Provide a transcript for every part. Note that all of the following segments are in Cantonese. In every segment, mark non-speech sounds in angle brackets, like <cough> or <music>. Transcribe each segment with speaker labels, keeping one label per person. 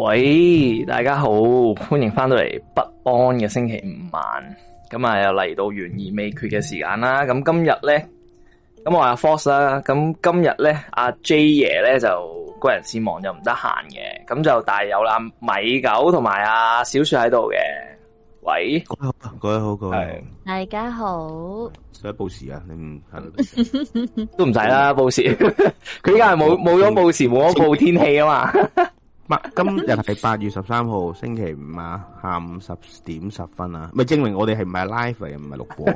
Speaker 1: 喂，大家好，歡迎翻到嚟不安嘅星期五晚，咁啊又嚟到懸疑未決嘅時間啦。咁今日咧，咁我話阿 Fox 啦，咁今日咧阿 J 爺咧就個人事務又唔得閒嘅，咁就帶有啦米狗同埋阿小雪喺度嘅。喂，各位好，各位好，各位
Speaker 2: 大家好。
Speaker 1: 使唔使報時啊？你唔係都唔使啦，報時。佢依家係冇冇咗報時，冇咗報天氣啊嘛。
Speaker 3: 今日係八月十三號星期五啊，下午十點十分啊，咪證明我哋係唔係 live，又唔係錄播。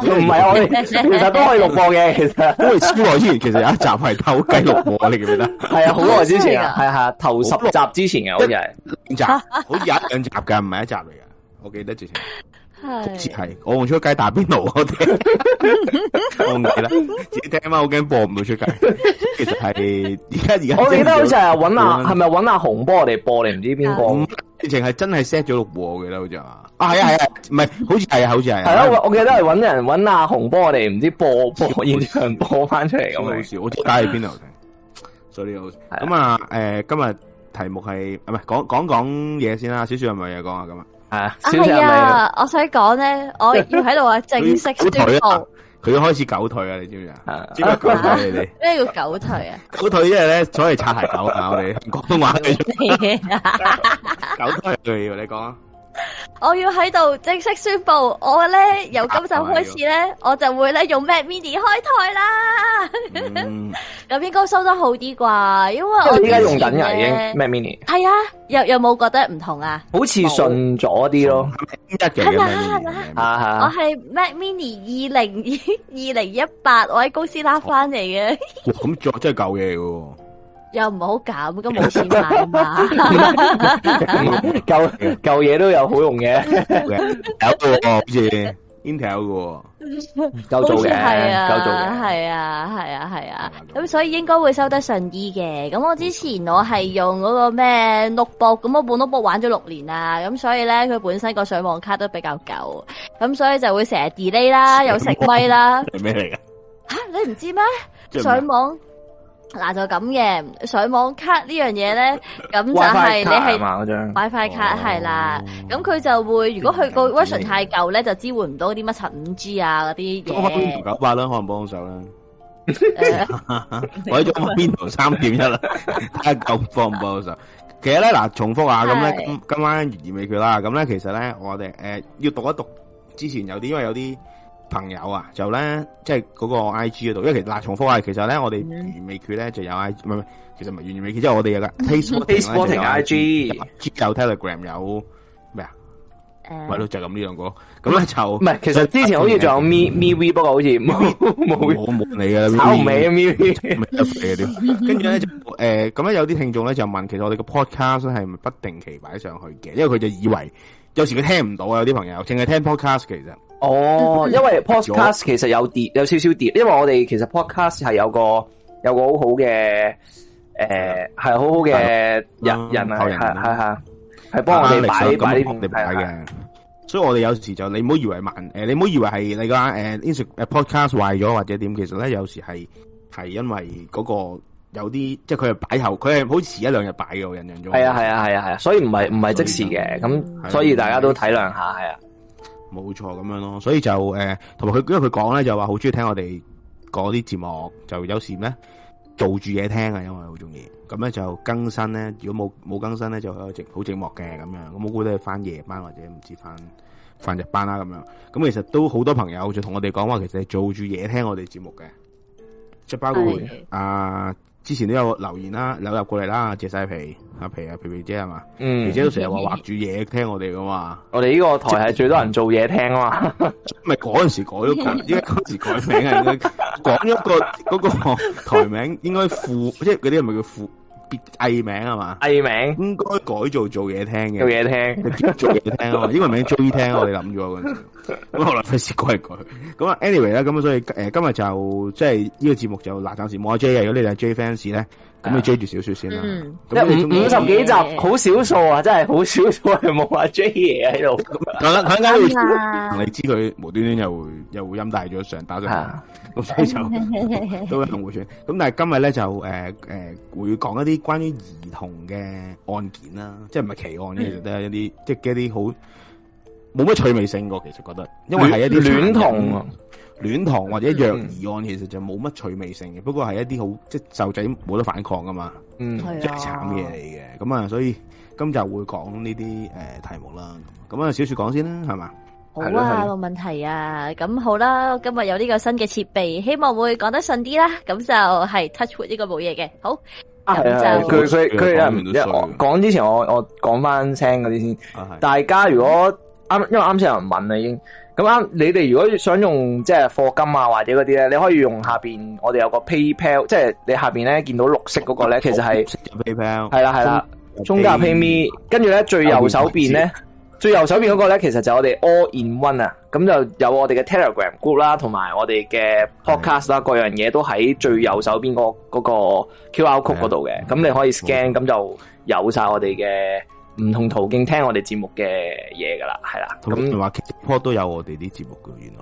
Speaker 3: 都唔係， <laughs> 我哋其實都可以錄播嘅。其實 <laughs> 因為超耐，好耐之前其實有一集係偷雞錄播，你記唔記得？係啊，好耐之前 <laughs> 啊，係係
Speaker 1: 頭十集之前嘅，好似兩集，
Speaker 4: 好似一兩
Speaker 1: 集嘅，唔係一集
Speaker 3: 嚟嘅，我記得之前。 <laughs> 直接係，我用出街打邊爐， <laughs> <laughs> 我
Speaker 1: 唔記得，啦，自己聽啊，我驚播唔到出街。其實係而家而
Speaker 4: 家，我記得
Speaker 5: 好似係揾阿，係
Speaker 1: 咪揾阿紅波我哋播嚟？唔知邊個？事、嗯、 <laughs> 情係真係 set 咗六播嘅啦，好似啊，係啊係啊，唔係，好似係啊，好似係。係咯，我記得係揾、啊啊啊啊啊、人揾阿、啊、紅波我哋唔知播播現場播翻出嚟咁。好似， <laughs> Sorry, 好似街喺邊度？所以好咁
Speaker 3: 啊！誒、呃，今日題目係啊，唔係講講講嘢先啦，小雪係咪嘢講下咁啊？啊，係、嗯、啊、嗯，
Speaker 2: 我想講咧， <laughs> 我要喺度啊，正式佢要
Speaker 3: 佢開始狗腿啊！你知唔知道啊？點解狗腿咩、
Speaker 2: 啊啊啊、叫狗腿啊？
Speaker 3: 啊狗腿即係咧坐喺度擦鞋狗啊！我哋廣東話嚟嘅，
Speaker 2: <laughs> 都玩
Speaker 3: <laughs> <laughs> 狗腿、啊，你講啊！
Speaker 2: 我要喺度正式宣布，我咧由今集開始咧，我就會咧用 Mac Mini 開台啦，咁、嗯、 <laughs> 應該收得好啲啩，因為我而家用緊啊，已經 Mac Mini，係啊，有冇覺得唔同啊，
Speaker 1: 好似順咗啲咯，係
Speaker 2: 啦係啦，嗯嗯 Manini, Manini、 <laughs> 我係 Mac Mini 二零二零一八，我喺公司拉翻嚟
Speaker 3: 嘅，咁 <laughs> 再真係舊嘢噶。
Speaker 2: 又唔好減，咁冇錢買
Speaker 1: 嘛。舊舊嘢都有好用嘅， <laughs> 有部 Intel 嘅，夠做
Speaker 2: 嘅，夠做係啊，係啊，係啊。咁、啊啊嗯、所以應該會收得順啲嘅。咁我之前我係用嗰個咩 notebook，咁我本 notebook 玩咗六年啊。咁所以咧佢本身個上網卡都比較舊，咁所以就會成日 delay 啦，又食威啦。係
Speaker 4: 咩嚟
Speaker 2: 嘅？吓、啊，你唔知咩上網？嗱就咁嘅，上網卡呢樣嘢咧，咁就係你係 WiFi 卡係啦，咁佢就會如果佢個 version 太舊咧，就支援唔到啲乜七五 G 啊嗰啲嘢嘅。我邊度
Speaker 1: 九百
Speaker 3: 咧，可能幫到手啦。
Speaker 4: 我仲
Speaker 3: 邊度三點一啦，睇下夠唔夠唔幫手。其實咧，嗱重複下咁咧，今晚完尾佢啦。咁咧，其實咧，我哋誒要讀一讀之前有啲，因為有啲。朋友啊，就咧即係嗰個 I G 嗰度，因為其實嗱重複啊，其實咧我哋懸疑未決咧就有 I G，唔係，其實唔係懸疑未決。即係我哋 <music> 有架 Facebook 同 I G，有 Telegram 有咩啊？誒，咪、uh, 咯，就咁呢兩個，咁咧就唔係，其實之前好似仲有 MeWe MeWe 不過好似冇冇冇你嘅啦，醜美嘅 Meet，跟住咧誒，咁 <laughs> 咧、 <laughs> 呃、有啲聽眾咧就問，其實我哋個 podcast 係不定期擺上去嘅，因為佢就以為有時佢聽唔到啊，有啲朋友淨係聽 podcast 其實。
Speaker 1: 哦，
Speaker 3: 因為 podcast
Speaker 1: 其實有跌有少少跌，因為我哋其實 podcast 係有個有個好、呃、好嘅誒，係好好嘅人人係係係係幫我哋擺擺係嘅，
Speaker 3: 所以我哋有時就你唔好以為慢誒，你唔好以為係你家誒誒 podcast 壞咗或者點，其實咧有時係係因為嗰、嗰個有啲即係佢係擺後，佢係好似遲一兩日擺嘅，我印象中係啊係啊係啊係啊，所以唔係唔係即時嘅，咁所，所以大家都體諒下係啊。冇錯咁樣咯，所以就誒，同埋佢因為佢講咧就話好中意聽我哋嗰啲節目，就有時呢，做住嘢聽啊，因為好中意。咁咧就更新咧，如果冇冇更新咧就好寂好寂寞嘅咁樣。咁我估都係翻夜班或者唔知翻翻日班啦咁樣。咁其實都好多朋友就同我哋講話，其實係做住嘢聽我哋節目嘅，即係包括啊。之前都有留言啦，扭入過嚟啦，借晒皮，阿、啊、皮啊皮，啊皮皮姐係嘛、嗯，皮姐都成日話畫住嘢聽我哋噶嘛，我哋
Speaker 1: 呢個台係最多
Speaker 3: 人做嘢聽啊嘛，唔係嗰陣時改咗名，因為今時改名啊， <laughs> <laughs> 應該咗個嗰、嗰個台名，應該副，即係嗰啲係咪叫副？藝名啊嘛，藝名應該改做做嘢聽嘅，做嘢聽，做嘢聽啊，呢 <laughs> 個名中意聽，我哋諗咗，
Speaker 4: 咁
Speaker 3: 好啦費事改一改。咁啊，anyway 啦，咁所以誒、呃、今日就即係呢個節目就嗱暫時冇阿 J 嘅，如果你係 J fans 咧，咁你 J 住少少先啦。咁
Speaker 4: 五十幾集
Speaker 1: 好少數啊，嗯、真係好、啊嗯、 <laughs> <laughs> 少數係
Speaker 3: 冇阿 J 嘢喺度。嗱、啊，你知佢無端端又會又會陰大咗上打咗。咁 <laughs> 所以就都咁但係今日咧就誒誒、呃呃、會講一啲關於兒童嘅案件啦，即係唔係奇案其實都係一啲即係一啲好冇乜趣味性嘅，我其實覺得，因為係一啲戀童、戀童、嗯、或者虐兒案，其實就冇乜趣味性嘅。不過係一啲好即係細仔冇得反抗噶嘛，嗯，
Speaker 6: 即慘嘢嚟嘅。
Speaker 3: 咁啊，所以今就會講呢啲誒題目啦。咁啊，小雪講先啦，係嘛？好啊，冇
Speaker 2: 問題啊，咁好啦，今日有呢個新嘅設備，希望會講得順啲啦。咁就係 TouchWood 呢個冇嘢嘅。好，係、啊、
Speaker 6: 就佢佢佢
Speaker 1: 講之前我我講返聲嗰啲先、啊。大家如果啱，因為啱先有人問啦，已經咁啱。你、嗯、哋、嗯、如果想用即係課金啊或者嗰啲咧，你可以用下邊我哋有個 PayPal，即係你下邊咧見到綠色嗰個咧，其實係，係啦係啦，中間 PayMe，跟住咧最右手邊咧。最右手邊嗰個咧，其實就係我哋 All In One 啊，咁就有我哋嘅 Telegram Group 啦、啊，同埋我哋嘅 Podcast 啦、啊，各樣嘢都喺最右手邊嗰嗰個 QR code 嗰度嘅，咁你可以 scan，咁就有晒我哋嘅唔同途徑聽我哋節目嘅嘢噶啦，係啦。咁話
Speaker 3: Facebook 都有我哋啲節目嘅，原來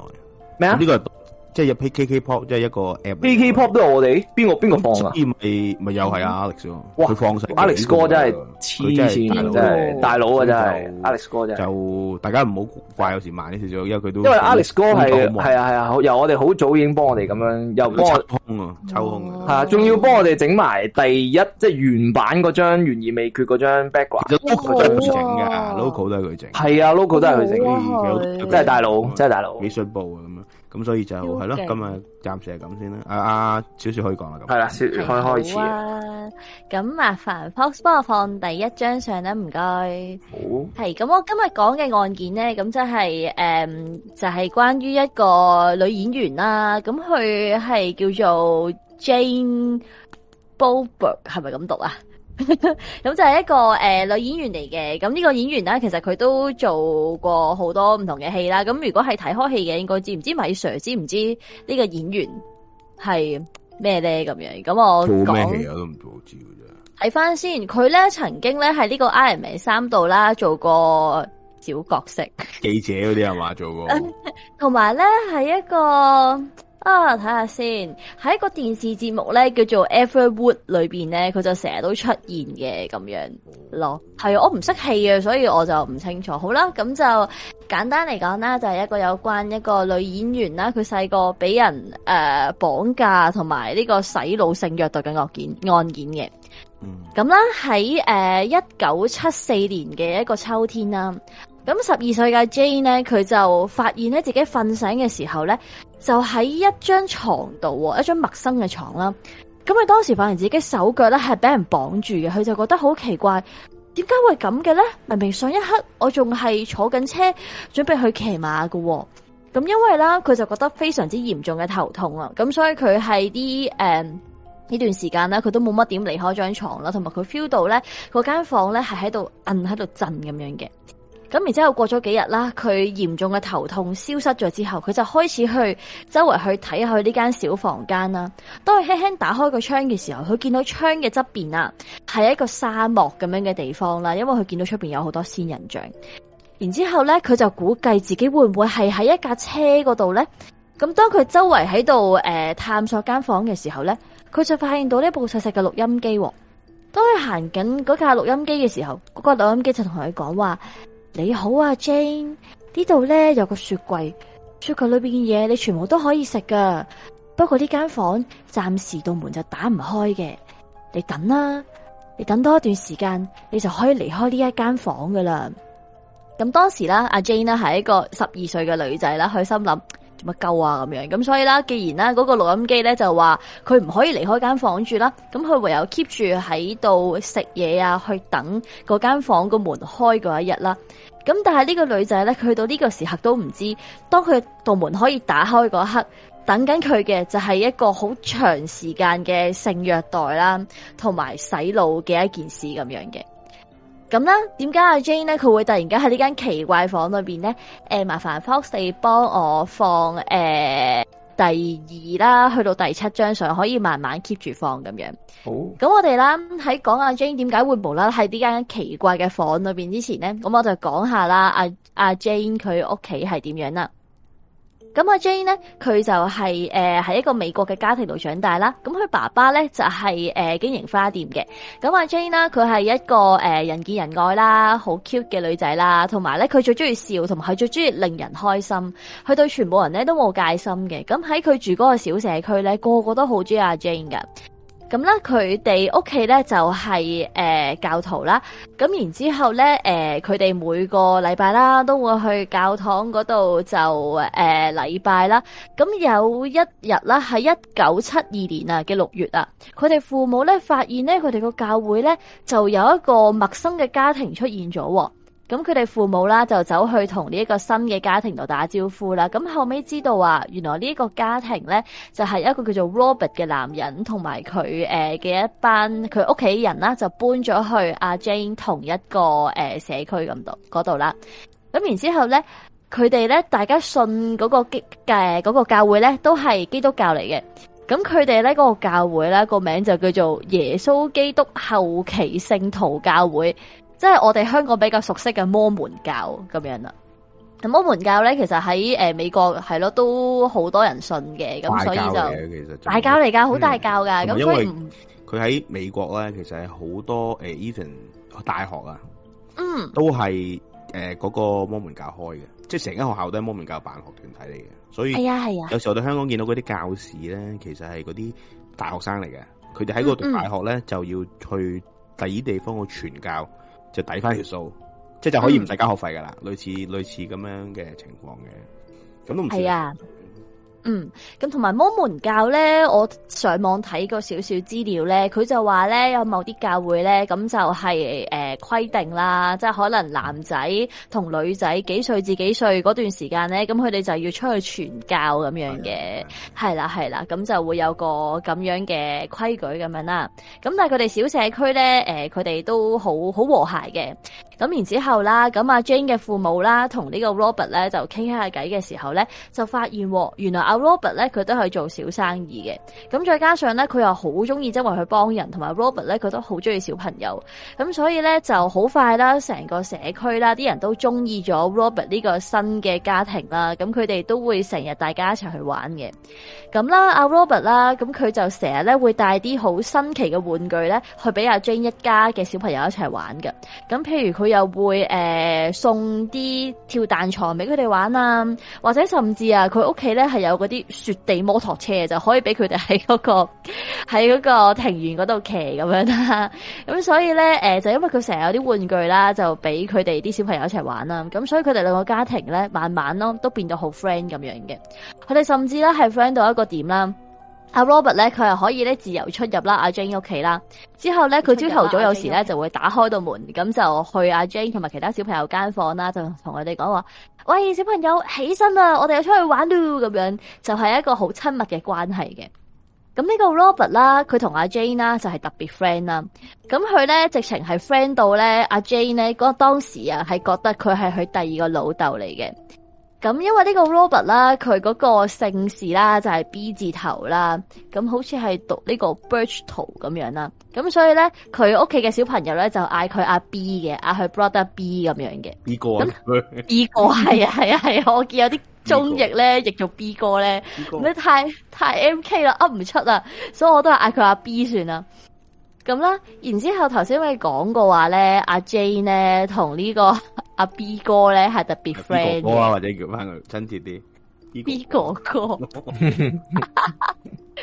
Speaker 3: 咩啊？呢個。即係入 K K pop，即係一個 app。K K pop 都係我哋邊個邊個放啊？依咪咪又係 Alex 喎、啊嗯。哇！佢
Speaker 1: 放晒 Alex 哥真係黐線，真係大佬啊！真係、啊、Alex 哥真係就大家唔好怪，有時慢啲少少，因為佢都因為 Alex 哥係係啊係啊，由我哋好早已經幫我哋咁樣又抽空啊，抽空啊。仲、啊、要幫我哋整埋第一即係、就是、原版嗰張懸疑未決嗰張 background，local 都係佢整嘅，local 都係佢整，係啊，local 都係佢整，真係大佬，真係大，大，大佬，美術部咁所以就係咯，今日
Speaker 3: 暫時係咁先啦。阿阿少少可以講啦，咁係啦，少少開開始。
Speaker 2: 咁、啊、麻煩 Fox 幫我放第一張相啦，唔該。好。係，咁我今日講嘅案件咧，咁即係誒，就係、是、關於一個女演員啦。咁佢係叫做 Jane Boberg，係咪咁讀啊？咁 <laughs> 就係一個誒、呃、女演員嚟嘅，咁呢個演員咧，其實佢都做過好多唔同嘅戲啦。咁如果係睇開戲嘅，應該知唔知米 sir？知唔知呢個演員係咩咧？咁樣，咁我咩戲啊？戲我
Speaker 3: 都唔知嘅啫。
Speaker 2: 睇翻先，佢咧曾經咧喺呢個 Iron Man 三度啦做過小角色
Speaker 3: 記者嗰啲係嘛，做過，
Speaker 2: 同埋咧係一個。啊，睇下先，喺個電視節目咧叫做《Everwood》裏邊咧，佢就成日都出現嘅，咁樣咯。係我唔識戲啊，所以我就唔清楚。好啦，咁就簡單嚟講啦，就係一個有關一個女演員啦，佢細個俾人誒綁架同埋呢個洗腦性虐待嘅案件案件嘅。嗯。咁啦，喺誒一九七四年嘅一個秋天啦。咁十二歲嘅 Jane 咧，佢就發現咧自己瞓醒嘅時候咧，就喺一張床度，一張陌生嘅床啦。咁佢當時發現自己手腳咧係俾人綁住嘅，佢就覺得好奇怪，點解會咁嘅咧？明明上一刻我仲係坐緊車，準備去騎馬嘅。咁因為啦，佢就覺得非常之嚴重嘅頭痛啊。咁所以佢係啲誒呢段時間咧，佢都冇乜點離開張床啦，同埋佢 feel 到咧嗰間房咧係喺度按喺度震咁樣嘅。咁，然之後過咗幾日啦，佢嚴重嘅頭痛消失咗之後，佢就開始去周圍去睇下佢呢間小房間啦。當佢輕輕打開個窗嘅時候，佢見到窗嘅側邊啊係一個沙漠咁樣嘅地方啦。因為佢見到出邊有好多仙人掌。然之後咧，佢就估計自己會唔會係喺一架車嗰度咧？咁當佢周圍喺度誒探索間房嘅時候咧，佢就發現到呢部細細嘅錄音機。當佢行緊嗰架錄音機嘅時候，嗰架錄音機就同佢講話。你好啊，Jane，這裡呢度咧有個雪櫃，雪櫃裏邊嘅嘢你全部都可以食噶。不過呢間房暫時度門，就打唔開嘅，你等啦，你等多一段時間，你就可以離開呢一間房噶啦。咁當時啦，阿 Jane 咧係一個十二歲嘅女仔啦，佢心諗。乜鳩啊，咁樣，咁所以啦，既然啦嗰個錄音機咧就話佢唔可以離開間房住啦，咁佢唯有 keep 住喺度食嘢，啊，去等嗰間房個門開嗰一日啦，啊。咁但係呢個女仔咧，去到呢個時刻都唔知，當佢道門可以打開嗰一刻，等緊佢嘅就係一個好長時間嘅性虐待啦，啊，同埋洗腦嘅一件事咁樣嘅。咁啦，點解阿 Jane 咧佢會突然間喺呢間奇怪房裏邊咧？誒、呃，麻煩 Fox 你幫我放誒、呃、第二啦，去到第七張相，可以慢慢 keep 住放咁樣。好，咁我哋啦喺講阿 Jane 點解會無啦啦喺呢間奇怪嘅房裏邊之前咧，咁我就講下啦，阿、啊、阿、啊、Jane 佢屋企係點樣啦。咁阿 Jane 咧，佢就係誒喺一個美國嘅家庭度長大啦。咁佢爸爸咧就係、是、誒、呃、經營花店嘅。咁阿 Jane 啦，佢係一個誒、呃、人見人愛啦，好 cute 嘅女仔啦。同埋咧，佢最中意笑，同埋佢最中意令人開心。佢對全部人咧都冇戒心嘅。咁喺佢住嗰個小社區咧，個個都好中意阿 Jane 噶。咁咧，佢哋屋企咧就係誒教徒啦。咁然之後咧，誒佢哋每個禮拜啦都會去教堂嗰度，就誒禮拜啦。咁有一日啦，喺一九七二年啊嘅六月啊，佢哋父母咧發現咧，佢哋個教會咧就有一個陌生嘅家庭出現咗。咁佢哋父母啦，就走去同呢一個新嘅家庭度打招呼啦。咁後尾知道話，原來呢一個家庭咧，就係一個叫做 Robert 嘅男人同埋佢誒嘅一班佢屋企人啦，就搬咗去阿 Jane 同一個誒社區咁度嗰度啦。咁然之後咧，佢哋咧，大家信嗰、嗰個基誒、嗰個教會咧，都係基督教嚟嘅。咁佢哋咧個教會咧個名就叫做耶穌基督後期聖徒教會。即係我哋香港比較熟悉嘅摩門教咁樣啦。咁摩門教咧，其實喺誒、呃、美國係咯，都好多人信嘅。咁所以就大
Speaker 3: 教嚟其實大教嚟噶，好大教噶。咁因為佢喺美國咧，其實係好多誒 even 大學啊，嗯，嗯呃、都係誒嗰個摩門教開嘅、嗯，即係成間學校都係摩門教辦學團體嚟嘅。所以係啊係啊。有時候我哋香港見到嗰啲教士咧，其實係嗰啲大學生嚟嘅，佢哋喺嗰度大學咧、嗯嗯、就要去第二地方去傳教。就抵翻條數，即係就可以唔使交學費噶啦，類似類似咁樣嘅情況嘅，咁都唔係。
Speaker 2: 嗯，咁同埋摩門教咧，我上網睇過少少資料咧，佢就話咧，有某啲教會咧，咁就係誒規定啦，即係可能男仔同女仔幾歲至幾歲嗰段時間咧，咁佢哋就要出去傳教咁樣嘅，係啦係啦，咁就會有個咁樣嘅規矩咁樣啦。咁但係佢哋小社區咧，誒佢哋都好好和諧嘅。咁然之後啦，咁阿 Jane 嘅父母啦，同呢個 Robert 咧就傾下偈嘅時候咧，就發現、哦、原來阿 Robert 咧，佢都係做小生意嘅，咁再加上咧，佢又好中意周圍去幫人，同埋 Robert 咧，佢都好中意小朋友，咁所以咧就好快啦，成個社區啦，啲人都中意咗 Robert 呢個新嘅家庭啦，咁佢哋都會成日大家一齊去玩嘅，咁啦、啊，阿 Robert 啦，咁佢就成日咧會帶啲好新奇嘅玩具咧，去俾阿 Jane 一家嘅小朋友一齊玩嘅，咁譬如佢又會誒、呃，送啲跳彈床俾佢哋玩啊，或者甚至啊，佢屋企咧係有。嗰啲雪地摩托車就可以俾佢哋喺嗰個喺個庭院嗰度騎咁樣啦。咁 <laughs> 所以咧，誒、呃，就因為佢成日有啲玩具啦，就俾佢哋啲小朋友一齊玩啦。咁所以佢哋兩個家庭咧，慢慢咯都變到好 friend 咁樣嘅。佢哋甚至咧係 friend 到一個點啦。阿 Robert 咧，佢係可以咧自由出入啦，阿 Jane 屋企啦。之後咧，佢朝頭早有時咧就會打開到門，咁就去阿 Jane 同埋其他小朋友間房啦，就同佢哋講話。喂，小朋友起身啦，我哋又出去玩啦，咁樣就係一個好親密嘅關係嘅。咁呢個 Robert 啦，佢同阿 Jane 啦就係特別 friend 啦。咁佢咧直情係 friend 到咧，阿 Jane 咧嗰當時啊係覺得佢係佢第二個老豆嚟嘅。咁因為呢個 Robert 啦，佢嗰個姓氏啦就係 B 字頭啦，咁好似係讀呢個 Berch 圖咁樣啦，咁所以咧佢屋企嘅小朋友咧就嗌佢阿 B 嘅，嗌佢 Brother B 咁樣嘅。
Speaker 3: B 哥啊，B 哥
Speaker 2: 係啊係啊係啊，我見有啲中譯咧譯做 B 哥咧，你太太 MK 啦，噏唔出啦，所以我都係嗌佢阿 B 算啦。咁啦，然之後頭先咪講過話咧，阿 Jane 咧同呢個阿 B 哥咧係特別 friend 嘅。啊 B、哥啊，或
Speaker 3: 者叫翻佢親切啲。
Speaker 2: B 哥
Speaker 3: 哥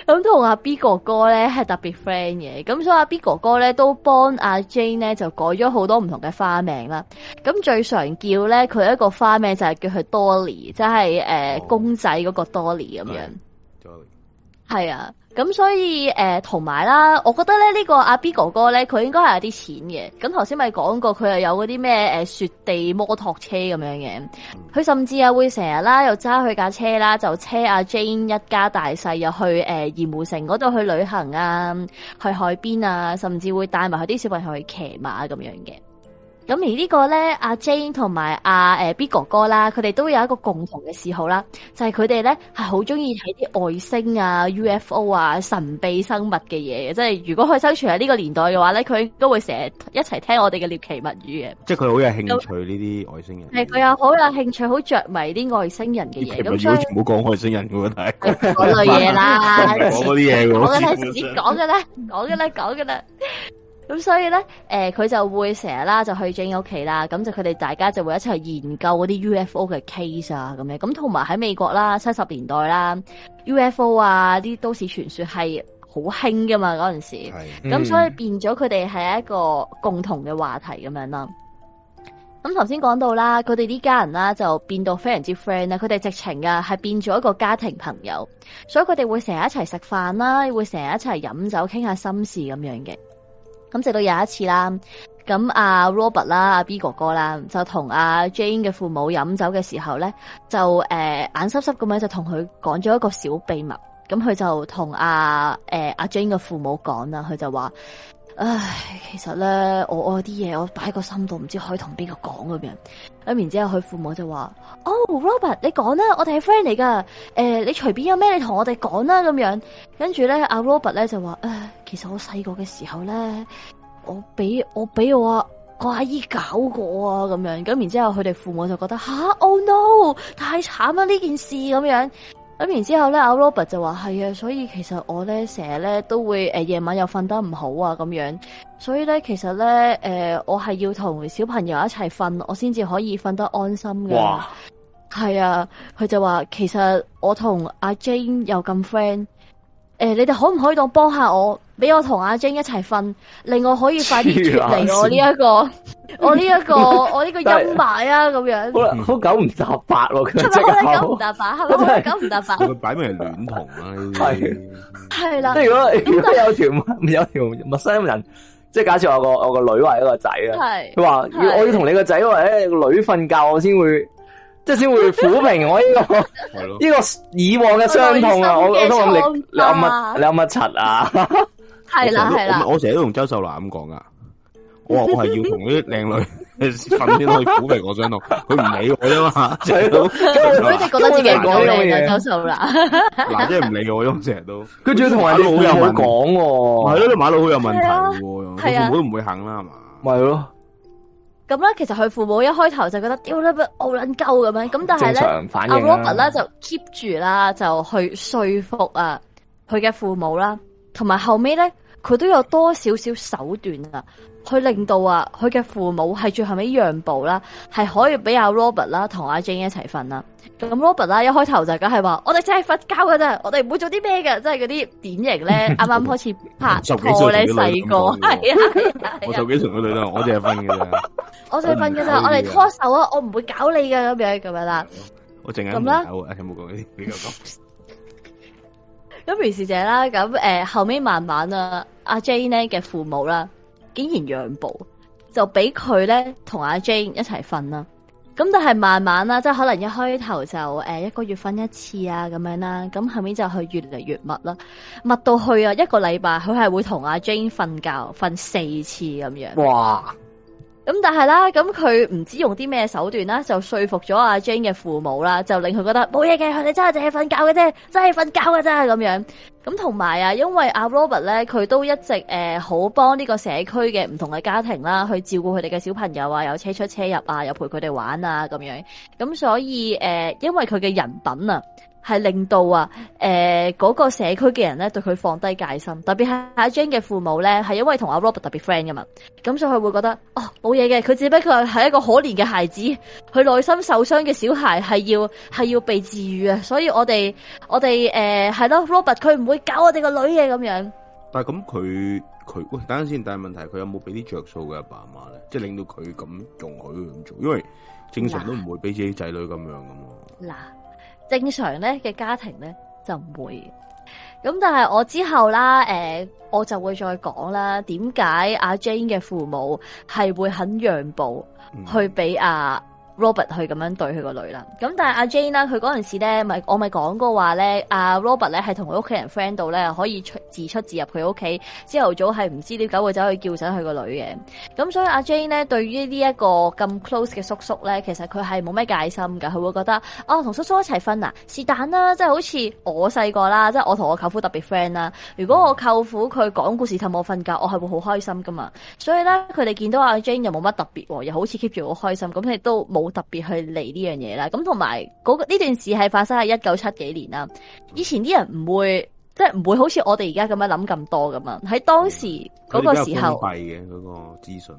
Speaker 2: 咁同阿 B 哥哥咧係特別 friend 嘅，咁所以阿 B 哥哥咧都幫阿 Jane 咧就改咗好多唔同嘅花名啦。咁最常叫咧佢一個花名就係叫佢 Dolly，即係誒公仔嗰個 Dolly 咁、哦、樣。係啊，咁所以誒，同埋啦，我覺得咧呢個阿 B 哥哥咧，佢應該係有啲錢嘅。咁頭先咪講過，佢又有嗰啲咩誒雪地摩托車咁樣嘅，佢甚至啊會成日啦又揸佢架車啦，就車阿 Jane 一家大細又去誒鹽湖城嗰度去旅行啊，去海邊啊，甚至會帶埋佢啲小朋友去騎馬咁樣嘅。咁而呢個咧，阿 Jane 同埋阿誒 B 哥哥啦，佢哋都有一個共同嘅嗜好啦，就係佢哋咧係好中意睇啲外星啊、UFO 啊、神秘生物嘅嘢。即係如果佢生存喺呢個年代嘅話咧，佢都會成日一齊聽我哋嘅獵奇物語嘅。
Speaker 3: 即係佢好有興趣呢啲外
Speaker 2: 星人。係佢有好有興趣，好着迷啲外星人嘅嘢。唔
Speaker 3: 好講外星人嘅喎，大
Speaker 2: 家。嗰 <laughs> 所以 <laughs> 類嘢啦。
Speaker 3: 講嗰啲嘢。我
Speaker 2: 講嘅啦，先講嘅啦，講嘅啦，講嘅啦。 <laughs> 咁所以咧，誒、呃、佢就會成日啦，就去 Jane 屋企啦。咁就佢哋大家就會一齊研究嗰啲 UFO 嘅 case 啊，咁樣咁同埋喺美國啦，七十年代啦 UFO 啊啲都市傳說係好興噶嘛嗰陣時，咁、嗯、所以變咗佢哋係一個共同嘅話題咁樣啦。咁頭先講到啦，佢哋呢家人啦就變到非常之 friend 啦。佢哋直情啊係變咗一個家庭朋友，所以佢哋會成日一齊食飯啦，會成日一齊飲酒傾下心事咁樣嘅。咁直到有一次啦，咁阿 Robert 啦、阿 B 哥哥啦，就同阿 Jane 嘅父母飲酒嘅時候咧，就誒眼濕濕咁樣就同佢講咗一個小秘密。咁佢就同阿誒阿 Jane 嘅父母講啦，佢就話。唉，其實咧，我我啲嘢我擺個心度，唔知可以同邊個講咁樣。咁然之後佢父母就話：哦、oh，Robert，你講啦，我哋係 friend 嚟㗎。誒、呃，你隨便有咩，你同我哋講啦咁樣。跟住咧，阿 Robert 咧就話：誒，其實我細個嘅時候咧，我俾我俾我個阿姨搞過啊，咁樣。咁然之後佢哋父母就覺得吓，Oh no！太慘啦呢件事咁樣。咁然之後咧，阿 Robert 就話係啊，所以其實我咧成日咧都會誒夜、呃、晚又瞓得唔好啊咁樣，所以咧其實咧誒、呃、我係要同小朋友一齊瞓，我先至可以瞓得安心嘅。哇係啊，佢就話其實我同阿 Jane 又咁 friend，誒你哋可唔可以當幫下我？俾我同阿 J 一齊瞓，令我可以快啲脫離我呢、這個這個嗯就是、一個，一個一個哎、我呢一個，我呢個陰霾啊咁樣。
Speaker 1: 好狗唔搭法喎，佢
Speaker 2: 直頭。真係狗唔搭法？係咪狗唔搭法？佢
Speaker 1: 擺明係戀童啊。係。係
Speaker 4: 啦。即係如果如果有
Speaker 1: 條有條陌生人，即係假設我個我個女或者個仔啊，佢話我要同你個仔或者個女瞓覺，我先會即係先會撫平我呢個呢個以往嘅傷痛啊！我我都諗你
Speaker 4: 你有乜你有
Speaker 1: 乜柒啊！
Speaker 4: 係啦，係啦、啊啊。
Speaker 1: 我成日都同周秀娜咁講噶，
Speaker 3: 我話 <laughs> 我係要同啲靚女順便去鼓勵我想諾，佢唔理我啫嘛。成 <laughs> 日是都，佢好似覺得自己講嘢。周秀
Speaker 4: 娜，嗱、 <laughs> 啊，即係
Speaker 3: 唔理我，因為成日都。 <laughs> 跟住同埋你好有問講，係咯、啊，你買到好有問題，
Speaker 4: 係啊，佢
Speaker 3: 唔會肯啦，
Speaker 1: 係嘛，係、就、咯、
Speaker 2: 是。咁咧，其實佢父母一開頭就覺得，丟啦、啊，我卵鳩咁樣。咁但係咧，阿 Robert 咧就 keep 住啦，就去說服啊，佢嘅父母啦。同埋後尾咧，佢都有多少少手段啊，去令到啊佢嘅父母係最後尾讓步啦，係可以俾阿 Robert 啦同阿 Jane 一齊瞓啦。咁 Robert 啦，一開頭就梗係話我哋淨係瞓覺噶啫，我哋唔會做啲咩㗎，即係嗰啲典型咧。啱啱開始拍拖咧，細個係啊，我就幾
Speaker 4: 熟
Speaker 3: 嘅女啦，我淨係瞓嘅咋，我淨係瞓㗎咋，我哋拖
Speaker 2: 手啊，我唔會搞你噶咁樣咁樣啦。咁啦，有冇講呢？比較講。咁如是者啦，咁誒、呃、後尾慢慢啊，阿 Jane 咧嘅父母啦，竟然讓步，就俾佢咧同阿 Jane 一齊瞓啦。咁但係慢慢啦、啊，即係可能一開頭就誒、呃、一個月瞓一次啊咁樣啦，咁後面就去越嚟越密啦，密到去啊一個禮拜佢係會同阿 Jane 瞓覺瞓四次咁樣。哇！咁但係啦，咁佢唔知用啲咩手段啦，就說服咗阿 Jane 嘅父母啦，就令佢覺得冇嘢嘅，佢哋真係淨係瞓覺嘅啫，真係瞓覺嘅啫咁樣。咁同埋啊，因為阿 Robert 咧，佢都一直誒好幫呢個社區嘅唔同嘅家庭啦，去照顧佢哋嘅小朋友啊，有車出車入啊，有陪佢哋玩啊咁樣。咁所以誒，因為佢嘅人品啊。係令到啊，誒、呃、嗰、嗰個社區嘅人咧，對佢放低戒心，特別係阿 Jane 嘅父母咧，係因為同阿 Robert 特別 friend 噶嘛，咁所以佢會覺得哦冇嘢嘅，佢只不過係一個可憐嘅孩子，佢內心受傷嘅小孩係要係要被治癒啊！所以我哋我哋誒係咯，Robert 佢唔會搞我哋個女嘅咁樣。
Speaker 3: 但係咁佢佢喂，等陣先，但係問題佢有冇俾啲着數嘅阿爸阿媽咧？即係令到佢咁容許佢咁做，因為正常都唔會俾自己仔女咁樣咁。
Speaker 2: 嗱。正常咧嘅家庭咧就唔會，咁但係我之後啦，誒、呃，我就會再講啦，點解阿 Jane 嘅父母係會肯讓步去俾阿、啊。嗯 Robert 去咁樣對佢個女啦，咁但係阿 Jane 啦，佢嗰陣時咧咪我咪講過話咧，阿 Robert 咧係同佢屋企人 friend 到咧可以出自出自入佢屋企，朝頭早係唔知點解會走去叫醒佢個女嘅，咁所以阿 Jane 咧對於呢一個咁 close 嘅叔叔咧，其實佢係冇咩戒心噶，佢會覺得啊同、哦、叔叔一齊瞓啊是但啦，即係好似我細個啦，即係我同我舅父特別 friend 啦，如果我舅父佢講故事氹我瞓覺，我係會好開心噶嘛，所以咧佢哋見到阿 Jane 又冇乜特別，又好似 keep 住我開心，咁亦都冇。特別去嚟呢樣嘢啦，咁同埋個呢段事係發生喺一九七幾年啦。以前啲人唔會，即係唔會好似我哋而家咁樣諗咁多咁嘛。喺當時嗰個時候，
Speaker 3: 閉嘅嗰個資訊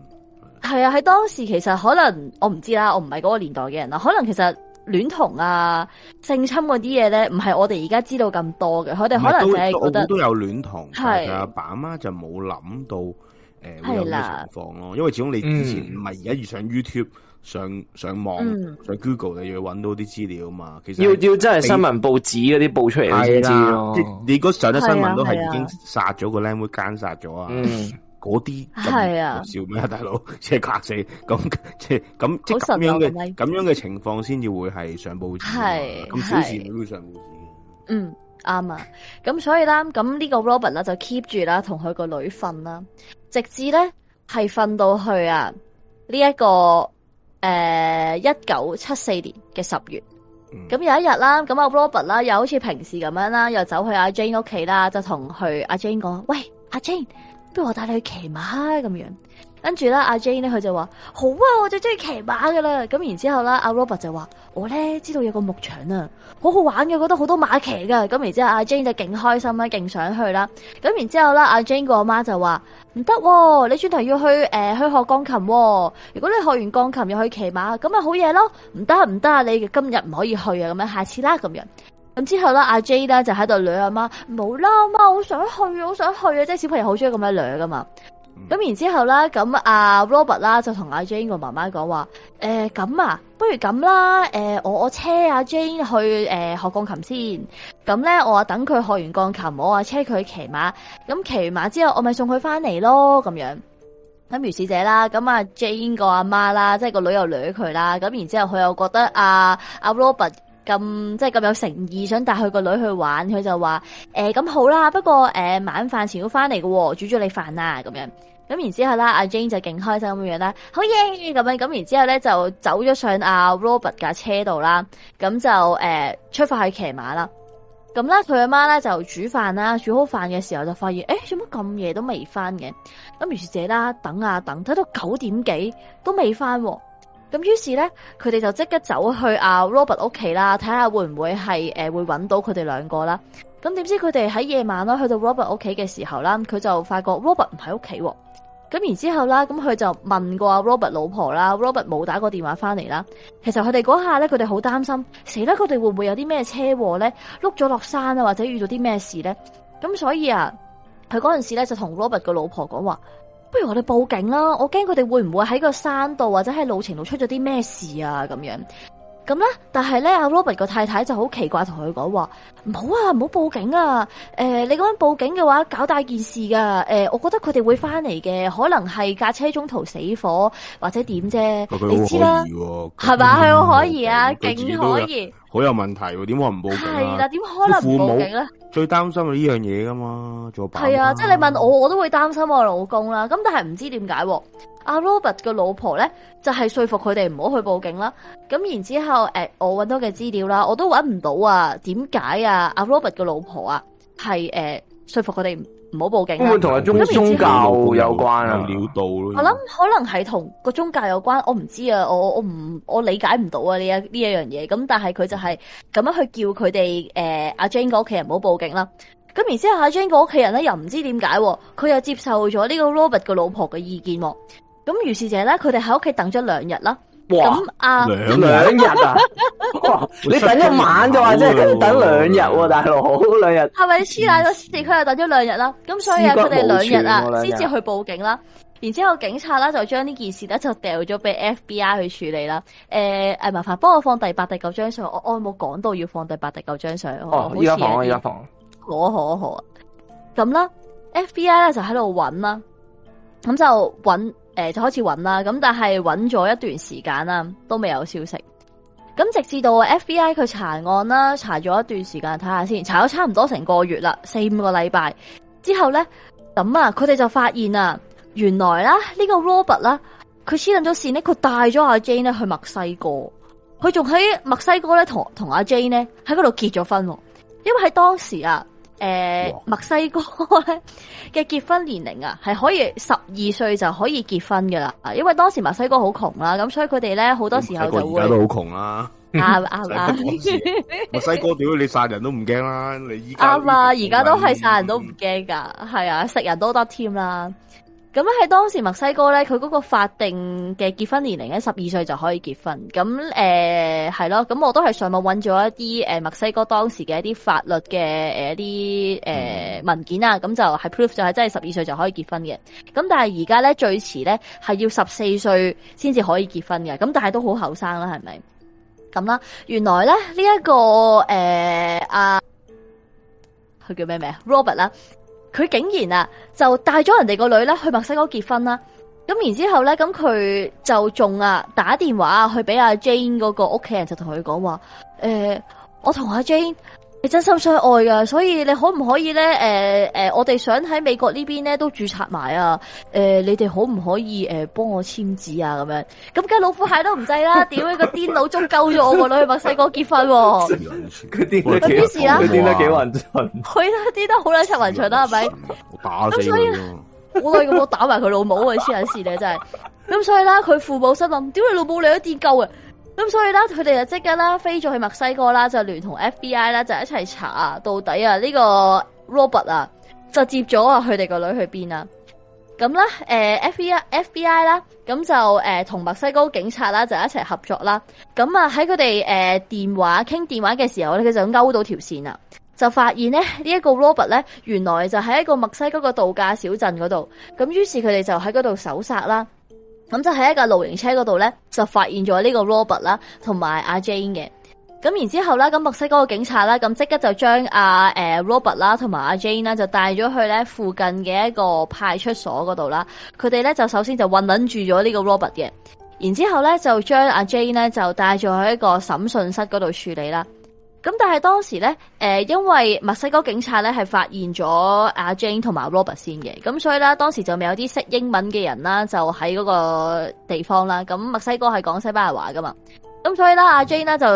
Speaker 2: 係啊。喺當時其實可能我唔知啦，我唔係嗰個年代嘅人啦。可能其實戀童啊、性侵嗰啲嘢咧，唔係我哋而家知道咁多嘅。佢哋可能淨係覺，覺得都
Speaker 3: 有戀童，係啊，爸媽就冇諗到誒、呃、有咩情況咯。因為始終你之前唔係而家遇上 YouTube。上上網、嗯、上 Google 你要搵到啲資料嘛？其實要要真係新聞
Speaker 1: 報紙嗰啲報出嚟先知。你知、啊、你嗰上
Speaker 3: 咗新聞都係已經殺咗個靚妹，妹奸殺咗啊！嗰啲
Speaker 4: 係啊，笑
Speaker 3: 咩啊，大佬即係假死咁即係咁即係咁樣嘅咁、啊、樣嘅情況先至會係上報紙，係咁小事都會上報紙。嗯，
Speaker 2: 啱啊。咁所以啦，咁呢個 Robert 就 keep 住啦，同佢個女瞓啦，直至咧係瞓到去啊呢一、這個。誒，一九七四年嘅十月，咁、嗯、有一日啦，咁阿 Robert 啦，又好似平時咁樣啦，又走去阿 Jane 屋企啦，就同佢阿 Jane 講：喂，阿 Jane，不如我帶你去騎馬咁樣。跟住咧，阿 Jane 咧佢就話好啊，我最中意騎馬噶啦。咁然之後咧，阿 Robert 就話我咧知道有個牧場啊，好好玩嘅，覺得好多馬騎噶。咁然之後，阿 Jane 就勁開心啦，勁想去啦。咁然之後咧，阿 Jane 個阿媽就話唔得，你轉頭要去誒、呃、去學鋼琴啊。如果你學完鋼琴又去騎馬，咁咪好嘢咯。唔得唔得啊，你今日唔可以去啊，咁樣下次啦咁樣。咁之後咧，阿 Jane 咧就喺度撩阿媽，冇啦，阿媽好想去啊，好想去啊，即係小朋友好中意咁樣撩噶嘛。咁然之後啦，咁阿、啊、Robert 啦就同阿 Jane 個媽媽講話，誒、欸、咁啊，不如咁啦，誒、欸、我我車阿 Jane 去誒、欸、學鋼琴先，咁咧我話等佢學完鋼琴，我話車佢騎馬，咁騎完馬之後我咪送佢翻嚟咯，咁樣咁如是者啦，咁阿、啊、Jane 個阿媽啦，即係個女又女佢啦，咁然之後佢又覺得阿、啊、阿、啊、Robert。咁即係咁有誠意，想帶佢個女去玩，佢就話：誒、欸，咁好啦，不過誒、呃、晚飯前要翻嚟嘅，煮咗你飯啦，咁樣。咁然之後啦，阿 Jane 就勁開心咁樣啦，好嘢咁樣。咁然之後咧就走咗上阿、啊、Robert 架車度啦，咁就誒、呃、出發去騎馬啦。咁咧佢阿媽咧就煮飯啦，煮好飯嘅時候就發現，誒、欸，做乜咁夜都未翻嘅？咁於是者啦，等啊等，睇到九點幾都未翻。咁於是咧，佢哋就即刻走去阿 Robert 屋企啦，睇下會唔會係、呃、會揾到佢哋兩個啦。咁點知佢哋喺夜晚啦，去到 Robert 屋企嘅時候啦，佢就發覺 Robert 唔喺屋企喎。咁然之後啦，咁佢就問過阿 Robert 老婆啦，Robert 冇打個電話翻嚟啦。其實佢哋嗰下咧，佢哋好擔心，死啦！佢哋會唔會有啲咩車禍咧？碌咗落山啊，或者遇到啲咩事咧？咁所以啊，佢嗰陣時咧就同 Robert 嘅老婆講話。不如我哋報警啦！我驚佢哋會唔會喺個山度或者喺路程度出咗啲咩事啊？咁樣。咁咧，但係咧，阿 Robert 個太太就好奇怪，同佢講話：唔好啊，唔好報警啊！誒、呃，你講緊報警嘅話，搞大件事噶！誒、呃，我覺得佢哋會翻嚟嘅，可能係架車中途死火或者點啫。你知啦，係嘛？可疑啊，勁可疑，
Speaker 3: 好有問題、啊，點可唔報警係係啦，點可能唔報警咧？最擔心呢樣嘢
Speaker 5: 噶嘛，做爸係啊！啊即係你問
Speaker 2: 我，我都會擔心我老公啦、啊。咁但係唔知點解、啊。阿 Robert 嘅老婆咧，就係、是、說服佢哋唔好去報警啦。咁然之後，誒、呃，我揾到嘅資料啦，我都揾唔到啊。點解啊？阿 Robert 嘅老婆啊，係誒、呃、說服佢哋唔好報警。會唔會同宗教有
Speaker 3: 關啊？料到咯。我諗
Speaker 2: 可能係同個宗教有關，我唔知啊。我我唔我理解唔到啊，呢一呢一樣嘢。咁但係佢就係咁樣去叫佢哋誒、阿、呃、Jane 個屋企人唔好報警啦。咁然之後，阿 Jane 個屋企人咧又唔知點解，佢又接受咗呢個 Robert 嘅老婆嘅意見。咁於是者咧，佢哋喺屋企等咗兩日啦。啊，兩日啊！
Speaker 1: <laughs> 哇，你等一晚就話，即係等兩日喎，大佬兩日。
Speaker 2: 係咪黐奶咗？地區又等咗兩日啦。咁所以佢哋兩日啊，先 <laughs> 至去報警啦。然之後警察啦就將呢件事咧就掉咗俾 F B I 去處理啦。誒、呃、誒，麻煩幫我放第八、第九張相。我我冇講到要放第八、第九張相。哦，依家放，依家放。我可好啊，咁啦，F B I 咧就喺度揾啦，咁就揾。誒，就開始揾啦，咁但係揾咗一段時間啦，都未有消息。咁直至到 FBI 佢查案啦，查咗一段時間睇下先，查咗差唔多成個月啦，四五個禮拜之後咧，咁啊，佢哋就發現啊，原來啦呢個 Robert 啦，佢黐捻咗線呢，佢帶咗阿 Jane 咧去墨西哥，佢仲喺墨西哥咧同同阿 Jane 咧喺嗰度結咗婚，因為喺當時啊。誒、呃，墨西哥咧嘅結婚年齡啊，係可以十二歲就可以結婚噶啦，啊，因為當時墨西哥好窮啦，咁所以佢哋咧好多時候就會而家都好
Speaker 3: 窮啦，啱啱啱，墨西哥屌、啊 <laughs> 就是、 <laughs> 你殺人都唔驚啦，你依家啱
Speaker 2: 啊，而家都係殺人都唔驚噶，係、嗯、啊，食人都得添啦。咁喺當時墨西哥咧，佢嗰個法定嘅結婚年齡咧，十二歲就可以結婚。咁誒係咯，咁、呃、我都係上網搵咗一啲誒、呃、墨西哥當時嘅一啲法律嘅誒一啲誒文件啊，咁就係 proof 就係真係十二歲就可以結婚嘅。咁但係而家咧最遲咧係要十四歲先至可以結婚嘅。咁但係都好後生啦，係咪？咁啦，原來咧呢一、個誒佢、呃啊、叫咩名？Robert 啦。佢竟然啊，就帶咗人哋個女咧去墨西哥結婚啦，咁然之後咧，咁佢就仲啊打電話去俾阿 Jane 嗰個屋企人，就同佢講話，誒、欸，我同阿 Jane。你真心相愛噶，所以你可唔可以咧？誒、呃、誒、呃，我哋想喺美國呢邊咧都註冊埋啊！誒，你哋可唔可以誒幫 <laughs> 我簽字啊？咁樣咁梗老虎蟹都唔制啦！屌你個癲腦中救咗我個女去墨西哥結婚。佢
Speaker 4: 癲得幾混，佢癲得幾混，
Speaker 2: 佢啦，得幾癲得好鬼拆混場啦，係咪？
Speaker 3: 咁所以
Speaker 2: 好耐咁，我打埋佢老母啊！黐緊線你真係，咁所以呢，佢父母心諗，屌你老母，你都癲夠啊！咁所以咧，佢哋就即刻啦，飛咗去墨西哥啦，就聯同 FBI 啦，就一齊查到底啊！呢個 Robert 啊，就接咗啊，佢哋個女去邊啊？咁啦，誒，FBI，FBI 啦，咁就誒，同墨西哥警察啦，就一齊合作啦。咁啊，喺佢哋誒電話傾電話嘅時候咧，佢就勾到條線啦，就發現咧呢一個 Robert 咧，原來就喺一個墨西哥個度假小鎮嗰度。咁於是佢哋就喺嗰度搜殺啦。咁就喺一個露營車嗰度咧，就發現咗呢個 Robert 啦，同埋阿 Jane 嘅。咁然之後咧，咁目色墨西哥個警察啦，咁即刻就將阿誒 Robert 啦，同埋阿 Jane 啦，就帶咗去咧附近嘅一個派出所嗰度啦。佢哋咧就首先就混撚住咗呢個 Robert 嘅，然之後咧就將阿、啊、Jane 咧就帶咗去一個審訊室嗰度處理啦。咁但係當時咧，誒，因為墨西哥警察咧係發現咗阿 Jane 同埋 Robert 先嘅，咁所以啦，當時就未有啲識英文嘅人啦，就喺嗰個地方啦。咁墨西哥係講西班牙話噶嘛，咁所以啦，阿、嗯啊、Jane 啦就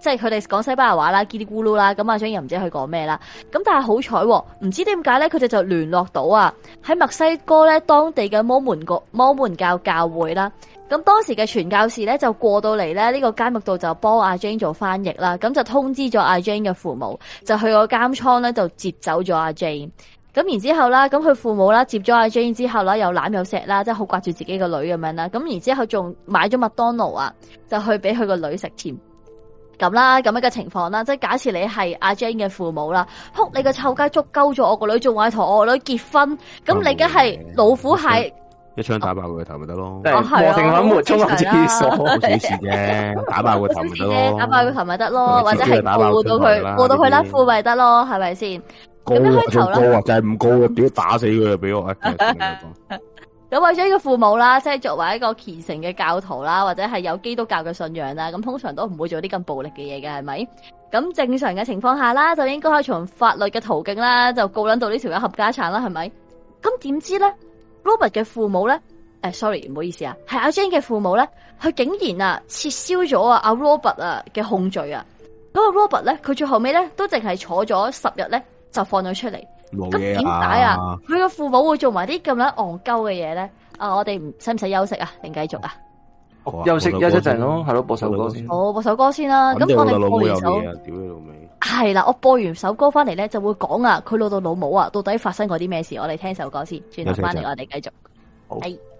Speaker 2: 即係佢哋講西班牙話啦，嘰哩咕嚕啦，咁阿 Jane 又唔知佢講咩啦。咁但係好彩，唔知點解咧，佢哋就聯絡到啊，喺墨西哥咧當地嘅摩門國摩門教教會啦。咁當時嘅傳教士咧就過到嚟，咧呢、這個監獄度，就幫阿 Jane 做翻譯啦，咁就通知咗阿 Jane 嘅父母，就去個監倉咧就接走咗阿 Jane。咁然之後啦，咁佢父母啦接咗阿 Jane 之後啦，又攬又錫啦，即係好掛住自己個女咁樣啦。咁然之後仲買咗麥當勞啊，就去俾佢個女食添。咁啦，咁樣嘅情況啦，即係假設你係阿 Jane 嘅父母啦，哭你個臭街，捉鳩咗我個女，仲話同我女結婚，咁、嗯、你梗係老虎蟹。嗯嗯
Speaker 3: 一槍打爆佢個頭咪得咯，定平粉沫充下廁所，幾時啫？打爆個頭咪得咯，打
Speaker 2: 爆個頭咪得咯，或者係告到佢，告到佢啦，告咪得咯，係咪先？咁樣開頭啦，就係、
Speaker 3: 是、唔高嘅，屌、嗯、打死佢啊！俾我
Speaker 2: 一，咁 <laughs> 為咗呢個父母啦，即、就、係、是、作為一個虔誠嘅教徒啦，或者係有基督教嘅信仰啦，咁通常都唔會做啲咁暴力嘅嘢嘅，係咪？咁正常嘅情況下啦，就應該係從法律嘅途徑啦，就告捻到呢條友合家產啦，係咪？咁點知咧？Robert 嘅父母咧，誒、哎、sorry，唔好意思是是啊，係阿 Jane 嘅父母咧，佢竟然啊撤銷咗啊阿 Robert 啊嘅控罪啊，咁個 Robert 咧，佢最後尾咧都淨係坐咗十日咧就放咗出嚟。
Speaker 1: 咁
Speaker 2: 點解啊？佢個父母會做埋啲咁樣戇鳩嘅嘢咧？啊，我哋唔使唔使休息啊？定繼續啊？
Speaker 4: 休息休息陣咯，
Speaker 1: 係、哦、咯，
Speaker 2: 播首歌先。好，播首歌先啦、啊。咁我哋破完係啦，我播完首歌翻嚟咧，就會講啊，佢老豆老母啊，到底發生過啲咩事？我哋聽首歌先，轉頭翻嚟我哋繼續。好。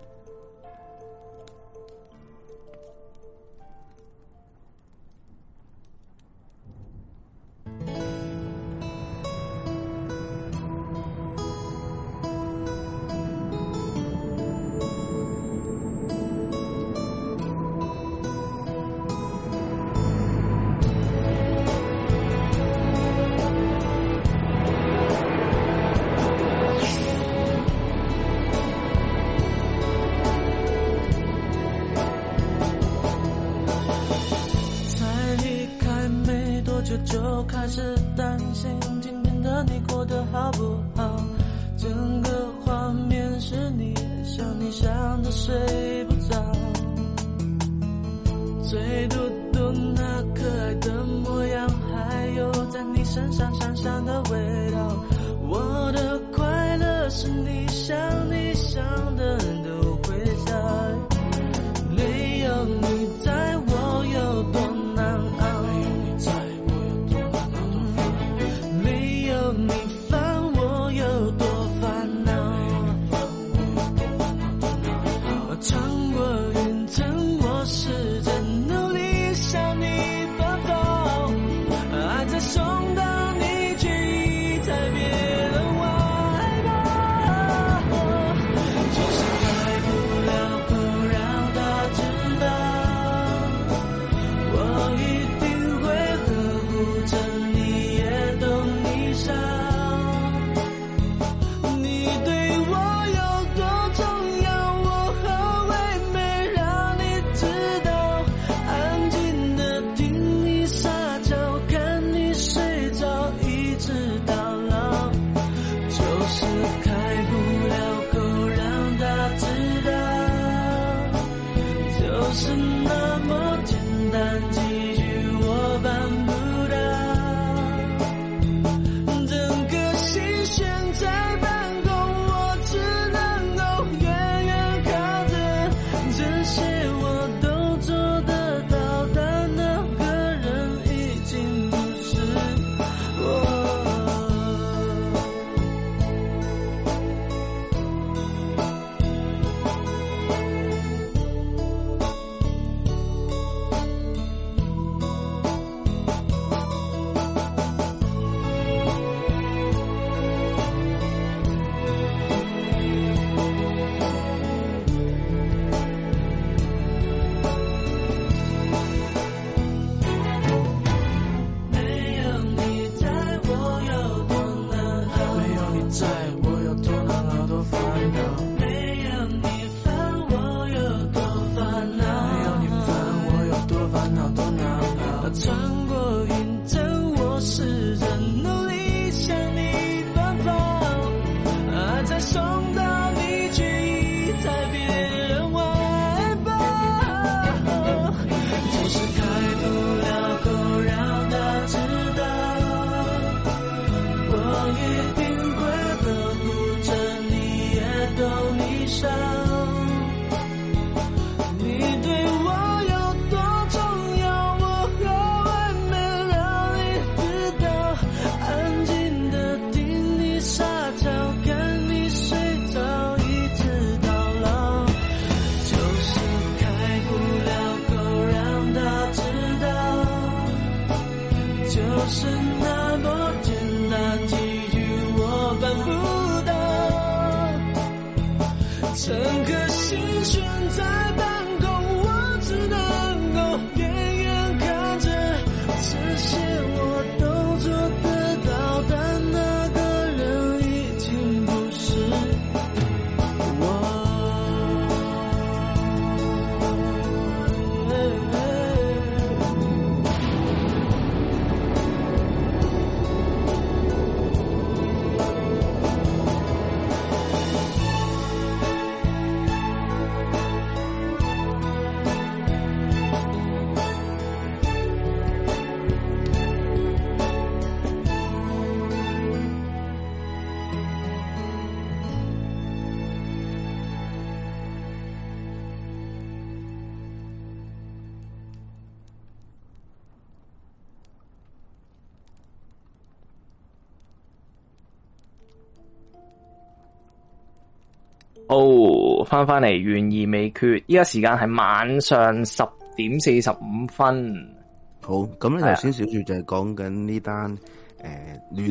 Speaker 1: 翻翻嚟懸疑未決，依家時間係晚上十點四十五分。好，咁咧頭先
Speaker 3: 小雪就係講緊呢單，誒，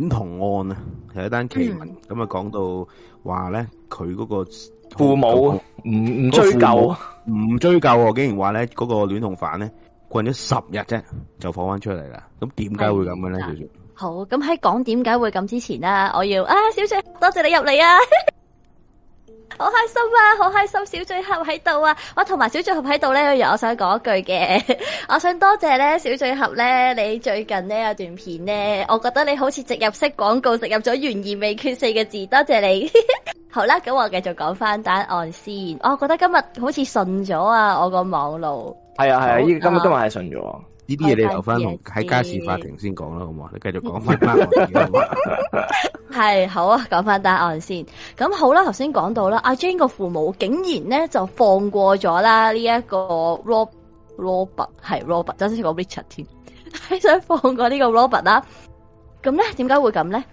Speaker 3: 戀童案啊，係一單奇聞。咁啊講到話咧，佢嗰、那個父母唔唔追究，唔追究，竟然話咧嗰個戀童犯咧，關咗十日啫就放翻出嚟啦。咁點解會咁嘅咧？小雪。
Speaker 2: 好，咁喺講點解會咁之前咧，我要啊，小雪，多謝你入嚟啊！ <laughs> 好開心啊！好開心，小醉俠喺度啊！我同埋小醉俠喺度咧，我想講一句嘅，我想多謝咧，小醉俠咧，你最近呢有段片咧，我覺得你好似植入式廣告，植入咗懸疑未決四個字，多謝你。 <laughs> 好啦，咁我繼續講翻單案先。我覺得今日好似順咗啊！我個網路係啊係啊，今日今日係
Speaker 1: 順咗。呢啲
Speaker 3: 嘢，你留
Speaker 2: 翻同喺家事
Speaker 3: 法庭先講啦，好冇？你繼續講翻答案。
Speaker 2: 係好， <laughs> <laughs> 好啊，講翻答案先。咁好啦、啊，頭先講到啦，阿、啊、Jane 個父母竟然咧就放過咗啦呢一個 Rob Robert，係 Robert，真係似個 Richard 添，係想放過呢個 Robert 啦、啊。咁咧，點解會咁咧？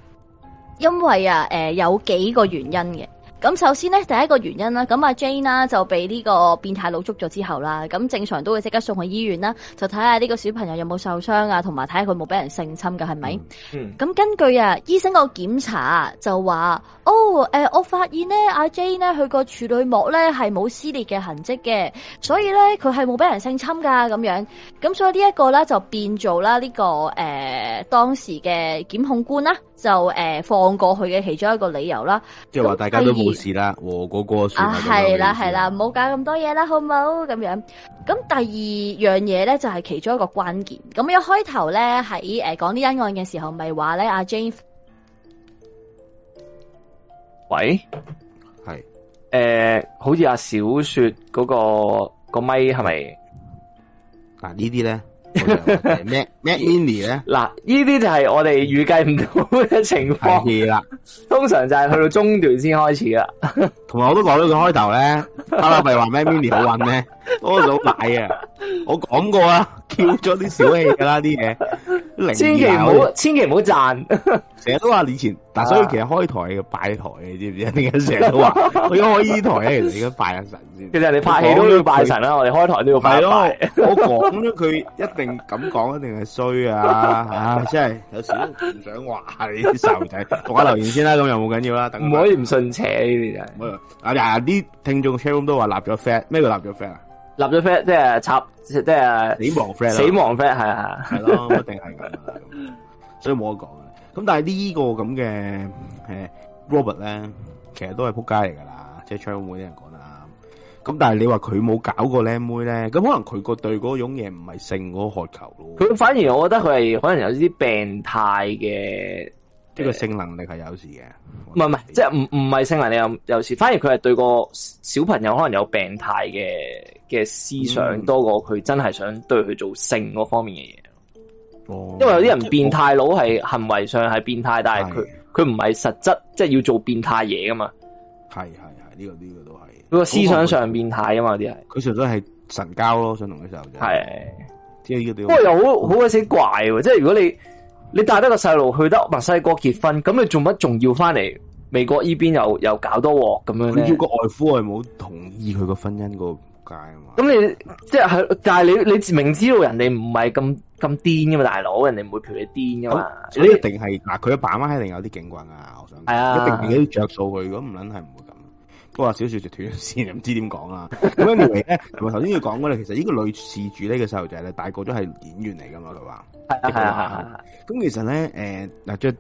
Speaker 2: 因為啊，誒、呃，有幾個原因嘅。咁首先咧，第一個原因啦，咁阿 Jane 啦就被呢個變態佬捉咗之後啦，咁正常都會即刻送去醫院啦，就睇下呢個小朋友有冇受傷，嗯嗯、啊，同埋睇下佢冇俾人性侵噶係咪？嗯。咁根據啊醫生個檢查就話，哦，誒我發現咧阿 Jane 咧佢個處女膜咧係冇撕裂嘅痕跡嘅，所以咧佢係冇俾人性侵噶咁樣。咁所以呢一個咧就變做啦呢個誒、呃、當時嘅檢控官啦，就誒、呃、放過佢嘅其中一個理由啦。即係
Speaker 3: 話大家都冇。冇事哥哥、啊、是啦，和個啊係啦係
Speaker 2: 啦，唔好搞咁多嘢啦，好唔好？咁樣。咁第二樣嘢咧，就係、是、其中一個關鍵。咁一開頭咧喺誒講啲陰案嘅時候，咪話咧阿 James
Speaker 1: 喂，係誒、呃，好似阿小雪嗰、那個個咪係咪？嗱、啊、呢啲咧。咩？ <laughs> 咩 Mini 咧嗱，呢啲就係我哋預計唔到嘅情況啦、嗯嗯嗯嗯嗯嗯。通常就係去到中段先開始啦。同埋我都講咗佢開頭咧，阿拉咪話咩 Mini 好運
Speaker 3: 咩？我老爛啊！我講過啦，叫咗啲小氣噶啦啲嘢，
Speaker 1: 千祈唔好，千祈唔好讚。
Speaker 3: 成 <laughs> 日都話以前， <laughs> 但所以其實開台要拜台你知唔知啊？點解成日都話？我 <laughs> 開呢台咧，其實你要拜下神先。其實你拍戲都要拜神啦，我哋開台都要拜咯、啊。我講咗佢一。定咁講，一定係衰啊！啊，即係有
Speaker 4: 時都唔想話你啲細路仔，講下留言先啦。
Speaker 3: 咁又冇緊要啦。唔可以唔信邪嘅。嗱啲聽眾唱都話立咗 flag，咩叫立咗
Speaker 1: flag 啊？立咗 flag 即係插，即係死亡 flag。死亡 flag 係啊，係咯，一定係咁啦。
Speaker 3: 所以冇得講。咁但係呢個咁嘅誒 Robert 咧，其實都係扑街嚟噶啦，即係唱會啲人講。咁但係你話佢冇搞過僆妹咧，咁可能佢個對嗰種嘢唔係性嗰個渴求咯。
Speaker 1: 佢反而我覺得佢係可能有啲病態嘅，呢、這個性能力係有事嘅。唔係唔係，即係唔唔係性能力有有事。反而佢係對個小朋友可能有病態嘅嘅思想多過佢真係想對佢做性嗰方面嘅嘢。哦，因為有啲人變態佬係行為上係變態，哦、但係佢佢唔係實質即係、就是、要做變態嘢噶嘛。係係係呢個呢個。這個這個佢個思想上變態啊嘛，啲係佢純粹係神交咯，想同佢就係，即係呢啲不過又好好鬼死怪喎！即係如果你你帶得個細路去得墨西哥結婚，咁你做乜仲要翻嚟美國呢邊又又搞多鑊咁樣？佢要個外
Speaker 3: 父外母同意佢個婚姻個界啊
Speaker 1: 嘛！咁你即係，但係你你明知道人哋唔係咁咁癲噶嘛，大佬人哋唔會陪你癲噶嘛！你一定係嗱，佢阿爸阿媽一定有啲警棍啊！我想係啊，一定
Speaker 3: 自己着數佢，咁唔撚係唔會。小小小不、 <laughs> 這個、小小過小、 <laughs> <laughs> <laughs> 呃、小雪就斷線，唔知點講啦。咁樣嚟咧，同埋頭先要講過咧，其實呢個女事主呢個細路仔咧，大個都係演員嚟噶嘛，係嘛？係係係。咁其實咧，誒嗱，即係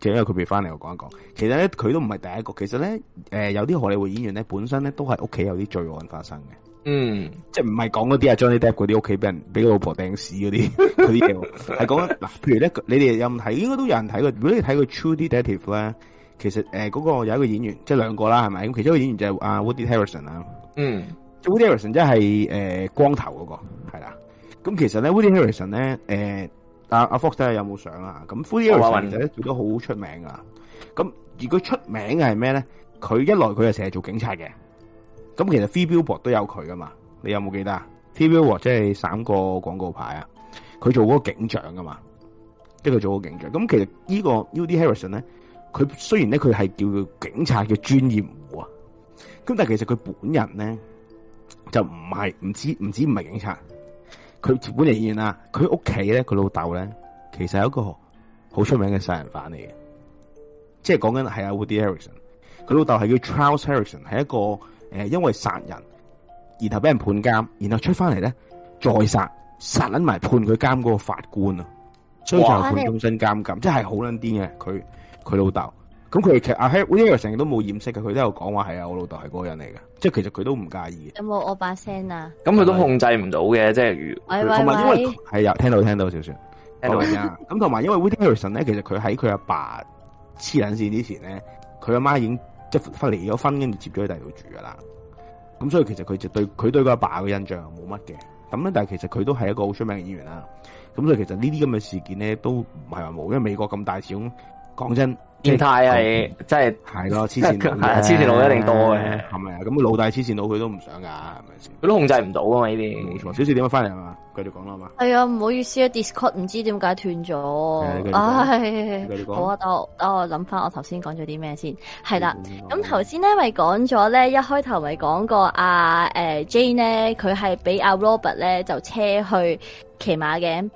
Speaker 3: 借一個佢別翻嚟，我講一講。其實咧，佢都唔係第一個。其實咧，誒有啲荷里活演員咧，本身咧都係屋企有啲罪案發生嘅。嗯，即係唔係講嗰啲啊，《Johnny Depp 嗰啲屋企俾人俾老婆掟屎嗰啲嗰啲嘢，係講嗱。譬如咧，你哋有冇睇？應該都有人睇過。如果你睇過《True Detective 咧。其實誒，嗰、呃那個有一個演員，即係兩個啦，係咪？咁其中一個演員就係阿 Woody Harrison 啊。Harrison, 嗯，即係 Woody Harrison，即係誒光頭嗰、那個，係啦。咁其實咧，Woody Harrison 咧，誒、呃，阿阿 Fox 睇有冇相啊。咁 Woody Harrison 咧，做咗好出名啊。咁如果出名係咩咧？佢一來佢就成日做警察嘅。咁其實 Freebie 和都有佢噶嘛？你有冇記得啊？Freebie 和即係省個廣告牌啊？佢做嗰個警長噶嘛？即係佢做個警長。咁其實這個呢個 Woody Harrison 咧。佢雖然咧，佢係叫警察嘅專業戶啊，咁但係其實佢本人咧就唔係唔止唔止唔係警察。佢本嚟然啊，佢屋企咧，佢老豆咧，其實係一個好出名嘅殺人犯嚟嘅，即係講緊係啊，Woody Harrison 佢老豆係叫 Charles Harrison，係一個誒，因為殺人然後俾人判監，然後出翻嚟咧再殺殺捻埋判佢監嗰個法官啊，所以就係判終身監禁，即係好捻癲嘅佢。佢老豆，咁佢其實啊，William 成日都冇掩飾嘅，佢都有講話係啊，我老豆係嗰個人嚟嘅，即係其實佢都唔介意。
Speaker 2: 有冇我把聲
Speaker 4: 啊？
Speaker 3: 咁佢都控制唔到嘅，即係如同埋因為係有聽到聽到少少，聽到啊。咁同埋因為 William 咧，其實佢喺佢阿爸黐捻線之前咧，佢阿媽已經即係分離咗婚，跟住接咗去第二度住噶啦。咁所以其實佢就對佢對佢阿爸嘅印象冇乜嘅。咁咧，但係其實佢都係一個好出名嘅演員啦。咁所以其實呢啲咁嘅事件咧，都唔係話冇，因為美國咁大，始講真，變態啊真係係咯，黐線佬係黐線佬一定多嘅，係咪啊？咁老大黐線佬佢都唔想噶，係咪先？佢都控制唔到噶嘛呢啲。冇錯，小雪點樣翻嚟係嘛？繼續講啦
Speaker 2: 嘛。係啊，唔好意思啊，Discord 唔知點解斷咗，唉、哎哎哎。好啊，等我等我諗翻我頭先講咗啲咩先。係、嗯、啦，咁頭先咧，咪講咗咧，一開頭咪講過阿誒 Jane 咧，佢係俾阿 Robert 咧就車去騎馬嘅。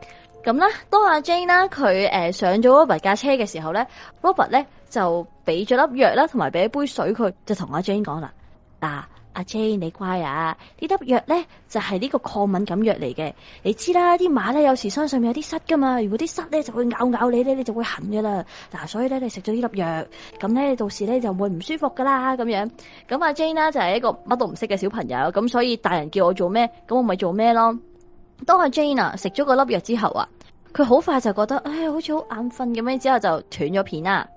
Speaker 2: 咁啦，當阿 Jane 啦，佢、呃、誒上咗 Robert 架車嘅時候咧，Robert 咧就俾咗粒藥啦，同埋俾一杯水佢，就同阿 Jane 講啦：嗱、啊，阿 Jane 你乖啊，粒藥呢粒藥咧就係、是、呢個抗敏感藥嚟嘅。你知啦，啲馬咧有時身上面有啲虱噶嘛，如果啲虱咧就會咬咬你咧，你就會痕噶啦。嗱，所以咧你食咗呢粒藥，咁咧你到時咧就唔會唔舒服噶啦。咁樣，咁阿 Jane 啦就係一個乜都唔識嘅小朋友，咁所以大人叫我做咩，咁我咪做咩咯。當阿 Jane 啊食咗個粒藥之後啊，佢好快就覺得唉、哎，好似好眼瞓咁樣，之後就斷咗片啦。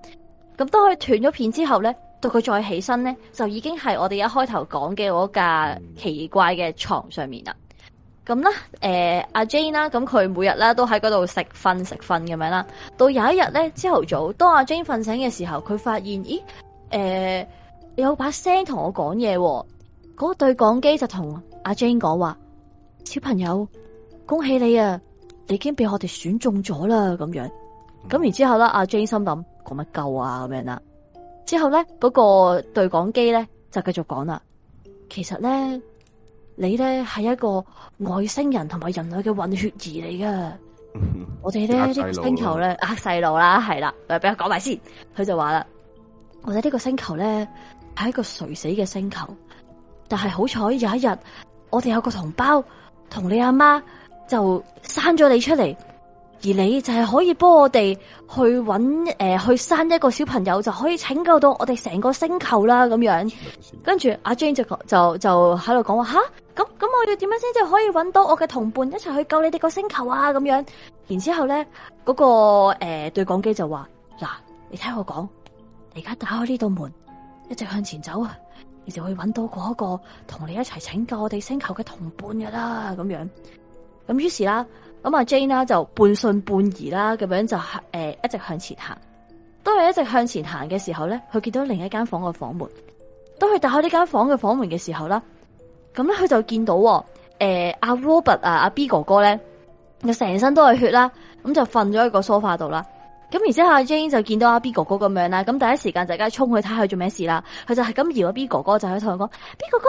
Speaker 2: 咁當佢斷咗片之後咧，到佢再起身咧，就已經係我哋一開頭講嘅嗰架奇怪嘅床上面啦。咁、呃、啦，誒、啊、阿 Jane 啦、啊，咁佢每日咧、啊、都喺嗰度食瞓食瞓咁樣啦。到有一日咧，朝頭早，當阿、啊、Jane 瞓醒嘅時候，佢發現咦，誒、誒、呃、有把聲同我講嘢、哦，嗰對講機就同阿、啊、Jane 講話，小朋友。恭喜你啊！你已經俾我哋選中咗啦，咁樣咁，然之後咧，阿 J 心諗，講乜夠啊，咁、啊、樣啦。之後咧，嗰、那個對講機咧就繼續講啦。其實咧，你咧係一個外星人同埋人類嘅混血兒嚟嘅 <laughs> 。
Speaker 4: 我哋咧呢個星球
Speaker 2: 咧，呃，細路啦，係啦，俾我講埋先。佢就話啦，我哋呢個星球咧係一個垂死嘅星球，但係好彩有一日我哋有個同胞同你阿媽，就生咗你出嚟，而你就係可以幫我哋去揾誒、呃，去生一個小朋友就可以拯救到我哋成個星球啦咁樣。跟住阿 Jane 就就就喺度講話吓，咁咁我要點樣先至可以揾到我嘅同伴一齊去救你哋個星球啊，咁樣。然之後咧，嗰、那個誒、呃、對講機就話嗱，你聽我講，你而家打開呢道門，一直向前走啊，你就會揾到嗰個個同你一齊拯救我哋星球嘅同伴噶啦咁樣。咁於是啦，咁阿 Jane 啦就半信半疑啦，咁樣就誒一直向前行。當佢一直向前行嘅時候咧，佢見到另一間房嘅房門。當佢打開呢間房嘅房門嘅時候啦，咁咧佢就見到誒阿、呃、Robert 啊阿 B 哥哥咧，就成身都係血啦，咁就瞓咗喺個梳化度啦。咁然之後阿 Jane 就見到阿 B 哥哥咁樣啦，咁第一時間就而家衝去睇下佢做咩事啦。佢就係咁搖阿 B 哥哥就喺度講：B 哥哥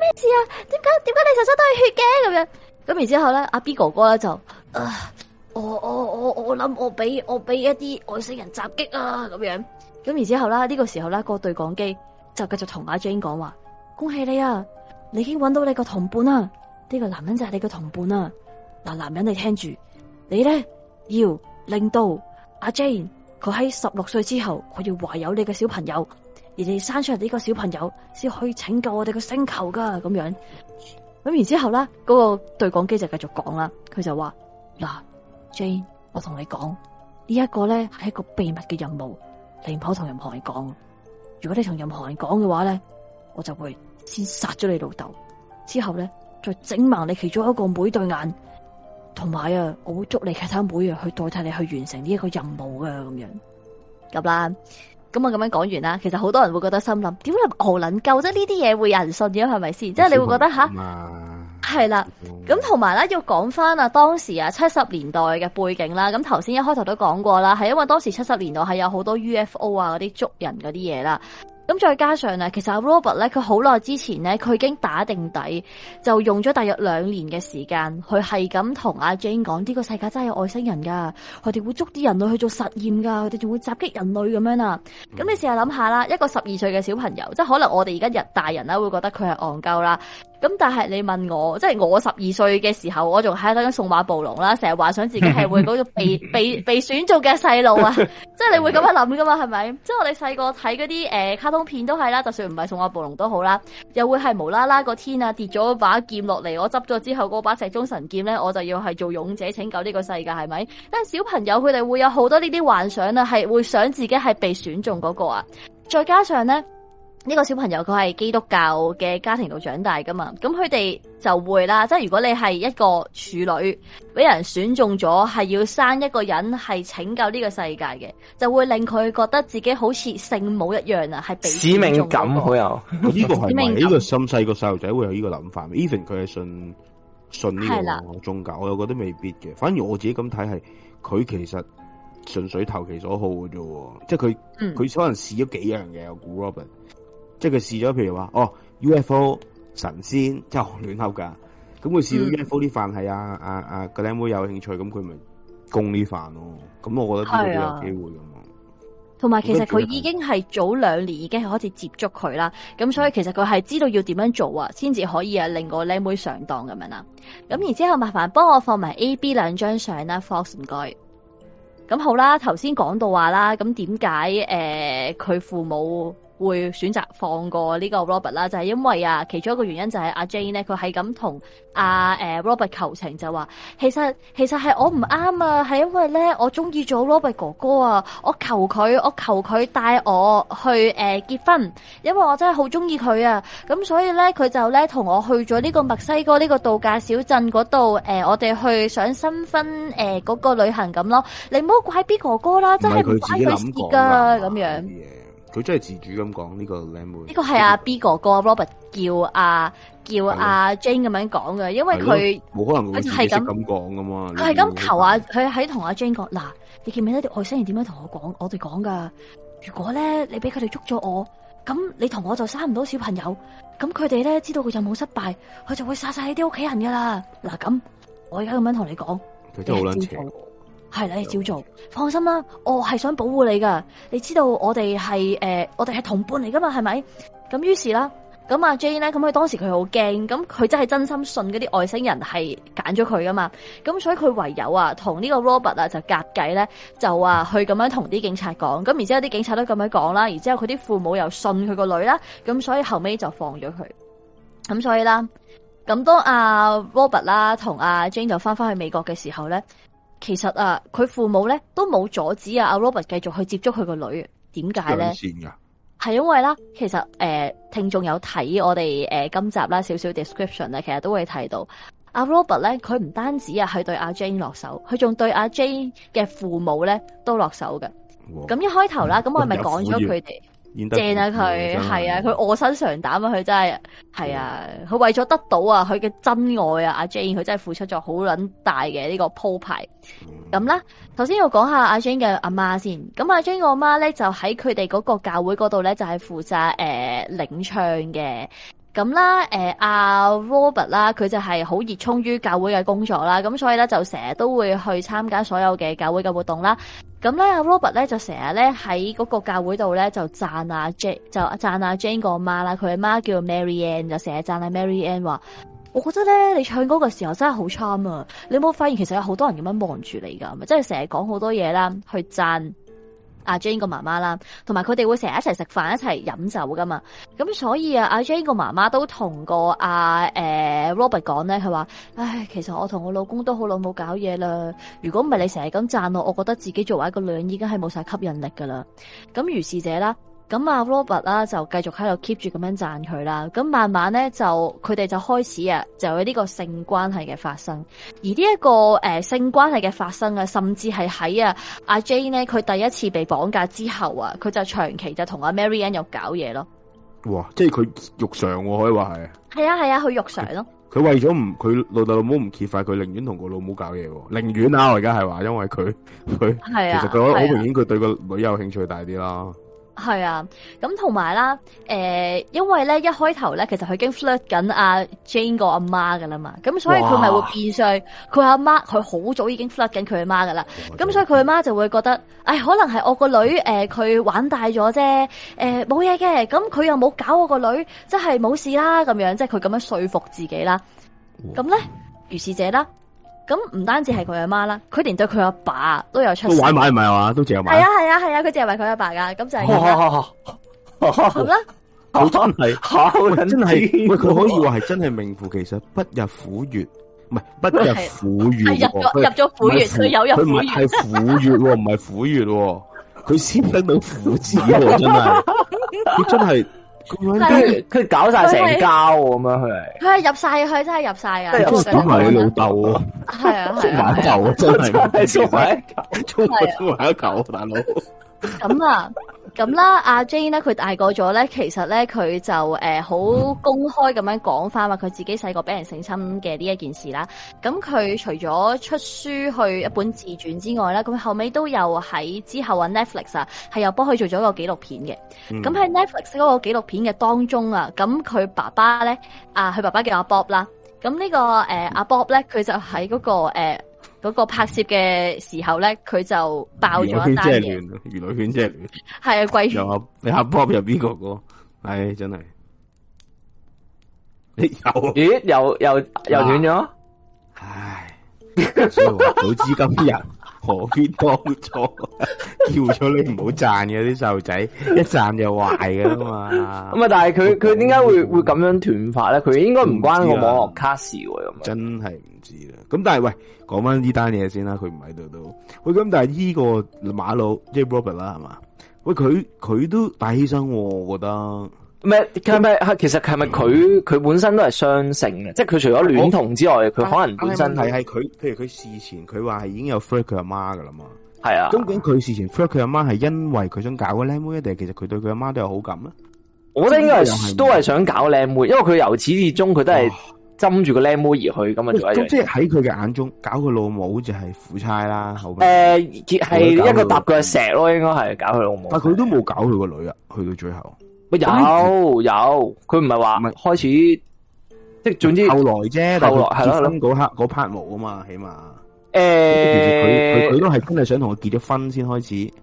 Speaker 2: 咩事啊？點解點解你成身都係血嘅？咁樣。咁然之後咧，阿 B 哥哥咧就，我我我我諗我俾我俾一啲外星人襲擊啊咁樣。咁然之後啦，呢個時候咧，個對講機就繼續同阿 Jane 講話：恭喜你啊，你已經揾到你個同伴啦。呢個男人就係你個同伴啊！嗱，男人你聽住，你咧要令到阿 Jane。佢喺十六歲之後，佢要懷有你嘅小朋友，而你生出嚟呢個小朋友，先可以拯救我哋個星球噶咁樣。咁然之後啦，嗰個對講機就繼續講啦，佢就話：嗱，Jane，我同你講，呢一個咧係一個秘密嘅任務，你唔好同任何人講。如果你同任何人講嘅話咧，我就會先殺咗你老豆，之後咧再整盲你其中一個妹對眼，同埋啊，我會捉你其他妹去代替你去完成呢一個任務嘅咁樣，咁啦。咁我咁樣講完啦，其實好多人會覺得心諗，點解牛能救啫？呢啲嘢會有人信嘅係咪先？即係你會覺得吓，係啦。咁同埋咧，要講翻啊，當時啊，七十年代嘅背景啦。咁頭先一開頭都講過啦，係因為當時七十年代係有好多 UFO 啊嗰啲捉人嗰啲嘢啦。咁再加上啊，其實阿 Robert 咧，佢好耐之前咧，佢已經打定底，就用咗大約兩年嘅時間，去係咁同阿 Jane 講：呢個世界真係有外星人㗎，佢哋會捉啲人類去做實驗㗎，佢哋仲會襲擊人類咁樣啊！咁、嗯、你試下諗下啦，一個十二歲嘅小朋友，即係可能我哋而家日大人啦，會覺得佢係戇鳩啦。咁但係你問我，即係我十二歲嘅時候，我仲喺度講緊《數碼暴龍》啦，成日幻想自己係會嗰個被 <laughs> 被被選中嘅細路啊，即 <laughs> 係你會咁樣諗噶嘛？係咪？即係我哋細個睇嗰啲誒卡通片都係啦，就算唔係《數碼暴龍》都好啦，又會係無啦啦個天啊跌咗把劍落嚟，我執咗之後嗰把石中神劍咧，我就要係做勇者拯救呢個世界，係咪？但係小朋友佢哋會有好多呢啲幻想啊，係會想自己係被選中嗰個啊，再加上咧。呢、這個小朋友佢係基督教嘅家庭度長大噶嘛，咁佢哋就會啦。即係如果你係一個處女，俾人選中咗，係要生一個人係拯救呢個世界嘅，就會令佢覺得自己好似聖母一樣啊，係使， <laughs> <laughs> 使命感。
Speaker 3: 好有呢個係唔係呢個心細個細路仔會有呢個諗法？Even 佢係信信呢個宗教，我又覺得未必嘅。反而我自己咁睇係，佢其實純粹投其所好嘅啫。即係佢佢可能試咗幾樣嘢，我估 Robert 即係佢試咗，譬如話哦 UFO 神仙真係好亂口噶，咁佢試到 UFO 啲飯係啊、嗯、啊啊個靚妹有興趣，咁佢咪供呢飯咯，咁我覺得佢都有機會噶嘛。
Speaker 2: 同埋其實佢已經係早兩年已經係開始接觸佢啦，咁、嗯、所以其實佢係知道要點樣做啊，先至可以啊令個靚妹上當咁樣啦。咁然之後麻煩幫我放埋 A、B 兩張相啦，Fox 唔該。咁好啦，頭先講到話啦，咁點解誒佢父母會選擇放過呢個 Robert 啦，就係因為啊，其中一個原因就係阿 Jane 咧，佢係咁同阿誒 Robert 求情，就話其實其實係我唔啱啊，係因為咧我中意咗 Robert 哥哥啊，我求佢，我求佢，我求佢帶我去誒、uh, 結婚，因為我真係好中意佢啊，咁所以咧佢就咧同我去咗呢個墨西哥呢個度假小鎮嗰度誒，我哋去上新婚誒嗰、呃、個旅行咁咯，你唔好怪 B 哥，哥哥啦、啊，真係唔怪佢事噶咁樣。még 呀
Speaker 3: 佢真係自主咁講呢個靚妹，呢、呢個
Speaker 2: 係阿 B 哥哥 Robert 叫阿、啊、叫阿、啊、Jane 咁樣講嘅，因為佢冇可能佢係咁
Speaker 3: 講噶嘛，佢係咁求啊，
Speaker 2: 佢喺同阿 Jane 講嗱，你記唔記得啲外星人點樣同我講，我哋講噶，如果咧你俾佢哋捉咗我，咁你同我就生唔到小朋友，咁佢哋咧知道佢有冇失敗，佢就會殺晒你啲屋企人噶啦，嗱咁我而家咁樣同你講，
Speaker 4: 佢都好撚邪
Speaker 2: 係啦，你照做。放心啦，我係想保護你噶。你知道我哋係誒，我哋係同伴嚟噶嘛？係咪？咁於是啦，咁阿 Jane 咧，咁佢當時佢好驚，咁佢真係真心信嗰啲外星人係揀咗佢噶嘛？咁所以佢唯有啊，同呢個 Robert 啊就夾計咧，就啊去咁樣同啲警察講。咁然之後啲警察都咁樣講啦，然之後佢啲父母又信佢個女啦，咁所以後尾就放咗佢。咁所以啦，咁當阿、啊、Robert 啦同阿 Jane 就翻翻去美國嘅時候咧。其實啊，佢父母咧都冇阻止阿 Robert 繼續去接觸佢個女，點解咧？係因為啦，其實誒、呃，聽眾有睇我哋誒、呃、今集啦，少少 description 咧，其實都會睇到、啊、阿 Robert 咧佢唔單止啊係對阿 Jane 落手，佢仲對阿、啊、Jane 嘅父母咧都落手嘅。咁一開頭啦，咁、嗯、我係咪講咗佢哋？
Speaker 4: 正啊佢係
Speaker 2: 啊佢卧薪嘗膽啊佢真係係啊佢、嗯、為咗得到啊佢嘅真愛啊阿 Jane 佢真係付出咗好卵大嘅、這個嗯、呢個鋪排咁啦頭先我講下阿 Jane 嘅阿媽先咁阿 Jane 個阿媽咧就喺佢哋嗰個教會嗰度咧就係、是、負責誒、呃、領唱嘅。咁啦，誒、呃、阿 Robert 啦，佢就係好熱衷於教會嘅工作啦，咁所以咧就成日都會去參加所有嘅教會嘅活動啦。咁咧阿 Robert 咧就成日咧喺嗰個教會度咧就讚、啊、就讚阿 Jane，就讚阿 Jane 個媽啦，佢阿媽叫 Mary Ann，就成日讚阿、啊、Mary Ann 話： <music> 我覺得咧你唱歌嘅時候真係好 charm 啊！你有冇發現其實有好多人咁樣望住你㗎？咪即係成日講好多嘢啦，去讚。阿 Jane 個媽媽啦，同埋佢哋會成日一齊食飯，一齊飲酒噶嘛。咁所以啊，阿 Jane 個媽媽都同過阿誒 Robert 講咧，佢話：「唉，其實我同我老公都好耐冇搞嘢啦。如果唔係你成日咁讚我，我覺得自己作為一個女人已經係冇晒吸引力噶啦。咁如是者啦。咁啊，Robert 啦就繼續喺度 keep 住咁樣讚佢啦。咁慢慢咧就佢哋就開始啊，就有呢個性關係嘅發生。而呢、這、一個誒、呃、性關係嘅發生啊，甚至係喺啊阿 Jane 咧，佢第一次被綁架之後啊，佢就長期就同阿 Mary Ann 又搞嘢咯。
Speaker 3: 哇！即係佢肉償、啊、可以話係。
Speaker 2: 係啊係啊，佢、啊、肉償咯、
Speaker 3: 啊。佢為咗唔佢老豆老母唔揭發，佢寧願同個老母搞嘢，寧願啊，啊！我而家係話，因為佢佢其實佢好明顯佢對個女有興趣大啲啦。
Speaker 2: 係啊，咁同埋啦，誒、呃，因為咧一開頭咧，其實佢已經 flirt 緊阿 Jane 個阿媽噶啦嘛，咁所以佢咪會變相佢阿媽，佢好早已經 flirt 緊佢阿媽噶啦，咁所以佢阿媽就會覺得，誒、哎，可能係我個女，誒、呃，佢玩大咗啫，誒、呃，冇嘢嘅，咁佢又冇搞我個女，即係冇事啦，咁樣，即係佢咁樣說服自己啦，咁咧，如是者啦。咁唔單止係佢阿媽啦，佢連對佢阿爸、爸都有出。都買買唔
Speaker 3: 係嘛？都淨係。係啊係
Speaker 2: 啊係啊，佢淨係為佢阿爸噶，咁就。好
Speaker 3: 好好。咁、啊、啦。好真係真係喂，佢、啊啊、可以話係真係名副其實不月不，不入虎穴，唔係不入虎穴。入咗入咗虎穴，佢有入佢唔係係虎穴喎，唔係虎穴喎，佢先得到虎子喎，真係
Speaker 2: 佢真係。
Speaker 1: 佢佢搞晒成家咁樣佢，
Speaker 2: 佢係入晒，佢真係入晒啊，啊！真係你老豆係啊係啊，
Speaker 4: 真係玩一
Speaker 1: 嚿，玩一嚿
Speaker 2: 又玩一嚿
Speaker 3: 玩一嚿大佬。
Speaker 2: 咁啊！咁啦、啊，阿 Jane 咧，佢大個咗咧，其實咧佢就誒好、呃、公開咁樣講翻話佢自己細個俾人性侵嘅呢一件事啦。咁佢除咗出書去一本自傳之外咧，咁後尾都有喺之後啊 Netflix 啊，係又幫佢做咗一個紀錄片嘅。咁喺 Netflix 嗰個紀錄片嘅當中啊，咁佢爸爸咧，啊佢爸爸叫阿 Bob 啦。咁、這個呃嗯啊、呢、呢個誒阿 Bob 咧，佢就喺嗰個誒。嗰、那個拍攝嘅時候咧，佢就爆咗一單嘢，圈即係亂，
Speaker 3: 娛樂圈即係亂。
Speaker 2: 係啊，貴圈。又，
Speaker 3: 又，又，又啊，你下波入邊個歌？唉，真係。你有？咦？又又又斷咗？唉，早知咁啲人。
Speaker 1: 何必當初？叫咗你唔好賺嘅啲細路仔，一賺就壞噶啦嘛。咁 <laughs> 啊， <laughs> 但係佢佢點解會會咁樣斷法咧？佢應該唔關個網絡卡事喎。咁真係唔知啦。咁但係喂，講翻呢單嘢先啦。佢唔喺度都喂。咁但係呢
Speaker 3: 個馬佬即係 Robert 啦，係嘛？喂，佢佢都大犧牲、哦，我覺得。
Speaker 1: 咩？係咪？其實係咪佢佢本身都係雙性嘅， <music> 即係佢除咗戀童之外，佢可能本身係係佢。譬如佢事前佢話係已經有 fuck 佢阿媽噶啦嘛，係
Speaker 3: 啊。究竟佢事前 fuck 佢阿媽係因為佢想搞靚妹，定係其實佢對佢阿媽都有好感咧？
Speaker 1: 我覺得應該係都係想搞靚妹，因為佢由始至終佢都係針住個靚妹而去咁啊。咁、嗯、即係喺
Speaker 3: 佢嘅眼中，搞佢老母就係苦差啦。
Speaker 1: 誒，係、呃、一個踏腳石咯，應該係搞佢老母但搞。但佢都冇搞佢個女啊，去到最後。有有，佢唔係話開始，即係總之後來啫，後來係咯，結親嗰
Speaker 3: 刻嗰 part 冇啊嘛，起碼
Speaker 1: 誒，其實佢佢佢都係真係想同佢結
Speaker 3: 咗婚先開始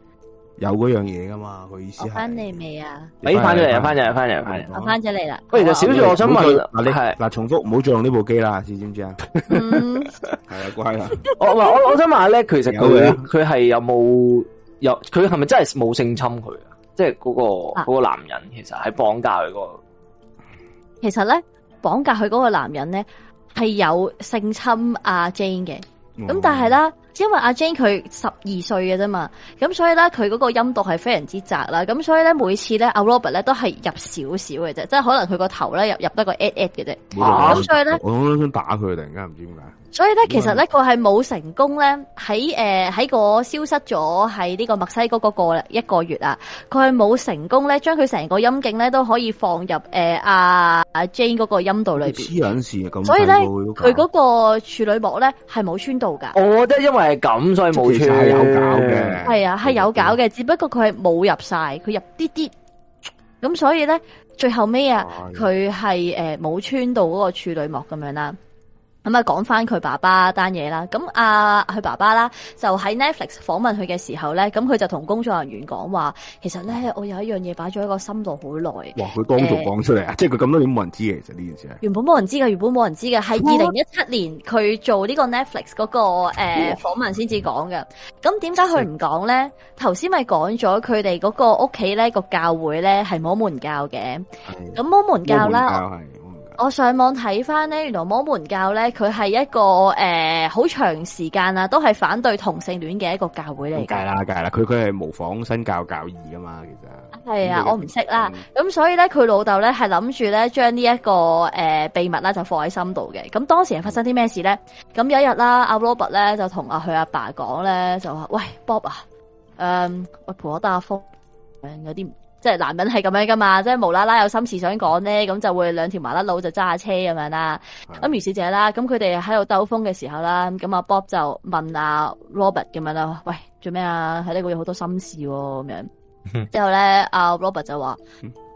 Speaker 3: 有嗰樣嘢噶嘛，佢、那個、意思係
Speaker 2: 翻嚟未
Speaker 3: 啊？咪翻咗嚟，翻返翻
Speaker 1: 咗嚟，翻返嚟，我翻
Speaker 2: 咗嚟啦。不如就少少，我想問
Speaker 1: 嗱，你係嗱，重複唔好再用呢部機啦，知唔知啊？係啊，乖啦。我我我想問咧，其實佢佢係有冇有佢係咪真係冇性侵佢即係嗰、嗰個、嗰個男人其實綁、啊，其實喺綁架佢嗰個。
Speaker 2: 其實咧，綁架佢嗰個男人咧，係有性侵阿、啊、Jane 嘅。
Speaker 1: 咁、哦、但係
Speaker 2: 咧。因為阿 Jane 佢十二歲嘅啫嘛，咁所以咧佢嗰個陰道係非常之窄啦，咁所以咧每次咧阿 Robert 咧都係入少少嘅啫，即係可能佢個頭咧入入得個 at at 嘅啫。咁、啊、所以咧，
Speaker 3: 我我想打佢突
Speaker 5: 然間唔知點
Speaker 2: 解。所以咧其實咧佢係冇成功咧喺誒喺個消失咗喺呢個墨西哥嗰個一個月啊，佢係冇成功咧將佢成個陰莖咧都可以放入誒阿阿 Jane 嗰個陰道裏邊。黐撚
Speaker 1: 線啊咁。
Speaker 2: 所以咧佢嗰個處女膜咧係冇穿到噶。
Speaker 1: 我覺得因為。係咁，所以冇穿。係有搞
Speaker 4: 嘅，係
Speaker 2: 啊，係有搞嘅，只不過佢係冇入晒，佢入啲啲，咁所以咧，最後尾啊，佢係誒冇穿到嗰個處女膜咁樣啦。咁啊，講翻佢爸爸單嘢啦。咁阿佢爸爸啦，就喺 Netflix 訪問佢嘅時候咧，咁佢就同工作人員講話，其實咧，我有一樣嘢擺咗喺個心度好耐。哇！佢當眾講
Speaker 3: 出嚟啊，呃！即係佢咁多年冇人知嘅，其實呢件事係
Speaker 2: 原本冇人知嘅，原本冇人知嘅，係二零一七年佢做呢個 Netflix 嗰，那個誒訪、呃嗯、問先至講嘅。咁點解佢唔講咧？頭先咪講咗佢哋嗰個屋企咧個教會咧係摩門教嘅。
Speaker 4: 咁、嗯、摩門教啦。
Speaker 2: 我上網睇翻咧，原來摩門教咧佢係一個誒好、呃、長時間啊，都係反對同性戀嘅一個教會嚟嘅。梗係啦，
Speaker 3: 梗係啦，佢佢係模仿新教教義啊嘛，其
Speaker 2: 實係啊，我唔識啦。咁、嗯、所以咧，佢老豆咧係諗住咧將呢一個誒、呃、秘密呢就放喺心度嘅。咁當時係發生啲咩事咧？咁、嗯、有一日啦、啊，阿羅拔咧就同阿佢阿爸講咧，就話：喂 Bob 啊，誒、嗯，我陪我打下風，有啲。即係男人係咁樣噶嘛，即係無啦啦有心事想講咧，咁就會兩條麻甩佬就揸下車咁樣啦。咁如是者啦，咁佢哋喺度兜風嘅時候啦，咁阿 Bob 就問阿 Robert 咁樣啦，喂做咩啊？喺呢個有好多心事喎、啊、咁樣。 <laughs> 之後咧阿 Robert 就話，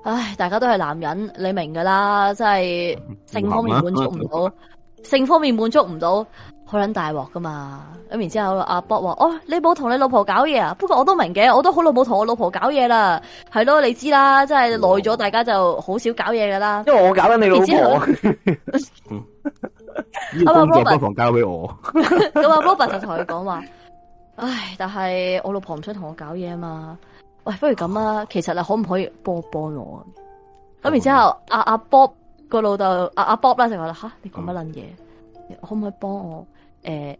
Speaker 2: 唉，大家都係男人，你明噶啦，即係性方面滿足唔到， <laughs> 性方面滿足唔到。 <laughs> 好捻大鑊噶嘛咁，然之後阿、啊、Bob 話：哦，你冇同你老婆搞嘢啊！不過我都明嘅，我都好耐冇同我老婆搞嘢啦。係咯，你知啦，真係耐咗，大家就好少搞嘢噶啦。因為我
Speaker 4: 搞緊你老婆。
Speaker 2: 阿 Bob 不妨交俾我。咁 <laughs> 阿、啊、Bob 就同佢講話：唉、哎，但係我老婆唔想同我搞嘢啊嘛。喂，不如咁啊，其實你可唔可以幫幫我、嗯、啊？咁然之後阿阿 Bob 個老豆阿阿 Bob 啦就話啦：吓、啊，你講乜捻嘢？嗯、可唔可以幫我？誒、欸，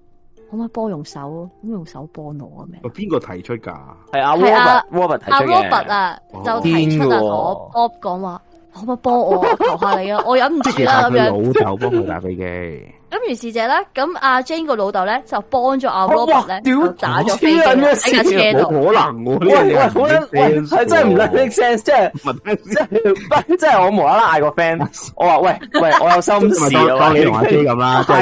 Speaker 2: 可唔可以幫用手？可唔用手幫我啊？
Speaker 4: 咩？邊
Speaker 3: 個提出噶？係、啊、阿 Robert，Robert、啊哦、提出啊，就提出阿我 Bob 可可
Speaker 2: 幫我講話可唔可幫我求下你啊？我忍唔住啦咁 <laughs> 樣。其實佢老
Speaker 3: 豆幫佢打飛機。 <laughs> <laughs>
Speaker 2: 咁如是者咧，咁阿 Jane 個老豆咧就幫咗阿 Robert 咧打咗飛，呢件
Speaker 1: 事冇可能。喂喂喂，係真係唔 make sense，即係即係即係我無啦啦嗌個 friend，我話喂喂，我有心事。當當你玩機咁啦，真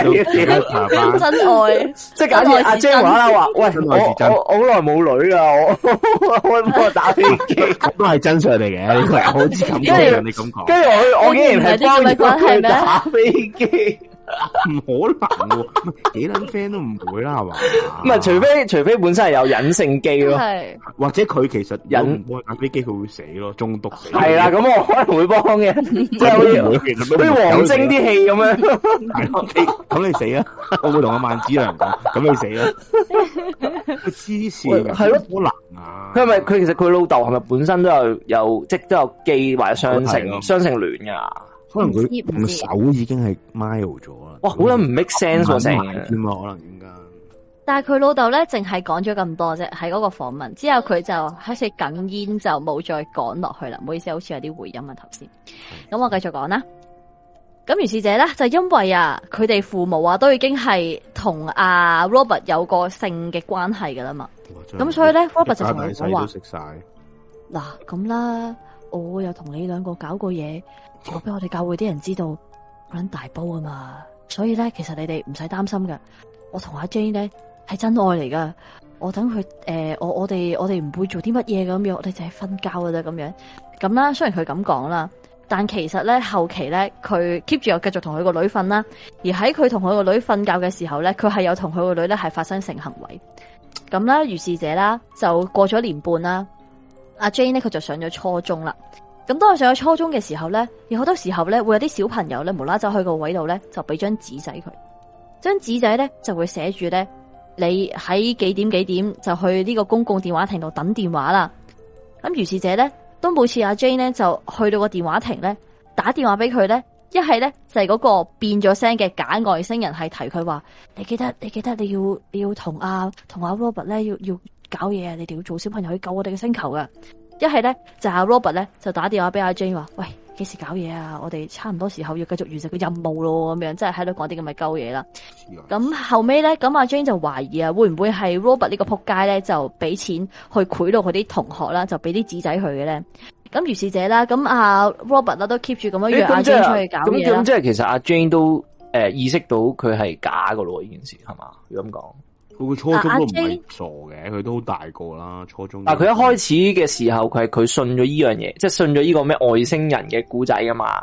Speaker 1: 愛即係阿 Jane 無啦啦話，喂我我我好耐冇女啊，我我打飛機，都係真相嚟嘅。你佢又好似咁多
Speaker 6: 人，你咁講，跟住我我竟然係幫佢打飛機。
Speaker 1: 唔可能喎，幾捻 friend 都唔會啦，係嘛？唔係，除非除非本身係有隱性機
Speaker 3: 咯，
Speaker 1: 或者佢其實隱打飛機佢會死咯，中毒
Speaker 4: 死。係啦，咁我，
Speaker 1: 幫 <laughs> <laughs> <laughs> 我
Speaker 3: <laughs> 可
Speaker 6: 能會幫嘅，即係好
Speaker 3: 似好似王晶啲戲咁樣。
Speaker 1: 咁你死啊？我會同阿萬子良講，咁你死
Speaker 4: 啊？黐綫嘅，係
Speaker 1: 咯？好難啊！佢係咪佢其實佢老豆係咪本身都有有即都有機或者雙性雙性戀噶？
Speaker 2: 可
Speaker 3: 能佢手已經係 mile 咗啦，哇，好撚，唔 make sense 啊，成可能
Speaker 1: 點解？
Speaker 2: 但係佢老豆咧，淨係講咗咁多啫，喺嗰個訪問之後，佢就開始哽咽，就冇再講落去啦。唔好意思，好似有啲回音啊，頭先。咁我繼續講啦。咁如是者咧，就因為啊，佢哋父母啊，都已經係同阿 Robert 有個性嘅關係噶啦嘛，咁所以咧，Robert 就同佢講，食晒嗱，咁啦，啊，我又同你兩個搞過嘢。如果我果俾我哋教會啲人知道，搵大煲啊嘛，所以咧，其實你哋唔使擔心嘅。我同阿 Jane 咧係真愛嚟噶，我等佢誒、呃，我我哋我哋唔會做啲乜嘢咁樣，我哋就係瞓覺噶咋咁樣。咁啦，雖然佢咁講啦，但其實咧後期咧，佢 keep 住又繼續同佢個女瞓啦。而喺佢同佢個女瞓覺嘅時候咧，佢係有同佢個女咧係發生性行為。咁啦，如是者啦，就過咗年半啦，阿 Jane 咧佢就上咗初中啦。咁當我上咗初中嘅時候咧，有好多時候咧，會有啲小朋友咧，無啦走去個位度咧，就俾張紙仔佢，張紙仔咧就會寫住咧，你喺幾點幾點就去呢個公共電話亭度等電話啦。咁如是者咧，都每次阿 Jane 咧就去到個電話亭咧，打電話俾佢咧，一係咧就係嗰個變咗聲嘅假外星人係提佢話， <noise> 你記得你記得你要你、啊啊、要同阿同阿 Robert 咧要要搞嘢啊，你哋要做小朋友去救我哋嘅星球噶。一係咧就阿 Robert 咧就打電話俾阿 Jane 話：喂，幾時搞嘢啊？我哋差唔多時候要繼續完成個任務咯，咁樣，即係喺度講啲咁嘅鳩嘢啦。咁後尾咧，咁阿 Jane 就懷疑啊，會唔會係 Robert 呢個仆街咧就俾錢去賄賂佢啲同學啦，就俾啲紙仔佢嘅咧？咁如是者啦，咁阿 Robert 啦都 keep 住咁樣，約阿 Jane 出去搞嘢，咁即
Speaker 1: 係其實阿 Jane 都誒意識到佢係假噶咯，呢件事係嘛？要咁講。嗯嗯嗯嗯嗯嗯佢初中都唔係傻嘅，佢都好大個啦。初中，但係佢一開始嘅時候，佢係佢信咗依樣嘢，即係信咗依個咩外星人嘅古仔噶嘛。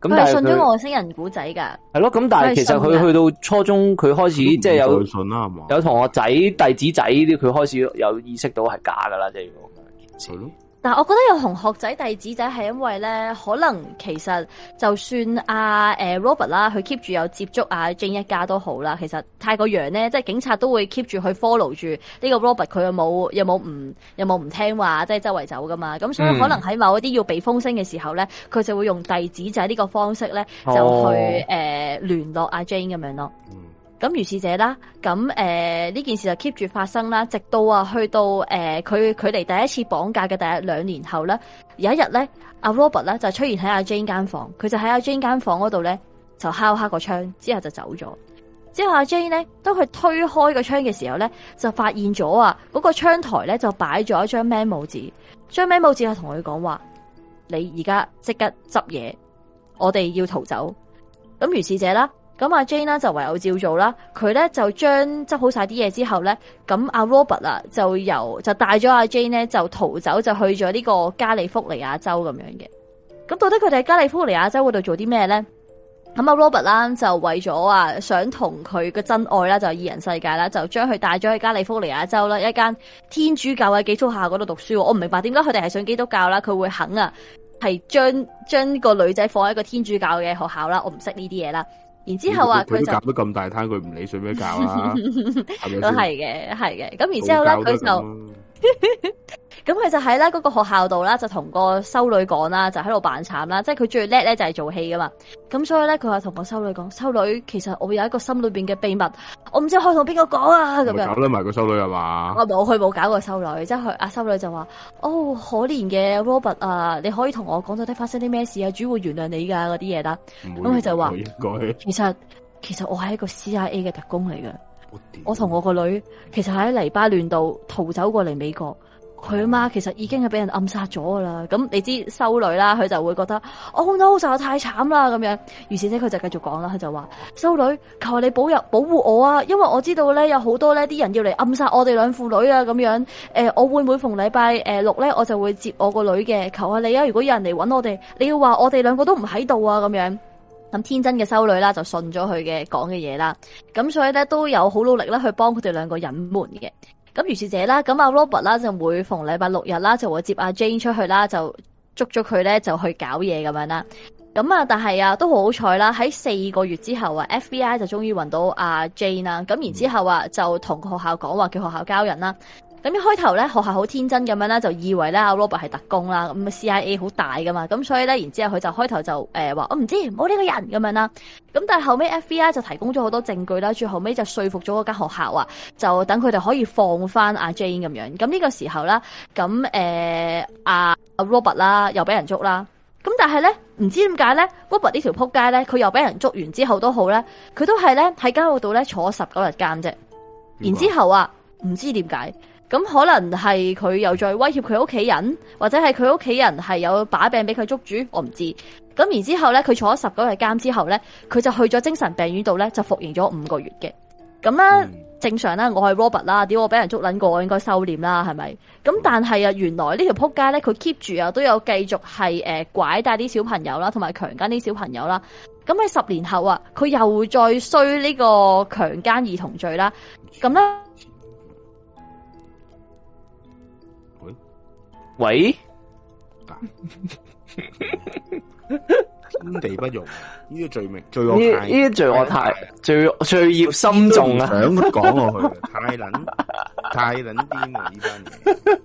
Speaker 1: 咁係信咗外
Speaker 2: 星人古仔噶。
Speaker 1: 係咯，咁但係其實佢去到初中，佢開始即係有信啦，係嘛？有同學仔、弟子仔啲，佢開始有意識到係假噶啦，即係如果咁樣。
Speaker 2: 嗱，我覺得有同學仔遞紙仔係因為咧，可能其實就算阿、啊、誒、呃、Robert 啦，佢 keep 住有接觸阿、啊、Jane 一家都好啦。其實太過揚咧，即係警察都會 keep 住去 follow 住呢個 Robert，佢有冇有冇唔有冇唔聽話，即係周圍走噶嘛。咁所以可能喺某一啲要避風聲嘅時候咧，佢就會用遞紙仔呢個方式咧，就去誒聯、哦呃、絡阿、啊、Jane 咁樣咯。咁如是者啦，咁誒呢件事就 keep 住發生啦，直到啊去到誒佢佢嚟第一次綁架嘅第一兩年後咧，有一日咧阿 Robert 咧就出現喺阿 Jane 間房，佢就喺阿 Jane 間房嗰度咧就敲敲個窗，之後就走咗。之後阿 Jane 咧當佢推開個窗嘅時候咧，就發現咗啊嗰個窗台咧就擺咗一張 memo 紙，張 memo 紙就同佢講話：你而家即刻執嘢，我哋要逃走。咁如是者啦。咁阿 Jane 呢，就唯有照做啦，佢咧就將執好晒啲嘢之後咧，咁阿 Robert 啊就由就帶咗阿 Jane 咧就逃走，就去咗呢個加利福尼亞州咁樣嘅。咁到底佢哋喺加利福尼亞州嗰度做啲咩咧？咁阿 Robert 啦就為咗啊想同佢嘅真愛啦就二人世界啦，就將佢帶咗去加利福尼亞州啦一間天主教嘅寄宿學校嗰度讀書。我唔明白點解佢哋係信基督教啦，佢會肯啊係將將個女仔放喺個天主教嘅學校啦。我唔識呢啲嘢啦。然之後話佢夾
Speaker 3: 咗咁大攤，佢唔理瞓咩覺。都係
Speaker 2: 嘅，係嘅。咁然之後咧，佢就。 <laughs> 是吧 <laughs> <laughs> 咁佢就喺呢個學校度啦，就同個修女講啦，就喺度扮慘啦，即係佢最叻咧就係做戲噶嘛。咁所以咧，佢話同個修女講：修女，其實我有一個心裏邊嘅秘密，我唔知可以同邊個講啊。咁樣搞
Speaker 3: 甩埋個修女係嘛？我唔
Speaker 2: 我去冇搞過修女，即係阿修女就話：哦、oh，可憐嘅 Robert 啊，你可以同我講到底發生啲咩事啊，主會原諒你噶嗰啲嘢啦。
Speaker 4: 咁佢就話：應該。
Speaker 2: 其實其實我係一個 CIA 嘅特工嚟嘅。Oh, 我同我個女其實喺黎巴嫩度逃走過嚟美國。佢阿媽其實已經係俾人暗殺咗噶啦，咁你知修女啦，佢就會覺得哦、oh, no，就太慘啦咁樣。於是咧，佢就繼續講啦，佢就話修女，求你保佑保護我啊，因為我知道咧有好多咧啲人要嚟暗殺我哋兩父女啊咁樣。誒、呃，我會每逢禮拜誒六咧，我就會接我個女嘅，求下你啊！如果有人嚟搵我哋，你要話我哋兩個都唔喺度啊咁樣。咁天真嘅修女啦，就信咗佢嘅講嘅嘢啦。咁所以咧都有好努力咧去幫佢哋兩個隱瞞嘅。咁如是者啦，咁阿 Robert 啦就每逢禮拜六日啦就會接阿 Jane 出去啦，就捉咗佢咧就去搞嘢咁樣啦。咁啊，但係啊都好好彩啦，喺四個月之後啊，FBI 就終於揾到阿 Jane 啦。咁然之後啊，就同學校講話叫學校交人啦。咁一開頭咧，學校好天真咁樣啦，就以為咧阿 Robert 係特工啦，咁啊 CIA 好大噶嘛，咁所以咧，然之後佢就開頭就誒話我唔知冇呢個人咁樣啦。咁但係後尾 FBI 就提供咗好多證據啦，最後尾就說服咗嗰間學校啊，就等佢哋可以放翻阿 Jane 咁樣。咁呢個時候啦，咁誒阿阿 Robert 啦又俾人捉啦。咁但係咧唔知點解咧 Robert 呢條撲街咧，佢又俾人捉完之後好呢都好咧，佢都係咧喺監獄度咧坐十九日監啫。然之後啊，唔知點解。咁可能係佢又再威脅佢屋企人，或者係佢屋企人係有把柄俾佢捉住，我唔知。咁然之後咧，佢坐咗十九日監之後咧，佢就去咗精神病院度咧，就服刑咗五個月嘅。咁咧、嗯、正常啦，我係 Robert 啦，屌我俾人捉捻過，我應該收斂啦，係咪？咁但係啊，原來條呢條扑街咧，佢 keep 住啊，都有繼續係誒拐帶啲小朋友啦，同埋強姦啲小朋友啦。咁喺十年後啊，佢又再衰呢個強姦兒童罪啦。咁咧。
Speaker 1: 喂，
Speaker 3: 天、啊嗯、地不容呢、這個罪名罪惡太呢啲罪惡太罪罪孽深重啊！想都講唔去，太撚太撚癲啊！呢班嘢，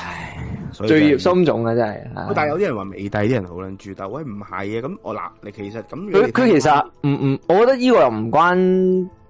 Speaker 3: 唉，
Speaker 1: 罪孽深重啊！真係，但
Speaker 3: 係有啲人話美帝啲人好撚豬兜，喂，唔係啊！咁我嗱，你其實咁佢佢其
Speaker 1: 實唔唔，我覺得呢個又唔關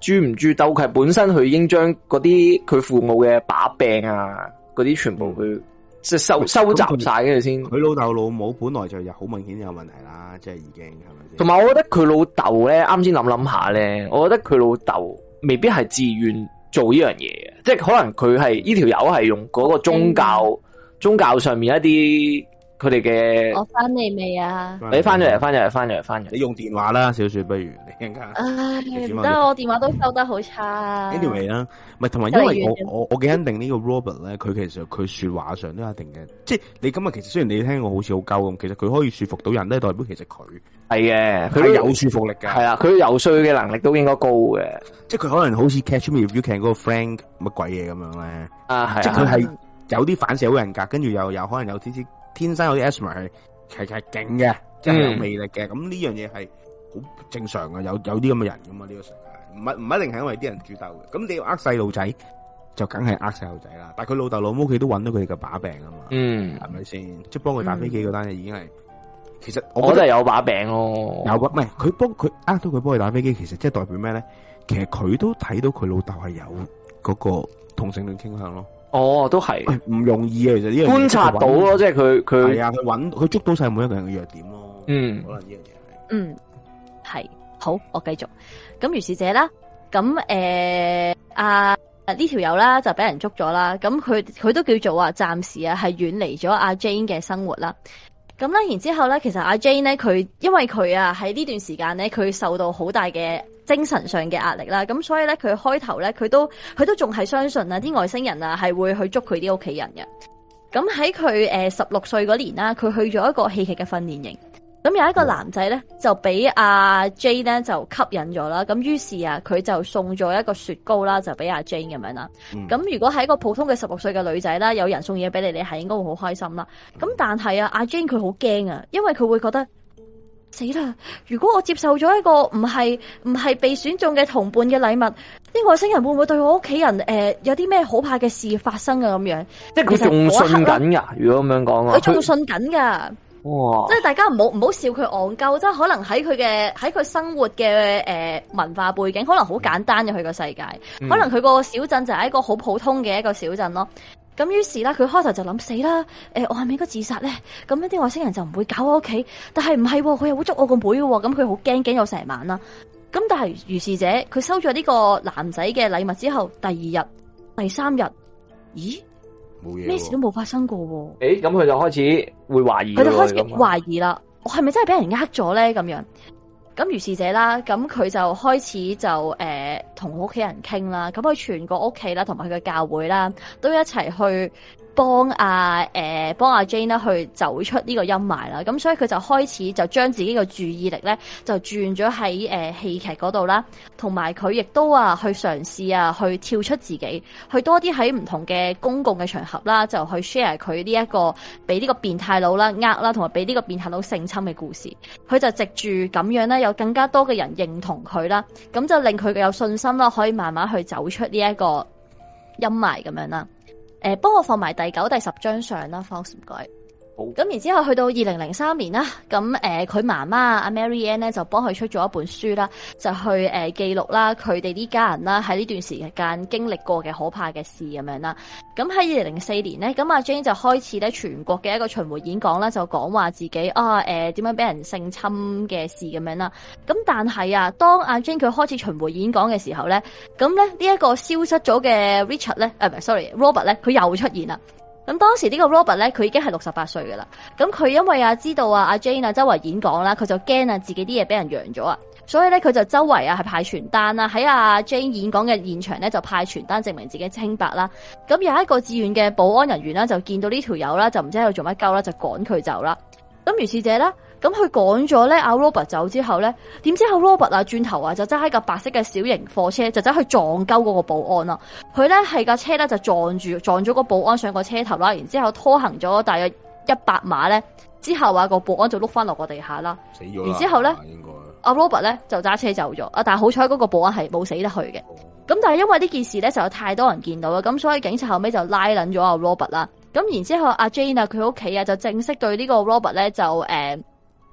Speaker 1: 豬唔豬兜，佢係本身佢已經將嗰啲佢父母嘅把柄啊。嗰啲全部去即係收收集晒嘅。先、嗯，佢老豆老母本來
Speaker 3: 就又好明顯有問題啦，即係已經係
Speaker 1: 咪？同埋我覺得佢老豆咧，啱先諗諗下咧，我覺得佢老豆未必係自願做呢樣嘢嘅，即係可能佢係呢條友係用嗰個宗教、嗯、宗教上面一啲。佢哋嘅我
Speaker 4: 翻
Speaker 2: 嚟未啊？你翻咗
Speaker 1: 嚟，翻咗嚟，翻咗嚟，翻嘅。你用電話啦，小雪不如你聽
Speaker 2: 下。唉，唔得，我電話都收得好差、啊。anyway
Speaker 3: 啦， <laughs> 唔同埋因為我我我幾肯定呢個 Robert 咧，佢其實佢説話上都一定嘅。即係你今日其實雖然你聽我好似好鳩咁，其實佢可以説服到人咧，代表其實佢
Speaker 1: 係嘅，佢有説服力㗎。係啊，佢游説嘅能力
Speaker 3: 都應該高嘅。 <laughs> 即係佢可能好似 Catch Me If You Can 嗰個 Frank 乜鬼嘢咁樣咧、啊。即佢係有啲反社會人格，跟住又有可能有啲啲。天生有啲 asthma 係，係齊勁嘅，即係有魅力嘅。咁呢樣嘢係好正常嘅，有有啲咁嘅人噶嘛？呢個世界唔係唔一定係因為啲人主斗嘅。咁你要呃細路仔，就梗係呃細路仔啦。但係佢老豆老母佢都揾到佢哋嘅把柄啊嘛。嗯，係咪先？即係幫佢打飛機嗰單嘢已經係，
Speaker 1: 其實我覺得係有把柄咯。有
Speaker 3: 把唔係佢幫佢呃到佢幫佢打飛機，其實即係代表咩咧？其實佢都睇到佢老豆係有嗰個同性戀傾向咯。哦，都係唔容易啊！其實呢樣嘢觀察到咯，即係佢佢係啊，佢揾佢捉到晒每一個人嘅弱點咯。
Speaker 4: 嗯，可能呢樣嘢
Speaker 2: 係，嗯係好，我繼續咁如是者啦。咁誒、呃，啊呢條友啦就俾人捉咗啦。咁佢佢都叫做啊，暫時啊係遠離咗阿 Jane 嘅生活啦。咁咧，然之後咧，其實阿 Jane 咧，佢因為佢啊喺呢段時間咧，佢受到好大嘅精神上嘅壓力啦，咁所以咧，佢開頭咧，佢都佢都仲係相信啊，啲外星人啊，係會去捉佢啲屋企人嘅。咁喺佢誒十六歲嗰年啦，佢去咗一個戲劇嘅訓練營。咁有一個男仔咧，就俾阿、啊、Jane 咧就吸引咗啦。咁於是啊，佢就送咗一個雪糕啦，就俾阿、啊、Jane 咁樣啦。咁、嗯、如果係一個普通嘅十六歲嘅女仔啦，有人送嘢俾你，你係應該會好開心啦。咁、嗯、但係啊，阿 Jane 佢好驚啊，因為佢會覺得，死啦！如果我接受咗一個唔係唔係被選中嘅同伴嘅禮物，啲外星人會唔會對我屋企人誒、呃、有啲咩可怕嘅事發生啊？咁樣即係佢仲信緊
Speaker 1: 噶，如果咁樣講啊，佢仲信緊噶。即係
Speaker 2: 大家唔好唔好笑佢戇鳩，即係可能喺佢嘅喺佢生活嘅誒、呃、文化背景，可能好簡單嘅佢個世界，可能佢個小鎮就喺一個好普通嘅一個小鎮咯。咁於是咧，佢開頭就諗死啦，誒，我係咪應該自殺咧？咁一啲外星人就唔會搞我屋企，但係唔係，佢又會捉我個妹嘅，咁佢好驚驚咗成晚啦。咁但係如是者，佢收咗呢個男仔嘅禮物之後，第二日、第三日，咦？
Speaker 1: 咩事都
Speaker 2: 冇發生過，誒、
Speaker 1: 欸，咁佢就開始會懷疑，佢就開始懷
Speaker 2: 疑啦，我係咪真係俾人呃咗咧？咁樣，咁如是者啦，咁佢就開始就誒同屋企人傾啦，咁佢全個屋企啦，同埋佢嘅教會啦，都一齊去。幫阿誒幫阿 Jane 啦，去走出呢個陰霾啦，咁所以佢就開始就將自己嘅注意力咧就轉咗喺誒戲劇嗰度啦，同埋佢亦都啊去嘗試啊去跳出自己，去多啲喺唔同嘅公共嘅場合啦，就去 share 佢呢一個俾呢個變態佬啦呃啦，同埋俾呢個變態佬性侵嘅故事，佢就藉住咁樣咧有更加多嘅人認同佢啦，咁就令佢有信心啦，可以慢慢去走出呢一個陰霾咁樣啦。誒、呃，幫我放埋第九、第十張相啦，放唔該。咁然之後去到二零零三年啦，咁誒佢媽媽阿 Mary Ann 咧就幫佢出咗一本書啦，就去誒、呃、記錄啦佢哋呢家人啦喺呢段時間經歷過嘅可怕嘅事咁樣啦。咁喺二零零四年咧，咁阿 Jane 就開始咧全國嘅一個巡回演講啦，就講話自己啊誒點、呃、樣俾人性侵嘅事咁樣啦。咁但係啊，當阿、啊、Jane 佢開始巡回演講嘅時候咧，咁咧呢一、這個消失咗嘅 Richard 咧、呃，誒唔係，sorry，Robert 咧，佢又出現啦。咁當時呢個 Robert 咧，佢已經係六十八歲嘅啦。咁佢因為啊知道啊阿 Jane 啊周圍演講啦，佢就驚啊自己啲嘢俾人揚咗啊，所以咧佢就周圍啊係派傳單啦，喺阿 Jane 演講嘅現場咧就派傳單證明自己清白啦。咁有一個志願嘅保安人員啦，就見到呢條友啦，就唔知喺度做乜鳩啦，就趕佢走啦。咁如是者咧。咁佢趕咗咧，阿 Robert 走之後咧，點知阿 Robert 啊轉頭啊就揸喺架白色嘅小型貨車，就走去撞鳩嗰個保安啦、啊。佢咧係架車咧就撞住撞咗個保安上個車頭啦，然之後拖行咗大約一百碼咧，之後話、啊個保安就碌翻落個地下啦，死咗啦。然後呢應該阿、啊、Robert 咧就揸車走咗啊！但係好彩嗰個保安係冇死得去嘅。咁但係因為呢件事咧就有太多人見到啦，咁所以警察後尾就拉撚咗阿 Robert 啦。咁然之後阿 Jane 啊佢屋企啊就正式對呢個 Robert 咧就、嗯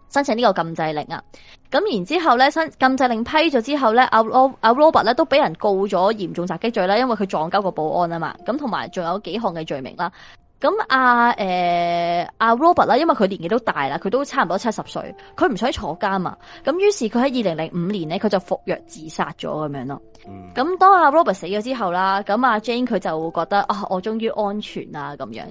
Speaker 2: 申請呢個禁制令啊，咁然之後咧，申禁制令批咗之後咧，阿羅阿羅伯咧都俾人告咗嚴重襲擊罪啦，因為佢撞交個保安啊嘛，咁同埋仲有幾項嘅罪名啦。咁阿誒阿 Robert 啦，因為佢年紀都大啦，佢都差唔多七十歲，佢唔使坐監嘛。咁於是佢喺二零零五年咧，佢就服藥自殺咗咁樣咯。咁、嗯、當阿、啊、Robert 死咗之後啦，咁阿、啊、Jane 佢就覺覺得啊、哦，我終於安全啦咁樣。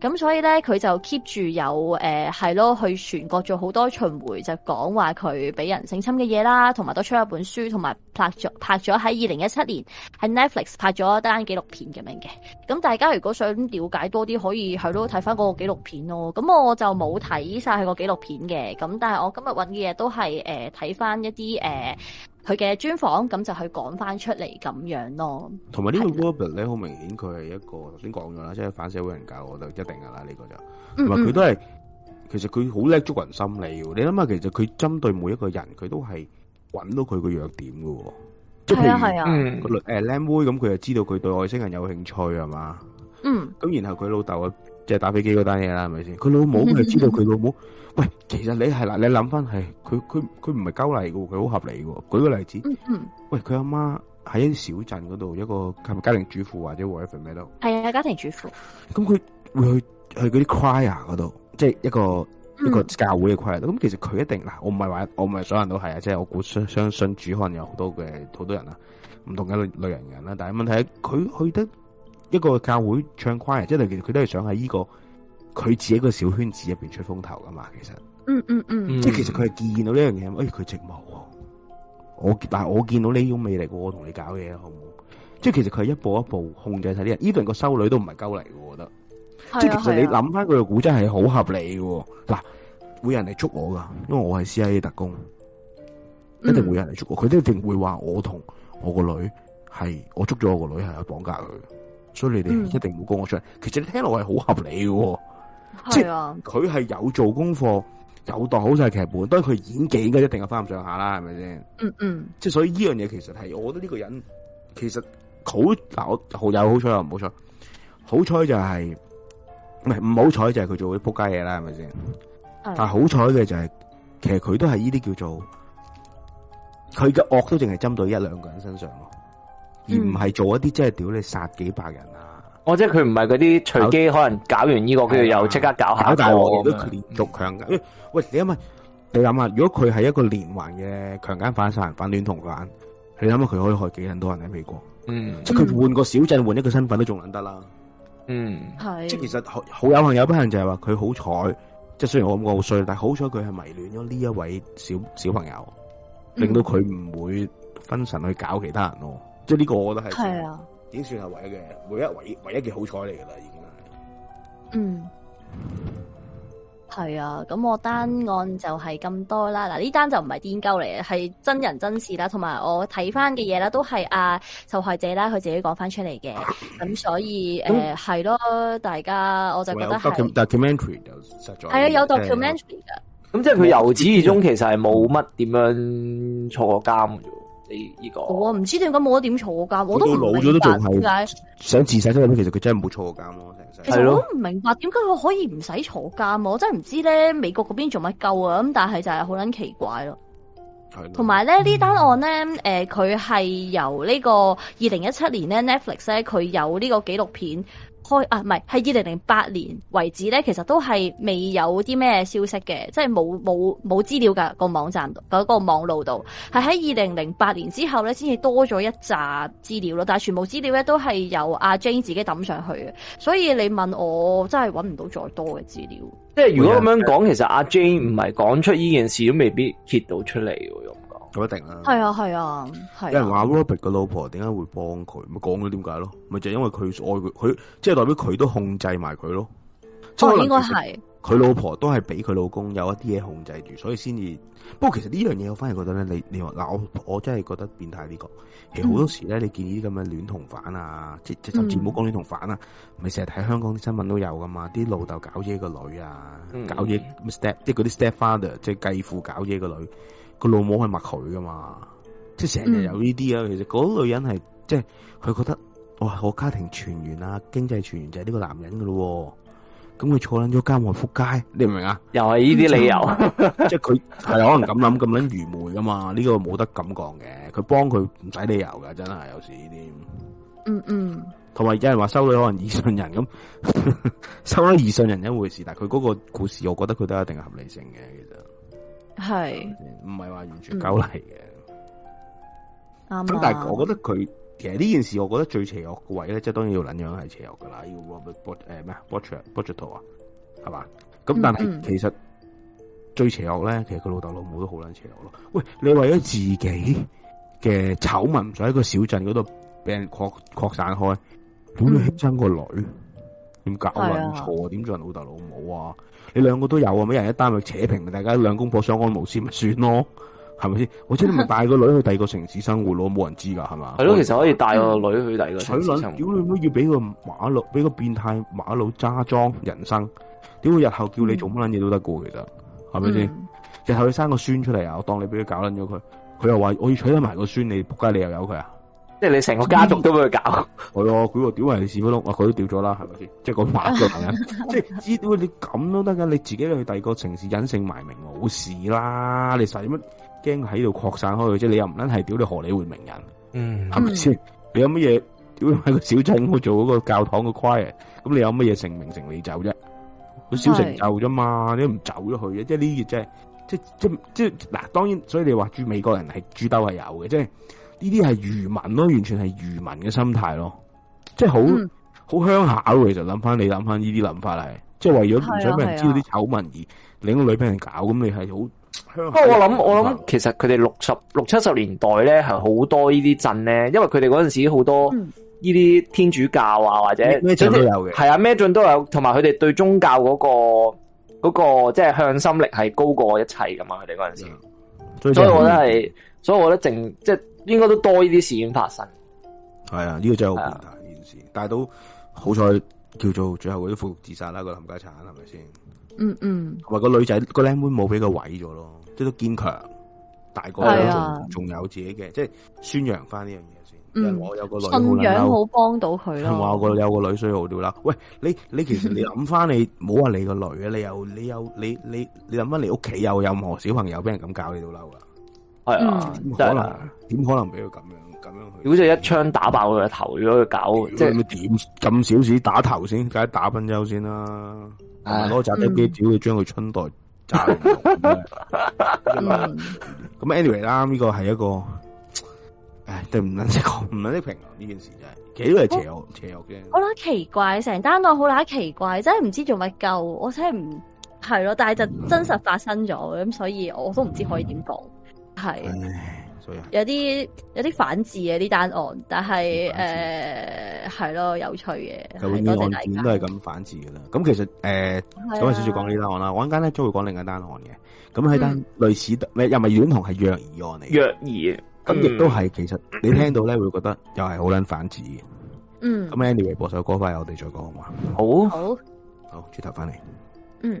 Speaker 2: 咁所以咧，佢就 keep 住有誒係、呃、咯，去全國做好多巡迴，就講話佢俾人性侵嘅嘢啦，同埋都出一本書，同埋拍咗拍咗喺二零一七年喺 Netflix 拍咗一單紀錄片咁樣嘅。咁大家如果想了解多啲可。所以係咯，睇翻嗰個紀錄片咯。咁我就冇睇晒佢個紀錄片嘅。咁但係我今日搵嘅嘢都係誒睇翻一啲誒佢嘅專訪，咁、呃、就去講翻出嚟咁樣咯。
Speaker 3: 同埋呢個 Robert 咧，好明顯佢係一個頭先講咗啦，即係反社會人格，我就一定噶啦呢個就。同埋佢都係，其實佢好叻捉人心理。你諗下，其實佢針對每一個人，佢都係搵到佢個弱點噶。
Speaker 4: 喎。係啊，係啊。個
Speaker 3: 靚妹咁，佢就知道佢對外星人有興趣係嘛。嗯，咁然後佢老豆啊，即係打飛機嗰單嘢啦，係咪先？佢老母咪知道佢
Speaker 4: 老母、嗯嗯，喂，其
Speaker 3: 實你係啦，你諗翻係，佢佢佢唔係交嚟喎，佢好合理喎。舉個例子，嗯嗯、喂，佢阿媽喺一啲小鎮嗰度，一個係咪家庭主婦或者 whatever 咩都
Speaker 2: 係啊，家庭主婦。
Speaker 3: 咁佢會去去嗰啲 choir 啊嗰度，即係一個、嗯、一個教會嘅 choir。咁其實佢一定嗱，我唔係話，我唔係所有人都係啊，即係我估相信主漢有好多嘅好多人啦，唔同嘅類型人啦。但係問題佢去得。一個教會唱誇啊，即係其實佢都係想喺呢、這個佢自己個小圈子入邊出風頭噶嘛。其實，嗯嗯
Speaker 4: 嗯，即、嗯、係
Speaker 3: 其實佢係見到呢樣嘢，哎，佢寂寞喎。我但係我見到呢種魅力，我同你搞嘢好唔好？即係其實佢係一步一步控制晒呢人。even 個修女都唔係鳩嚟嘅，我覺得。
Speaker 4: 即係、啊、其實你
Speaker 3: 諗翻佢個古真係好合理嘅。嗱，會有人嚟捉我噶，因為我係 CIA 特工，
Speaker 4: 一定
Speaker 3: 會有人嚟捉我。佢都一定會話我同我個女係我捉咗我個女係有綁架佢。所以你哋一定唔好講我出嚟、嗯。其實你聽落係好合理嘅、啊，即係佢係有做功課，有當好晒劇本。當然佢演技都一定有翻咁上下啦，係咪先？嗯嗯。即係所以呢樣嘢其實係，我覺得呢個人其實好嗱，我好有好彩又唔好彩，好彩就係唔係唔好彩就係佢做啲撲街嘢啦，係咪先？但係好彩嘅就係、是嗯，其實佢都係呢啲叫做佢嘅惡都淨係針對一兩個人身上咯。而唔係做一啲即係屌你殺幾百人啊！
Speaker 1: 我、嗯哦、即係佢唔係嗰啲隨機可能搞完呢個，佢又即刻搞下個搞大、啊那個、我哋都連續強奸、嗯。喂，你
Speaker 3: 諗下，如果佢係一個連環嘅強奸犯、殺人犯、戀童犯，你諗下佢可以害幾人多人喺美國？嗯，即係佢換個小鎮換一個身份都仲諗得啦。嗯，係。即係其實好,好有幸有不幸，就係話佢好彩，即係雖然我咁好衰，但係好彩佢係迷戀咗呢一位小小朋友，
Speaker 4: 令到佢
Speaker 3: 唔會分神去搞其他人咯。即係呢個，我覺得係點、啊、算係唯一嘅，唯一
Speaker 2: 唯唯一嘅好彩嚟噶啦，已經係。嗯，係啊，咁我單案就係咁多啦。嗱，呢單就唔係癲鳩嚟嘅，係真人真事啦。同埋我睇翻嘅嘢啦，都係啊受害者啦，佢自己講翻出嚟嘅。咁所以誒係咯，大家我就覺得有 documentary 就實在係啊，有 documentary 嘅、
Speaker 1: 啊。咁、嗯、即係佢由始至終其實係冇乜點樣坐過監嘅呢、這個
Speaker 2: 我唔知點解冇得點坐監，我都、這個、老咗都仲係
Speaker 3: 想自省出嚟。其實佢真係冇坐監
Speaker 4: 噶，其實我都唔
Speaker 2: 明白點解佢可以唔使坐監。的我真係唔知咧美國嗰邊做乜夠啊！咁但係就係好捻奇怪咯。
Speaker 4: 係，同埋咧呢單
Speaker 2: 案咧，誒，佢係由呢個二零一七年咧 Netflix 咧，佢有呢個紀錄片。開啊，唔係喺二零零八年為止咧，其實都係未有啲咩消息嘅，即係冇冇冇資料噶個網站嗰個網路度，係喺二零零八年之後咧，先至多咗一紮資料咯。但係全部資料咧都係由阿 Jane 自己抌上去嘅，所以你問我真係搵唔到再多嘅資料。
Speaker 1: 即係如果咁樣講，其實阿 Jane 唔係講出呢件事都未必揭到出嚟喎。
Speaker 2: 咁一定啊！係
Speaker 1: 啊，
Speaker 3: 係啊，啊，有人話 Robert 嘅老婆點解會幫佢？咪講咗點解咯？咪就係，因為佢愛佢，佢即係代表佢都控制埋佢咯。
Speaker 2: 哦，應該係佢老
Speaker 3: 婆都係俾佢老公有一啲嘢控制住，所以先至。不過其實呢樣嘢我反而覺得咧，你你話嗱，我我真係覺得變態呢，呢個。其實好多時咧，嗯，你見啲咁嘅戀童犯啊，即即甚至唔好講戀童犯啊，咪成日睇香港啲新聞都有噶嘛？啲老豆搞嘢個女啊，嗯，搞嘢咩 step，即係嗰啲 stepfather，即係繼父搞嘢個女。個老母係默許噶嘛，即係成日有呢啲啊。其實嗰女人係即係佢覺得，哇！我家庭全員啊，經濟全員就係呢個男人噶咯，啊。咁佢坐撚咗監仆街，你明唔明啊？
Speaker 1: 又係呢啲理由，
Speaker 3: 即係佢係可能咁諗咁諗愚昧噶嘛。呢，這個冇得咁講嘅，佢幫佢唔使理由噶，真係有時呢啲。嗯嗯，同埋而家係話收女可能易信人咁，收翻易信人一回事。但係佢嗰個故事，我覺得佢都有一定嘅合理性嘅。
Speaker 7: 係，
Speaker 3: 唔係話完全狗嚟嘅。
Speaker 7: 咁、嗯、但係我覺
Speaker 3: 得佢其實呢件事，我覺得最邪惡嘅位咧，即係當然要撚樣係邪惡噶啦，要 Robert Bot 誒咩啊 Berchtold 啊，係、呃、嘛，咁但係、嗯嗯、其實最邪惡咧，其實佢老豆老母都好撚邪惡咯。喂，你為咗自己嘅醜聞，唔想喺個小鎮嗰度俾人擴擴散開，咁你犧牲個女？嗯點搞捻錯啊？點做人老豆老母啊？你兩個都有啊？咪一人一單咪扯平咪？大家兩公婆相安無事咪算咯，係咪先？或者你咪帶個女去第二個城市生活咯？冇人知
Speaker 1: 噶係嘛？係咯， <laughs> 其實可以帶個女去第二個城市生活。
Speaker 3: 娶 <laughs> 女，屌你媽！要俾個馬路，俾個變態馬路揸裝人生，點會日後叫你做乜捻嘢都得噶？其實係咪先？日後你生個孫出嚟啊，我當你俾佢搞捻咗佢，佢又話我要娶得埋個孫，你仆街，你又有佢啊？
Speaker 1: 即係你成個家族都俾
Speaker 3: 佢搞，係 <laughs> 哦、啊，佢話屌，係你屎忽窿，我佢都掉咗啦，係咪先？即係個反名人， <laughs> 即係知道你咁都得噶，你自己去第二個城市隱姓埋名冇事啦，你使乜驚喺度擴散開嘅啫？你又唔撚係屌，你荷里活名人？嗯，係咪先？你有乜嘢屌喺個小鎮去做嗰個教堂嘅規啊？咁你有乜嘢成名成你走啫？佢小成就啫嘛，你唔走咗去嘅，即係呢啲真係，即係即即係嗱，當然，所以你話住美國人係住兜係有嘅，即係。呢啲係愚民咯，完全係愚民嘅心態咯，
Speaker 1: 即係好
Speaker 3: 好鄉下咯。其實諗翻你諗翻呢啲諗法嚟，即係為咗唔想俾人知道啲醜聞而令個女俾人搞，咁、嗯、你係
Speaker 1: 好
Speaker 8: 鄉。不過我諗，我諗
Speaker 1: 其實佢哋六十、嗯、六七十年代咧，係好多這些呢啲鎮咧，因為佢哋嗰陣時好多呢啲天主教啊，或者咩都有嘅，係啊，咩鎮都有，同埋佢哋對宗教嗰、那個嗰、那個即係、就是、向心力係高過一切噶嘛，佢哋嗰陣時候，所以我覺得係。所以我覺得淨即係應該都多呢啲事件發生。
Speaker 3: 係啊，呢、這個真係好重大件事。但係都好彩，叫做最後嗰啲付自殺啦個冚家鏟係咪先？嗯嗯，話個女仔個靚妹冇俾佢毀咗咯，即係都堅強，大個咗仲有自己嘅，即係宣揚翻呢樣嘢先。嗯、我有個女有信仰好
Speaker 2: 幫到佢咯。話
Speaker 3: 我有個女衰好嬲啦，喂你你其實你諗翻 <laughs> 你冇話你個女嘅，你又你有你你你諗翻你屋企又有任何小朋友俾人咁搞你都嬲噶。係啊，嗯、可能？點可能俾佢咁樣咁樣去？如果即係一槍打爆佢個頭，
Speaker 1: 如果佢搞，即係
Speaker 3: 點咁少少，就是、打頭先？梗係打之優先啦，攞扎低機子去將佢春袋咁、嗯嗯、anyway 啦，呢、這個係一個，唉，都唔捻識講，唔捻識評論呢件事真係，幾嚟邪惡、哦、邪惡嘅。我
Speaker 2: 覺得奇怪，成單案好乸奇怪，真係唔知做乜鳩，我真係唔係咯。但係就真實發生咗，咁、嗯、所以我都唔知可以點講。嗯係，
Speaker 4: 所以
Speaker 2: 有啲有啲反智嘅呢單案，但係誒係咯，有趣嘅。咁啲案件都
Speaker 4: 係
Speaker 3: 咁反智噶啦。咁其實誒，講、呃、少少說講呢單案啦，我依家咧都會講另一單案嘅。咁喺單類似，唔、嗯、又唔係軟紅，係虐兒案嚟。虐兒咁亦都係，其實你聽到咧會覺得又係好撚反智嗯。咁 anyway 播首歌翻，我哋再講好嘛？好。好。好，轉頭翻嚟。嗯。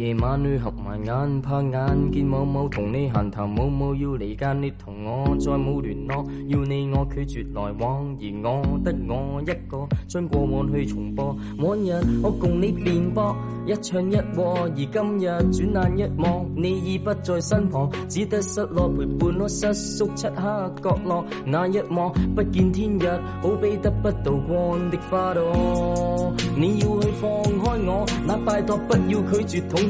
Speaker 8: 夜晚你合埋眼，怕眼見某某同你閒談，某某要離間，你同我再冇聯絡，要你我拒絕來往，而我得我一個將過往去重播。往日我共你辯駁，一唱一和，而今日轉眼一望，你已不在身旁，只得失落陪伴我失宿漆黑角落。那一望，不見天日，好比得不到光的花朵。你要去放開我，那拜託不要拒絕統。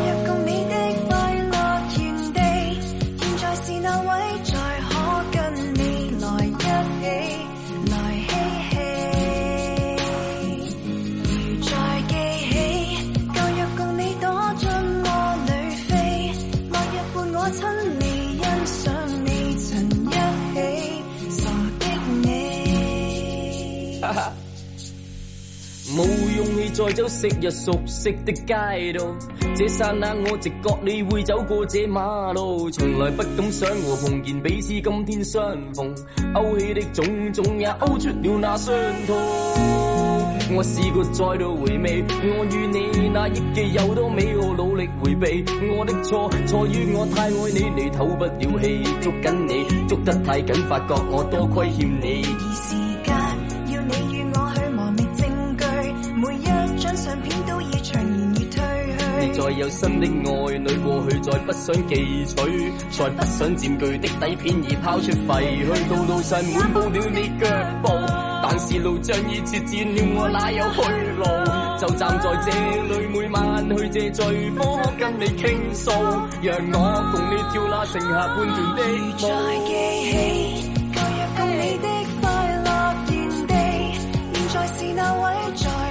Speaker 8: 再走昔日熟悉的街道，這剎那、啊、我直覺你會走過這馬路。從來不敢想和紅顏彼此今天相逢，勾起的種種也勾出了那傷痛。我試過再度回味我與你那憶記有多美，好努力回避我的錯，錯於我太愛你，你透不了氣。捉緊你，捉得太緊，發覺我多虧欠你。有新的愛女過去再不想記取，再不想占據的底片，已拋出廢去。道路上滿布了你腳步，但是路障已設戰了，我哪有去路？就站在這裏，每晚去借醉方可跟你傾訴，讓我共你跳那剩下半段的舞。再記起舊日共你的快
Speaker 7: 樂天地，現在是那位在。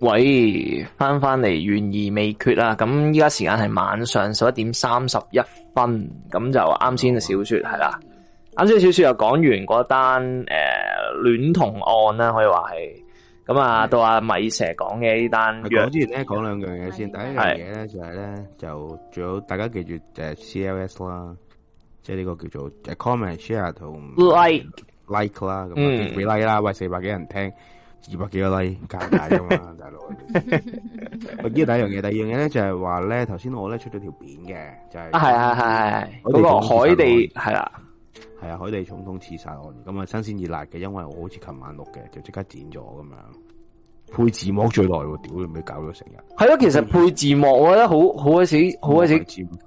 Speaker 1: 喂，翻翻嚟懸而未決啦，咁依家時間係晚上十一點三十一分，咁就啱先嘅小雪係啦，啱先嘅小雪又講完嗰單誒戀童案啦，可以話係，咁啊到阿米蛇講嘅呢單，講之前咧講兩
Speaker 3: 樣嘢先，第一樣嘢咧就係、是、咧就最好大家記住誒 CLS 啦，即係呢個叫做 like, comment share 同 like like 啦，嗯，rela、like、啦，喂四百幾人聽。二百幾個 like 加大啫嘛， <laughs> 大佬哥。我記得第一樣嘢，第二樣嘢咧就係話咧，頭先我咧出咗條片
Speaker 6: 嘅，就係、是、
Speaker 3: 係啊係啊係，嗰、啊那個海地係啦，係啊，是啊海地總統刺殺案，咁、嗯、啊新鮮熱辣嘅，因為我好似琴晚錄嘅，就即刻剪咗咁樣。配字幕最耐喎，屌你咪搞咗成日。
Speaker 1: 係咯，其實配字幕我覺得好好鬼死，好鬼死，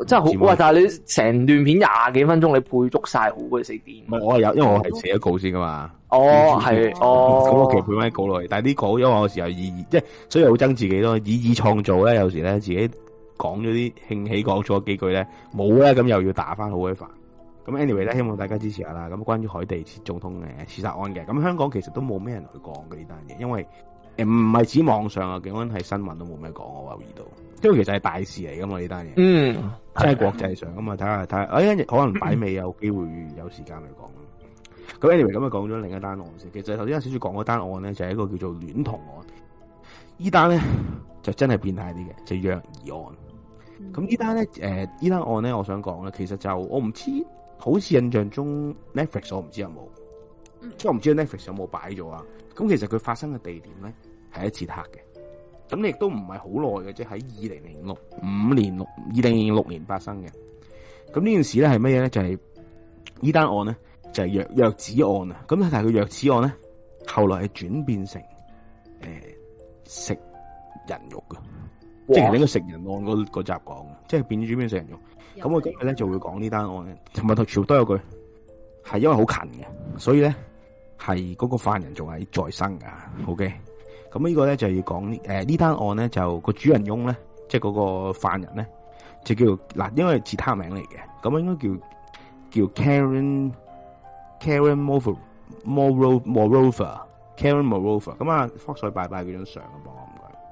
Speaker 1: 真係好哇！但係你成段片廿幾分鐘，你配足晒好鬼死啲。唔係我係有，因為我係寫咗稿先噶嘛。哦，係
Speaker 3: 哦，咁我期配翻一個落嚟。但係呢稿因為我有時有意，即係所以好憎自己咯。以意創造咧，有時咧自己講咗啲興起講錯咗幾句咧，冇咧咁又要打翻好鬼煩。咁 anyway 咧，希望大家支持下啦。咁關於海地前總統嘅刺殺案嘅，咁香港其實都冇咩人去講嘅呢單嘢，因為。誒、欸，唔係指網上啊，警方係新聞都冇咩講，我留意到，因為其實係大事嚟噶嘛呢單嘢。嗯，
Speaker 4: 真係國際
Speaker 3: 上噶嘛，睇下睇，下，呀，可能擺尾有機會有時間去講咁 Anyway，咁啊講咗另一單案先，其實頭先阿小雪講嗰單案咧就係、是、一個叫做戀童案，這呢單咧就真係變態啲嘅，就虐、是、兒案。咁、嗯、呢單咧，誒、呃，呢單案咧，我想講咧，其實就我唔知，好似印象中 Netflix 我唔知有冇，即、嗯、係我唔知道 Netflix 有冇擺咗啊。咁其實佢發生嘅地點咧係捷克嘅，咁亦都唔係好耐嘅，即喺二零零六五年六二零零六年發生嘅。咁呢件事咧係乜嘢咧？就係、是、呢單案咧就係、是、虐子案啊。咁但係佢虐子案咧後來係轉變成誒、呃、食人
Speaker 4: 肉嘅，即係應
Speaker 3: 該食人案嗰集講即係變轉變成食人肉。咁我今日咧就會講呢單案嘅，同埋同全部都有句係因為好近嘅，所以咧。係嗰個犯人仲係在生噶，OK。咁呢個咧就要講誒、呃、呢單案咧就個主人翁咧，即係嗰個犯人咧，就叫嗱，應該係其他名嚟嘅，咁應該叫叫 Karen Karen m o r Morova Morova Karen Morova、嗯。咁啊，福水拜拜嗰張相啊，噃。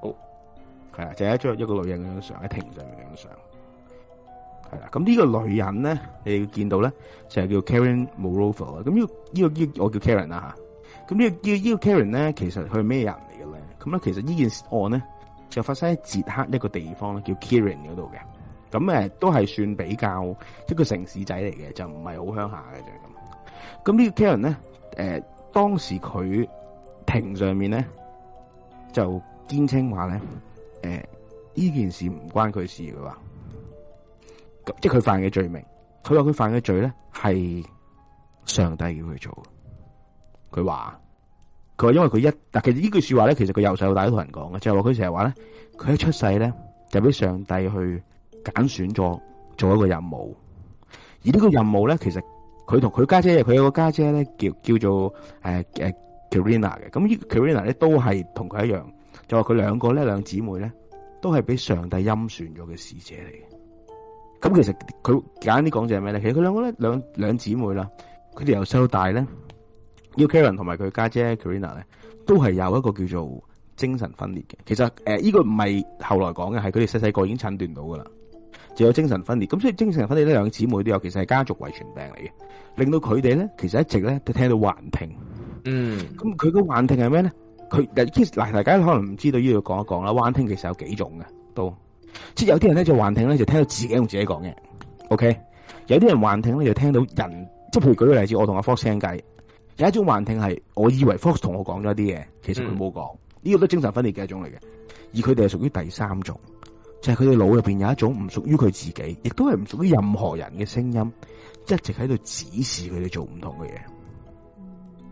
Speaker 3: 我唔該。好，係啊，就是、一張一個女人嗰張相喺庭上面影相。係啦，咁呢個女人咧，你要見到咧就係叫 Klara Mauerova 啊、這個。咁、這、呢個呢個我叫 Klara 啦吓、這個。咁呢個呢個 Klara 咧，其實佢係咩人嚟嘅咧？咁咧，其實呢件事案咧就發生喺捷克一個地方咧，叫 Karen 嗰度嘅。咁誒，都係算比較一個城市仔嚟嘅，就唔係好鄉下嘅啫。咁呢個 Klara 咧，誒、呃，當時佢庭上面咧就堅稱話咧，誒、呃，呢件事唔關佢事嘅話。即係佢犯嘅罪名，佢話佢犯嘅罪咧係上帝叫佢做的。佢話佢話因為佢一，其實呢句說話咧，其實佢由細到大都同人講嘅，就係話佢成日話咧，佢一出世咧就俾上帝去揀選咗做一個任務，而呢個任務咧，其實佢同佢家姐，佢有一個家姐咧叫叫做，誒誒 Karina 嘅，咁呢 Karina 咧都係同佢一樣，就話佢兩個呢，兩姊妹咧都係俾上帝欽選咗嘅使者嚟。咁其實佢簡單啲講就係咩咧？其實佢兩個咧兩兩姊妹啦，佢哋由細到大咧 Klara 同埋佢家姐 Karina 咧，都係有一個叫做精神分裂嘅。其實誒，呢、呃這個唔係後來講嘅，係佢哋細細個已經診斷到噶啦，就有精神分裂。咁所以精神分裂呢，兩姊妹都有，其實係家族遺傳病嚟嘅，令到佢哋咧其實一直咧都聽到幻聽。嗯，
Speaker 4: 咁
Speaker 3: 佢個幻聽係咩咧？佢其實嗱，大家可能唔知道呢度講一講啦。幻聽其實有幾種嘅都。即係有啲人咧就幻聽咧就聽到自己同自己講嘅，OK？有啲人幻聽咧就聽到人，即係譬如舉個例子，我同阿 Fox 傾偈，有一種幻聽係我以為 Fox 同我講咗啲嘢，其實佢冇講，呢個都精神分裂嘅一種嚟嘅，而佢哋係屬於第三種，就係佢哋腦入邊有一種唔屬於佢自己，亦都係唔屬於任何人嘅聲音，一直喺度指示佢哋做唔同嘅嘢，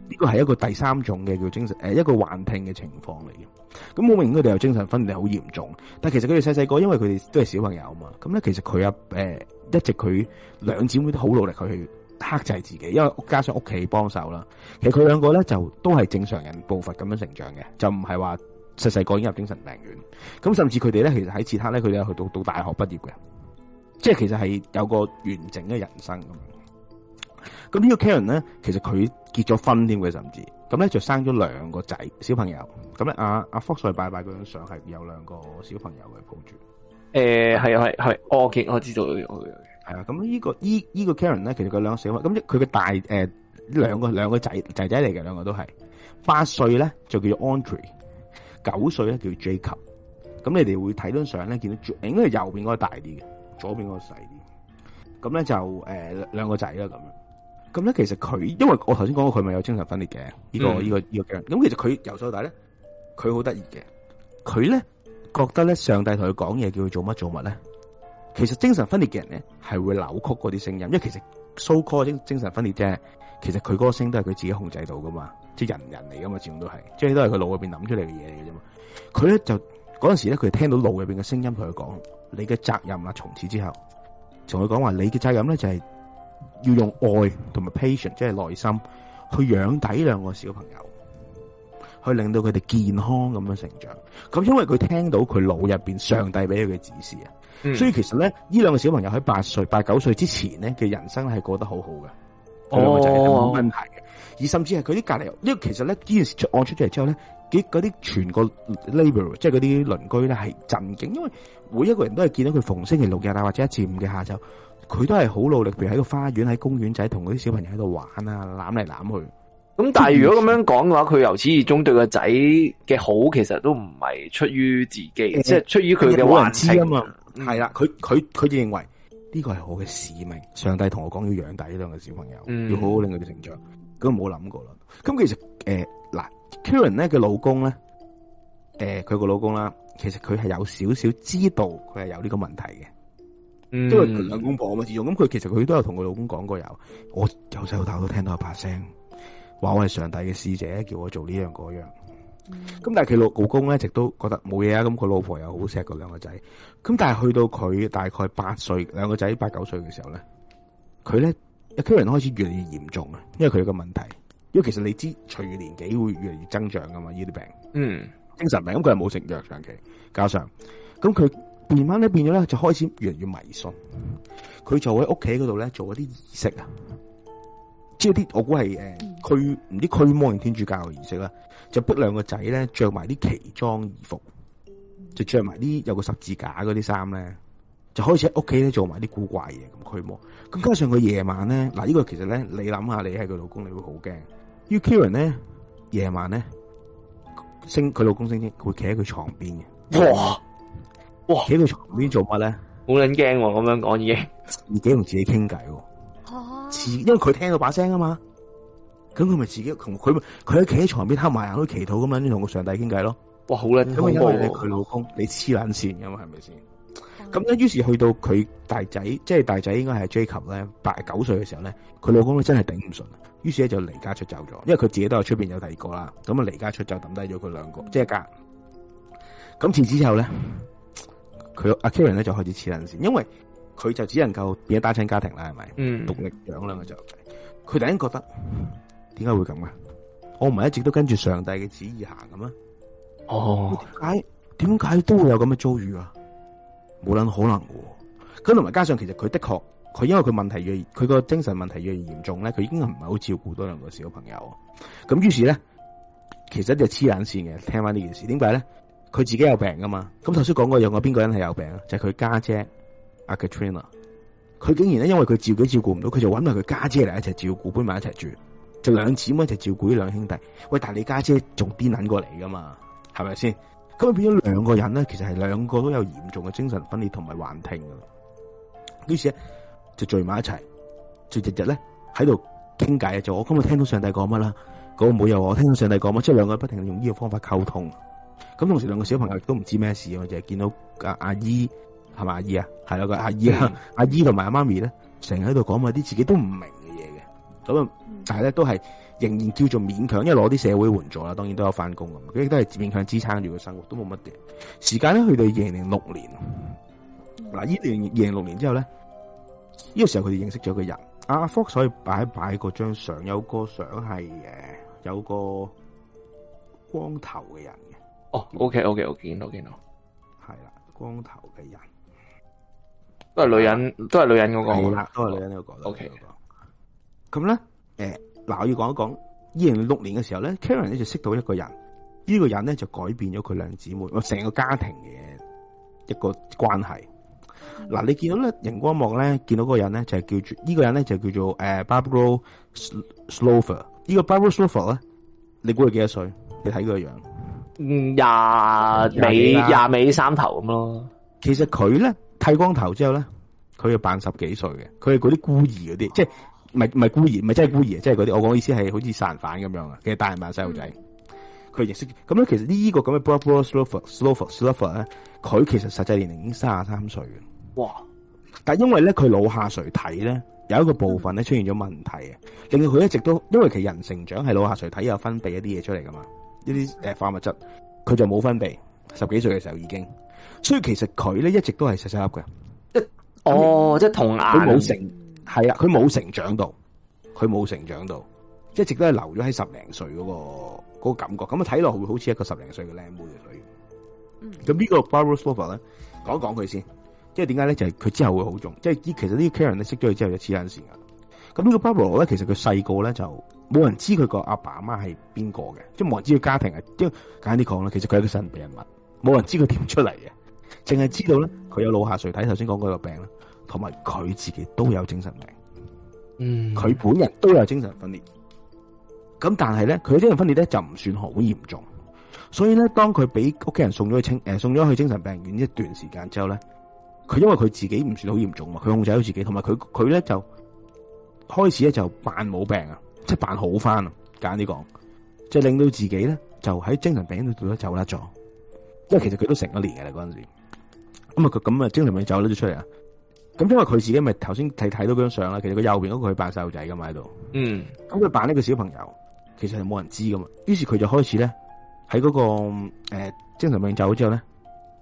Speaker 3: 呢個係一個第三種嘅叫精神誒、呃，一個幻聽嘅情況嚟嘅。咁我明佢哋有精神分裂好嚴重，但其實佢哋細細個，因為佢哋都係小朋友啊嘛，咁咧其實佢阿誒一直佢兩姊妹都好努力去克制自己，因為加上屋企幫手啦。其實佢兩個咧就都係正常人步伐咁樣成長嘅，就唔係話細細個已經入精神病院。咁甚至佢哋咧，其實喺此刻咧，佢哋去到到大學畢業嘅，即係其實係有個完整嘅人生咁。咁呢個 Karen 咧，其實佢結咗婚添嘅甚至了了。咁呢就生咗兩個仔小朋友，咁呢，阿阿福瑞拜拜嗰張相係有兩個小朋友嘅抱住。誒係係係，OK，我見我知道我嘅。係、OK，啊、OK，咁呢、這個呢、這個 Karen 呢，其實佢兩個小朋友，咁一佢個大誒、呃、兩個兩個仔仔仔嚟嘅，兩個都係八歲呢，就叫做 Andre，九歲呢，叫 Jacob。咁你哋會睇張相呢，見到最、應該係右邊嗰個大啲嘅，左邊嗰個細啲。咁呢就、呃、兩個仔啦咁咁咧，其實佢，因為我頭先講過佢咪有精神分裂嘅呢、嗯這個呢、這個呢、這個病。咁其實佢由細到大咧，佢好得意嘅。佢咧覺得咧，上帝同佢講嘢，叫佢做乜做乜咧。其實精神分裂嘅人咧，係會扭曲嗰啲聲音。因為其實 so call 精精神分裂啫、就是，其實佢嗰個聲音都係佢自己控制到噶嘛，即係人人嚟噶嘛，始終都係，即係都係佢腦入邊諗出嚟嘅嘢嚟嘅啫嘛。佢咧就嗰陣時咧，佢聽到腦入邊嘅聲音同佢講，你嘅責任啊，從此之後，同佢講話，你嘅責任咧就係、是。要用愛同埋 patience 即係耐心去養底兩個小朋友，去令到佢哋健康咁樣成長。咁因為佢聽到佢腦入邊上帝俾佢嘅指示啊、嗯，所以其實咧呢兩個小朋友喺八歲、八九歲之前咧嘅人生係過得好好嘅。
Speaker 4: 兩、哦、個仔係冇問
Speaker 3: 題嘅，而甚至係佢啲隔籬，因為其實咧呢件事出按出咗嚟之後咧，嗰啲全個 neighbor 即係嗰啲鄰居咧係震驚，因為每一個人都係見到佢逢星期六日啊或者一至五嘅下晝。佢都係好努力，譬如喺個花園、喺公園仔同嗰啲小朋友喺度玩啊，攬嚟攬去。
Speaker 1: 咁但係如果咁樣講嘅話，佢由始至終對個仔嘅好，其實都唔係出於自己，呃、即係出於佢嘅幻聽。好難
Speaker 3: 知㗎嘛，係、呃、啦，佢佢佢認為呢個係我嘅使命，上帝同我講要養大呢兩個小朋友，嗯、要好好令佢哋成長。咁冇諗過啦。咁其實誒嗱、呃、Karen 咧嘅老公咧，誒佢個老公啦，其實佢係有少少知道佢係有呢個問題嘅。嗯、因為係兩公婆咁用，咁佢其實佢都有同佢老公講過，我有我由細到大都聽到一把聲，話我係上帝嘅使者，叫我做呢樣嗰樣。咁、嗯、但係佢老公咧，一直都覺得冇嘢啊。咁佢老婆又好錫過兩個仔。咁但係去到佢大概八歲，兩個仔八九歲嘅時候咧，佢咧，一個人開始越嚟越嚴重啊。因為佢有個問題，因為其實你知隨住年紀會越嚟越增長噶嘛，呢啲病。嗯，精神病，咁佢係冇食藥長期，加上咁佢。而媽咧變咗咧就開始越嚟越迷信，佢就喺屋企嗰度咧做一啲儀式啊，即係啲我估係誒、佢、呃、唔、嗯、知驅魔人天主教嘅儀式啦，就逼兩個仔咧着埋啲奇裝異服，就着埋啲有個十字架嗰啲衫咧，就開始喺屋企咧做埋啲古怪嘢咁驅魔。咁加上佢夜晚咧，嗱、啊、呢、這個其實咧，你諗下，你係佢老公你會好驚。Ukran 咧夜晚咧升佢老公升職，佢企喺佢床邊嘅。 <laughs> 哇！企喺床邊做乜咧？
Speaker 1: 好撚驚咁樣講嘢，
Speaker 3: 自己同自己傾偈、啊。哦、 <laughs> 啊啊就是，因為佢聽到把聲啊嘛，咁佢咪自己同佢佢喺企喺床邊，靠埋眼，都祈禱咁樣，同個上帝傾偈咯。哇！好撚，因為因佢老公你黐撚線，因係咪先？咁於於是去到佢大仔，即係大仔應該係 Jakub 咧，八九歲嘅時候咧，佢老公真係頂唔順，於是咧就離家出走咗。因為佢自己都有出邊有第二個啦，咁啊離家出走抌低咗佢兩個，嗯、即係隔。咁自此之後咧。佢阿 Klara 咧就開始黐捻線，因為佢就只能夠變咗單親家庭啦，係咪？嗯，獨力養兩個仔，佢突然覺得點解、嗯、會咁啊？我唔係一直都跟住上帝嘅旨意行嘅咩？哦，點解點解都會有咁嘅遭遇啊？冇、哦、諗可能喎。」咁同埋加上其實佢的確佢因為佢問題越佢個精神問題越嚴重咧，佢已經唔係好照顧到兩個小朋友，咁於是咧其實就黐捻線嘅，聽翻呢件事，點解咧？佢自己有病噶嘛？咁頭先講過有個邊個人係有病啊？就係佢家姐阿 Katrina，佢竟然咧，因為佢自己照顧唔到，佢就搵埋佢家姐嚟一齊照顧，搬埋一齊住，就兩姊妹一齊照顧呢兩兄弟。喂，但係你家姐仲癲捻過嚟噶嘛？係咪先？咁啊變咗兩個人咧，其實係兩個都有嚴重嘅精神分裂同埋幻聽噶。於是咧就聚埋一齊，就日日咧喺度傾偈，就我今日聽到上帝講乜啦，嗰個妹又話我，我聽到上帝講乜，即係兩個人不停用呢個方法溝通。咁同時，兩個小朋友亦都唔知咩事啊，就係見到阿姨是是阿姨，係咪阿姨啊？係啦，個阿姨啊，阿姨同埋、嗯、阿媽咪咧，成日喺度講嘛啲自己都唔明嘅嘢嘅。咁但係咧，都係仍然叫做勉強，因為攞啲社會援助啦，當然都有翻工咁，佢亦都係勉強支撐住個生活，都冇乜嘅。時間咧，去到二零零六年，嗱、嗯，二零零六年之後咧，呢、這個時候佢哋認識咗個人，阿、啊、福，Fox，所以擺擺嗰張相，有個相係誒，有個光頭嘅人。
Speaker 1: 哦 o k o k 我見到，見到，OK，
Speaker 3: 係啦，光頭嘅人，
Speaker 1: 都係女人，都係女人嗰個，好啦，都係女人嗰個。OK，
Speaker 3: 咁咧，誒，嗱，我要講一講二零六年嘅時候咧，Karen 咧就識到一個人，呢個人咧就改變咗佢兩姊妹，我成個家庭嘅一個關係。嗱、呃，你見到咧熒光幕咧見到嗰個人咧就係叫做呢個人咧就叫做誒、呃、Barbara Slover 呢個 Barbara Slover 咧，你估佢幾多歲？你睇佢個樣。
Speaker 1: 廿尾廿尾三頭咁咯，
Speaker 3: 其實佢咧剃光頭之後咧，佢又扮十幾歲嘅，佢係嗰啲孤兒嗰啲，啊，即係唔係唔係孤兒，唔係真係孤兒，即係嗰啲，我講意思係好似殺人犯咁樣啊，其實大人扮細路仔，佢認識咁樣。其實呢個咁嘅 b l o w e r slower slower slower 咧，佢其實實際年齡已經卅三歲嘅。哇！但因為咧，佢腦下垂體咧有一個部分咧出現咗問題啊，令到佢一直都因為其人成長係腦下垂體有分泌一啲嘢出嚟噶嘛呢啲誒化物質，佢就冇分泌。十幾歲嘅時候已經，所以其實佢咧一直都係細細粒嘅。
Speaker 1: 一
Speaker 4: 哦，即係同眼冇成，
Speaker 1: 係啊，佢冇成
Speaker 3: 長到，佢冇成長到，一直都係、哦、留咗喺十零歲嗰、嗰個嗰個感覺。咁啊睇落會好似一個十零歲嘅靚妹嘅女。咁呢個 Barbora Škrlová 咧，講講佢先。即係點解咧？就係、是、佢之後會好重。即係其實呢個 Karen 咧識咗佢之後就，有次啊時間。咁呢個 Barbora 咧，其實佢細個咧就。冇人知佢個阿爸阿媽係邊個嘅，即係冇人知佢家庭啊。即係簡啲講啦，其實佢係一個神秘人物，冇人知佢點出嚟嘅，淨係知道咧，佢有腦下垂體，頭先講過嗰個病啦，同埋佢自己都有精神病，嗯，
Speaker 4: 佢
Speaker 3: 本人都有精神分裂。咁但係咧，佢嘅精神分裂咧就唔算好嚴重，所以咧，當佢俾屋企人送咗去精誒、呃、送咗去精神病院一段時間之後咧，佢因為佢自己唔算好嚴重嘛，佢控制到自己，同埋佢佢咧就開始咧就扮冇病啊。即係扮好翻，簡啲講，即係令到自己咧就喺精神病院度咧走甩咗，因為其實佢都成咗年嘅啦嗰陣時，咁啊佢咁啊精神病走咗咗出嚟啊，咁因為佢自己咪頭先睇睇到張相啦，其實佢右邊嗰個佢扮細路仔噶嘛喺度，嗯，咁佢扮呢個小朋友，其實係冇人知噶嘛，於是佢就開始咧喺嗰個誒、呃、精神病走咗之後咧，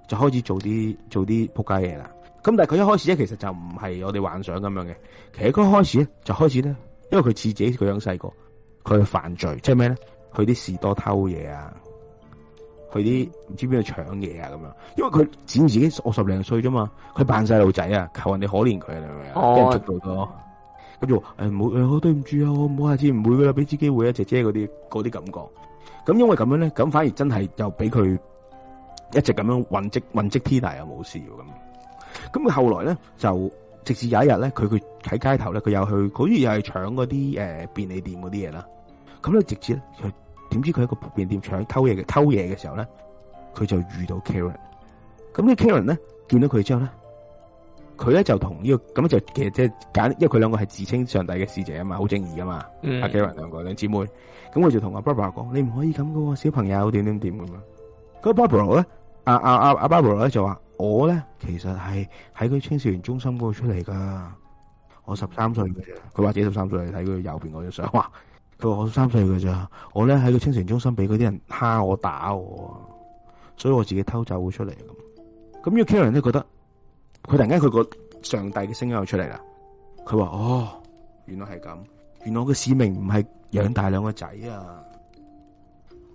Speaker 3: 就開始做啲做啲仆街嘢啦，咁但係佢一開始咧其實就唔係我哋幻想咁樣嘅，其實佢一開始咧就開始咧。因為佢似自己佢樣細個，佢係犯罪即係咩咧？佢啲士多偷嘢啊，佢啲唔知邊度搶嘢啊咁樣。因為佢剪自己我十零歲啫嘛，佢扮細路仔啊，求人哋可憐佢啊，咁樣做咗。跟住誒冇誒，我對唔住啊，我唔好下次唔會噶啦，俾次機會啊，姐姐嗰啲啲感覺。咁因為咁樣咧，咁反而真係又俾佢一直咁樣混跡混跡 P 大又冇事咁。咁佢後來咧就。直至有一日咧，佢佢喺街頭咧，佢又去，佢好似又係搶嗰啲誒便利店嗰啲嘢啦。咁咧直接咧，點知佢喺個便利店搶偷嘢嘅偷嘢嘅時候咧，佢就遇到 Karen。咁呢 Karen 咧見到佢之後咧，佢咧就同呢、這個咁就其實即係揀，因為佢兩個係自稱上帝嘅使者啊嘛，好正義噶嘛。阿、mm. 啊、Karen 兩個兩姊妹，咁佢就同阿 Barbara 講、mm.：你唔可以咁噶、哦，小朋友點點點噶嘛。咁 Barbara 咧，阿阿阿阿 Barbara 咧就話。我咧，其實係喺佢青少年中心嗰度出嚟噶，我十三歲嘅啫。佢話自己十三歲，你睇佢右邊嗰張相話，佢話我十三歲㗎咋。我咧喺個青少年中心俾嗰啲人蝦我打我，所以我自己偷走會出嚟咁。咁呢，Klara 咧覺得，佢突然間佢個上帝嘅聲音又出嚟啦。佢話哦，原來係咁，原來我嘅使命唔係養大兩個仔啊。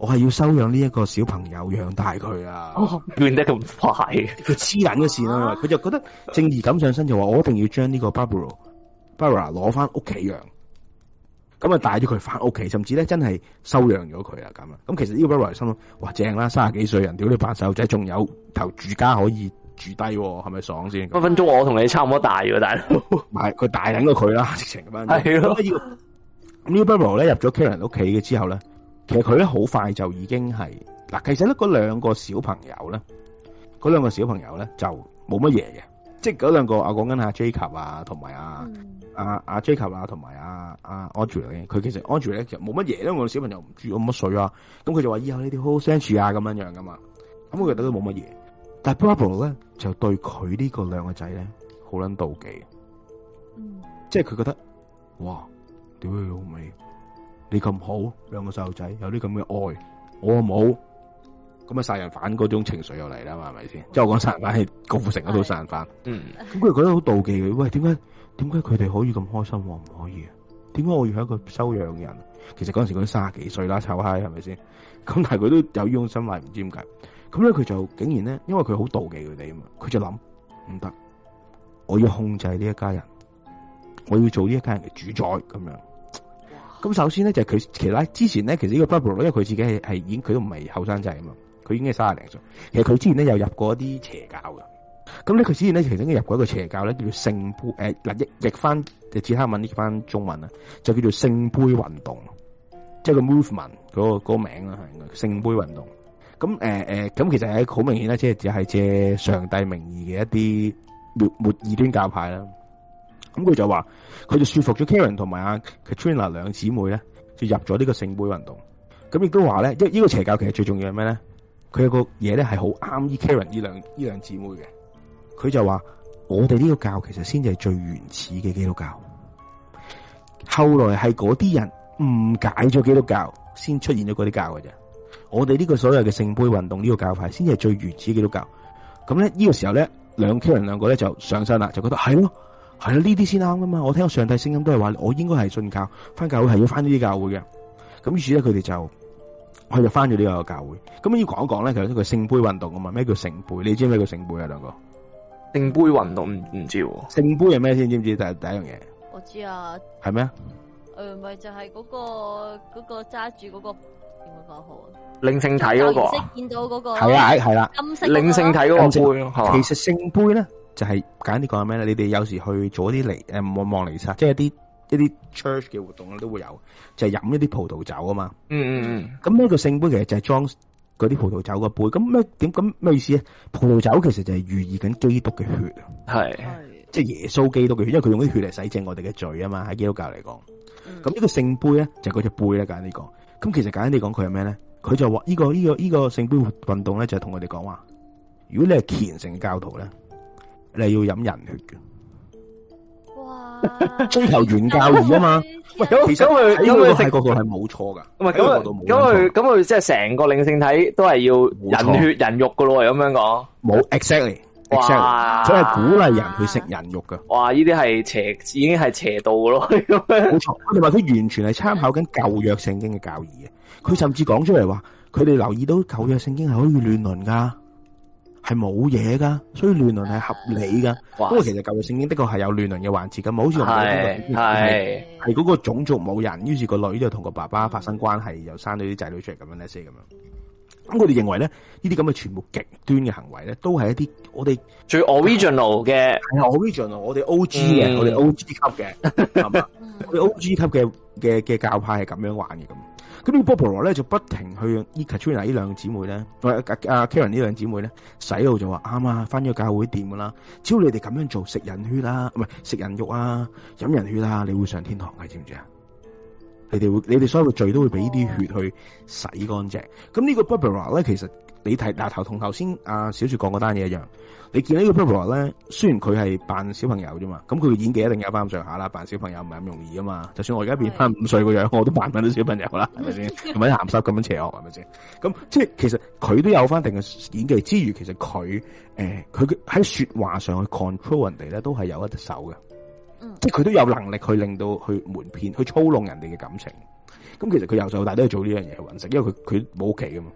Speaker 3: 我係要收養呢一個小朋友，養大佢啊！亂得咁快，佢黐緊嘅事啦。佢就覺得正義感上身，就話我一定要將呢個 Barbara Barbara 攞翻屋企養。咁啊，帶咗佢翻屋企，甚至咧真係收養咗佢啊。咁啊，咁其實呢個 Barbara 心諗：哇，正啦，三十幾歲人，屌你扮細路仔，仲有頭住家可以住低，
Speaker 1: 啊，係咪爽先？分分鐘我同你差唔多大，大佬。
Speaker 3: 咪 <laughs> 佢大緊過佢啦，直情咁樣。係咁呢個 Barbara 咧入咗 Karen 屋企嘅之後咧。其實佢咧好快就已經係嗱，其實咧嗰兩個小朋友咧，嗰兩個小朋友咧就冇乜嘢嘅，即係嗰兩個阿講緊阿 Jacob 啊，同埋阿阿阿 Jacob 啊，同埋阿阿 Audrey 佢其實 Audrey 咧其實冇乜嘢，因為我哋小朋友唔住咁乜水啊，咁佢就話以後你哋好好相處啊，咁樣樣噶嘛，咁我覺得都冇乜嘢，但係 Brooklyn 咧就對佢呢個兩個仔咧好捻妒忌，嗯、即係佢覺得哇，屌佢好味！你咁好，兩個細路仔有啲咁嘅愛，我冇，咁啊殺人犯嗰種情緒又嚟啦嘛，係咪先？即係我講殺人犯係郭富城嗰套殺人犯，人
Speaker 4: 犯，嗯，
Speaker 3: 咁佢哋覺得好妒忌佢，喂，點解點解佢哋可以咁開心，我唔可以啊？點解我要係一個收養人？其實嗰陣時佢都卅幾歲啦，臭閪係咪先？咁但係佢都有呢種心態，唔知點解。咁咧佢就竟然咧，因為佢好妒忌佢哋啊嘛，佢就諗唔得，我要控制呢一家人，我要做呢一家人嘅主宰咁樣。咁首先咧就係佢，其實咧 Blo -Blo, 他，他，他，其實他之前咧其實呢個布魯因為佢自己係係已經佢都唔係後生仔啊嘛，佢已經係卅零歲。其實佢之前咧又入過一啲邪教噶。咁咧佢之前咧曾經入過一個邪教咧，叫做聖杯誒嗱譯譯翻誒斯文譯翻中文啊，就叫做聖杯運動，即，就，係，是，個 movement 嗰個嗰個名啦，聖杯運動。咁誒誒，咁、呃、其實係好明顯啦，即係只係借上帝名義嘅一啲末異端教派啦。咁佢就話，佢就說服咗 Karen 同埋阿 Katrina 兩姊妹咧，就入咗呢個聖杯運動。咁亦都話咧，呢、呢個邪教其實最重要係咩咧？佢有個嘢咧係好啱依 Karen 呢兩呢兩姊妹嘅。佢就話，我哋呢個教其實先至係最原始嘅基督教。後來係嗰啲人誤解咗基,基督教，先出現咗嗰啲教嘅啫。我哋呢個所謂嘅聖杯運動呢個教派，先至係最原始基督教。咁咧呢個時候咧，兩 Karen 兩個咧就上身啦，就覺得係咯。係啦，呢啲先啱噶嘛！我聽過上帝聲音都係話，我應該係信教，翻教會係要翻呢啲教會嘅。咁於是咧，佢哋就，佢就翻咗呢個教會。咁要講一講咧，其實一個聖杯運動啊嘛。咩叫聖杯？你知唔知叫聖杯啊？兩個聖杯運動唔唔知、啊。聖杯係咩先？知唔知？第第一樣嘢。
Speaker 4: 我知啊。係
Speaker 1: 咩？
Speaker 2: 誒、呃，咪就係、是、嗰、嗰個、嗰個揸住嗰個點樣講好個啊？靈、啊、性體嗰個。即係見到嗰個。係啊係啦。金色。靈性體嗰個杯。其
Speaker 1: 實聖
Speaker 3: 杯咧。就係、是、簡單啲講係咩咧？你哋有時去做一啲嚟誒望望彌撒，即係一啲一啲 church 嘅活動咧都會有，就係、是、飲一啲葡萄酒啊嘛。嗯嗯。咁呢個聖杯其實就係裝嗰啲葡萄酒個杯。咁咩點咁咩意思咧？葡萄酒其實就係寓意緊基督嘅血。係。即係耶穌基督嘅血，因為佢用啲血嚟洗淨我哋嘅罪啊嘛。喺基督教嚟講，咁、mm、呢 -hmm. 個聖杯咧就嗰隻杯啦。簡單啲講，咁其實簡單啲講佢係咩咧？佢就話呢、這個呢、這個呢、這個聖杯運動咧就係同我哋講話，如果你係虔誠嘅教徒咧。你要飲人血嘅，哇！追 <laughs> 求原教旨啊嘛、嗯，
Speaker 1: 其實佢呢、那個係、
Speaker 3: 嗯、個錯、嗯、個係冇錯噶，
Speaker 1: 咁、嗯、啊，咁佢咁佢即係成個靈性體都係要人血人肉噶咯，咁樣講，冇 exactly，exactly, 佢係鼓
Speaker 3: 勵人去食人肉噶，
Speaker 1: 哇！呢啲係邪，已經係邪道咯，
Speaker 3: 冇錯。話佢完全係參考緊舊約聖經嘅教義，佢甚至講出嚟話，佢哋留意到舊約聖經係可以亂倫噶。係冇嘢噶，所以亂倫係合理噶。不過其實舊嘅聖經的確係有亂倫嘅環節噶，唔好似我哋係係係嗰個種族冇人，於是個女就同個爸爸發生關係，又、嗯、生咗啲仔女出嚟，咁樣咧，先咁樣。咁佢哋認為咧，呢啲咁嘅全部極端嘅行為咧，都係一啲我哋
Speaker 1: 最 original 嘅，
Speaker 3: 係 original，我哋 OG 嘅，我哋 OG 級嘅，係、嗯、 <laughs> 我哋 OG 級嘅嘅嘅教派係咁樣玩嘅咁。咁、呢個波波羅咧就不停去 Eka Trina 呢兩姊妹咧，或阿 Karen 兩個姐呢兩姊妹咧洗腦就話啱啊，翻咗教會掂噶啦，只要你哋咁樣做，食人血啊，唔係食人肉啊，飲人血啊，你會上天堂嘅，知唔知啊？你哋會，你哋所有罪都會俾呢啲血去洗乾淨。咁、呢個波波羅咧，其實你睇，嗱頭同頭先阿小雪講嗰單嘢一樣。你見個婆婆呢個 Papa 咧，雖然佢係扮小朋友啫嘛，咁佢嘅演技一定有翻咁上下啦。扮小朋友唔係咁容易噶嘛。就算我而家變翻五歲個樣，我都扮唔到小朋友啦，係
Speaker 4: 咪先？係咪？鹹濕
Speaker 3: 咁樣邪惡，係咪先？咁即係其實佢都有翻定嘅演技之餘，其實佢誒佢喺說話上去 control 人哋咧，都係有一隻手嘅、
Speaker 4: 嗯。即係佢
Speaker 3: 都有能力去令到去蒙騙去操弄人哋嘅感情。咁其實佢由細到大都係做呢樣嘢去揾食，因為佢佢冇屋企噶嘛。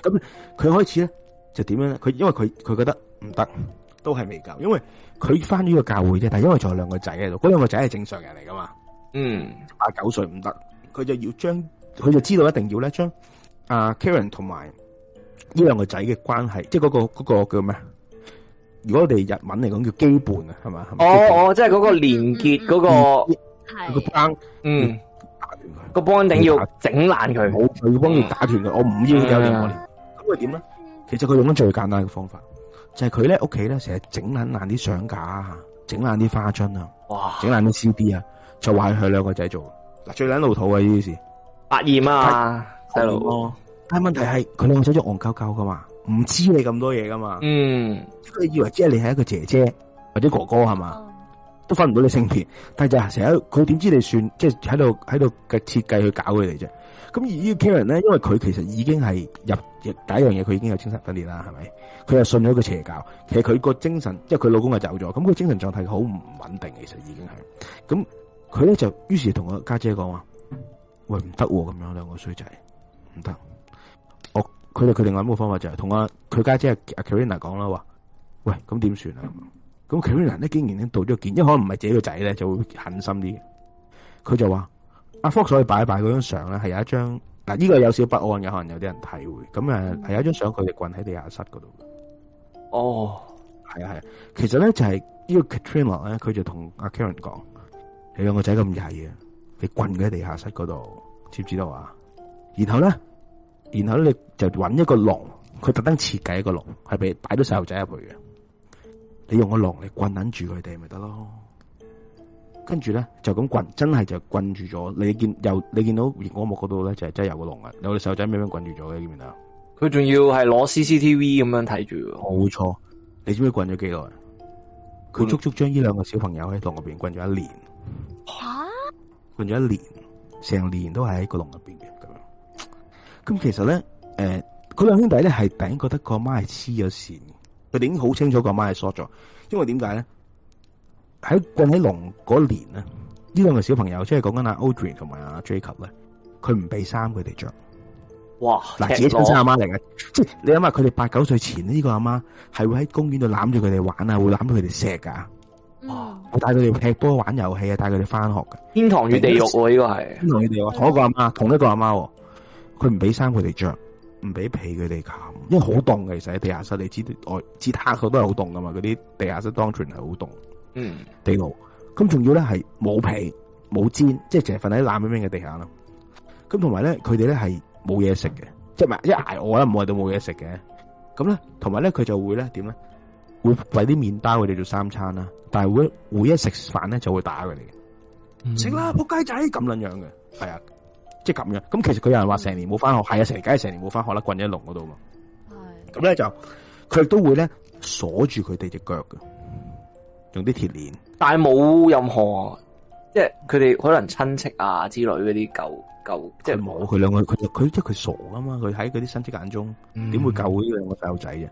Speaker 3: 咁、嗯、佢開始咧。就點樣咧？佢因為佢佢覺得唔得，都係未夠。因為佢翻於呢個教會啫，但係因為仲有兩個仔喺度，嗰兩個仔係正常人嚟噶嘛。
Speaker 4: 嗯，
Speaker 3: 八九歲唔得，佢就要將佢就知道一定要咧將阿 Karen 同埋呢兩個仔嘅關係，即係嗰個嗰個叫咩？如果我哋日文嚟講叫基本啊，係嘛？
Speaker 1: 哦哦，即係嗰個連結嗰個，係個幫，嗯，個幫一定要
Speaker 3: 整爛佢，我就要幫佢打斷佢，我唔要有連。咁係點咧？其實佢用咗最簡單嘅方法，就係佢咧屋企咧成日整爛爛啲相架啊，整爛啲花樽啊，哇，整爛啲 CD 啊，就話佢兩個仔做，嗱最捻老土啊呢件事，
Speaker 1: 百厭啊細路哥，但問題、啊
Speaker 3: 啊、但問題係佢兩個仔仲戇鳩鳩噶嘛，唔知你咁多嘢噶嘛，嗯，佢以為即係你係一個姐姐或者哥哥係嘛，嗯，都分唔到你性別，但係就成日佢點知你算即係喺度喺度嘅設計去搞佢哋啫。咁而、Karen、呢個 Karen 咧，因為佢其實已經係入第一樣嘢，佢已經有精神分裂啦，係咪？佢又信咗個邪教，其實佢個精神，即係佢老公係走咗，咁佢精神狀態好唔穩定，其實已經係。咁佢咧就於是同我家姐講話：喂，唔得咁樣，兩個衰仔唔得。我佢哋佢另外一個方法就係同阿佢家姐阿 Karen 講啦，話：喂，咁點算啊？咁 Karen 咧竟然咧導咗件，因為可能唔係自己個仔咧，就會狠心啲。佢就話。阿福所擺一擺擺嗰張相咧，係有一張嗱，呢個有少少不安嘅，可能有啲人體會。咁誒，係有一張相佢哋困喺地下室嗰度。哦，係啊係啊，其實咧就係呢個 Catherine 咧，佢就同阿 Karen 講：你兩個仔咁曳啊，你困佢喺地下室嗰度，知唔知道啊？然後咧，然後咧就揾一個籠，佢特登設計一個籠，係俾擺咗細路仔入去嘅。你用個籠嚟困撚住佢哋咪得咯。跟住咧就咁滾，真係就滾住咗。你見又你見到熒光幕嗰度咧，就係、是、真係有個籠嘅。你有啲手仔咩咩滾
Speaker 1: 住咗嘅，見唔見啊？
Speaker 3: 佢仲要係攞 CCTV
Speaker 1: 咁樣睇住。
Speaker 3: 冇錯，你知唔知滾咗幾耐？佢足足將呢兩個小朋友喺籠入邊滾咗一年。吓？滾咗一年，成年都係喺個籠入邊嘅。咁樣，咁其實咧，誒、呃，佢兩兄弟咧係突然覺得個媽係黐咗綫，佢哋已經好清楚個媽係縮咗，因為點解咧？喺逛喺籠嗰年咧，呢兩個小朋友即係講緊阿 Audrey 同埋阿 Jacob 咧，佢唔俾衫佢哋着。哇！嗱，自己親生阿媽嚟嘅，即係你諗下，佢哋八九歲前呢個阿媽係會喺公園度攬住佢哋玩啊，會攬住佢哋錫噶。哇！佢、這個、帶佢哋踢波、玩遊戲啊，帶佢哋翻學嘅。天堂與地獄呢個係天堂與地獄同一、這個阿媽、嗯，同一個阿媽，佢唔俾衫佢哋着，唔俾被，佢哋冚，因為好凍嘅，其實喺地下室你知我知，他個都係好凍噶嘛，嗰啲地下室當全係好凍。嗯，地牢，咁仲要咧係冇皮冇氈，即係淨係瞓喺爛咩咩嘅地下啦。咁同埋咧，佢哋咧係冇嘢食嘅，即係咪一挨餓咧，我哋都冇嘢食嘅。咁咧，同埋咧，佢就會咧點咧，會餵啲麵包佢哋做三餐啦。但係會會一食飯咧，就會打佢哋嘅。
Speaker 4: 食、嗯、啦，
Speaker 3: 撲街仔咁捻樣嘅，係啊，即係咁樣。咁其實佢有人話成年冇翻學，係啊，成梗係成年冇翻學啦，棍喺籠嗰度嘛。係。咁咧就佢亦都會咧鎖住佢哋隻腳嘅。
Speaker 1: 用啲鐵鏈，但係冇任何、
Speaker 4: 啊，即係
Speaker 1: 佢哋可能親戚啊之類嗰啲救救、嗯啊，即係冇
Speaker 3: 佢兩個，佢佢即係佢傻啊嘛！佢喺佢啲親戚眼中，點會救呢兩個細路仔啫？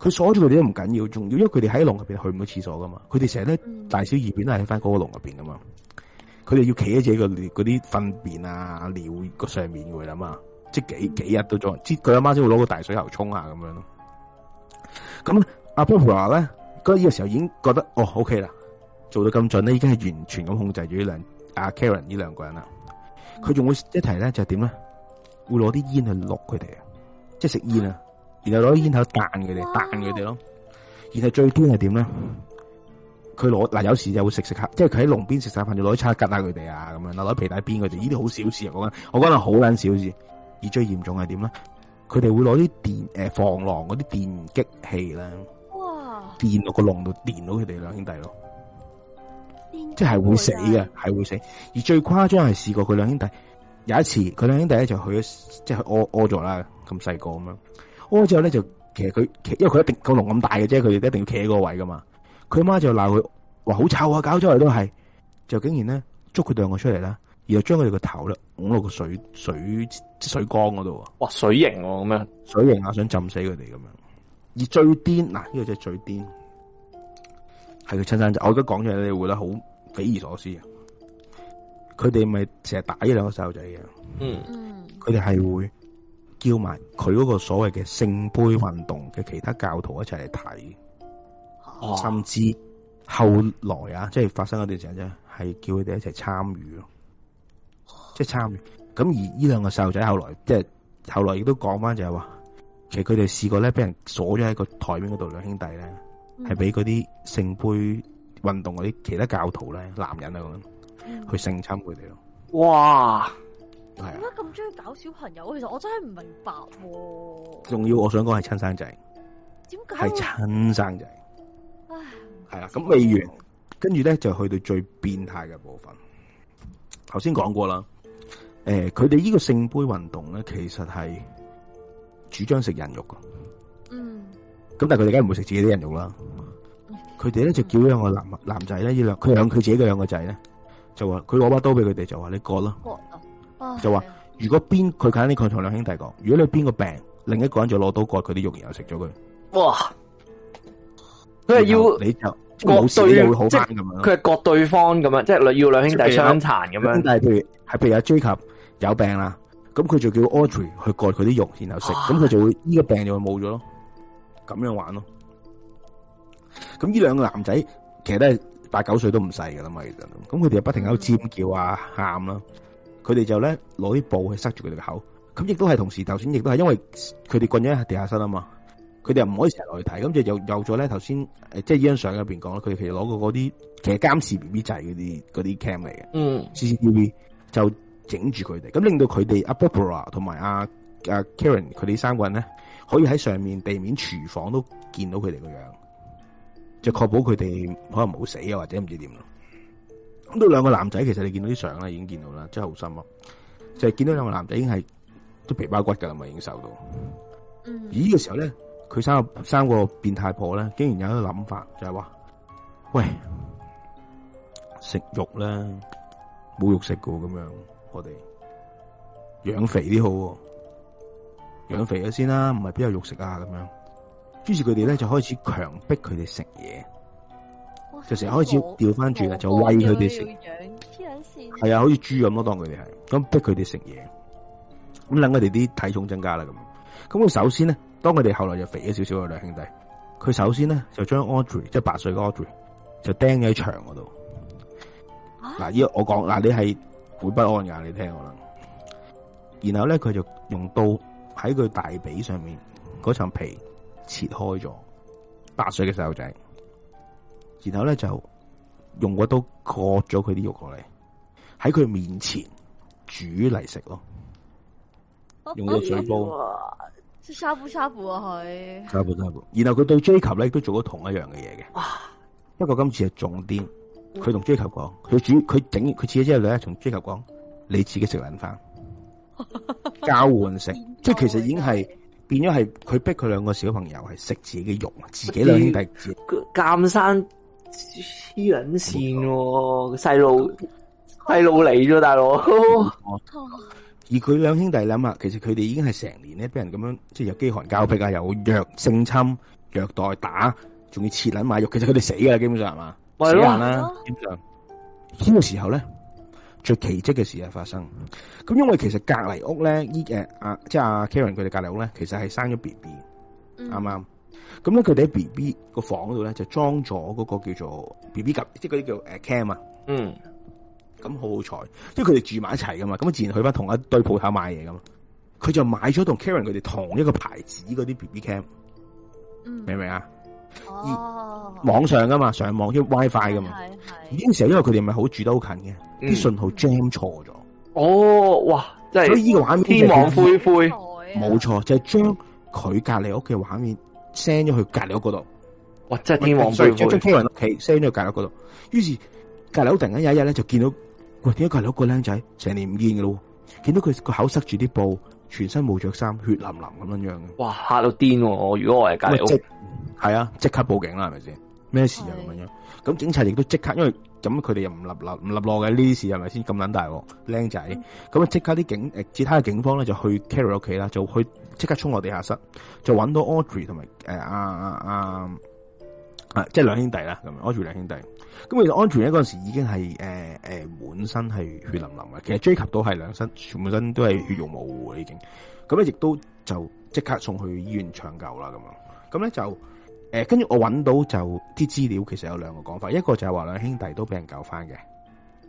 Speaker 3: 佢傻咗，佢哋都唔緊要，重要因為佢哋喺籠入邊去唔到廁所噶嘛，佢哋成日咧大小二便都係喺翻嗰個籠入邊噶嘛，佢哋要企喺自己嗰啲糞便啊尿個上面噶啦啊，即係幾幾日都做，即佢阿媽先會攞個大水喉沖下咁樣咯。咁阿波普話咧。嗯啊寶寶嗰、這、呢個時候已經覺得哦，OK 啦，做到咁盡咧，已經係完全咁控制住呢兩阿、啊、Karen 呢兩個人啦。佢仲會一提咧就係點咧？會攞啲煙去碌佢哋，即係食煙啊，然後攞啲煙頭彈佢哋，彈佢哋咯。然後最端係點咧？佢攞嗱有時就會食食下，即係佢喺籠邊食食飯，就攞啲叉拮下佢哋啊咁樣，嗱攞啲皮帶鞭佢哋，呢啲好小事啊。我我講得好捻小事，而最嚴重係點咧？佢哋會攞啲電誒防、呃、狼嗰啲電擊器咧。電落個籠度，電到佢哋兩兄弟咯，即係會死嘅，係會死。而最誇張係試過佢兩兄弟，有一次佢兩兄弟咧就去咗，即係屙屙咗啦，咁細個咁樣屙之後咧就，其實佢，因為佢一定個籠咁大嘅啫，佢哋一定要企喺個位噶嘛。佢媽就鬧佢，話好臭啊，搞出嚟都係，就竟然咧捉佢兩個出嚟啦，然後將佢哋個頭咧拱落個水水水，水缸嗰度啊！哇，水型咁、哦、樣，水型啊，想浸死佢哋咁樣。而最癲嗱，呢個就係最癲，係佢親生仔。我都講嘢，你會覺得好匪夷所思。佢哋咪成日打呢兩個細路仔嘅，嗯，佢哋係會叫埋佢嗰個所謂嘅聖杯運動嘅其他教徒一齊嚟睇，甚至後來啊，即係發生嗰段事情咧，係叫佢哋一齊參與咯，即係參與。咁而呢兩個細路仔後來，即係後來亦都講翻就係話。其實佢哋試過咧，俾人鎖咗喺個台面嗰度，兩兄弟咧係俾嗰啲聖杯運動嗰啲其他教徒咧，男人啊，咁去性侵佢哋咯。
Speaker 5: 哇！
Speaker 2: 點解咁中意搞小朋友？其實我真係唔明白，啊。
Speaker 3: 仲要，我想講係親生仔，點解係親生仔？係啦，咁未完，跟住咧就去到最變態嘅部分。頭先講過啦，誒、呃，佢哋呢個聖杯運動咧，其實係。主張食人肉噶，嗯，咁但係佢哋梗唔會食自己啲人肉啦。佢哋咧就叫咗兩個男男仔咧，佢養佢自己嘅兩個仔咧，就話佢攞把刀俾佢哋，就話你割啦。
Speaker 4: 就話
Speaker 3: 如果邊佢近啲，佢同兩兄弟講，如果你邊個病，另一個人就攞刀割佢啲肉，然後食咗佢。哇！佢係要你就割對就會好，即係佢
Speaker 1: 係割對方咁樣，即係要兩兄弟相殘咁樣。但係
Speaker 3: 譬如，係譬如有追求有病啦。咁佢就叫 Audrey 去割佢啲肉，然後食，咁佢就會呢、這個病就會冇咗咯。咁樣玩咯。咁呢兩個男仔其實都係八九歲都唔細噶啦嘛，其實。咁佢哋又不停喺度尖叫啊、喊啦。佢哋就咧攞啲布去塞住佢哋嘅口。咁亦都係同時，頭先亦都係因為佢哋困咗喺地下室啊嘛。佢哋又唔可以成日落去睇。咁就係又有咗咧。頭先誒，即係呢張相入邊講啦。佢哋其實攞過嗰啲其實監視 B B 仔嗰啲嗰啲 cam 嚟
Speaker 4: 嘅。
Speaker 3: 嗯，C C T V 就。整住佢哋，咁令到佢哋阿 Barbora 同埋阿阿 Karen，佢哋三個人咧，可以喺上面地面廚房都見到佢哋個樣，就確保佢哋可能冇死啊，或者唔知點咯。咁到兩個男仔，其實你見到啲相啦，已經見到啦，真係好深咯。就係、是、見到兩個男仔已經係都皮包骨噶啦嘛，已經瘦到。嗯。
Speaker 4: 而呢
Speaker 3: 個時候咧，佢三個三個變態婆咧，竟然有一個諗法，就係、是、話：，喂，食肉咧，冇肉食過咁樣。我哋養肥啲好、哦，養肥咗先啦，唔係邊有肉食啊？咁樣，於是佢哋咧就開始強逼佢哋食嘢，就成日開始調翻轉啦，就餵佢哋食，係啊，好似豬咁咯，當佢哋係咁逼佢哋食嘢，咁等佢哋啲體重增加啦，咁，咁佢首先咧，當佢哋後來就肥咗少少嘅兩兄弟，佢首先咧就將 Audrey 即係八歲嘅 Audrey 就釘喺牆嗰度，嗱、啊，依我講，嗱，你係。會不安噶，你聽我啦。然後咧，佢就用刀喺佢大髀上面嗰層皮切開咗，八歲嘅細路仔。然後咧就用個刀割咗佢啲肉過嚟，喺佢面前煮嚟食咯，
Speaker 4: 用個水煲。
Speaker 2: 即係沙煲沙煲佢，
Speaker 3: 沙煲沙煲。然後佢對 Jakub 咧都做咗同一樣嘅嘢嘅。哇！不過今次係重點。佢同追求講，佢煮佢整佢自己之後咧，同追求講，你自己食卵飯，交換食， <laughs> 即係其實已經係變咗係佢逼佢兩個小朋友係食自己嘅肉，自己兩兄弟，
Speaker 1: 監生黐卵線，細路細路嚟咗大佬，嗯。
Speaker 3: 而佢兩兄弟諗下，其實佢哋已經係成年咧，俾人咁樣即係有飢寒交迫啊，有虐性侵、虐待、打，仲要切卵賣肉，其實佢哋死噶，基本上係嘛。自然啦，基本呢個時候咧，最奇蹟嘅事就發生。咁因為其實隔離屋咧，誒即係阿 Karen 佢哋隔籬屋咧，其實係生咗 B B
Speaker 4: 啱
Speaker 3: 啱？咁咧佢哋喺 B B 個房度咧就裝咗嗰個叫做 B B 夾，即係嗰啲叫誒 cam 啊。嗯，咁好好彩，因為佢哋住埋一齊噶嘛，咁自然去翻同一堆鋪頭買嘢噶嘛。佢就買咗同 Karen 佢哋同一個牌子嗰啲 B B cam。嗯，
Speaker 4: 明唔明啊？而
Speaker 3: 網上噶嘛，上網用 WiFi 噶嘛，
Speaker 4: 有
Speaker 3: 陣時因為佢哋咪好住得好近嘅，啲、嗯、信號 jam 錯咗。
Speaker 1: 哦，哇，即係所以呢個畫面，就是，天網恢恢，
Speaker 3: 冇錯就係將佢隔籬屋嘅畫面 send 咗去隔籬屋嗰度。哇，真係天網恢恢。所以將屋企 send 咗去隔籬屋嗰度，於是隔籬屋突然間有一日咧就見到，喂，點解隔籬屋個僆仔成年唔見嘅咯？見到佢個口塞住啲布。全身冇着衫，血淋淋咁樣樣
Speaker 1: 嘅，哇吓到癲喎！如果我係 c a 係啊，即刻報警啦，係咪先？
Speaker 3: 咩事啊咁樣？咁警察亦都即刻，因為咁佢哋又唔立立唔立落嘅呢啲事，係咪先咁卵大鑊？靚仔咁啊，即、嗯、刻啲警誒，其他嘅警方咧就去 c a r r y 屋企啦，就去即刻衝落地下室，就搵到 Audrey 同埋誒啊阿啊，即係兩兄弟啦，咁 Audrey 兩兄弟。咁其實安全咧嗰陣時已經係誒誒，滿、呃呃、身係血淋淋嘅。其實追及都係兩身，全部身都係血肉模糊已經。咁咧亦都就即刻送去醫院搶救啦。咁樣，咁咧就誒，跟、呃、住我搵到就啲資料，其實有兩個講法。一個就係話兩兄弟都俾人救翻嘅，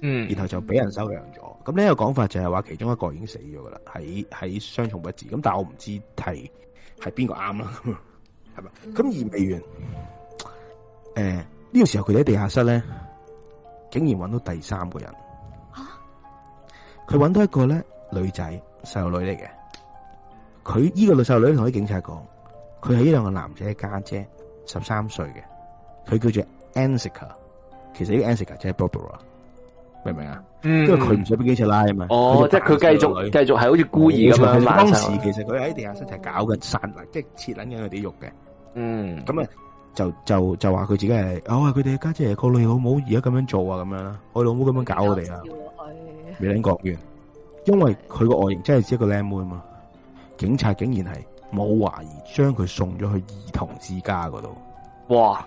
Speaker 3: 嗯，然後就俾人收養咗。咁呢個講法就係話其中一個已經死咗噶啦，喺喺傷重不治。咁但係我唔知係係邊個啱啦，係嘛？咁、嗯、而未完誒。呃呢、這個時候佢喺地下室咧，竟然揾到第三個人。啊！佢揾到一個咧女仔細路女嚟嘅，佢呢、這個女細路女同啲警察講，佢係呢兩個男仔嘅家姐，十三歲嘅，佢叫做 Anika，其實呢 Anika 即係 Barbara，明唔明啊？因為佢唔想俾警察拉啊嘛、哦。哦，即係佢繼續繼續係好似故意咁樣。嗯、當時其實佢喺地下室係搞緊殺戮，即係切捻緊佢啲肉嘅。嗯。咁啊。就就就話佢自己係，我佢哋嘅家姐，係個女老母而家咁樣做啊，咁樣啦，我老母咁樣搞我哋啊，未去，美領國員，因為佢個外形真係似一個靚妹啊嘛，警察竟然係冇懷疑，將佢送咗去兒童之家嗰度，哇，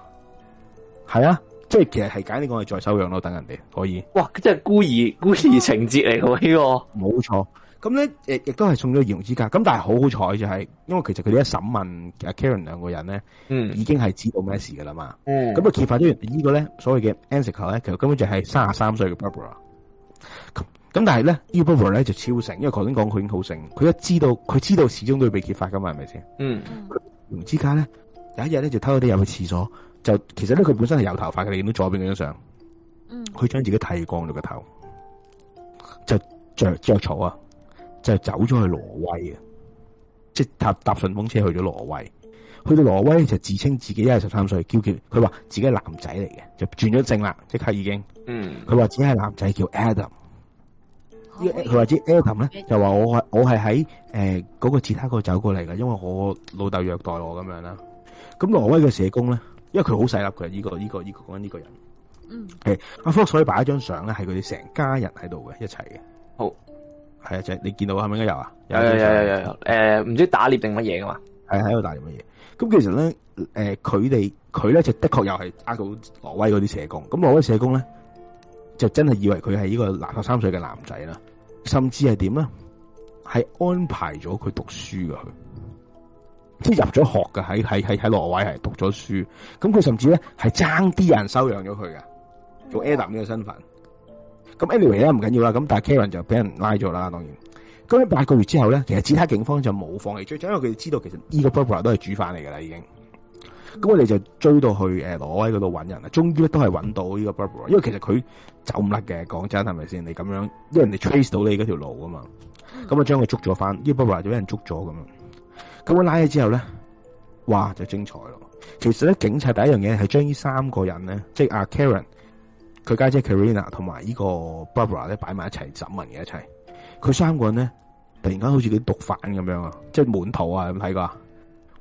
Speaker 3: 係啊，即係其實係揀呢講，係再收養咯，等人哋可以，哇，真係孤兒孤兒情節嚟噶呢個，冇錯。咁咧，誒，亦都係送咗個兒童之家。咁但係好好彩就係、是，因為其實佢哋一審問阿 Karen 兩個人咧，嗯，已經係知道咩事噶啦嘛。嗯，咁啊揭發咗呢個咧，所謂嘅 Ansel 咧，其實根本就係三十三歲嘅 Barbara。咁，但係咧，Barbara 咧就超醒，因為頭先講佢已經好醒，佢一知道佢知道始終都要被揭發噶嘛，係咪先？嗯。兒童之家咧，有一日咧就偷偷哋入去廁所，就其實咧佢本身係有頭髮嘅，你見到左邊嗰張相，佢、嗯、將自己剃光咗個頭，就着著草啊！就走咗去挪威啊！即搭搭順風車去咗挪威，去到挪威就自稱自己一係十三歲，叫佢佢話自己係男仔嚟嘅，就轉咗性啦，即刻已經。嗯，佢話自己係男仔叫 Adam，佢話隻 Adam 咧就話我我係喺誒嗰個吉他度走過嚟噶，因為我老豆虐待我咁樣啦。咁挪威嘅社工咧，因為佢好細粒，佢、呢、呢個呢、呢個呢、呢個講緊呢個人。嗯，阿福所以擺一張相咧，係佢哋成家人喺度嘅一齊嘅。好。係啊、呃呃，就你見到係咪應該有啊？有有有有，誒，唔知打獵定乜嘢噶嘛？係喺度打獵乜嘢？咁其實咧，誒，佢哋佢咧就的確又係呃到挪威嗰啲社工，咁挪威社工咧就真係以為佢係呢個廿三歲嘅男仔啦，甚至係點咧，係安排咗佢讀書噶，即係、就是、入咗學㗎，喺喺喺喺挪威係讀咗書，咁佢甚至咧係爭啲人收養咗佢㗎，做、嗯、Adam 呢個身份。咁 anyway 呢，唔緊要啦，咁但係 Karen 就俾人拉咗啦，當然。咁八個月之後咧，其實其他警方就冇放棄追，因為佢哋知道其實呢個 Berchtold 都係主犯嚟噶啦，已經。咁我哋就追到去誒挪威嗰度搵人啦，終於都係搵到呢個 Berchtold，因為其實佢走唔甩嘅，講真係咪先？你咁樣，因為人哋 trace 到你嗰條路啊嘛，咁啊將佢捉咗翻，呢、這個 Berchtold 就俾人捉咗咁啊。咁我拉咗之後咧，哇就精彩咯！其實咧，警察第一樣嘢係將呢三個人咧，即係阿 Karen。佢家姐 Karina 同埋依個 Barbara 咧，擺埋一齊審問嘅，一齊，佢三個人咧突然間好似啲毒販咁樣滿啊，即係滿頭啊咁睇噶，護、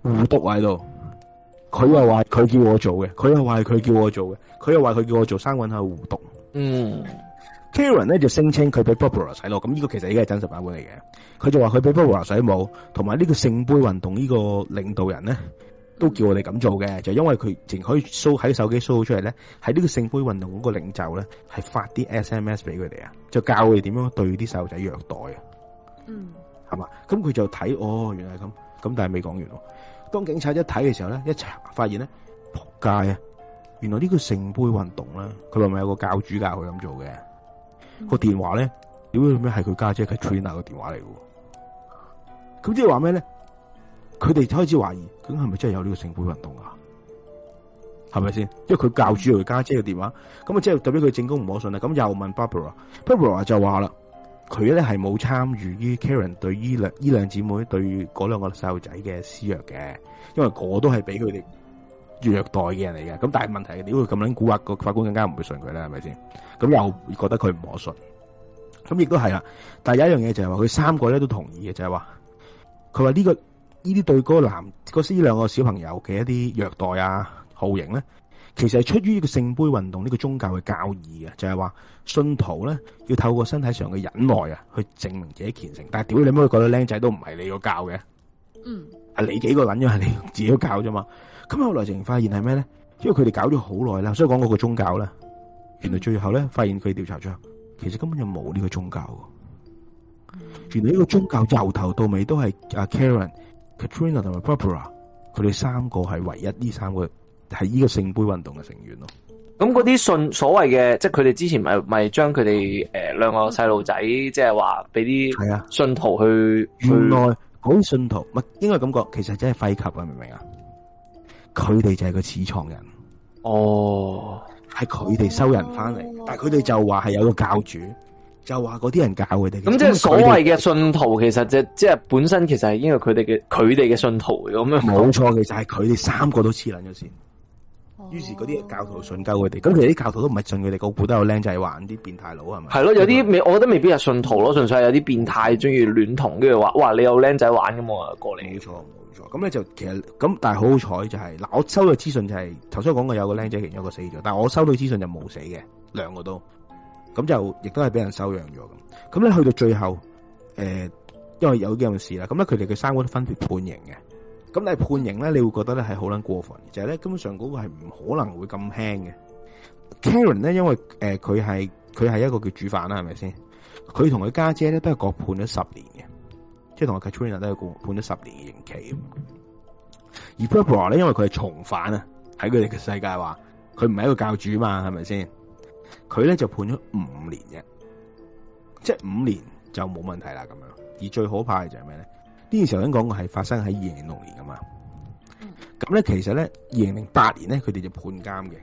Speaker 3: 嗯、毒喺度。佢又話佢叫我做嘅，佢又話佢叫我做嘅，佢又話佢叫我做，她她我做三個人係護毒。嗯，Karen 咧就聲稱佢俾 Barbara 洗腦，咁呢個其實依家係真實版本嚟嘅。佢就話佢俾 Barbara 洗腦，同埋呢個聖杯運動呢個領導人咧。都叫我哋咁做嘅，就因為佢淨可以搜喺手機搜到出嚟咧，喺呢個聖杯運動嗰個領袖咧，係發啲 SMS 俾佢哋啊，就教佢哋點樣對啲細路仔虐待啊，嗯，係嘛，咁佢就睇哦，原來係咁，咁但係未講完喎。當警察一睇嘅時候咧，一查發現咧撲街啊，原來呢個聖杯運動咧，佢係咪有個教主教佢咁做嘅？個、嗯、電話咧，點解咩？係佢家姐佢 Katerina 個電話嚟嘅？咁即係話咩咧？佢哋開始懷疑，咁係咪真係有呢個聖杯運動啊？係咪先？因為佢教主佢家姐嘅電話，咁啊即係代表佢證供唔可信啊。咁又問 Barbara，Barbara Barbara 就話啦，佢咧係冇參與於 Karen 對於兩呢兩姊妹對嗰兩個細路仔嘅施虐嘅，因為我都係俾佢哋虐待嘅人嚟嘅。咁但係問題，你會咁捻蠱惑，個法官更加唔會信佢啦，係咪先？咁又覺得佢唔可信，咁亦都係啦。但係有一樣嘢就係、是、話，佢三個咧都同意嘅，就係、是、話，佢話呢個。呢啲對嗰男思兩個小朋友嘅一啲虐待啊、酷刑咧，其實係出於呢個聖杯運動呢、呢個宗教嘅教義呀。就係、係、話信徒咧要透過身體上嘅忍耐啊，去證明自己虔誠。但係屌你媽，佢覺得僆仔都唔係你個教嘅，嗯，係你幾個撚樣係你自己教啫嘛？咁後來仲發現係咩咧？因為佢哋搞咗好耐啦，所以講嗰個宗教啦，原來最後咧發現佢調查咗，其實根本就冇呢個宗教。原來呢個宗教由頭到尾都係阿 Karen。Katrina 同埋 Barbara，佢哋三個係唯一呢三個係呢個聖杯運動嘅成員咯。
Speaker 1: 咁嗰啲信所謂嘅，即係佢哋之前咪咪將佢哋誒兩個細路仔，即係話俾啲係啊信徒去。啊、去原來
Speaker 3: 嗰啲信徒咪應該感覺其實真係廢及，明唔明啊？佢哋就係個始創人。哦，係佢哋收人翻嚟、哦，但係佢哋就話係有個教主。就話嗰啲人教
Speaker 1: 佢哋，咁即係所謂嘅信徒，其實、其實、就是、即即係本身其實係因為佢哋嘅、佢哋嘅信徒咁樣。冇
Speaker 3: 錯，其實係佢哋三個都黐撚咗先，
Speaker 1: 於是嗰啲教
Speaker 3: 徒信教佢哋，咁其實啲教徒都唔係信佢哋，個個都有靚仔玩啲變態佬係咪？係咯，
Speaker 1: 有啲我，我覺得未必係信徒咯，純粹係有啲變態中意戀童。跟住話哇你有靚仔玩咁啊，過嚟。冇錯冇
Speaker 3: 錯，咁咧就其實咁，但係好好彩就係、是、嗱，我收到資訊就係頭先講過有個靚仔其中一個死咗，但我收到資訊就冇死嘅，兩個都。咁就亦都係俾人收養咗咁，咁咧去到最後，誒、呃，因為有呢樣事啦，咁咧佢哋嘅三個人分別判刑嘅，咁但係判刑咧，你會覺得咧係好撚過分，就係咧根本上嗰個係唔可能會咁輕嘅。Karen 咧，因為誒佢係佢係一個叫主犯啦，係咪先？佢同佢家姐咧都係各判咗十年嘅，即係同阿 Katrina 都係判判咗十年嘅刑期。而 Barbara 咧，因為佢係從犯啊，喺佢哋嘅世界話，佢唔係一個教主嘛，係咪先？佢咧就判咗五年啫，即係五年就冇問題啦咁樣。而最可怕嘅就係咩咧？呢件事，頭先講過係發生喺二零零六年噶嘛？咁咧其實咧二零零八年咧佢哋就判監嘅，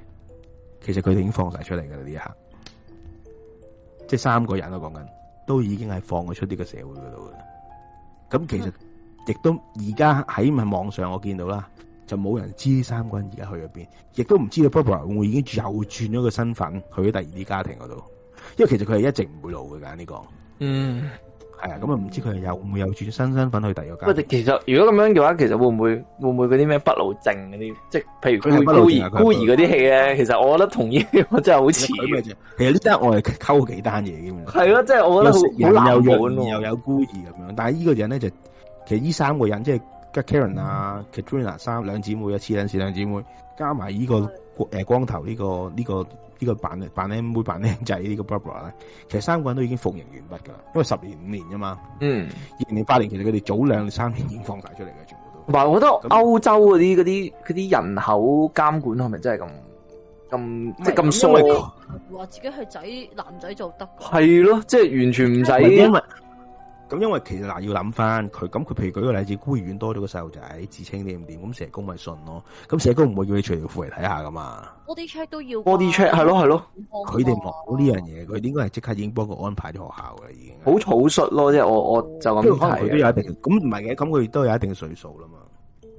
Speaker 3: 其實佢哋已經放晒出嚟噶啦呢下，即係三個人都講緊都已經係放咗出呢個社會嗰度嘅。咁其實亦都而家喺咪網上我見到啦。就冇人知呢三個人而家去咗邊，亦都唔知道 Bobo 會唔會已經又轉咗個身份去咗第二啲家庭嗰度，因為其實佢係一直唔
Speaker 1: 會老嘅。呢個嗯
Speaker 3: 係啊，咁啊唔知佢係有會唔會又轉新身份去第二個家
Speaker 1: 庭。不過其實如果咁樣嘅話，其實會唔會會唔會嗰啲咩不老症嗰啲，即係譬如佢係孤兒孤兒嗰啲戲咧？其實我覺得同意呢啲真係好似。其實呢單我係溝幾單嘢嘅，係 <laughs> 咯、啊，即、就、係、是、我覺
Speaker 3: 得好有演員又有孤兒咁樣。但係呢個人咧就其實呢三個人即係。就是 Karen 啊、嗯、，Katrina 三兩姊妹一次兩次兩姊妹，加埋呢、這個誒、嗯呃、光頭呢、這個呢、這個呢、這個扮扮靚妹扮靚仔呢、這個 Barbora 咧，其實三個人都已經服刑完畢噶啦，因為十年五年咋嘛。嗯，二零零八年其實佢哋早兩三年已經放晒出嚟嘅，全
Speaker 1: 部都。唔係，我覺得歐洲嗰啲嗰啲啲人口監管係咪真係咁咁
Speaker 2: 即係咁衰？話、就是、自己去仔男仔做得。
Speaker 1: 係咯，即、就、係、是、完
Speaker 3: 全唔使。不咁因為其實嗱要諗翻佢咁佢譬如舉個例子孤兒院多咗個細路仔自稱唔點，咁社工咪信咯咁社工唔會叫你除條褲嚟睇下噶嘛
Speaker 4: body check 都要 body check 係咯係咯佢哋
Speaker 3: 到呢樣嘢佢應該係即刻已經幫佢安排咗學校㗎喇已經好草率咯即係我我就諗佢都有一定咁唔係嘅咁佢都有一定嘅歲數啦嘛。.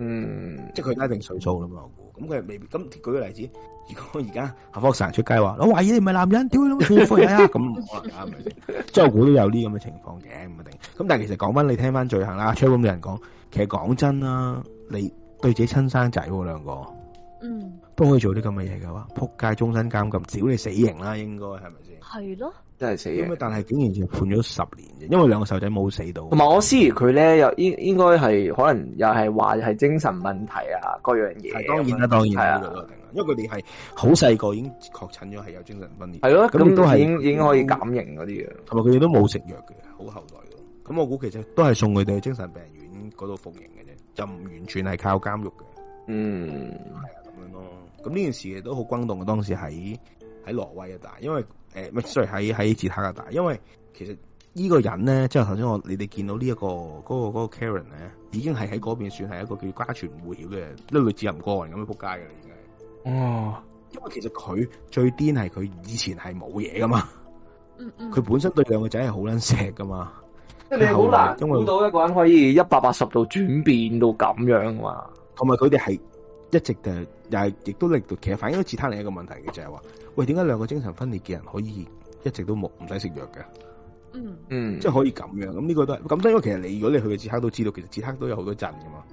Speaker 3: 嗯，即係佢拉定水草啦嘛，我估，咁佢係未必。咁舉個例子，如果而家何福成出街話，我懷疑你唔係男人，屌你老母，何福成咁，係咪先？即係我估都有啲咁嘅情況嘅，唔一定。咁但係其實講翻，你聽翻罪行啦，telegram 有人講，其實講真啦，你對自己親生仔兩個，嗯，都可以做啲咁嘅嘢嘅話，撲街終身監禁，少你死刑啦，應該
Speaker 4: 係咪先？係咯。
Speaker 3: 真係死嘅，咁但係竟然判咗十年嘅，因為兩個細仔冇死到。
Speaker 1: 同埋我思疑佢咧，又應應該係可能又係話係精神問題啊，嗰樣嘢。係當然啦，當然係、啊啊、因為佢哋係好細個已經
Speaker 3: 確診咗係有精神分裂。係、嗯、咯，咁都係已，已經可以減刑嗰啲嘢。同埋佢哋都冇食藥嘅，好後來。咁我估其實都係送佢哋去精神病院嗰度服刑嘅啫，就唔完全係靠監獄嘅。嗯，係啊，咁樣咯。咁呢件事都好轟動啊！當時喺喺挪威啊，但係因為。誒、uh，唔係，即係喺喺捷克嘅大，因為其實呢個人咧，即係頭先我你哋見到呢、這、一個嗰、那個嗰、那個 Karen 咧，已經係喺嗰邊算係一個叫家傳戶曉嘅，呢個女仔又唔過人咁樣撲街嘅啦，已經。哦，
Speaker 4: 因為其
Speaker 3: 實佢最癲係佢以前係冇嘢噶嘛，
Speaker 5: 佢、嗯嗯、
Speaker 3: 本身對兩個仔係好撚錫噶嘛，
Speaker 5: 即你好難見到
Speaker 3: 一個人可以一百八十度轉變到咁樣嘛、啊，同埋佢哋係一直嘅。但係，亦都令到其實反映到捷克另一個問題嘅，就係話，喂，點解兩個精神分裂嘅人可以一直都冇唔使食藥嘅？嗯、就是、嗯，即係可以咁樣。咁呢個都係咁，因為其實你如果你去嘅捷克都知道，其實捷克都有好多鎮噶嘛。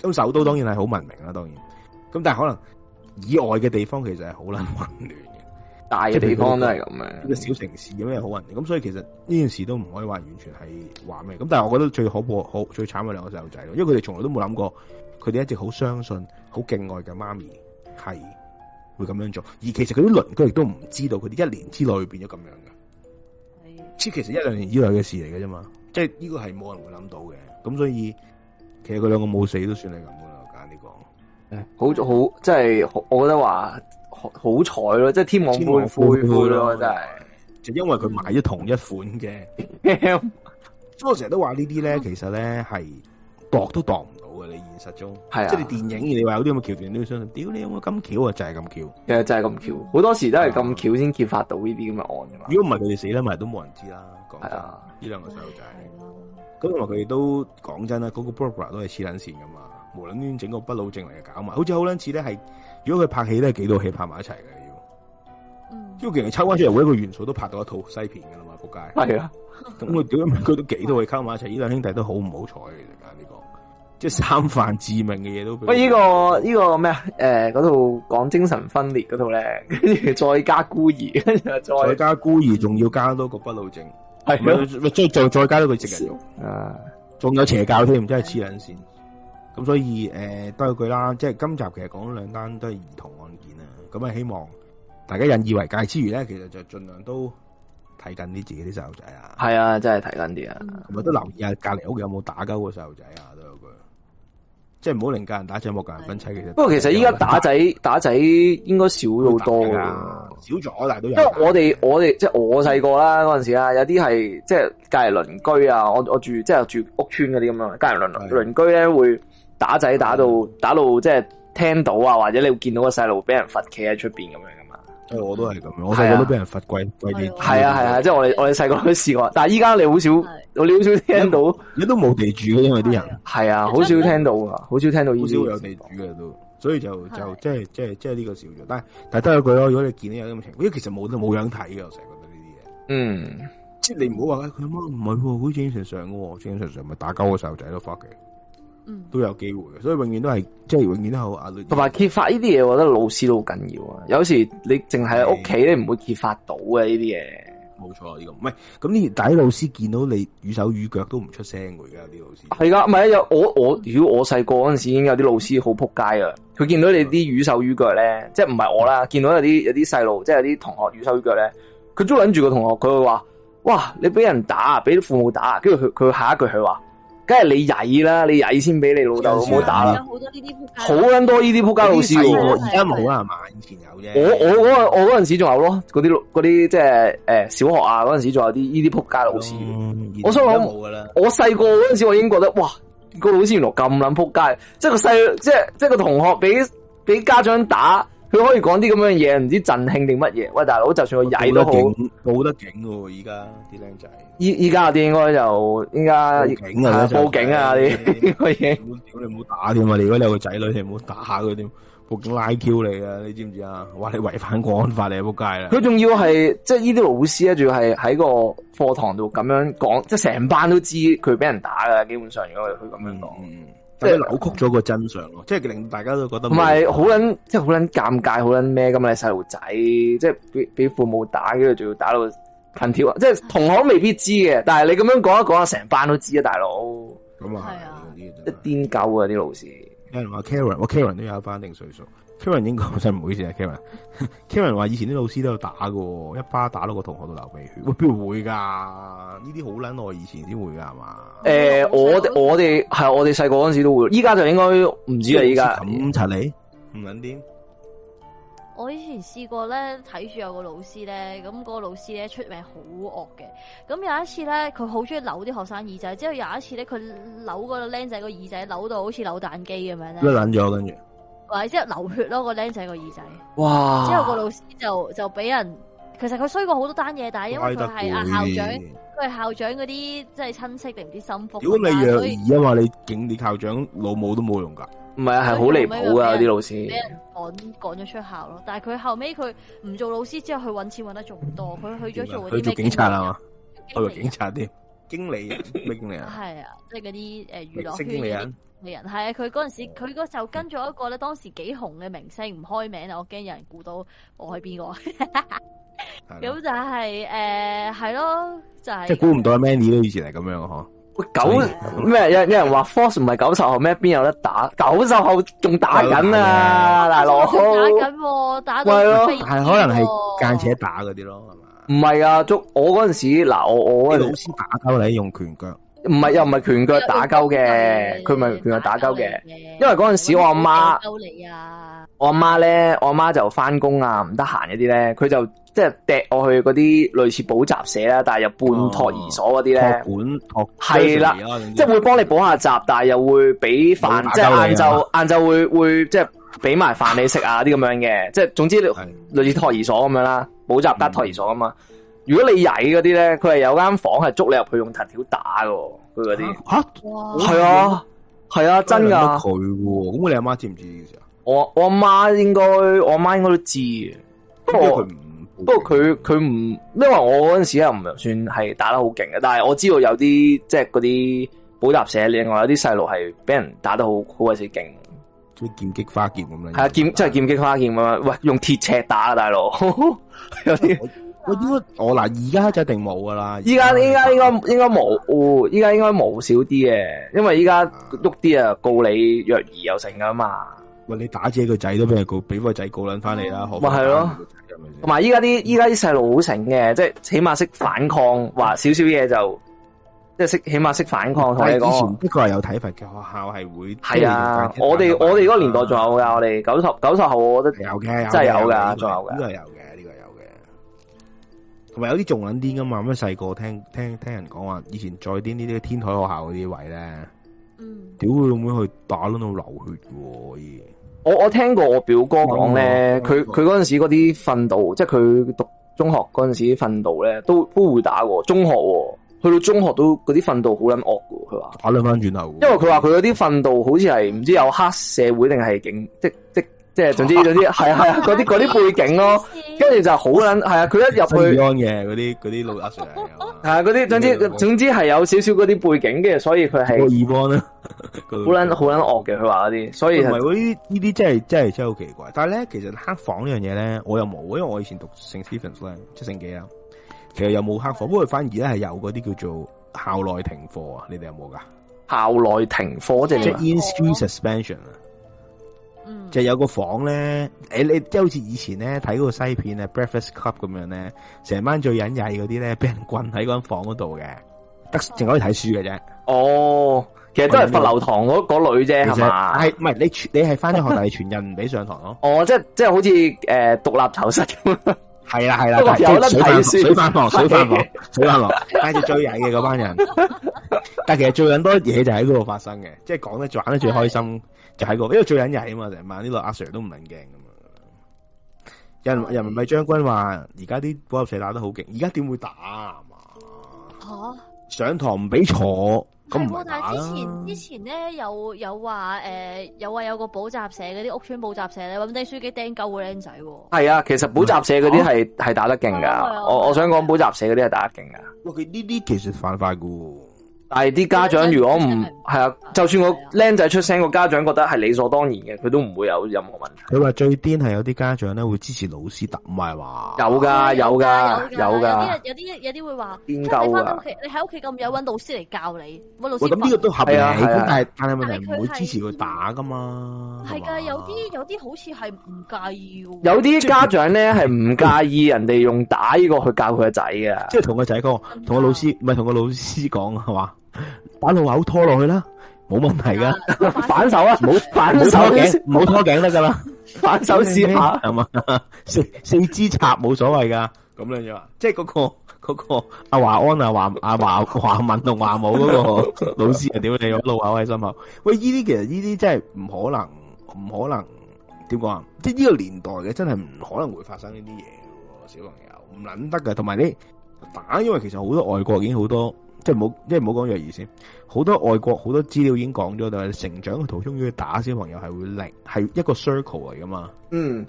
Speaker 3: 咁、嗯、首都當然係好文明啦，當然。咁但係可能以外嘅地方其實係好難混亂嘅，大嘅地方是的都係咁樣的。一個小城市有咩好混亂。咁、嗯、所以其實呢件事都唔可以話完全係話咩。咁但係我覺得最可怖、好最慘嘅兩個細路仔，因為佢哋從來都冇諗過，佢哋一直好相信，好敬愛嘅媽咪係會咁樣做，而其實佢啲鄰居亦都唔知道佢啲一年之內會變咗咁樣嘅，即其實一兩年之內嘅事嚟嘅啫嘛。即係呢個係冇人會諗到嘅，咁所以其實佢兩個冇死都算係咁嘅啦，簡單啲講。
Speaker 1: 誒，好好，即係我覺得話好，好彩咯，即係天網恢恢咯，真係。就
Speaker 3: 是、因為佢買咗同一款嘅，咁、嗯、 <laughs> 我成日都話呢啲咧，其實咧係度都度唔。你現實中係啊，即係電影，你話有啲咁嘅橋段都要相信。屌，屌，你有冇咁橋啊？就係咁橋，就係咁好多時都係咁橋先揭發到呢啲咁嘅案。如果唔係佢哋死啦，咪都冇人知啦。講真，呢兩個細路仔，咁同埋佢哋都講真啦，嗰、嗰個 program 都係黐撚線噶嘛。無論亂整個不老症嚟搞埋，好似好撚似咧。係如果佢拍戲咧，幾套戲拍埋一齊嘅要。嗯，
Speaker 4: 即
Speaker 3: 係其實抽翻出嚟嗰個元素都拍到一套西片噶嘛，仆街。係啊，咁佢屌佢都幾套戲溝埋一齊，呢兩兄弟都好唔好彩即係三犯致命嘅嘢都比我、欸，
Speaker 1: 我、這、依個呢、這個咩啊？誒，嗰、呃、套講精神分裂嗰套咧，跟
Speaker 3: 住再加孤兒，跟住再，再加孤兒，仲要加多個不老症，係咪即係再再，再加多個直人，啊，仲有邪教添、嗯，真係黐捻線。咁、嗯嗯、所以誒，多、呃、句啦，即係今集其實講兩單都係兒童案件啊。咁啊，希望大家引以為戒之餘咧，其實就盡量都睇緊啲自己啲細路仔啊。係啊，真係睇緊啲啊，同、嗯、埋都留意下隔籬屋嘅有冇打交嘅細路仔啊。即係唔好寧教人打，有有家人打仔，莫教人分妻。其
Speaker 1: 實不過其實依家打仔打仔應該
Speaker 3: 少咗好多噶，少
Speaker 1: 咗，但係都有。因為我哋我哋即係我細個啦嗰陣時啊，時有啲係即係隔離鄰居啊。我我住即係、就是、住屋村嗰啲咁樣，隔離鄰鄰居咧會打仔打到打到即係聽到啊，或者你會見到個細路俾人罰企喺出邊咁樣。
Speaker 3: 我都係咁樣，我細個都俾人罰跪跪地，係啊係啊，啊，
Speaker 1: 啊，啊，即係我哋我哋細個都試過，但係依家你好少，我哋好少聽到，而都冇地主嘅，因為啲人係啊，好少聽到，好少聽到，好少有地
Speaker 3: 主嘅、嗯、都，所以就就即係即係即係呢個少咗，但係但係得一句咯，如果你見到有咁嘅情況，因為，其實冇都冇樣睇嘅，我成日覺得呢啲嘢，嗯，即係你唔好話佢阿媽唔係，好正常常嘅，正常常咪打交嘅細路仔都發嘅。都有機會嘅，所以永遠都係即係永遠都係好壓力。同
Speaker 1: 埋揭發呢啲嘢，我覺得老師都好緊要啊！有時你淨係喺屋企咧，唔會揭發到嘅呢啲嘢。冇錯呢個唔係咁你，
Speaker 3: 第一老師見到你瘀手瘀腳都唔出聲。而家啲
Speaker 1: 老師係噶，唔係啊？有我我如果我細個嗰陣時已經有啲老師好仆街啊！佢見到你啲瘀手瘀腳咧，即係唔係我啦？見到有啲有啲細路，即係有啲同學瘀手瘀腳咧，佢都諗住個同學，佢會話：哇，你俾人打，俾啲父母打，跟住佢佢下一句佢話。梗係你曳啦，你曳先俾你老豆老母打啦。好多呢啲撲街，好撚多呢啲撲街老師喎。而家冇啦嘛，以前有啫。我我嗰我陣時仲有咯，嗰啲嗰啲即係誒小學啊嗰陣時仲有啲呢啲撲街老師，嗯。我想講，我細個嗰陣時我已經覺得哇，個老師原來咁撚撲街，即係個細即係即係個同學俾俾家長打。佢可以講啲咁樣嘢，唔知振興定乜嘢？喂，大佬，就算我曳都警，
Speaker 3: 冇得警嘅喎，依家啲靚仔。
Speaker 1: 依依家啲應該就依家報警啊，啊！報警啊！啲乜嘢？你唔好打添
Speaker 3: 嘛！ <laughs> 如果你， <laughs> 你，你有個仔女，你唔好打下佢添。報警拉 Q 你啊！你知唔知啊？話你違反國安法你仆街啦！佢
Speaker 1: 仲要係即係呢啲老師咧，仲要係喺個課堂度咁樣講，即係成班都知佢俾人打噶。基本上，如果佢咁樣講。嗯嗯扭曲咗個真相咯，即係令大家都覺得唔係好捻，即係好捻尷尬，好捻咩。咁你細路仔即係俾俾父母打，跟住仲要打到噴跳，啊！即係同學未必知嘅，但係你咁樣講一講，成班都知啊！大佬，咁啊，一癲狗啊！啲老師有
Speaker 3: 人話 Karen，我 Karen 都有一班定歲數。Kevin 應該真係唔好意思啊，Kevin。Kevin 話以前啲老師都有打噶，一巴一打到個同學都流鼻血。喂，邊會噶？呢啲好捻耐，以前啲會噶係嘛？
Speaker 1: 誒、欸，我我哋係我哋細個嗰陣時都會，依家就應該唔知啦。依家咁柒你唔捻掂？
Speaker 2: 我以前試過咧，睇住，有個老師咧，咁、嗰個老師咧、嗰個、出名好惡嘅。咁有一次咧，佢好中意扭啲學生耳仔。之後有一次咧，佢扭個僆仔個耳仔，扭到好似扭蛋機咁樣咧，
Speaker 3: 扭爛咗跟住。
Speaker 2: 或者即係流血咯，個僆仔個耳仔。
Speaker 3: 哇！之後個
Speaker 2: 老師就就俾人，其實佢衰過好多單嘢，但係因為佢係啊校長，佢係校長嗰啲即係親戚定唔知心腹。如果你弱耳啊，
Speaker 3: 因為你警你校長老母都冇用噶。唔係啊，係好離譜噶啲老師。
Speaker 2: 俾人趕趕咗出校咯，但係佢後尾，佢唔做老師之後，佢搵錢搵得仲多。佢去咗做，做警察係嘛？
Speaker 3: 去做警察啲經理，人，咩經理啊？係
Speaker 2: 啊，即係嗰啲誒娛樂人係啊，佢嗰陣時佢嗰時候跟咗一個咧，當時幾紅嘅明星，唔開名啊，我驚有人估到我係邊個。咁 <laughs> 就係、是、誒，係、呃、咯，就係、是。即係
Speaker 1: 估唔到係 Mandy 都以前係咁樣啊，喂、欸，九咩、欸？有有人話 Force 唔係九十號咩？邊有得打？九十號仲打緊啊，大佬、啊啊啊
Speaker 2: 啊啊。打緊、
Speaker 1: 啊，打、啊。係咯，係可能係間且打嗰啲咯，係嘛？唔係啊，啊捉我嗰陣時嗱，我我老師打交你用拳腳。唔係又唔係拳腳打交嘅，佢唔係拳腳打交嘅，因為嗰陣時我阿媽，我阿媽咧，我阿媽就返工啊，唔得閒一啲咧，佢就即係掟我去嗰啲類似補習社啦，但係有半托兒所嗰啲咧，托、啊、管，係啦，即係會幫你補下習，但係又會俾飯，即係晏晝晏晝會會即係俾埋飯你食啊啲咁樣嘅，即係總之類似托兒所咁樣啦，補習得托兒所啊嘛。嗯如果你曳嗰啲咧，佢係有間房係捉你入去用藤條打嘅，佢嗰啲。吓，係啊，係啊，啊，啊，啊，真噶。佢，咁你阿媽知唔知呢件事啊？我我阿媽應該，我阿媽應該都知。不過佢唔，不過佢佢唔，因為我嗰陣時又唔算係打得好勁嘅，但係我知道有啲即係嗰啲補習社，另外有啲細路係俾人打得好好鬼死勁。啲劍擊花劍咁樣。係啊，劍即係劍擊花劍咁樣，喂，用鐵尺打嘅大佬， <laughs> 有啲些笑。
Speaker 3: 我因為，我嗱，而家就一定冇噶啦。依家，依
Speaker 1: 家應該應該冇，依家應該冇少啲嘅，因為依家喐啲啊，告你虐兒又成噶嘛。喂，你打自己個仔都俾人告，俾個仔告捻翻嚟啦，可、嗯？咪係咯。同埋依家啲依家啲細路好醒嘅，即係起碼識反抗，話少少嘢就即係識起碼識反抗。同你講，
Speaker 3: 呢個係有體罰嘅學校係會。係啊，我哋
Speaker 1: 我哋嗰個年代仲有噶，我哋九十九十後，我覺得真的有嘅，真係有噶，仲有噶，
Speaker 3: 咪有啲仲捻啲噶嘛？咁樣細個聽聽聽人講話，以前再啲呢啲天台學校嗰啲位咧，嗯，屌佢咁樣去打到流血喎！
Speaker 1: 我我聽過我表哥講咧，佢佢嗰陣時嗰啲訓導，即係佢讀中學嗰陣時啲訓導咧，都都會打喎。中學去到中學都嗰啲訓導好捻惡嘅，佢話打兩翻轉頭。因為佢話佢嗰啲訓導好似係唔知有黑社會定係警即即。即即係總之總之係啊係啊嗰啲嗰啲背景咯，跟住就好捻係啊佢一入去，耳安
Speaker 3: 嘅嗰啲嗰啲老阿叔嚟
Speaker 1: 嘅，係啊嗰啲，總之總之係有少少嗰啲背景嘅，所以佢係
Speaker 3: 好捻好
Speaker 1: 捻惡嘅，佢話嗰啲，所以唔
Speaker 3: 係呢啲真係真係真係好奇怪。但係咧，其實黑房呢樣嘢咧，我又冇，因為我以前讀聖 Stephen 咧，即係聖幾啊，其實又冇黑房，不過反而咧係有嗰啲叫做校內停課啊，你哋有冇噶？
Speaker 1: 校內停課即係 in school
Speaker 3: suspension 啊 <music> 就是、有個房咧，誒，你即係好似以前咧睇嗰個西片啊，Breakfast Club 咁樣咧，成班最隱曳嗰啲咧，俾人困喺嗰間房嗰度嘅，得淨可以睇書嘅啫。
Speaker 1: 哦，其實都係佛流堂嗰嗰女啫，係嘛？
Speaker 3: 係唔係你？你係翻咗學， <laughs> 但係全日唔俾上堂咯。
Speaker 1: 哦，即係即係好似誒獨立囚室咁。 <laughs> 係啦係
Speaker 3: 啦，有得睇水飯房，水飯房，水飯
Speaker 1: 房，係
Speaker 3: <laughs> 最曳嘅嗰班人。 <laughs> 但係其實最引多嘢就喺嗰度發生嘅，即係講得最、玩得最開心就喺嗰度，因為最引曳啊嘛，成晚呢度阿 Sir 都唔撚驚㗎嘛。人又唔係將軍話，而家啲補習社打得好勁，而家點會打啊？嘛、
Speaker 2: 啊？
Speaker 3: 上堂唔俾坐。係、嗯、喎，但係之
Speaker 2: 前之前咧有有話誒，有話有、呃、有，有個補習社嗰啲屋村補習社咧，揾低書記掟鳩個僆仔、
Speaker 1: 啊。係啊，其實補習社嗰啲係係打得勁噶、哦。我我想講補習社嗰啲係打得勁噶。
Speaker 2: 喂，佢呢啲
Speaker 1: 其實快的快噶。但係啲家長如果唔係啊，啊，就算我僆仔出聲，個、啊、家長覺得係理所當然嘅，佢都唔會有任何問
Speaker 3: 題。佢話最癲係有啲家長咧會支持老師打，唔係話有㗎有㗎有㗎。有啲有啲、嗯嗯、
Speaker 4: 有啲會話返屋企，你
Speaker 2: 喺屋企咁有搵老師嚟教你，揾老、哦啊啊啊嗯嗯、
Speaker 3: 老師。咁呢個都合理，但係但係問題唔會支持佢
Speaker 1: 打㗎嘛？係㗎，有
Speaker 2: 啲有啲好似係唔介意喎。有啲家
Speaker 1: 長咧係唔介意人哋用打呢個去教佢個仔嘅，即係同個仔講，同個老師唔係同個老師講係嘛？嗯把路口拖落去啦，冇問題噶。反手啊，
Speaker 3: 冇反手、啊，冇、啊、唔好拖頸得噶啦。
Speaker 4: 反手試下係
Speaker 3: 嘛、啊？四四支插冇所謂噶。咁樣樣，即係嗰、嗰個嗰、嗰個阿華、嗰個啊、安啊華阿華華文同華武嗰個老師啊，屌你路口喺心口。喂，呢啲其實呢啲真係唔可能，唔可能點講啊？即係呢個年代嘅真係唔可能會發生呢啲嘢，小朋友唔捻得噶。同埋你打，因為其實好多外國已經好多。即係冇，即係冇講若兒先，好多外國好多資料已經講咗，但係成長嘅途中要打小朋友係會力係一個 circle 嚟噶嘛。嗯，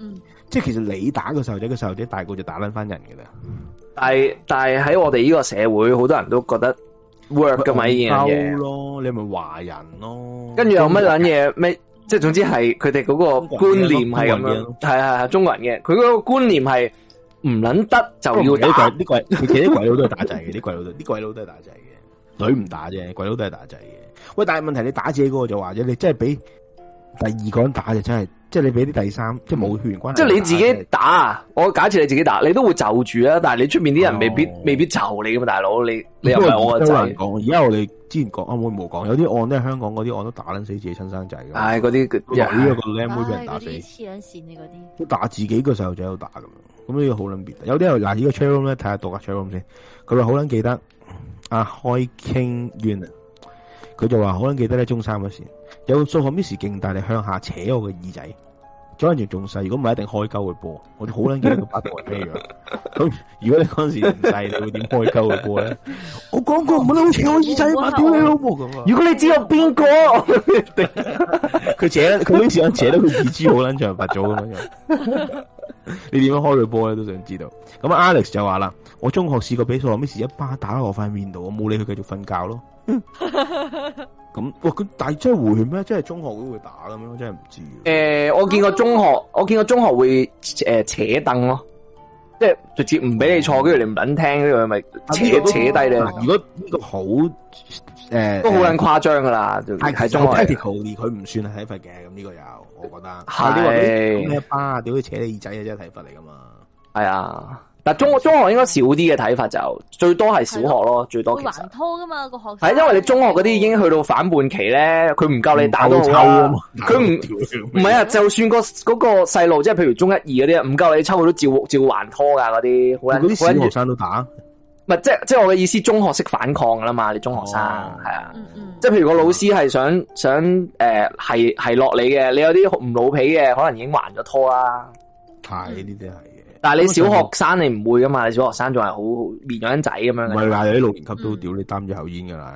Speaker 3: 即係其實你打個細路仔嘅細路仔大個就打捻翻人嘅啦、嗯。
Speaker 1: 但係但係喺我哋呢個社會，好多人都覺得 work 咁咪人嘅。勾
Speaker 3: 咯，你咪華人咯？
Speaker 1: 跟住有乜捻嘢咩？即係總之係佢哋嗰個觀念係咁樣，係係係中國人嘅。佢嗰個觀念係唔捻得就要打。呢個
Speaker 3: 其個，你啲鬼佬都係打仔嘅，啲鬼佬都啲鬼佬都係打仔。隊唔打啫，鬼佬都係打仔嘅。喂，但係問題你打自己個就話者，你真係俾第二個人打就真係，即係你俾啲第三、嗯、即係冇血緣關係。即係你自己
Speaker 1: 打啊，就是！我假設你自己打，你都會就住啦。但係你出面啲人未必、哦、未必就你噶嘛，大佬你你又
Speaker 3: 係我嘅仔。都難講，而家我哋之前講啱好冇講，有啲案都係香港嗰啲案都打捻死自己親生仔噶。係嗰啲又呢個僆妹俾人打死，黐
Speaker 4: 捻線嘅
Speaker 3: 嗰啲都打自己個細路仔都打咁樣，咁呢要好捻別。有啲又嗱呢個 channel 睇下度架 channel 先。佢話好捻記得。阿開傾冤啊！佢就話好捻記得咧，中三嗰時有數學 Miss 勁大，力向下扯我個耳仔，左眼仲仲細，如果唔係一定開鳩佢播，我就好捻記得佢八台咩樣。咁如果你嗰陣時唔細，你會點開鳩佢播咧，哦？我
Speaker 6: 講過唔、哦哦、好拉扯我耳仔，八你老母咁啊！
Speaker 3: 如果你知有邊個，佢扯，佢好似想扯到佢耳珠好捻長發咗咁樣。 <laughs> 你點樣開佢波咧都想知道。咁 Alex 就話啦：，我中學試過比賽，Miss 一巴打喺我塊面度，
Speaker 1: 我冇理佢，繼續瞓覺咯。咁、嗯，哇！佢
Speaker 3: 但係真係回血咩？真係中學都會打咁樣，真係唔知。
Speaker 1: 誒、欸，我見過中學，我見過中學會誒、呃、扯凳咯，即係直接唔俾你坐，跟住你唔捻聽，跟住咪扯扯,扯低、啊、你。如果呢個好誒、呃呃，都好捻誇張噶啦。係、呃、中
Speaker 3: 學。佢、啊、唔算
Speaker 1: 係體罰嘅，咁呢個又。我覺得係咁你咩
Speaker 3: 爸屌佢扯你耳仔啊，即係睇法嚟噶嘛？
Speaker 1: 係啊，但中中學應該少啲嘅睇法就最多係小學咯，最多還
Speaker 2: 拖噶嘛個學生係，因為你
Speaker 1: 中學嗰啲已經去到反叛期咧，佢唔夠你打到抽啊
Speaker 4: 嘛，佢唔
Speaker 1: 唔係啊，就算、嗰個嗰、嗰個細路，即係譬如中一二嗰啲唔夠你抽，都照照還拖噶嗰啲，嗰啲小學生都打。即係即我嘅意思，中學識反抗噶啦嘛，你中學生係、哦、啊，嗯嗯、即係譬如個老師係想想誒係係落你嘅，你有啲唔老皮嘅，可能已經還咗拖啦。係呢啲係嘅。但係你小學生你唔會噶嘛，你小學生仲係好面仔樣仔咁樣。唔係話，有啲六年級都屌你擔住口煙噶啦，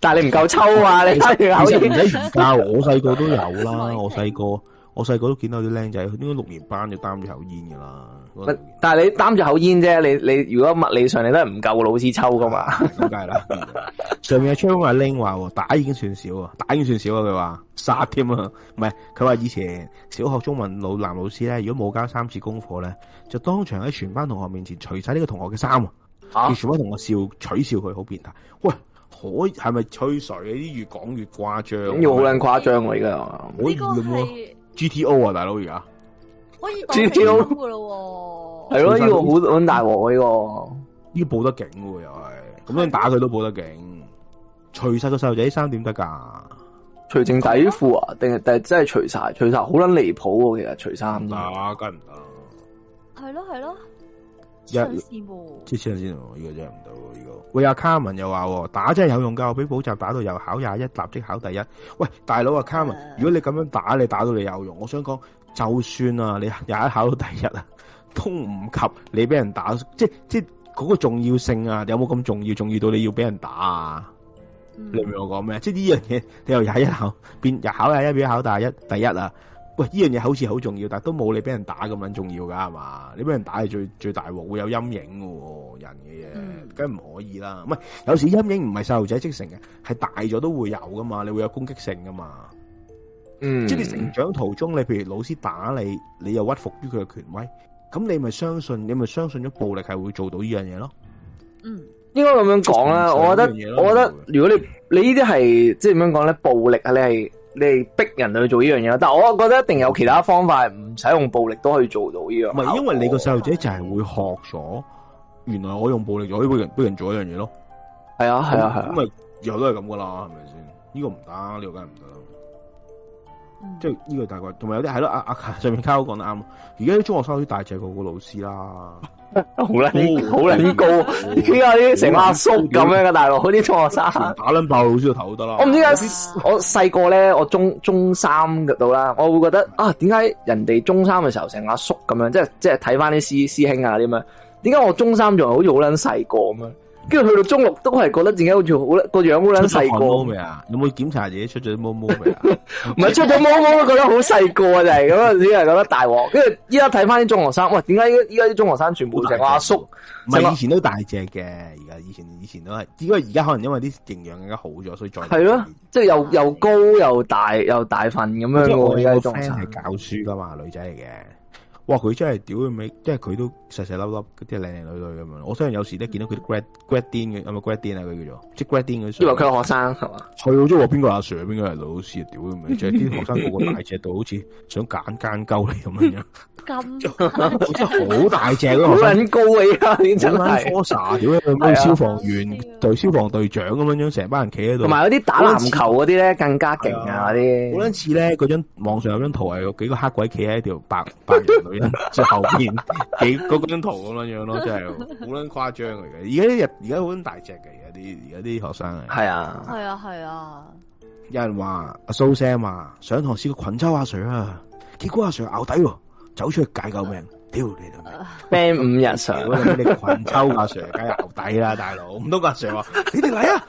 Speaker 1: 但係你唔夠抽啊，你擔住口煙。唔 <laughs> 夠，家 <laughs>
Speaker 3: 我細個都有啦， <laughs> 我細個。我細個都見到啲靚仔，應該六年班就擔住口煙噶啦。
Speaker 1: 但係你擔住口煙啫，你你如果物理上你都係唔夠老師抽噶嘛？梗係啦。
Speaker 3: 上面阿窗話拎話打已經算少啊，打已經算少啊。佢話殺添啊，唔係佢話以前小學中文老男老師咧，如果冇交三次功課咧，就當場喺全班同學面前除晒呢個同學嘅衫，叫、啊、全班同學笑取笑佢好變態。喂，可係咪吹水？啲越講越誇張，要好撚誇張嚟噶，唔好咁。G T O 啊，大佬而
Speaker 4: 家可以 G T O 噶咯，係咯，呢個好
Speaker 3: 好大鑊，呢個呢個報得警噶又係
Speaker 1: 咁樣打佢都報得警，除晒，個細路仔衫點得噶、啊？除淨底褲啊？定係定係真係除晒？除晒好捻離譜喎，其實除衫。啊，梗唔得。係
Speaker 2: 咯，係咯。即出錢先喎，
Speaker 1: 出錢先喎，依個真係唔到喎，
Speaker 3: 依 <noise> 個樂。 <music> 喂，阿卡文又話打真係有用噶，我俾補習打到又考廿一，立即考第一。喂，大佬啊，卡文， <music> 如果你咁樣打，你打到你有用。我想講，就算啊，你廿一考到第一啊，都唔及你俾人打。即即嗰個重要性啊，有冇咁重要？重要到你要俾人打啊，
Speaker 4: 嗯？你
Speaker 3: 明我講咩？即呢樣嘢，你又廿一考變廿考廿一，變考廿一,一，第一啊。喂，呢樣嘢好似好重要，但係都冇你俾人打咁樣重要噶，係嘛？你俾人打係最最大鑊，會有陰影嘅，人嘅嘢，梗係唔可以啦。唔係有時陰影唔係細路仔即成嘅，係大咗都會有噶嘛，你會有攻擊性噶嘛。嗯，即係你成長途中，你譬如老師打你，你又屈服於佢嘅權威，咁你咪相信，你咪相信咗暴力係會做到呢樣嘢咯。嗯，
Speaker 4: 應該咁
Speaker 1: 樣講啦，我覺得，我覺得如果你、嗯、你呢啲係即係點樣講咧，暴力啊，你係。你逼人去做呢樣嘢，但係我覺得一定有其他方法，唔使用暴力都可以做到呢樣。唔係，
Speaker 3: 因為你個細路仔就係會學咗，原來我用暴力呢個人逼人做一樣嘢咯。係啊，係啊，係咁咪以後都係咁噶啦，係咪先？呢個唔得，呢個梗係唔得啦。嗯、即係呢、這個大概，同埋有啲係咯，阿阿上面卡我講得啱。而家啲中學生好似大隻，個個老師啦，好卵高，好卵高，點解啲成阿叔咁樣嘅？大佬，啲中學生打卵爆老師個頭都得啦。我唔知點
Speaker 1: 解我細個咧，我中中三嘅度啦，我會覺得啊，點解人哋中三嘅時候成阿叔咁樣，即係即係睇翻啲師師兄啊啲咩？點解我中三仲好似好卵細個咁樣？嗯跟住去到中六都係覺得自己好似好個樣好卵細個，你
Speaker 3: 有冇檢查自己出咗啲毛毛未
Speaker 1: 啊？唔 <laughs> 係出咗毛毛都覺得好細個啊！就係咁樣，只係覺得大鑊，跟住依家睇翻啲中學生，喂，點解依家啲中學生全部成阿、啊、叔？唔係以前都大隻嘅，而家以
Speaker 3: 前以前都係，只不過而家可能因為啲營養更加好咗，所以再係
Speaker 1: 咯、啊，即係又又高又大又大份咁樣我。我呢個 friend 係教書噶嘛，女仔嚟嘅。哇！佢真係
Speaker 3: 屌佢咪，即係佢都細細粒粒嗰啲靚靚女女咁樣。我相信有時都見到佢啲 g r e d gradian 嘅，係咪 g r e d i a n 啊？佢叫做即 g r e d i a n 嘅。因為佢係學生係嘛？係啊，即係話邊個阿 Sir 邊個係老師屌佢咪，即係啲學生個個大隻到，好似想揀奸鳩你咁樣樣。咁
Speaker 1: 即係好大隻咯，好、那、卵、個、高你啊！你真係
Speaker 3: 好卵粗砂，咩消防員對消防隊長咁樣樣，成班人企喺度。同埋有啲打籃球
Speaker 1: 嗰啲咧，更加勁啊！啲。
Speaker 3: 好卵似咧，嗰張網上有張圖係有幾個黑鬼企喺一條白白。白 <laughs> 最 <laughs> 後邊幾嗰張圖咁樣樣咯，真係好撚誇張嘅。而家啲人，而家好撚大隻嘅，而家啲而家啲學生係。係啊，係啊，係啊。
Speaker 2: 有
Speaker 3: 人話阿蘇生話上堂試過群嘲阿 Sir 啊，結果阿 Sir 拗底喎，走出去解救命。屌你老味，五日 Sir，你群嘲阿 Sir 梗係拗底啦，大佬。唔通阿
Speaker 6: Sir 話 <laughs> 你哋嚟啊？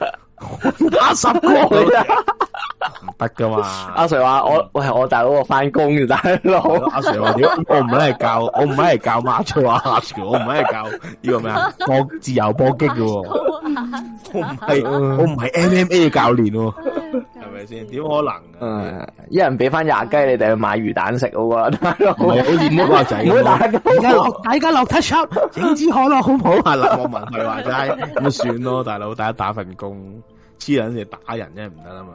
Speaker 6: 八 <laughs> 十個唔
Speaker 1: 得噶嘛？阿 Sir 話我喂我大佬我翻工嘅大佬，阿、啊、Sir 話點我唔係嚟教我唔係嚟教馬超啊，阿 Sir 我唔係嚟教呢、啊啊這個咩
Speaker 3: 啊？自由搏擊喎！我
Speaker 4: 唔係我唔
Speaker 1: 係 M M A 嘅教練喎、啊
Speaker 3: 啊，係咪先？點可能、啊嗯啊？
Speaker 1: 一人俾翻廿雞你哋去買魚蛋食好大佬！我唔、啊欸、好話
Speaker 6: 仔，大家落 touch up 整支可樂好唔好啊？林國
Speaker 1: 文佢話齋咁算咯，
Speaker 3: 大佬，大家打份工。知人哋打人真係唔得啦嘛！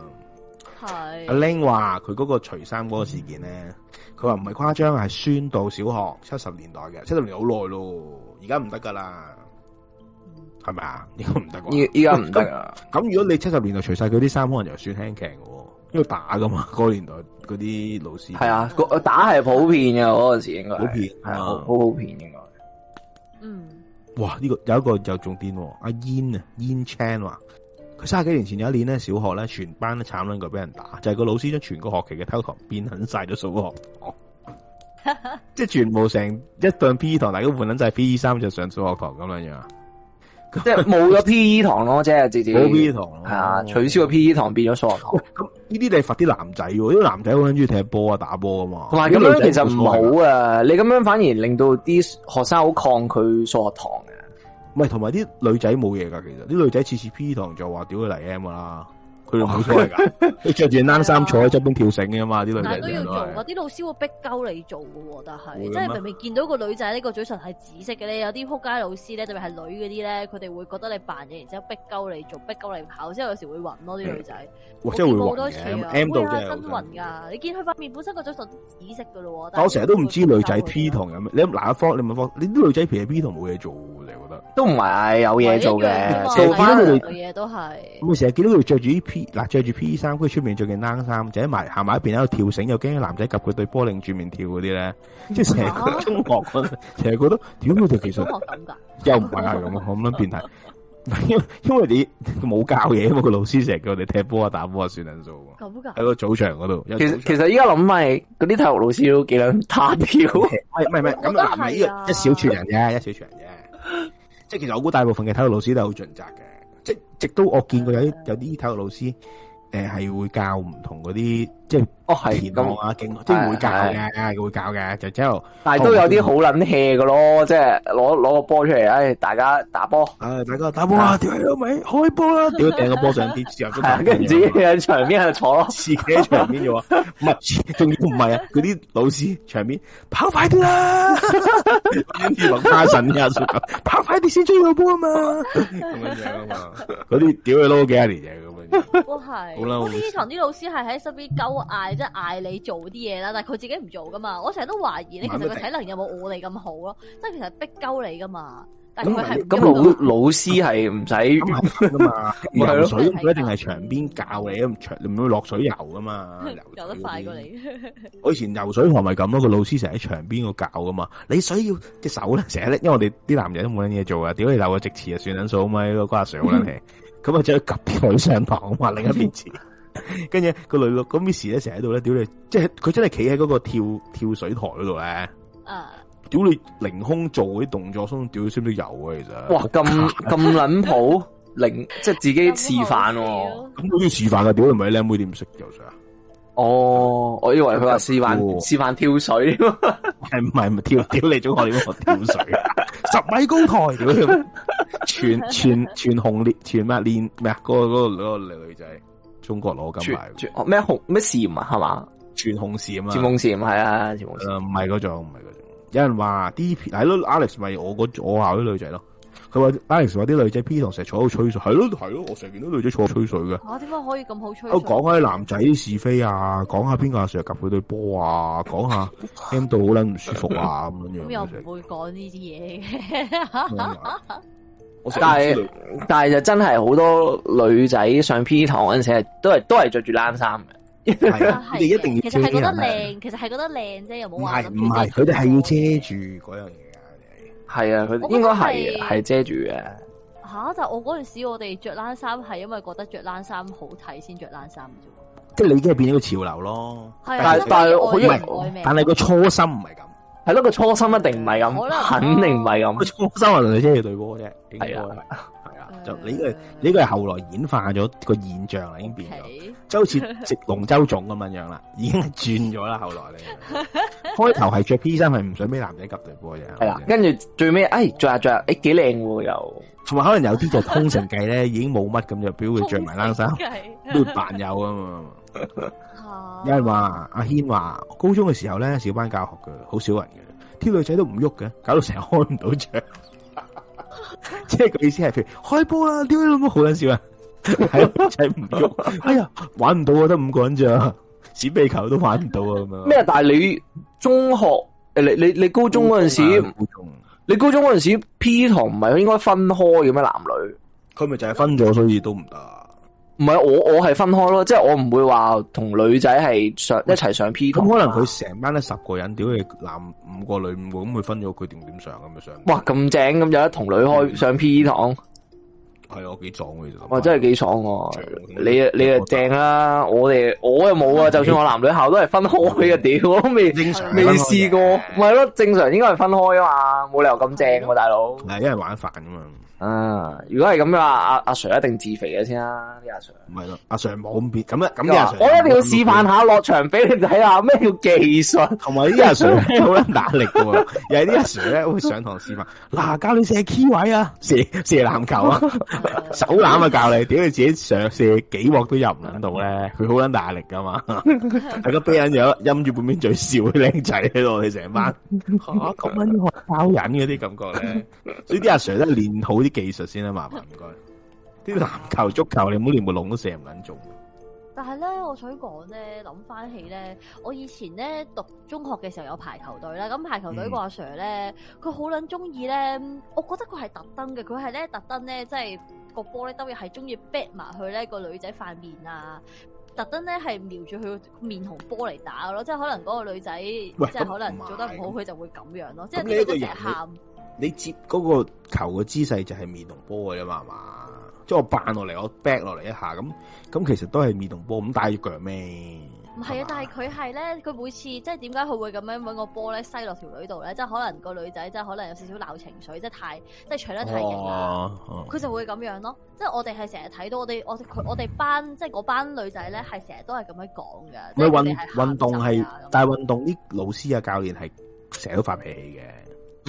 Speaker 3: 阿 ling 話佢嗰個除衫嗰個事件咧，佢話唔係誇張，係宣道小學七十年代嘅，七十年好耐咯，而家唔得噶啦，係咪啊？應該唔得，
Speaker 1: 依依家唔得啊！
Speaker 3: 咁如果你七十年代除晒佢啲衫，可能又算輕劇嘅，因為打噶嘛，嗰年代
Speaker 1: 嗰啲老師係啊，打係普遍嘅嗰陣時應該，普遍係啊，好、哎、普遍應該。
Speaker 3: 嗯，哇！呢、這個有一個又重點，阿煙啊，煙 Chan 話。Yin, Yin 三十幾年前有一年咧，小學咧全班都慘撚過俾人打，就係、是、個老師將全個學期嘅偷堂變狠晒咗數學，
Speaker 4: <laughs>
Speaker 3: 即係全部成一堂 P E 堂，大家換捻就係 P E 三就上數學堂咁樣樣，
Speaker 6: 即係冇咗 P E
Speaker 1: 堂咯， <laughs> 即係直接冇 P E 堂，啊，取
Speaker 3: 消咗 P E 堂變咗數學堂。咁呢啲你罰啲男仔，因為男仔好撚鍾意踢波啊，打波啊嘛。同埋咁樣其實唔好
Speaker 1: 啊，你咁樣反而令到啲學生好抗拒數學堂。
Speaker 3: 喂，同埋啲女仔冇嘢噶，其實啲女仔次次 P 堂就話屌佢嚟 M 噶啦，佢玩出嚟噶，佢着住冷衫坐喺側邊跳繩嘅嘛，啲女仔都要做啲
Speaker 2: 老師會逼鳩你做噶，但係即係明明見到個女仔呢個嘴唇係紫色嘅咧，有啲撲街老師咧，特別係女嗰啲咧，佢哋會覺得你扮嘢，然之後逼鳩你做，逼鳩你跑之後有時會暈咯啲女仔，哦，我見好多次啊，會吓暈暈噶，你見佢塊面本身個嘴唇紫色噶咯，但我成日都唔知女仔 P
Speaker 3: 堂有咩，你嗱一科，你問科，你啲女仔平時 P 堂冇嘢做都唔係有嘢做嘅，做翻佢嘅嘢都係、這
Speaker 4: 個。
Speaker 3: 我成日見到佢着住 P 嗱，着住 P 衫，跟住出面着件冷衫，就埋行埋一邊喺度跳繩，又驚男仔及佢對波，擰住面跳嗰啲咧，即係成日中學成日覺得，屌佢哋技術
Speaker 4: 中學咁噶，又唔係咁咁樣變
Speaker 3: 態。因為因啲冇教嘢，咁啊個老師成日叫我哋踢波啊打波啊，算撚數喺個早場嗰度。其實其實依家諗係嗰啲體育老師都幾撚塔跳。係咁一一小撮人啫，一小撮人啫。即係其實我估大部分嘅體育老師都係好盡責嘅，即係直到我見過有啲有啲體育老師。誒，係會教唔同嗰啲，即係哦係咁啊，經即係會教嘅，會教嘅就之後，但係都有啲好捻
Speaker 1: 氣嘅咯，即係攞攞個波出嚟，唉，大家打波，啊，大家打波啊，屌你老味，
Speaker 5: 開波啦，屌掟個
Speaker 1: 波上邊，跟住自己喺場邊喺度坐咯，自己喺場邊
Speaker 3: 嘅，唔係，仲要唔係啊，嗰啲老師場面跑快啲啦，家陣跑快啲先追到波啊嘛，咁樣嗰啲屌你老幾年
Speaker 2: 都 <laughs> 係、哦，我呢堂啲老師係喺身邊鳩嗌，即係嗌你做啲嘢啦，但係佢自己唔做噶嘛。我成日都懷疑你其實個體能有冇我哋咁好咯，即係其實逼鳩你噶嘛。但咁咁老
Speaker 1: 老師係唔使噶
Speaker 3: 嘛？唔係佢一定係牆邊教你啊，唔會落水游噶嘛？
Speaker 4: 游得快過
Speaker 3: 你。 <laughs> 我以前游水堂咪咁咯，個老師成日喺牆邊度教噶嘛。你水要隻手咧，成日咧，因為我哋啲男仔都冇捻嘢做啊，屌你頭個直池啊算捻數啊嘛，嗰個瓜水好捻 h 咁啊，就要夾啲女上堂啊嘛，另一邊字，跟 <laughs> 住個女個，個 Miss 咧成日喺度咧，屌你，即係佢真係企喺嗰個跳跳水台嗰度咧，屌、uh, 你，凌空做啲動作，鬆，屌你識唔識游啊，其實，哇，咁咁撚普，
Speaker 1: 凌， <laughs> 即係自己示範，咁都
Speaker 3: 要示範啊，屌你咪靚妹點識游水啊？
Speaker 1: 哦，我以為佢話示範示範跳水，係唔係咪跳屌你中學點學 <laughs> 跳水啊？十米高台嗰
Speaker 3: <laughs> 全全全紅鏈全乜鏈咩啊？嗰個個個女仔，中國攞金牌，咩紅咩嬋啊？係嘛，全紅嬋啊？全紅嬋？唔係啊，全紅嬋，唔係嗰種，唔係嗰種。有人話啲係咯，Alex 咪我學校啲女仔咯。佢話，Alex 話啲女仔 P 堂成日坐喺度吹水，係咯，係咯，我成日見到女仔坐喺度吹水嘅。啊，
Speaker 4: 點解可以咁好吹
Speaker 3: 水？我講開男仔是非啊，講下邊個成日夾佢對波啊，講下，聽到好捻唔舒服啊咁
Speaker 2: 樣 <laughs> 樣。又唔會講呢啲嘢
Speaker 1: 嘅？但係但係就真係好多女仔上 P 堂嗰陣時都係，都係都係着住冷衫嘅。你、啊、 <laughs> 一定要，其實係覺得靚，
Speaker 2: 其實係覺得靚啫，又冇話唔係唔係，佢哋係
Speaker 1: 要遮住嗰樣嘢。係啊，佢應該係係遮住嘅。
Speaker 2: 吓，但係我嗰陣時，我哋着冷衫係因為覺得着冷衫好睇，先着冷衫
Speaker 1: 啫。即係你即係變咗個潮流咯，啊。但係但係我唔係，但係個初心唔係咁。係咯，啊，個初心一定唔係咁，
Speaker 4: 肯定
Speaker 1: 唔係咁。個初心係想遮住對波啫。係啊。就你、這個，你、
Speaker 3: 這個係後來演化咗、這個現象啦，已經變咗，即
Speaker 4: 係好似食
Speaker 3: 龍舟粽咁樣樣啦，已經轉咗啦。後來你開頭係着 P 衫係唔想俾男
Speaker 1: 仔及嘅，係啦。跟住最尾，哎，着下着下，哎，幾靚喎又。同埋可能有啲就空城計咧， <laughs> 已經冇乜咁就表佢着埋冷
Speaker 3: 衫，
Speaker 4: 都扮有
Speaker 1: 啊嘛。
Speaker 4: 有人話
Speaker 3: 阿軒話，高中嘅時候咧，小班教學嘅，好少人嘅，啲女仔都唔喐嘅，搞到成日開唔到場。即 <laughs> 係個意思係譬如開波啦，點解你諗到好搞笑啊？係唔使唔喐？哎呀，玩唔到啊，得五個人咋？閃避球都玩
Speaker 1: 唔到啊，咁樣咩？但係你中學誒，你你你高中嗰陣時，你高中嗰陣時、高中啊、高中，P 堂唔係應該分開嘅咩？男女佢咪就係分咗，所以都唔得。唔係我我係分開咯，即係我唔會話同女仔係上一齊上 P 堂。咁可能佢成班咧十個人，屌你男五個女會咁會分咗佢
Speaker 3: 點點上咁樣上，
Speaker 1: 上？哇，咁正咁有得同女開上 P 堂？
Speaker 3: 係啊，幾爽
Speaker 1: 其實。哇，真係幾爽！你你啊正啦，我哋我又冇啊，就算我男女校都係分開嘅，屌我都未未試過。唔係咯，正常應該係分開啊嘛，冇理由咁正喎，大佬。係因為玩飯啊嘛。啊、嗯！如果係咁嘅話，阿、啊、阿、啊、Sir 一定自肥嘅先啦。啲、啊、阿 Sir 唔係咯，阿、啊、Sir 冇咁變咁啊，咁阿我一定要示範下落場俾你睇下咩叫技術，同埋啲
Speaker 6: 阿 Sir 好撚
Speaker 1: 大力嘅，有啲阿 Sir
Speaker 3: 咧會上堂示範，嗱、啊，教你射 key 位啊，射射籃球啊， <laughs> 手籃 <laughs> <laughs> 啊，啊，教你點你自己上射幾窩都入唔到咧，佢好撚大力噶嘛，
Speaker 4: 係個
Speaker 3: 背人，就陰住半邊嘴笑嘅靚仔喺度。你成班
Speaker 4: 吓咁樣要
Speaker 3: 教人嗰啲感覺咧，所以啲阿、啊、Sir 都係練好啲技術先啦，麻
Speaker 4: 煩唔該。
Speaker 3: 啲籃球、足球，你唔好連部龍都射唔撚中。
Speaker 2: 但係咧，我想講咧，諗翻起咧，我以前咧讀中學嘅時候有排球隊啦。咁排球隊個阿 Sir 咧，佢好撚中意咧。我覺得佢係特登嘅，佢係咧特登咧，即係個波咧特別係中意逼埋去咧個女仔塊面啊。特登咧係瞄住佢個面同波嚟打咯，即係可能嗰個女仔，即係可能做得唔好，佢就會咁樣咯。即係你一個日喊，
Speaker 3: 你接嗰個球嘅姿勢就係面同波嘅啫嘛，係嘛？即係我扮落嚟，我 back 落嚟一下，咁咁其實都係面同波，咁帶住腳咩？
Speaker 2: 係啊，但係佢係咧，佢每次即係點解佢會咁樣搵個波咧，塞落條女度咧，即係可能個女仔即係可能有少少鬧情緒，即係太即係除得太硬啦，佢、哦哦、就會咁樣咯。即係我哋係成日睇到我哋我我哋班即係嗰班女仔咧，係成日都係咁樣講嘅。即係我哋係運動係
Speaker 3: 大運動啲老師啊教練係成日都發脾氣嘅，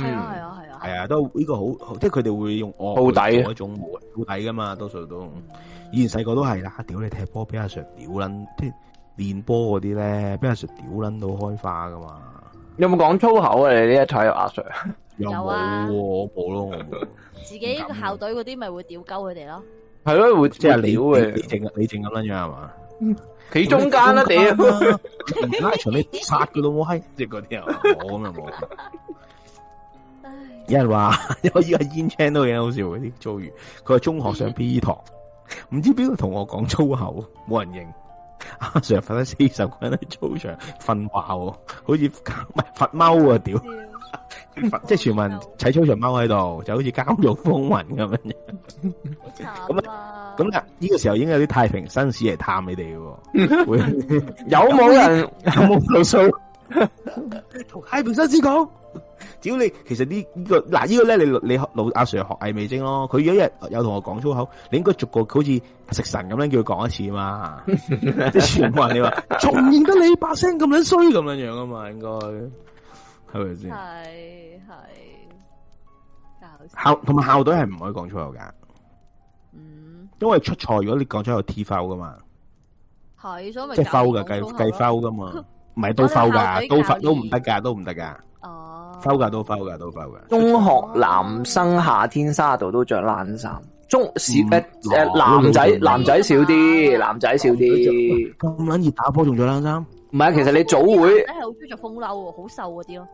Speaker 3: 係、嗯、啊係啊係啊,啊，都呢個好即係佢哋會用卧底嗰種卧底噶嘛，多數都以前細個都係啦。屌你踢波俾阿 Sir 屌卵，即練波嗰啲咧，俾阿 Sir 屌捻到開花噶嘛？
Speaker 1: 有冇講粗口啊？你呢一睇阿 Sir？、啊、
Speaker 3: 有，有啊。冇、啊、咯我，我。
Speaker 2: 自己個校隊嗰啲咪會屌鳩佢哋咯。
Speaker 3: 係咯，會即係屌嘅。你整你淨咁捻樣係嘛？
Speaker 4: 企、嗯、中間啦屌！
Speaker 3: 而、啊、 <laughs> 家場啲殺噶咯，我係嗰啲啊，冇咪冇。有人話因為依家煙青都幾好笑嗰啲遭遇。佢係中學上 pe 堂，唔 <laughs> 知邊度同我講粗口，冇人認。阿 Sir 罰咗四十個人喺操場訓話喎，好似唔係罰踎啊！屌，即係 <laughs> <laughs> 全民喺操場踎喺度，就好似監獄風雲咁樣。咁咁呢個時候應該有啲太平紳士嚟探你哋喎。會 <laughs> 有冇有人 <laughs> 有冇路數？同 <laughs> 太平紳士講。只要你其實呢、這、呢個嗱呢、啊這個咧，你你，你老阿 Sir 學藝未精咯？佢有一日有同我講粗口，你應該逐個好似食神咁樣叫佢講一次啊嘛！即係 <laughs> 全部人你話重認得你把聲咁樣衰咁樣樣啊嘛？應該係咪先？係
Speaker 7: 係校同埋校
Speaker 3: 隊係唔可以講粗口噶，嗯，因為出賽如果你講粗口，T foul 噶嘛，
Speaker 4: 係所以即係 foul 噶計計 foul 噶嘛，唔係都 foul 噶，都都唔得
Speaker 1: 噶，都唔得噶。都哦，褸噶都褸噶都褸噶。中學男生夏天卅度都着冷衫，啊，中少誒誒，男仔男仔少啲，男仔少啲咁捻熱打波仲着冷衫。唔係啊，其實你早
Speaker 2: 會，你係好中意着風褸，好瘦嗰啲咯。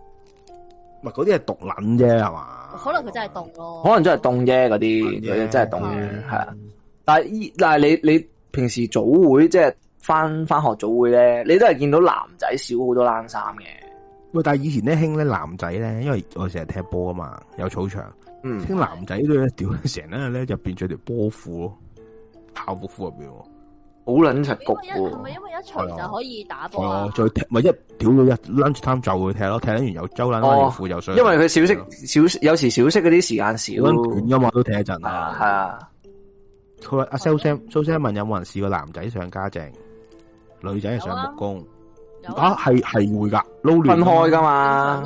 Speaker 1: 唔係嗰啲係獨捻啫，係嘛？
Speaker 2: 可能佢真係凍
Speaker 1: 咯，可能真係凍啫嗰啲，嗰啲真係凍係啊。啊但係但係你你平時早會即係翻翻學早會咧，你都係見到男仔少好多冷衫嘅。
Speaker 3: 但係以前咧，興咧男仔咧，因為我成日踢波啊嘛，有草場，啲、嗯、男仔咧屌，成日咧入邊着條波褲咯，校服褲入邊，好卵赤焗，係咪因為
Speaker 2: 一巡就可以打波啊、
Speaker 3: 哎哦？再踢咪一屌到一 lunch time 就會踢咯，踢完又周啦，又富又上。因為
Speaker 1: 佢小息少，有時小息嗰啲時間少。
Speaker 3: 短噶嘛都踢一陣啊。係啊。好啦，阿 Sam，Sam 問有冇人試過男仔上家政，女仔係上木工？啊，係係會噶，撈亂分開噶嘛，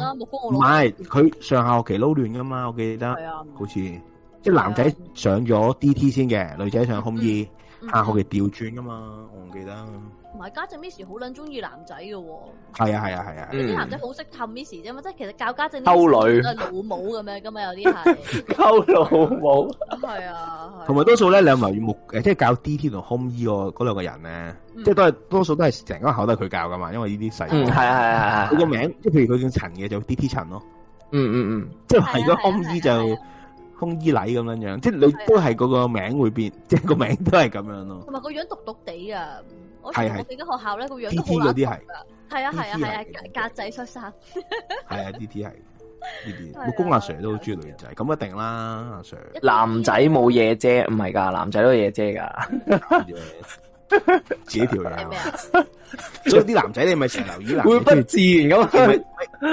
Speaker 3: 唔係佢上下學期撈亂噶嘛，我記得，係啊，好似即係男仔上咗 DT 先嘅，女仔上空二，下、嗯、學、嗯啊、期調轉噶嘛，我唔記得。
Speaker 2: 同埋家政 miss 好撚中意男仔嘅喎。
Speaker 3: 係啊係啊係啊，啲、啊啊嗯、男仔
Speaker 2: 好識氹 miss 啫嘛，即係其實教家政溝女，老母咁樣咁嘛，
Speaker 3: 有啲係，溝老母、嗯，係啊，同埋、啊啊、多數咧兩埋與目，即係、就是就是、教 D T 同空衣個嗰兩個人咧，即、嗯、係都係多數都係成個口都係佢教噶嘛，因為呢啲細，嗯係啊係啊係啊，佢、啊啊啊啊啊啊、個名即係譬如佢叫陳嘅就 D T 陳咯，嗯嗯嗯，即係係咗空衣就空衣禮咁樣樣，即係你都係嗰個名會變，即係個名都係咁樣咯，同
Speaker 2: 埋個樣獨獨地啊。係係，我哋間學校咧個樣都好啲係，
Speaker 1: 係啊係啊係啊，格仔恤衫，係啊呢啲係呢啲，木工阿 Sir 都好中意女仔，咁一定啦，阿、啊、Sir。男仔冇嘢遮，唔係噶，男仔都有嘢遮噶。自己條
Speaker 3: 腰，所以啲男仔你咪成流耳流，會不自然咁。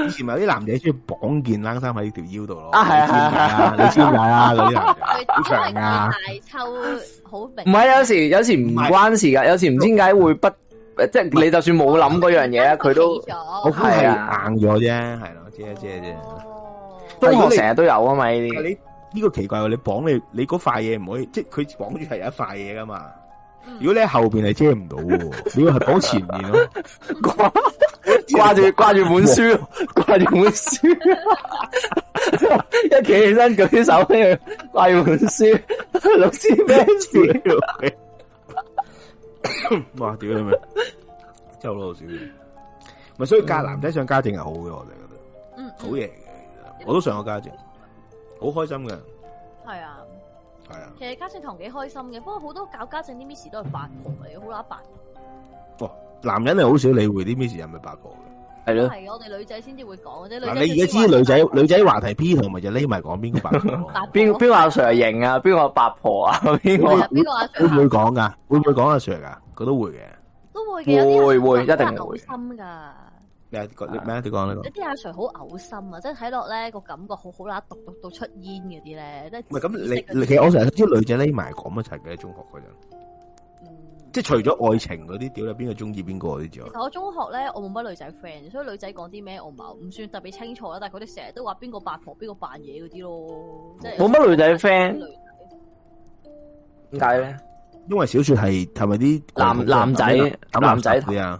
Speaker 3: 以前咪有啲男仔中意綁件冷衫喺呢條腰度咯。啊係係係，你知唔知啊？因為
Speaker 4: 佢大抽好明。
Speaker 1: 唔係，有時有時唔關事噶，有時唔知點解會不，即係你就算冇諗嗰樣嘢，佢都係
Speaker 3: 硬咗啫，係咯，遮啊遮啊遮。中學成日都有啊嘛呢啲。呢個奇怪喎，你綁你你嗰塊嘢唔可以，即係佢綁住係一塊嘢噶嘛。如果你後邊係遮唔到，你要係講前面咯、啊，掛
Speaker 1: 掛住掛住本書，掛住本書， <laughs> 一企起身舉起手咧，掛住本書， <laughs> 老師咩事？
Speaker 3: <laughs> 哇，屌你咩？真係老少少，咪 <laughs> 所以嫁男仔上家政係好嘅，我就覺得，嗯，
Speaker 2: 好
Speaker 3: 嘢、嗯，我都上過家政，好開心㗎。係、嗯、啊。嗯 <laughs>
Speaker 2: 係啊，其實家政堂幾開心
Speaker 3: 嘅，不過好多搞家政啲 Miss 都係八婆嚟嘅，好乸八哦，男人係好少理會啲 Miss，係咪八婆嘅？係咯，係我
Speaker 4: 哋女仔先至會
Speaker 3: 講，即女、啊。你而家知女仔女仔話題 P 同咪就匿埋講邊個八婆？邊邊
Speaker 1: 阿 Sir 係型啊？邊個八婆啊？
Speaker 3: 邊個邊個阿會唔會講噶？會唔會講阿 Sir 噶？佢、啊啊啊啊、都會嘅，都會嘅，
Speaker 4: 會會，一定會。
Speaker 3: 咩？咩？
Speaker 2: 點講呢個？一啲阿 Sir 好嘔心啊！即係睇落咧個感覺好好啦，讀讀到出煙嗰啲咧，即係唔係咁？你其實我
Speaker 3: 成日知女仔匿埋講一齊嘅，喺中學嗰陣、嗯，即係除咗愛情嗰啲屌有邊個中意邊個啲嘢？其
Speaker 2: 實我中學咧，我冇乜女仔 friend，所以女仔講啲咩我唔係唔算特別清楚啦。但係佢哋成日都話邊個八婆，邊
Speaker 1: 個扮嘢嗰啲咯，即係冇乜女仔 friend。點解咧？
Speaker 3: 因為小說係係咪啲男男仔男仔啊？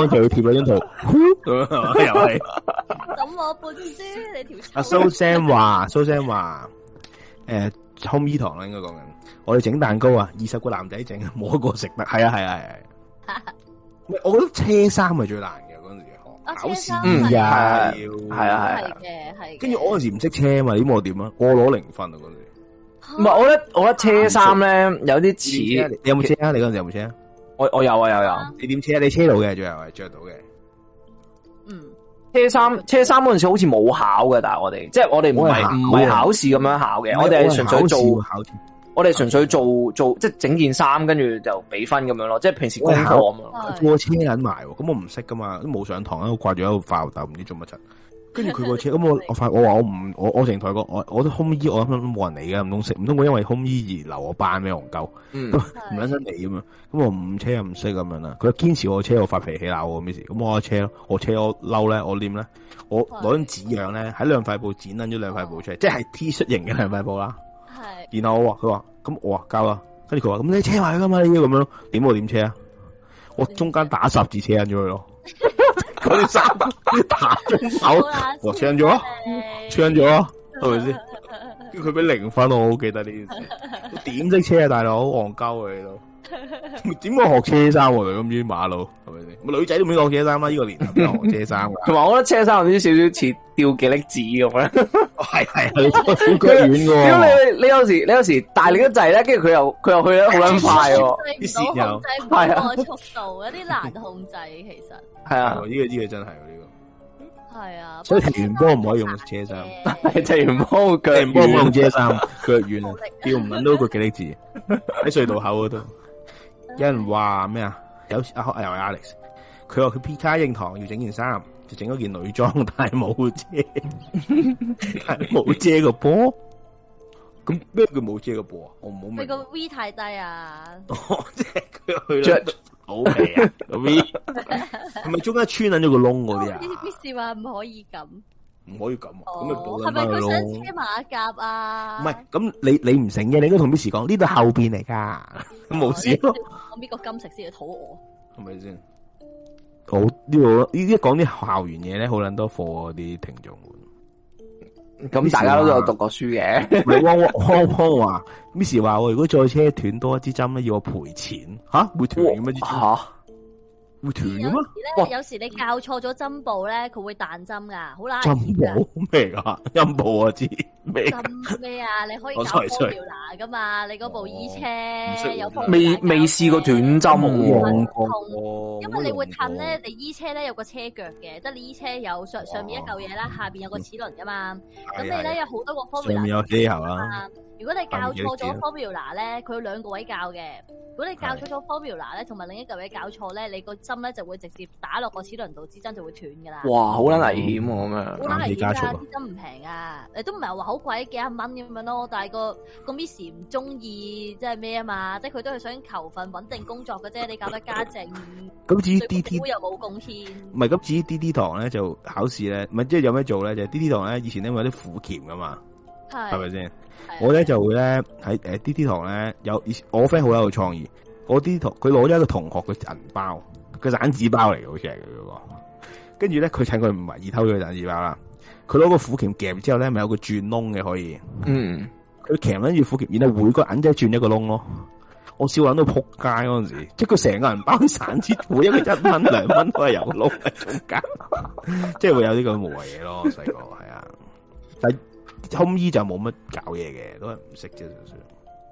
Speaker 3: 我又要貼嗰張圖，又係。
Speaker 4: 咁我半師，你條。
Speaker 3: 阿蘇 Sam 話，蘇 Sam 話，誒，空衣堂啦，應該講緊。我哋整蛋糕啊，二十個男仔整，冇一個食得。係啊，係啊，係。我覺得車衫係最難
Speaker 4: 嘅嗰陣時，考試呀，係啊係。誒，係。跟住
Speaker 3: 我嗰陣時唔識車嘛，咁我點啊？我攞零分啊嗰陣
Speaker 1: 時。唔係，我覺得，我覺得車衫咧有啲似。你有冇車啊？你嗰陣時有冇車啊？我我有啊有啊有啊，你點車？你車，車到嘅仲係着到嘅。嗯，車衫車衫嗰陣時好似冇考嘅，但係我哋即係我哋唔係唔係考試咁樣考嘅，我哋係純粹做，我哋純粹做純粹做即係整件衫，跟住就俾分咁樣咯。即係平時工作咁
Speaker 4: 咯。
Speaker 3: 個車人埋，咁我唔識噶嘛，都冇上堂，我掛住喺度發吽哣，唔知做乜柒。跟住佢個車，咁、嗯嗯嗯、我我發我話我唔我我成台講我我都空衣、e，我諗都冇人嚟噶，唔通識唔通我因為空衣、e、而留我班咩戇鳩？
Speaker 4: 咁
Speaker 3: 唔想嚟咁樣。咁 <laughs> 我唔車又唔識咁樣啦。佢堅持我車，我發脾氣鬧我咩，咁我車我車我嬲咧，我念咧，我攞張紙樣咧，喺兩塊布剪撚咗兩塊布出嚟、哦，即係 T 恤型嘅兩塊布啦。係。然後我話佢話咁我交啊，跟住佢話咁你車埋佢噶嘛？你要咁樣咯？點我點車啊？我中間打十字車咗佢咯。嗰啲
Speaker 4: 三百，打中手，
Speaker 3: 我唱咗，唱咗，係咪先？叫佢畀零分，我好記得呢件事。點識車啊，大佬？戇鳩啊，你都。點 <laughs> 解學車衫咁遠馬路，係咪女仔都唔應該學車衫啦、啊！呢、這個年代學車衫、啊，同 <laughs> 埋我覺得車衫有少少似
Speaker 1: 吊幾粒字咁樣。係係，腳軟嘅。屌你有時，你有時你有時大力一掣咧，跟住佢又佢又去得好撚快，啲時間係啊，速度有啲難控制，
Speaker 4: 其
Speaker 1: 實係啊，呢、啊 <laughs> 啊啊這個呢、這個真係呢個係啊，所
Speaker 3: 以踢完波唔可以用車衫，係踢完波腳軟，唔 <laughs> 用車衫，腳 <laughs> 軟，吊唔到嗰幾粒字喺隧道口嗰度。 <laughs> <laughs> 有人話咩啊？有時阿康又 Alex，佢話佢 P 卡應堂要整件衫，就整咗件女裝，但係冇遮，但係冇遮個波。咁咩叫冇遮個波啊？我唔好明。你個
Speaker 2: V 太低啊！ <laughs> 啊
Speaker 3: <laughs> 了 V? <laughs> 是是啊哦，即係佢着好肥啊，V 係咪中間穿咗個窿嗰啲啊？B
Speaker 2: B 是話唔可以咁。
Speaker 3: 唔可以咁，咁咪係咪佢想車馬甲
Speaker 2: 啊？唔、啊、係，
Speaker 3: 咁你你唔成嘅，你應該同 Miss 講，呢度後邊嚟噶，冇、嗯、事咯。我
Speaker 2: 呢個金食先係肚餓，
Speaker 3: 係咪先？好呢個呢啲講啲校園嘢咧，好捻多課啲聽眾。咁大家都有讀
Speaker 1: 過書嘅。
Speaker 3: 你汪汪汪汪話 Miss 話我，如果再車斷多一支針咧，要我賠錢吓？會斷咁多支啊？會斷有，有
Speaker 2: 時你教錯咗針布咧，佢會彈針噶，好難。針布
Speaker 3: 咩噶？針布我知咩？
Speaker 2: 咩啊？你可以教方吊拿噶嘛？你
Speaker 1: 嗰部衣、e、車有方吊拿。未未試過斷針，痛、啊、痛，因
Speaker 2: 為你會褪咧、啊，你衣、e、車咧有個車腳嘅，即係你衣、e、車有上上面一嚿嘢啦，下邊有個齒輪噶嘛。咁、嗯、你咧有好多個方吊拿。啊。如果你教錯咗 formula 咧、嗯，佢有兩個位教嘅。如果你教錯咗 formula 咧，同埋另一個位教錯咧，你個針咧就會直接打落個齒輪度，之間就會斷噶啦。哇，好、嗯、撚危險
Speaker 1: 喎咁啊！好撚而家㗎，啲
Speaker 2: 針唔平啊！誒都唔係話好貴幾廿蚊咁樣咯，但係、嗰個、嗰個 miss 唔中意，即係咩啊嘛？即係佢都係想求份穩定工作嘅啫，你教得家政？
Speaker 3: 咁 <laughs> 至於 D D
Speaker 2: 又冇貢獻。
Speaker 3: 唔係，咁至於 D D 堂咧就考試咧，唔係即係有咩做咧？就 D D 堂咧以前因為有啲苦澀噶嘛。係咪先？我咧就會咧喺誒 D D 堂咧有，我 friend 好有創意。我 D 堂佢攞咗一個同學嘅銀包，個散紙包嚟嘅，好似係佢嗰個。跟住咧佢趁佢唔為意偷佢個散紙包啦。佢攞個虎鉗夾之後咧，咪有一個轉窿嘅可以。
Speaker 4: 嗯，
Speaker 3: 佢夾緊住虎鉗，然後每個銀仔轉一個窿咯。我笑到都撲街嗰陣時候，即係佢成個銀包散紙，每一個 <laughs> 有一蚊兩蚊都係有窿喺中間，即係會有啲咁無謂嘢咯。細個係啊，但。烘衣就冇乜搞嘢嘅，都係唔識啫，算數。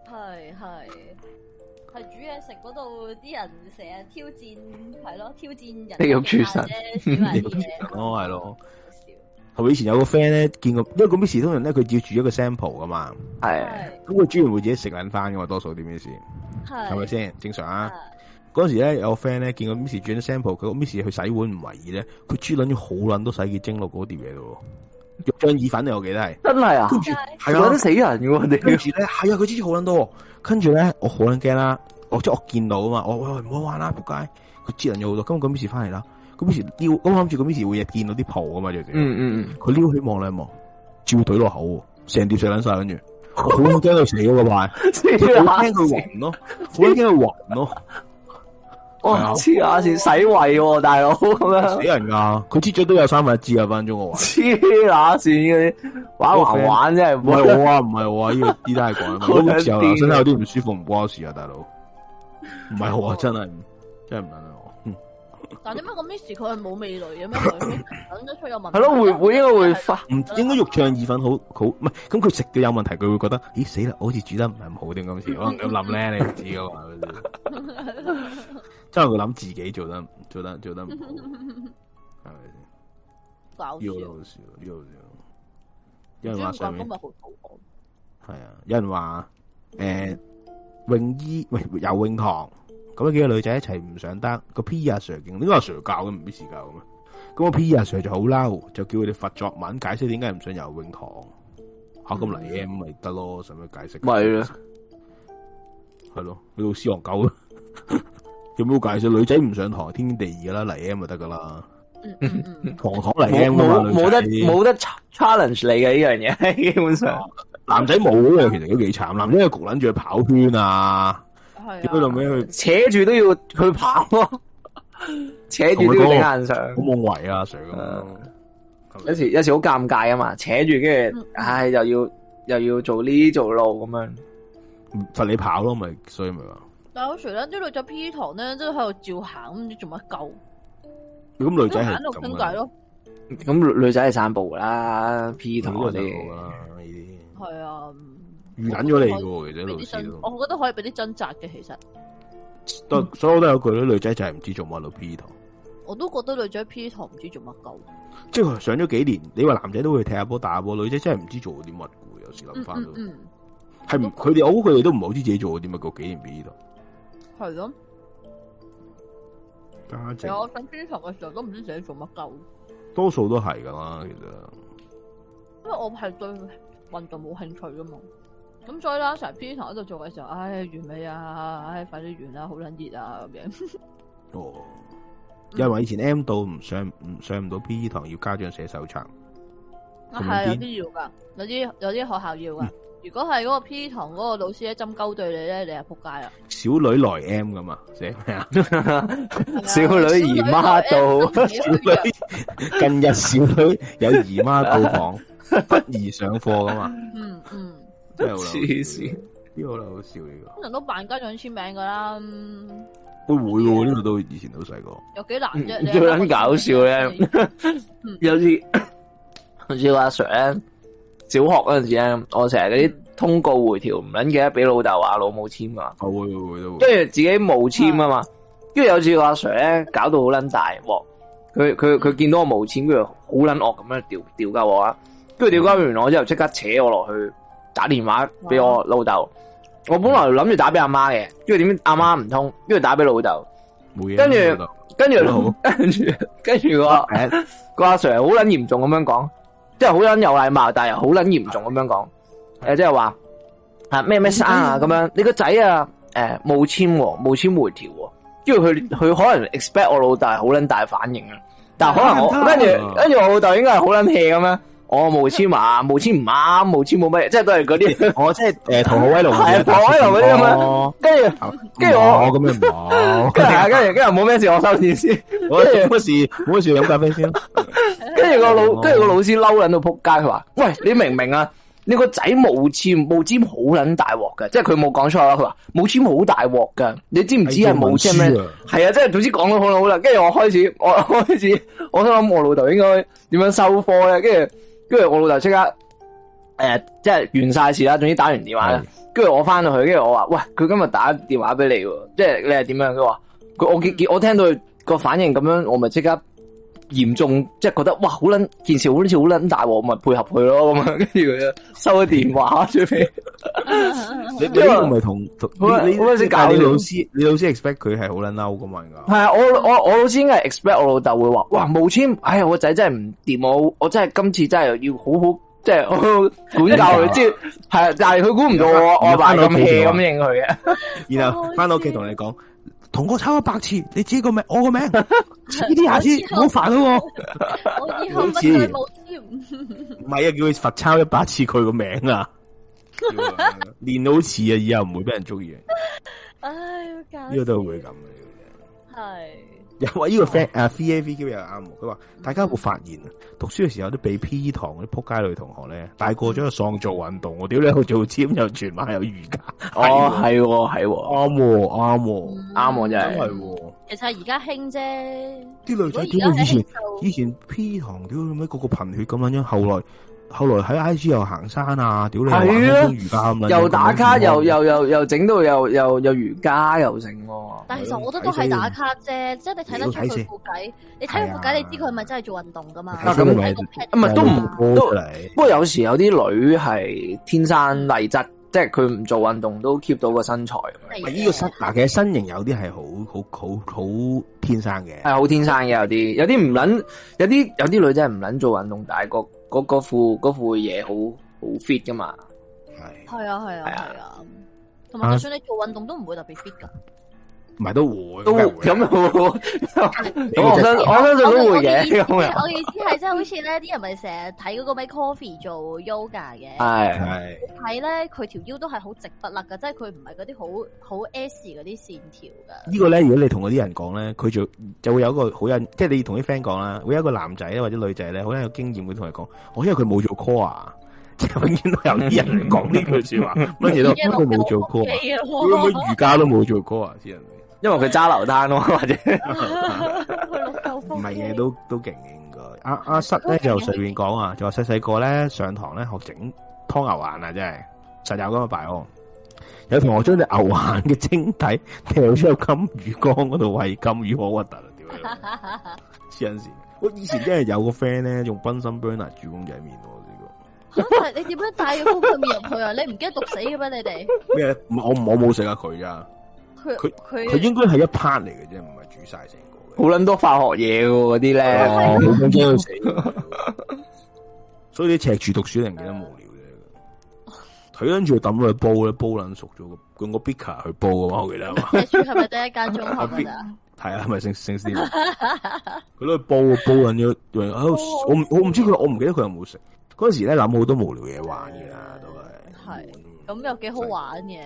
Speaker 2: 係係，係
Speaker 4: 煮嘢食嗰度啲人成日挑戰，係咯，挑戰人的的。你咁廚
Speaker 3: 神， <laughs> 哦係咯。我以前有個 friend 咧，見過，因為個 Miss 通常咧，佢只要煮一個 sample 噶嘛，係。咁佢煮完會自己食卵翻噶嘛，多數啲 Miss，係，
Speaker 4: 係咪先？
Speaker 3: 正常啊。嗰時咧有個 friend 咧見過，Miss 轉咗 sample，佢 Miss 去洗碗唔為意咧，佢煮卵要好卵都洗潔精落嗰碟嘢度。將意粉嚟，我記得係
Speaker 4: 真係啊，係啊，死人
Speaker 3: 嘅，跟住咧係啊，佢之前好捻多，跟住咧我好捻驚啦，我即我，我見到啊嘛，我唔好玩啦扑街，佢知人咗好多，咁咁幾時翻嚟啦？咁幾時撩？咁我諗住，咁幾時會日見到啲蒲啊嘛？嗯嗯嗯，佢撩起望兩望，照懟落口，成碟蛇捻晒，跟住好驚到死個拜，好驚佢暈
Speaker 4: 咯，好驚
Speaker 3: 佢暈咯。 <laughs>
Speaker 1: 我黐線洗胃、啊，大佬咁樣死人噶，佢至咗都有三百字啊分鐘個話。黐
Speaker 3: 線嗰啲玩玩玩真係唔係我啊，唔係我啊，呢、這個啲 <laughs> 都係講。嗰個時候真係有啲唔舒服，唔關我事啊，大佬。唔 <laughs> 係我啊，真係， <laughs> 真係唔係我。但係點解個 miss
Speaker 2: 佢係冇味蕾嘅咩？等得出有問題。係咯，會會應該會發。唔應該
Speaker 3: 肉醬意粉好好，唔係咁佢食到有問題，佢會覺得咦死啦，哎、好似煮得唔係咁好啲咁似。可能咁諗咧，想想 <laughs> 你唔知噶 <laughs> <laughs> 即係佢諗自己做得做得做得唔好，係咪
Speaker 4: 先？搞笑，這個、有
Speaker 3: 笑太太人話上面係啊，有人話誒泳衣喂游泳堂咁啊幾個女仔一齊唔上得個 P 阿 Sir，呢個阿 Sir 教嘅唔必事教嘅咩？咁個 P 阿 Sir 就好嬲，就叫佢哋發作文解釋點解唔上游泳堂。吓咁嚟嘅咪得咯，使乜解釋？咪係咯，你好師戇鳩。 <laughs> 有冇介紹？女仔唔上堂天經地義啦，嚟 M 就得㗎啦、嗯嗯嗯、M 得噶啦，
Speaker 1: 堂堂嚟
Speaker 3: M 噶冇得冇得
Speaker 1: challenge 你嘅呢樣嘢，基本上、
Speaker 3: 啊、男仔冇啊，其實都幾慘，男仔又焗捻住去跑圈啊，喺度佢。扯住都要去跑、啊，
Speaker 1: 扯住都要你硬上，好冇謂啊，Sir，有時有時好尷尬啊嘛，扯住跟住，唉、哎，又要又要做呢做路咁樣，罰你跑咯、啊，咪所以咪話。
Speaker 2: 有除啦，啲女仔 P 堂咧即係喺度照行，唔知做乜鳩。
Speaker 1: 咁、就是、女仔係咁啊？咁女仔係散，散步啦，P 堂嗰啲。係啊，馴緊咗你噶
Speaker 3: 喎，啲女仔。
Speaker 2: 我覺得可以俾啲掙扎嘅，其實。
Speaker 3: 所有都有句咧，女仔就係唔知做乜喺度 P 堂。
Speaker 2: 我都覺得女仔 P 堂唔知做乜鳩。
Speaker 3: 即係、嗯就是、上咗幾年，你話男仔都會踢下波打下波，女仔真係唔知做啲乜嘅。有時諗翻
Speaker 2: 都，
Speaker 3: 係佢哋，我估佢哋都唔係好知自己做啲乜。個幾年 P 堂。
Speaker 2: 係咯，家姐，我上 P E 堂嘅時候，都唔知寫做乜鳩。
Speaker 3: 多數都係噶啦，其實。
Speaker 2: 因為我係對運動冇興趣噶嘛，咁所以啦，成日 P E 堂喺度做嘅時候，唉，完未啊？唉，快啲完啦，啊，好捻熱啊咁樣。
Speaker 3: 哦。 <laughs> 因為以前 M 度唔上唔上唔到 P E 堂，要家長寫手冊。啊係、嗯，有啲
Speaker 2: 要噶，有啲有啲學校要噶。嗯如果係嗰個 P 堂嗰個老師一針鳩對你咧，你係扑街啦！
Speaker 3: 小女來 M 㗎嘛？寫咩啊？
Speaker 4: 小女姨媽到，小女
Speaker 3: 近日小女有姨媽到訪，是不宜上課噶嘛？嗯嗯，
Speaker 4: 都好都啦。啲
Speaker 3: 好啦，好笑呢個。
Speaker 2: 通常都扮家長簽名噶啦。
Speaker 3: 會會呢個都以前都細個。
Speaker 4: 有幾難啫、啊？你最搞
Speaker 1: 笑咧，笑呢嗯、 <laughs> 有啲！好似阿 Sir m 小學嗰陣時咧，我成日嗰啲通告回條唔捻記得，俾老豆話老母簽啊，都會都會跟住自己冇簽啊嘛，跟住有次個阿 Sir 咧搞到好捻大鑊，佢佢佢見到我冇簽，跟住好捻惡咁樣調調教我，跟住調教完我之後即刻扯我落去打電話俾我老豆，我本來諗住打俾阿媽嘅，跟住點知阿媽唔通，跟住打俾老豆，
Speaker 4: 跟住跟住跟住
Speaker 1: 跟住 <laughs> 個個阿 Sir 好捻嚴重咁樣講。即係好捻有禮貌，但係又好捻嚴重咁樣講，誒、就是，即係話啊咩咩生啊咁樣，你個仔啊，誒冇簽喎，冇簽、啊、回條喎、啊，跟住佢佢可能 expect 我老豆係好捻大反應啊，但係可能我跟住跟住我老豆應該係好捻 hea 咁樣。我、oh, 冇簽啊，冇簽唔啱、啊，冇簽冇咩，即係都係嗰啲，我即係誒，逃學威龍嗰啲，逃學威龍嗰啲咁樣，跟住跟住我，咁又跟住跟住冇咩事，我收電先冇乜事，冇 <laughs> 乜事，飲咖啡先咯。
Speaker 6: 跟住個老，跟住個
Speaker 1: 老師嬲撚到撲街，佢話，喂，你明唔明啊？你個仔冇簽，冇簽好撚大鑊㗎。」即係佢冇講錯啦。佢話冇簽好大鑊㗎。」你知唔知係冇、哎、簽咩？係啊，即係總之講得好啦好啦。跟住我開始，我開始，我諗我老豆應該點樣收科咧？跟住。跟住我老豆即刻，誒、呃，即係完晒事啦，總之打完電話啦，跟住我翻到去，跟住我話，喂，佢今日打電話俾你喎，即係你係點樣？佢話，佢我見見我聽到佢個反應咁樣，我咪即刻。嚴重即係、就是、覺得哇好捻件事，好似好捻大鑊，咪配合佢咯咁啊，跟住佢收咗電話最尾， <laughs> <laughs> 你你唔係
Speaker 3: 同你你先教你老師，你老師 expect 佢係好捻嬲噶嘛？係啊，
Speaker 1: 我我我老師應該 expect 我老豆會話哇冇簽。」哎呀我仔真係唔掂，我真我，我真係今次真係要好好即係管教佢，即係係，但係佢估唔到我，我扮咁 hea 咁應佢
Speaker 3: 嘅，啊、然後翻到屋企同你講。 <laughs> <laughs> 同我抄一百次，你知個名，我個名，呢啲下次唔好煩咯。我以後
Speaker 4: 乜嘢冇添，
Speaker 3: 唔係啊，叫佢罰抄一百次佢、啊、個名啊，練到似啊，以後唔會俾人鍾意嘅。唉、哎，呢、這個都會咁嘅、啊。係、這個。有話呢個 friend 啊，VAVQ 又啱，佢話大家有冇發現，讀書嘅時候都俾 P.E. 堂啲扑街女同學咧，大個咗個喪做運動，我屌你，又做 gym 又全晚又瑜伽，哦係，係啱喎，啱喎，啱喎。真係，
Speaker 4: 其實而家
Speaker 2: 興啫，啲女仔點解以前
Speaker 3: 以前 P.E. 堂屌咁咩個個貧血咁樣，後來。後來喺 I G 又行山啊，屌你、係啊，又打卡又
Speaker 1: 又又又整到又又又瑜伽又成、啊，但
Speaker 2: 其實我覺得都係打卡啫，即係你睇得出，佢副計，你睇佢副計你知佢係咪真係做運動噶
Speaker 1: 嘛？咁唔係，唔都唔都嚟。不過有時有啲女係天生麗質，即係佢唔做運動都 keep 到個身材。呢個身嗱，其實
Speaker 3: 身形有啲係好好好好
Speaker 1: 天生嘅，係好天生嘅有啲，有啲唔捻，有啲有啲女仔係唔捻做運動，但係個。嗰個副嘢好好 fit 噶嘛，
Speaker 4: 係，係啊，係啊，係啊，同
Speaker 2: 埋、啊啊啊、就算你做運動都唔會特別 fit 噶。
Speaker 1: 唔係都會，都咁
Speaker 5: 又我我我我會，我，我意
Speaker 2: 思係即係好似咧啲人咪成日睇嗰個咩 coffee 做 yoga
Speaker 5: 嘅，係，
Speaker 2: 係睇咧佢條腰都係好直筆甩㗎，即係佢唔係嗰啲好好 S 嗰啲線條㗎。呢個，呢個
Speaker 3: 咧如果你同嗰啲人講咧，佢就就會有一個好有即係你同啲 friend 講啦，會有一個男仔或者女仔咧好有經驗會同佢講，我，哦，因為佢冇做 core，即係永遠都， <laughs> 啊， <laughs> 有啲人講呢句説話，乜嘢都佢冇做 core，佢瑜伽都冇做 core 人，啊。 <laughs> <laughs> 因為佢揸流攤咯、啊，或者唔係嘢都都勁應該。阿阿室咧就隨便講啊，啊啊啊酷酷啊啊呢就話細細個咧上堂咧學整湯牛眼啊，真係實有噶拜安。有同學將隻牛眼嘅晶體掉咗入金魚缸嗰度餵金魚，好核突啊！點啊？試 <laughs> 一我以前真係有個 friend 咧用 Bunsen burner 煮公仔麵，我試過。 <laughs> 你
Speaker 2: 點樣帶個公仔麵入去啊？你
Speaker 3: 唔驚毒死嘅咩？你哋咩？我我冇食啊，佢啊。
Speaker 2: 佢佢佢應
Speaker 3: 該係一 part 嚟嘅啫，唔係煮晒成個。
Speaker 1: 好捻多化學嘢嗰啲咧，
Speaker 3: 呢哦、 <laughs> <laughs> 所以你赤柱讀書人幾多無聊啫。睇跟住抌落去煲咧，煲捻熟咗個半 beaker 去煲嘅話，我記得係咪得
Speaker 2: 一間中學噶
Speaker 3: 啫？係 <laughs> 啊，係咪聖聖佢都去煲，煲捻咗、哦。我我唔知佢，我唔記得佢有冇食。嗰、哦、陣時咧諗好多無聊
Speaker 2: 嘢玩噶、嗯、都係。係。咁又幾好玩
Speaker 3: 嘅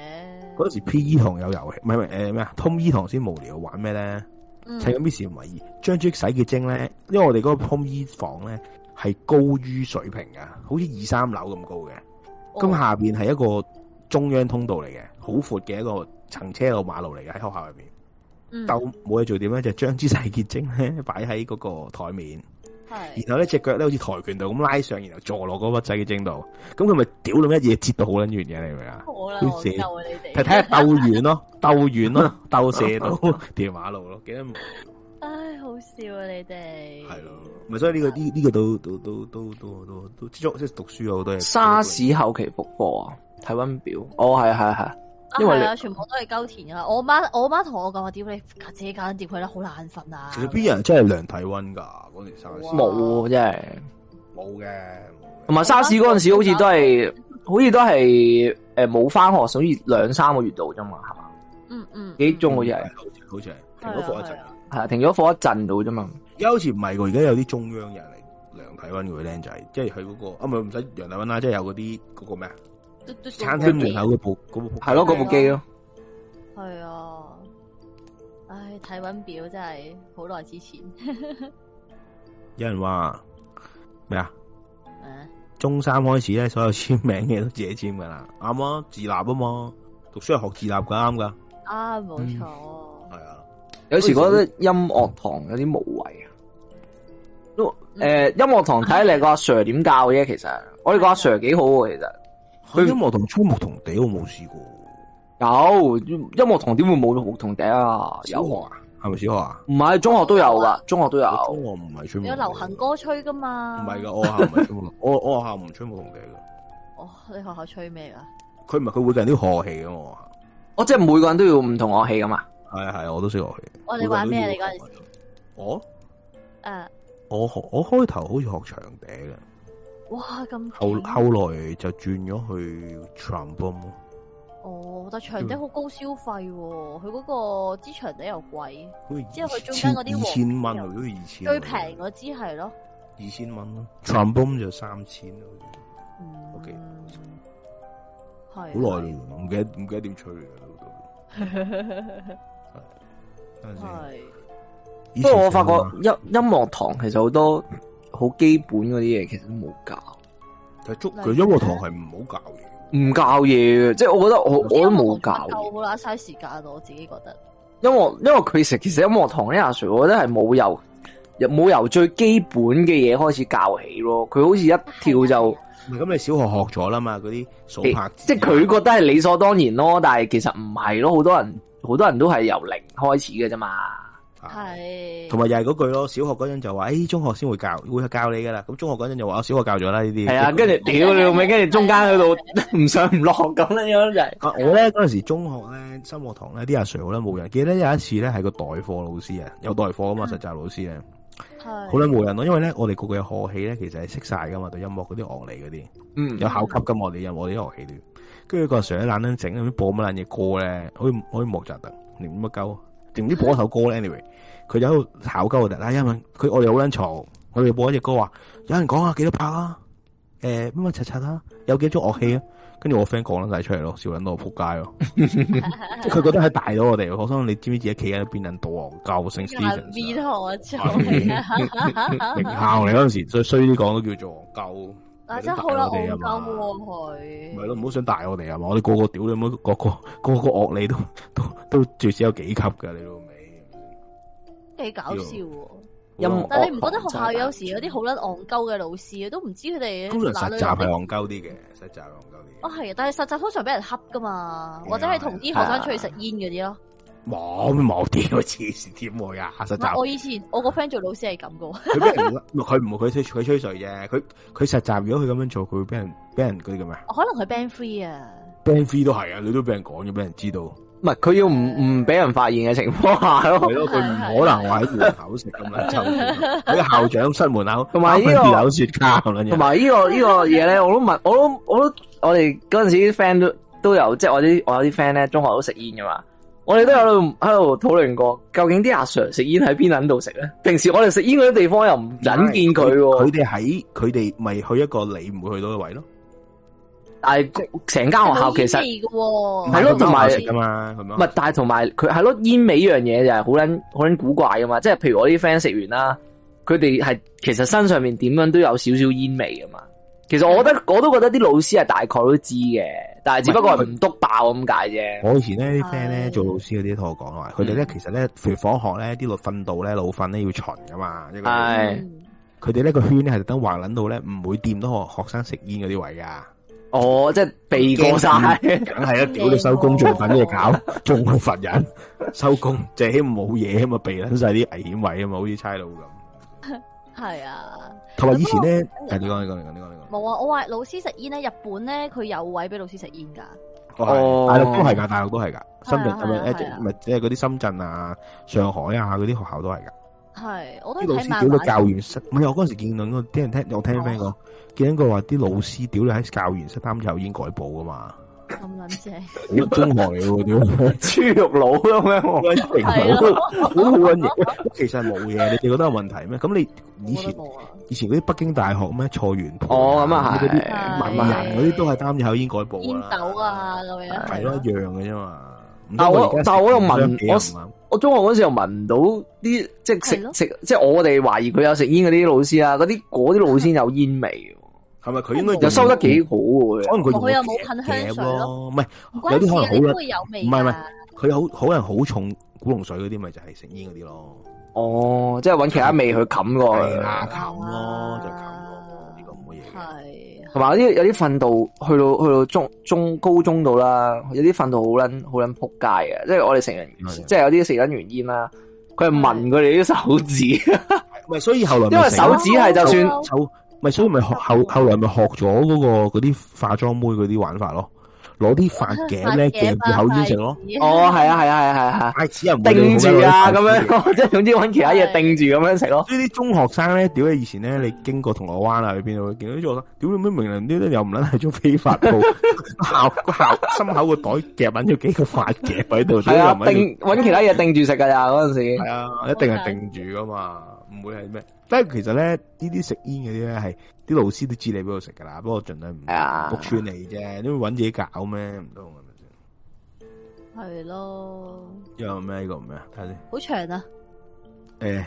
Speaker 3: 嗰時 P.E.、欸、堂有遊戲，唔係誒咩啊通 e 堂先無聊玩咩咧？
Speaker 4: 睇咁啲 Miss
Speaker 3: 唔為意將支洗潔精咧，因為我哋嗰個通 e 房咧係高於水平噶，好似二三樓咁高嘅，咁、哦、下邊係一個中央通道嚟嘅，好闊嘅一個層車個馬路嚟嘅喺學校入邊，但冇嘢做點咧，就將、是、支洗潔精咧擺喺嗰個台面。係，然後咧隻腳咧好似跆拳道咁拉上，然後坐落嗰屈仔嘅正度，咁佢咪屌到一嘢折到好捻遠嘅，你明唔明啊？好捻，射你哋，係睇下鬥遠咯，鬥遠咯， <laughs> 鬥射到 <laughs> 條馬路咯，幾得唉、
Speaker 4: 哎，好笑啊！你哋係
Speaker 1: 咯，咪所以呢、呢個呢呢、呢個都都都都都都都即係讀書好多嘢，沙士後期復課啊，體溫表哦，係啊係啊係。
Speaker 2: 係啊，啊，全部都係耕田啊我媽，我媽同我講話：屌你，自己搞緊掂佢啦，好眼瞓
Speaker 1: 啊。其實啲人真係量體溫噶，嗰年沙士冇喎，真係，冇嘅。同埋沙士嗰陣時，好似都係，好似都係，誒，冇翻學，所以兩三個月度啫嘛，係嘛？嗯
Speaker 4: 嗯，幾
Speaker 1: 中嘅人，好似係，係
Speaker 4: 停咗課一陣，
Speaker 1: 係啊，停咗課一陣度啫嘛。而家好似唔係喎，而家有啲中央人嚟量體溫，佢靚仔，即係佢
Speaker 3: 嗰個啊，唔係，唔使量體溫啦，即係有嗰啲嗰個咩啊？餐廳門口嗰部機，嗰部係咯，部機咯。
Speaker 2: 係啊，唉，睇溫表真係好耐之前。呵呵，有
Speaker 3: 人話咩啊？中三開始咧，所有簽名嘅都自己簽噶啦。啱啊，自立啊嘛，
Speaker 1: 讀書係學自立噶，啱噶。
Speaker 4: 啊，冇錯。係、嗯、啊，
Speaker 3: 有
Speaker 1: 時覺得音樂堂有啲無謂啊。誒、嗯呃，音樂堂睇你個阿 Sir 點教啫。其實我哋個阿 Sir 幾好嘅，其實。我音樂堂吹牧童笛我冇試過，有音樂堂點會冇牧童笛啊？小學啊，係咪小學啊？唔係，中學都有啊，中學都有。唔係吹，
Speaker 2: 有流行歌吹噶嘛？唔係噶，
Speaker 1: 我校唔吹木， <laughs> 我我校唔吹牧童笛噶。
Speaker 2: 哦， <laughs> 你學校吹咩啊？
Speaker 1: 佢唔係佢會教啲樂器噶嘛？我即係、就是、每個人都要唔同樂器噶嘛？係啊係啊，我都識樂器。學我哋玩咩你嗰陣？我，誒、uh,，我學我開頭好似學長笛嘅。
Speaker 2: 哇！咁後後來
Speaker 3: 就轉咗去 Trombone 咯。
Speaker 2: 哦，但長笛好高消費，啊，佢嗰、那個支長笛又貴，貴 2, 之後佢中間
Speaker 3: 嗰啲黃又二千，最
Speaker 2: 平嗰支係咯，
Speaker 3: 二千蚊咯，Trombone 就三
Speaker 6: 千咯。嗯，OK，係好耐唔
Speaker 3: 記得唔記得
Speaker 1: 點吹度。係，睇下，不過 <laughs> 我發覺音音樂堂其實好多。 <laughs> 好基本嗰啲嘢，其實都冇教，教。但係捉佢音樂堂係唔好教嘢，唔教嘢即係我覺得我我都冇教。
Speaker 2: 好啦，嘥時間咯，我自己覺得。
Speaker 1: 音樂因為佢食其，其實音樂堂呢阿 Sir，我真係冇由冇由最基本嘅嘢開始教起咯。佢好似一跳就
Speaker 3: 咁，你小學學咗啦嘛，嗰啲數拍即係佢覺
Speaker 1: 得係理所當然咯。但係其實唔係咯，好多人好多人都係由零開始嘅啫嘛。
Speaker 3: 係、啊，同埋又係嗰句咯。小學嗰陣就話，誒、哎，中學先會教，會教你噶啦。咁中學嗰陣就話，我小學教咗啦呢啲。係啊，跟住屌你咪，
Speaker 1: 跟住中間喺度唔上唔落咁樣樣就係、是。
Speaker 3: 我咧嗰陣時中學咧，音樂堂咧啲阿 sir 好啦冇人。記得有一次咧，係個代課老師啊，有代課啊嘛實習老師呢，
Speaker 4: 好啦冇
Speaker 3: 人咯。因為咧我哋個個樂器咧其實係識晒噶嘛，對音樂嗰啲樂理嗰啲，有考級嘅我哋音樂嗰啲樂器。跟住個 sir 懶整，咁播乜爛嘢歌咧，可以好似莫扎特，連乜鳩。點知播一首歌咧？Anyway，佢就喺度考鳩我哋。因為，佢我哋好撚嘈，我哋播隻歌啊！有人講下幾多拍啊？誒、呃，乜乜柒柒啦？有幾種樂器啊？跟住我 friend 講得晒出嚟咯，笑到我仆街咯。即佢 <laughs> <laughs> <laughs> 覺得係大咗我哋。我心你知唔知道自己企喺邊人度？教聖 students
Speaker 2: 邊我錯啊？名校嚟嗰陣
Speaker 3: 時，最衰啲講都叫做教。
Speaker 2: 嗱，但真好撚憨鳩喎佢。唔
Speaker 3: 係咯，唔好想大我哋啊嘛，我哋個個屌你，每個個個個惡你都都都最少有幾級噶你老味，
Speaker 2: 幾搞
Speaker 3: 笑
Speaker 6: 喎！
Speaker 3: 但係你唔覺得學校有時
Speaker 2: 有啲好撚憨鳩嘅老師，嗯、都唔知佢哋。其實實習係
Speaker 3: 憨鳩啲嘅，實習憨鳩
Speaker 2: 啲。哦、啊，係，但係實習通常俾人恰噶嘛，或者係同啲學生出去食煙嗰啲咯。
Speaker 3: 冇冇點啊黐線點我呀！實習我以
Speaker 2: 前我個 friend 做老師係咁個，佢
Speaker 3: 唔佢唔佢吹佢吹水啫。佢佢實習如果佢咁樣做，佢會俾人俾人嗰啲叫咩？
Speaker 2: 可能佢 Band 3啊
Speaker 3: ，Band 3都係啊，你都俾人講
Speaker 1: 咗俾人知道。唔係佢要唔唔俾人發現嘅情況
Speaker 4: 下係咯，佢唔 <laughs> 可能話
Speaker 1: 喺門口食咁樣臭，
Speaker 4: <laughs> 就是、 <laughs> 校
Speaker 1: 長室門口。同埋、這個
Speaker 4: 這個、 <laughs> 呢個有雪茄同
Speaker 1: 埋呢個呢個嘢咧，我都問，我都我都我哋嗰陣時啲 friend 都都有，即係我啲我有啲 friend 咧，中學都食煙噶嘛。我哋都有喺度討論過，究竟啲阿 Sir 食煙喺邊捻度食咧？平時我哋食煙嗰啲地方又唔引見佢。
Speaker 3: 佢哋喺佢哋，咪去一個
Speaker 1: 你唔會去到嘅位咯。但係成
Speaker 2: 間學校其實係咯，同
Speaker 1: 埋噶嘛，唔係？但係同埋佢係咯，煙味呢樣嘢，就係好捻好捻古怪噶嘛。即係譬如我啲 friend 食完啦，佢哋係其實身上面點樣都有少少煙味噶嘛。其實我覺得，我都覺得啲老師係大概都知嘅，但係只不過係唔督爆咁解啫。
Speaker 3: 我以前呢啲 friend 咧做老師嗰啲同我講話，佢哋咧其實咧譬如放學咧啲老訓導咧老訓咧要巡噶嘛，一、
Speaker 1: 就是、
Speaker 4: 個係
Speaker 3: 佢哋呢、那個圈咧係等橫捻到咧唔會掂到學學生食煙嗰啲位噶。啊、哦，即係避過晒，梗係啦，屌你收工做份嘢搞，仲我佛忍收工，就起冇嘢起咪避撚晒啲危險位啊嘛，好似差佬咁。 <laughs>
Speaker 4: 係
Speaker 2: 啊，
Speaker 3: 同埋以前咧，係點講呢你嚟你呢個呢個，冇、這、啊、個這個這個
Speaker 2: 這個這個！我話老師食煙咧，日本咧佢有位俾老師食煙噶、
Speaker 3: 哦，大陸都係噶，大陸都係噶、啊，深圳咁樣、啊啊啊，即係嗰啲深圳啊、上海啊嗰啲學校都係噶。
Speaker 4: 係、啊，我都睇老師屌你教員
Speaker 3: 室，唔、嗯、係我嗰陣時見到，啲人聽我聽 friend、哦、見到個話啲老師屌你喺教員室擔住有煙改報噶嘛。咁好中學嚟喎屌，豬 <laughs> 肉佬咁樣，我係咯，好冇其實冇嘢， <laughs> 你哋覺得有問題咩？咁你以前以前嗰啲北京大學咩錯緣，哦咁
Speaker 1: 啊吓，
Speaker 4: 文人嗰啲
Speaker 1: 都係擔口煙改
Speaker 3: 步，
Speaker 4: 煙斗啊咁樣，係
Speaker 1: 一樣嘅啫嘛。
Speaker 5: 但但我又聞我
Speaker 1: 我中學嗰時又聞唔到啲即係食食，即係我哋懷疑佢有食煙嗰啲老師啊，嗰啲啲老師有煙味。
Speaker 3: 係咪佢應該又、就是、收得幾
Speaker 1: 好喎？可能佢
Speaker 2: 又冇噴香水、啊、咯，唔係有啲可能好，唔
Speaker 3: 係唔係，佢好可能好重古龍水嗰啲，咪就係食煙嗰啲咯。
Speaker 1: 哦，即係搵其他味去冚過
Speaker 4: 佢，下冚咯，就冚、是、咯，呢個咁
Speaker 1: 嘅嘢。係同埋有啲有啲訓到去到去到中中高中度啦，有啲訓到好捻好捻仆街嘅，即係我哋成人，即係有啲食完煙啦，佢係聞佢哋啲手指，唔係所以後來因為手指係就算
Speaker 3: 咪所以咪學後後嚟咪學咗嗰個嗰啲化妝妹嗰啲玩法咯，攞啲發夾咧夾住口依食咯。哦，係啊，係啊，係啊，
Speaker 1: 係啊，戴又唔定住啊，咁樣，即 <laughs> 係總之揾其他
Speaker 3: 嘢定住咁樣食咯。呢啲中學生咧，屌你以前咧，你經過銅鑼灣啊，去邊度見到啲學生屌你咩明人啲都又唔撚係中非法套口心口個袋夾揾咗幾個發夾喺度。係啊，頂揾其他嘢定住食噶，咋，嗰陣時。係啊，一定係定住噶嘛。唔會係咩？但係其實咧，呢啲食煙嗰啲咧係啲老師都知你俾佢食噶啦，不過盡量唔焗串你啫。你會搵自己搞咩？唔通係咪
Speaker 2: 先？係咯。
Speaker 3: 又咩？呢、這個唔咩睇下先。
Speaker 2: 好長啊！誒，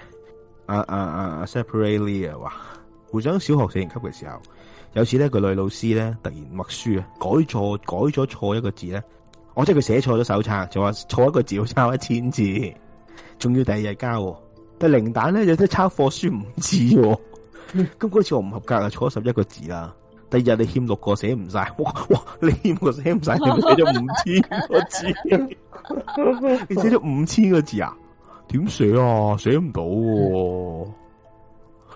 Speaker 2: 啊、uh,
Speaker 3: uh, uh, uh,，啊，啊，啊 Separately 啊，話回想小學四年級嘅時候，有次咧個女老師咧突然默書啊，改錯改咗錯一個字咧，我即係佢寫錯咗手冊，就話錯一個字要抄一千字，仲要第二日交。但零蛋咧有啲抄課書唔止，咁 <laughs> 嗰次我唔合格啊，錯咗十一個字啦。第二日你欠六個寫唔晒，哇哇，你欠個寫唔晒，你寫咗五
Speaker 4: 千個字， <laughs> 你寫咗
Speaker 3: 五千個字 <laughs> 寫啊？點寫啊？寫唔到？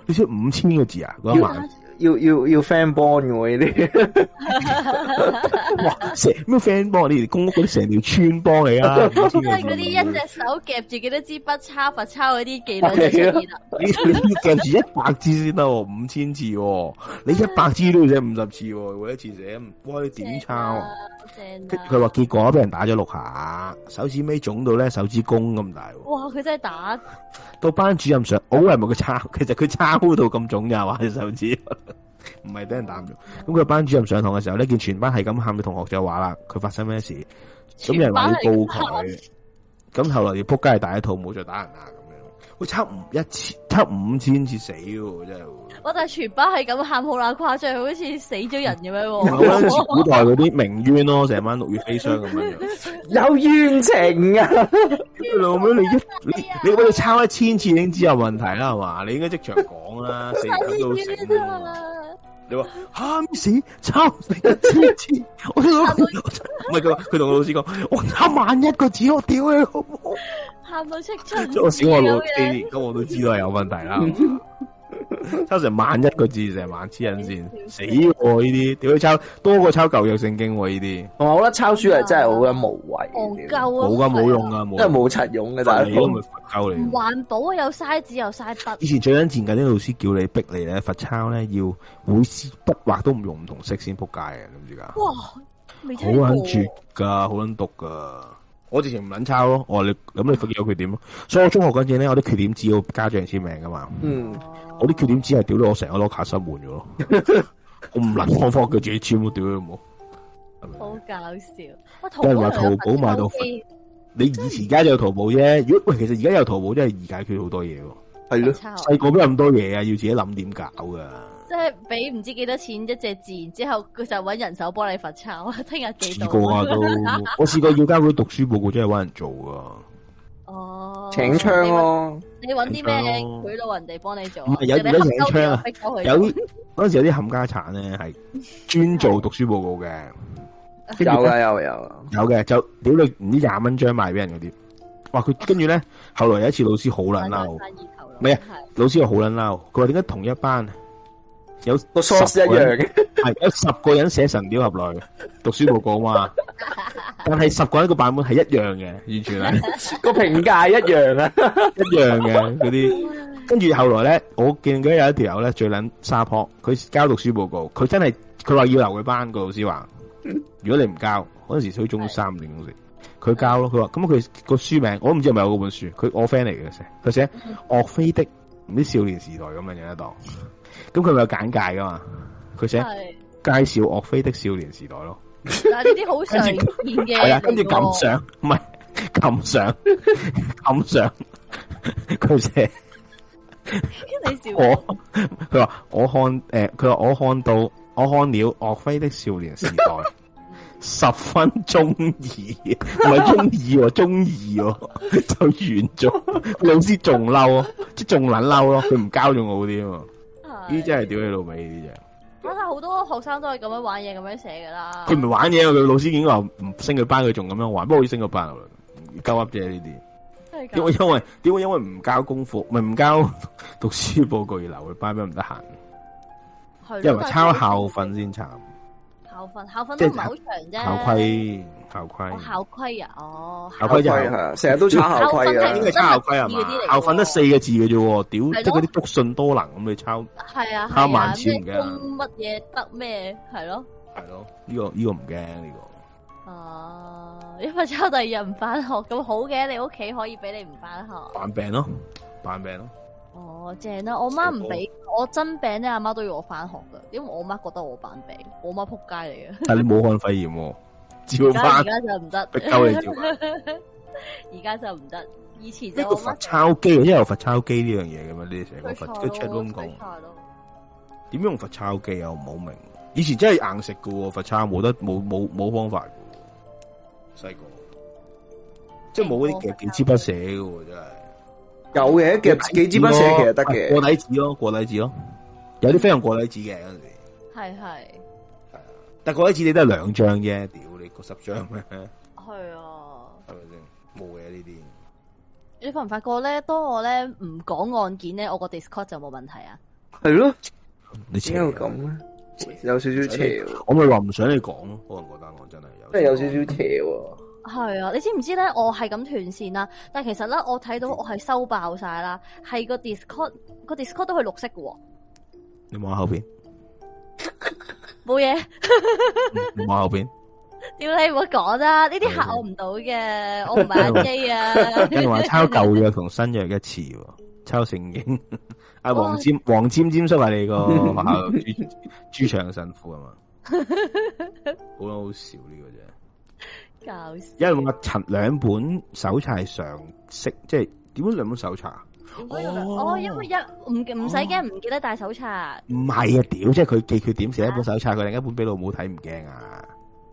Speaker 3: 你寫五千個字啊？嗰晚。
Speaker 4: 要
Speaker 1: 要要 f r i e n d 幫嘅喎呢啲，
Speaker 3: 哇！成
Speaker 1: 咩 f r i e n d 幫？你哋公屋嗰啲成條
Speaker 3: 村幫你啊！因為嗰啲一隻手
Speaker 2: 夾住幾多支筆抄，罰抄嗰啲
Speaker 3: 技能就出嚟啦。你你要夾住一百支先得，五千字。你一百支都要寫五十字，每一次寫，我哋點抄啊？正。佢佢話結果俾人打咗六下，手指尾腫到咧手指公咁大。
Speaker 2: 哇！佢真係打
Speaker 3: 到班主任上，好以為佢抄，其實佢抄到咁腫嘅，話隻手指。唔係俾人打唔咗，咁佢班主任上堂嘅時候呢，見全班係咁喊嘅同學就話啦，佢發生咩事？咁有人話要告佢，咁後來要撲街係第一套，冇再打人啦，咁樣，我差唔一千，差五千次死，真係。
Speaker 2: 我哋全班係咁喊好啦誇張，好似死咗人咁樣，好似、啊、古代嗰
Speaker 3: 啲名冤咯，成 <laughs> 晚六月飛霜咁樣 <laughs> 有冤情啊！老妹、啊 <laughs> 啊，你你你我哋抄一千次，已經知有問題啦，係嘛？你應該即場講啦， <laughs> 死得死、
Speaker 4: 啊。 <laughs> 你話喊、
Speaker 3: 啊、死，抄死一千次， <laughs> 我唔係佢，佢同個老師講，我 <laughs> 一 <laughs> 萬一個字，我屌你！喊到
Speaker 4: 出聲， <laughs> 我小學六，幾年咁，我
Speaker 3: 都知道係有問題啦。 <laughs> <laughs> <laughs> 抄成萬一個字，成萬痴人先死！
Speaker 1: 呢啲屌你抄多過抄舊約聖經呢啲。同埋我覺得抄書係真係好鬼無謂，
Speaker 2: 戇鳩啊！冇噶冇用
Speaker 1: 噶，真係冇柒用㗎！但係你都咪佛鳩嚟。
Speaker 2: 環保又嘥紙又嘥筆。以前
Speaker 3: 最緊要前緊啲老師叫你逼你咧罰抄咧，要每字筆畫都唔用唔同色先撲街啊！諗住
Speaker 6: 噶。哇，好捻絕
Speaker 3: 噶，好捻讀噶。我直情唔捻抄咯，我話你咁你罰咗佢點咯？所以我中學嗰陣咧，我啲缺點只要家長簽名噶嘛。嗯。我啲缺點只係屌到我成個 locker 身換咗
Speaker 4: 咯，
Speaker 3: 我唔能放翻佢自己簽都屌佢冇。
Speaker 4: 好搞笑，即係話淘寶買到，啊，
Speaker 3: 你以前而家就有淘寶啫。如果喂，其實而家有淘寶真係易解決好多嘢喎。係咯，細個邊有咁多嘢啊？要自己諗點搞噶？
Speaker 2: 即係俾唔知幾多錢一隻字，然之後佢就揾人手幫你罰抄。聽日幾個？我試過要
Speaker 3: 交嗰啲讀書報告真係揾人做啊。
Speaker 2: 哦、oh，啊，請槍哦、啊！你揾啲咩俾老人哋幫你做？唔係有有請槍啊！有
Speaker 3: 陣時有啲冚家產咧，係專做讀書報告嘅 <laughs> 。
Speaker 4: 有啦，有
Speaker 3: 有。有嘅就表你唔知廿蚊張賣俾人嗰啲。哇！佢跟住咧，後來有一次老師好撚嬲。未啊？老師又好撚嬲，佢話點解同一班？有個 source 一樣嘅，係有十個人寫 <laughs> 神雕俠侶嘅讀書報告嘛？ <laughs> 但係十個人個版本係一樣嘅，完全係 <laughs> <laughs> 個評價一樣啊， <laughs> 一樣嘅嗰啲。跟住 <laughs> 後來咧，我見到有一條友咧最捻沙坡，佢交讀書報告，佢真係佢話要留佢班個老師話，如果你唔交，嗰陣時初中三年嗰時，佢 <laughs> 交咯，佢話咁佢個書名，我唔知係咪我嘅本書，佢 friend 嚟嘅佢寫《岳飛 <laughs> 的唔知少年時代》咁樣嘅檔。咁佢咪有簡介噶嘛？佢寫介紹岳飛的少年時代咯。嗱呢
Speaker 2: 啲好
Speaker 4: 常見
Speaker 2: 嘅係啦，跟住感想
Speaker 3: 唔係感想感想，佢 <laughs> 寫感。你， <laughs> <laughs> 笑我？佢話我看誒，佢、呃、話我看到我看了岳飛的少年時代， <laughs> 十分中意，唔係中意喎、哦，中 <laughs> 意喎、哦，就完咗。 <laughs> 老師仲嬲， <laughs> 即仲撚嬲咯，佢唔交仲好啲啊！呢啲真係屌你老味呢啲嘢！
Speaker 2: 反正好多學生都係咁樣玩嘢，咁樣寫噶啦。佢
Speaker 3: 唔玩嘢，佢老師已經話唔升佢班，佢仲咁樣玩。不過要升個班流嚟，鳩噏啫呢啲。
Speaker 4: 點會因為
Speaker 3: 點會因為唔交功課，咪唔交讀書報告要留佢班咩？唔得閒，
Speaker 4: 因為抄校
Speaker 3: 訓先慘。
Speaker 2: 校訓都唔係好長啫，校規校規，校規啊，哦，校
Speaker 3: 規、哦、啊，成日都抄校規啦，點解抄校規啊？校訓得四個字嘅啫，屌即係嗰啲福信多能咁去抄，
Speaker 4: 係啊，抄萬次嘅，乜嘢得
Speaker 2: 咩？係咯，係咯，
Speaker 4: 呢
Speaker 3: 個呢個唔驚呢個，哦、這個這個
Speaker 2: 啊，因為抄第二日唔返學咁好嘅，你屋企可以俾你唔返學，扮
Speaker 3: 病咯、啊，扮病咯、啊。
Speaker 2: 哦，正啦、啊！我媽唔俾我真病咧，阿媽都要我翻學噶，因為我媽覺得我扮病，我媽撲街嚟嘅。但係你
Speaker 3: 冇患肺炎喎，照返，而家就唔
Speaker 2: 得，而家就唔得， <laughs> 以前即係個罰
Speaker 3: 抄機，因為我罰抄機呢樣嘢噶嘛，你成日罰 check 都咁講。點用罰抄機啊？我唔好明。以前真係硬食噶，罰抄冇得，冇冇冇方法。細個即係冇嗰啲幾支筆寫噶，真係。有嘅，幾幾支筆寫其實得嘅，過底紙咯、哦，過底紙咯、哦哦嗯，有啲非常過底紙嘅嗰陣時，係係，但過底紙你都係兩張啫，屌你過十張咩？係啊，係咪先冇嘢呢啲？
Speaker 2: 你發唔發覺咧？當我咧唔講案件咧，我個 Discord 就冇問題啊？
Speaker 1: 係咯，你點解會咁咧？有少少邪，我咪話唔想你講
Speaker 3: 咯。可能嗰單案真係即係有
Speaker 1: 少少邪。
Speaker 2: 係啊，你知唔知咧、啊？我係咁斷線啦，但係其實咧，我睇到我係收爆晒啦，係個 Discord 個 Discord 都係綠色嘅。
Speaker 3: 你望下後邊，
Speaker 2: 冇嘢。
Speaker 3: 你望後邊，
Speaker 2: 屌你唔好講啦，呢啲嚇我唔到嘅，我唔係 N G 啊。你話抄舊
Speaker 3: 約同新約嘅詞，抄成經。阿 <laughs> 黃尖黃尖尖叔係你個學校豬腸嘅神父啊嘛， <laughs> 好好笑呢個啫。因為我陳兩本手冊常識，即係點樣兩本手冊？哦哦？
Speaker 2: 哦，因為一唔唔使驚唔記得帶手冊。
Speaker 3: 唔係啊，屌！即係佢記缺點寫一本手冊，佢、啊、另一本俾老母睇，唔驚啊？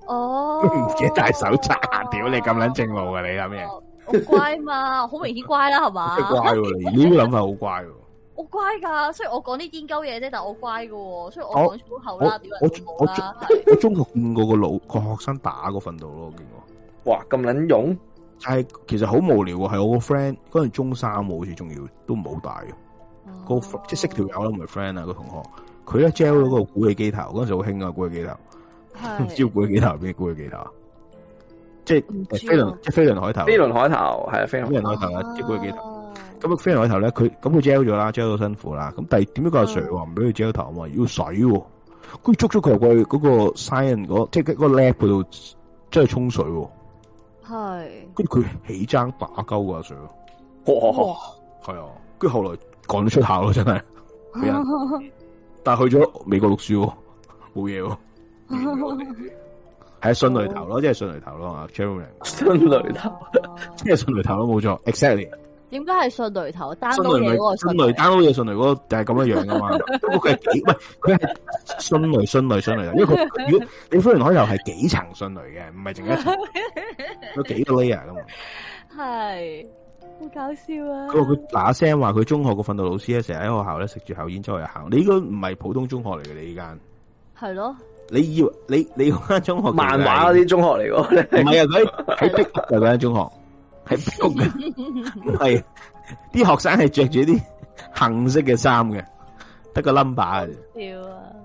Speaker 2: 哦，唔記得帶
Speaker 3: 手冊，屌你咁撚正路㗎，你諗咩？
Speaker 2: 好、哦、乖嘛，好明顯乖啦，係嘛？乖， <laughs> 乖
Speaker 3: 啊、你呢個諗法好乖喎、
Speaker 2: 啊。好 <laughs> 乖噶，雖然我講啲癲鳩嘢啫，但我乖噶，雖然我講
Speaker 3: 粗口啦，我我，我中學見過個老個學生打嗰份度咯，我哇咁撚勇！係其實好無聊啊，係我個 friend 嗰陣中三喎，好似仲要都唔好大嘅，那個、oh. 即是識條、那個、友都唔係 friend 啊個同學，佢咧 gel 咗個古力機頭，嗰陣時好興啊古力機頭，招、yes. 古力機頭俾古力機頭，即係飛輪，即係飛
Speaker 1: 輪
Speaker 3: 海頭，飛輪海頭係啊，飛輪海頭啊，招古力機頭，咁、oh. 飛輪海頭咧佢咁佢 gel 咗啦，gel 到辛苦啦，咁第點知個阿 Sir 話唔俾佢 gel 頭啊，要水，佢捉咗佢去嗰、那個 sign 嗰、那個、即係嗰個 lab 嗰度，即係沖水的。係，跟住佢起爭打鳩阿 Sir，係啊，跟住、啊、後，後來趕咗出校咯，真
Speaker 4: 係，但
Speaker 3: 係去咗美國讀書，冇嘢喎，係信來頭咯，即係信來頭咯啊 Channel 嚟，信來頭，啊、 <laughs> 即係信來頭咯，冇錯，exactly。
Speaker 2: 點解係信雷頭單到嘢信雷單到嘢，
Speaker 3: 信雷嗰個就係咁樣樣噶嘛？佢 <laughs> 幾？唔係佢係信雷，信雷，信雷啊！因為佢，你富源海又係幾層信雷嘅，唔係淨一層， <laughs> 有幾多 layer 噶
Speaker 2: 嘛？
Speaker 4: 係好搞笑啊！佢佢
Speaker 3: 打聲話佢中學個訓導老師咧，成日喺學校咧食住口煙出去行。你依個唔係普通中學嚟嘅，你依間係咯？你以為你你嗰間中學漫畫嗰啲中學嚟喎，唔係啊，佢喺逼嗰間中學。 <laughs> 係邊 u b 係，啲學生係着 <laughs> 住啲杏色嘅衫嘅，得個 number，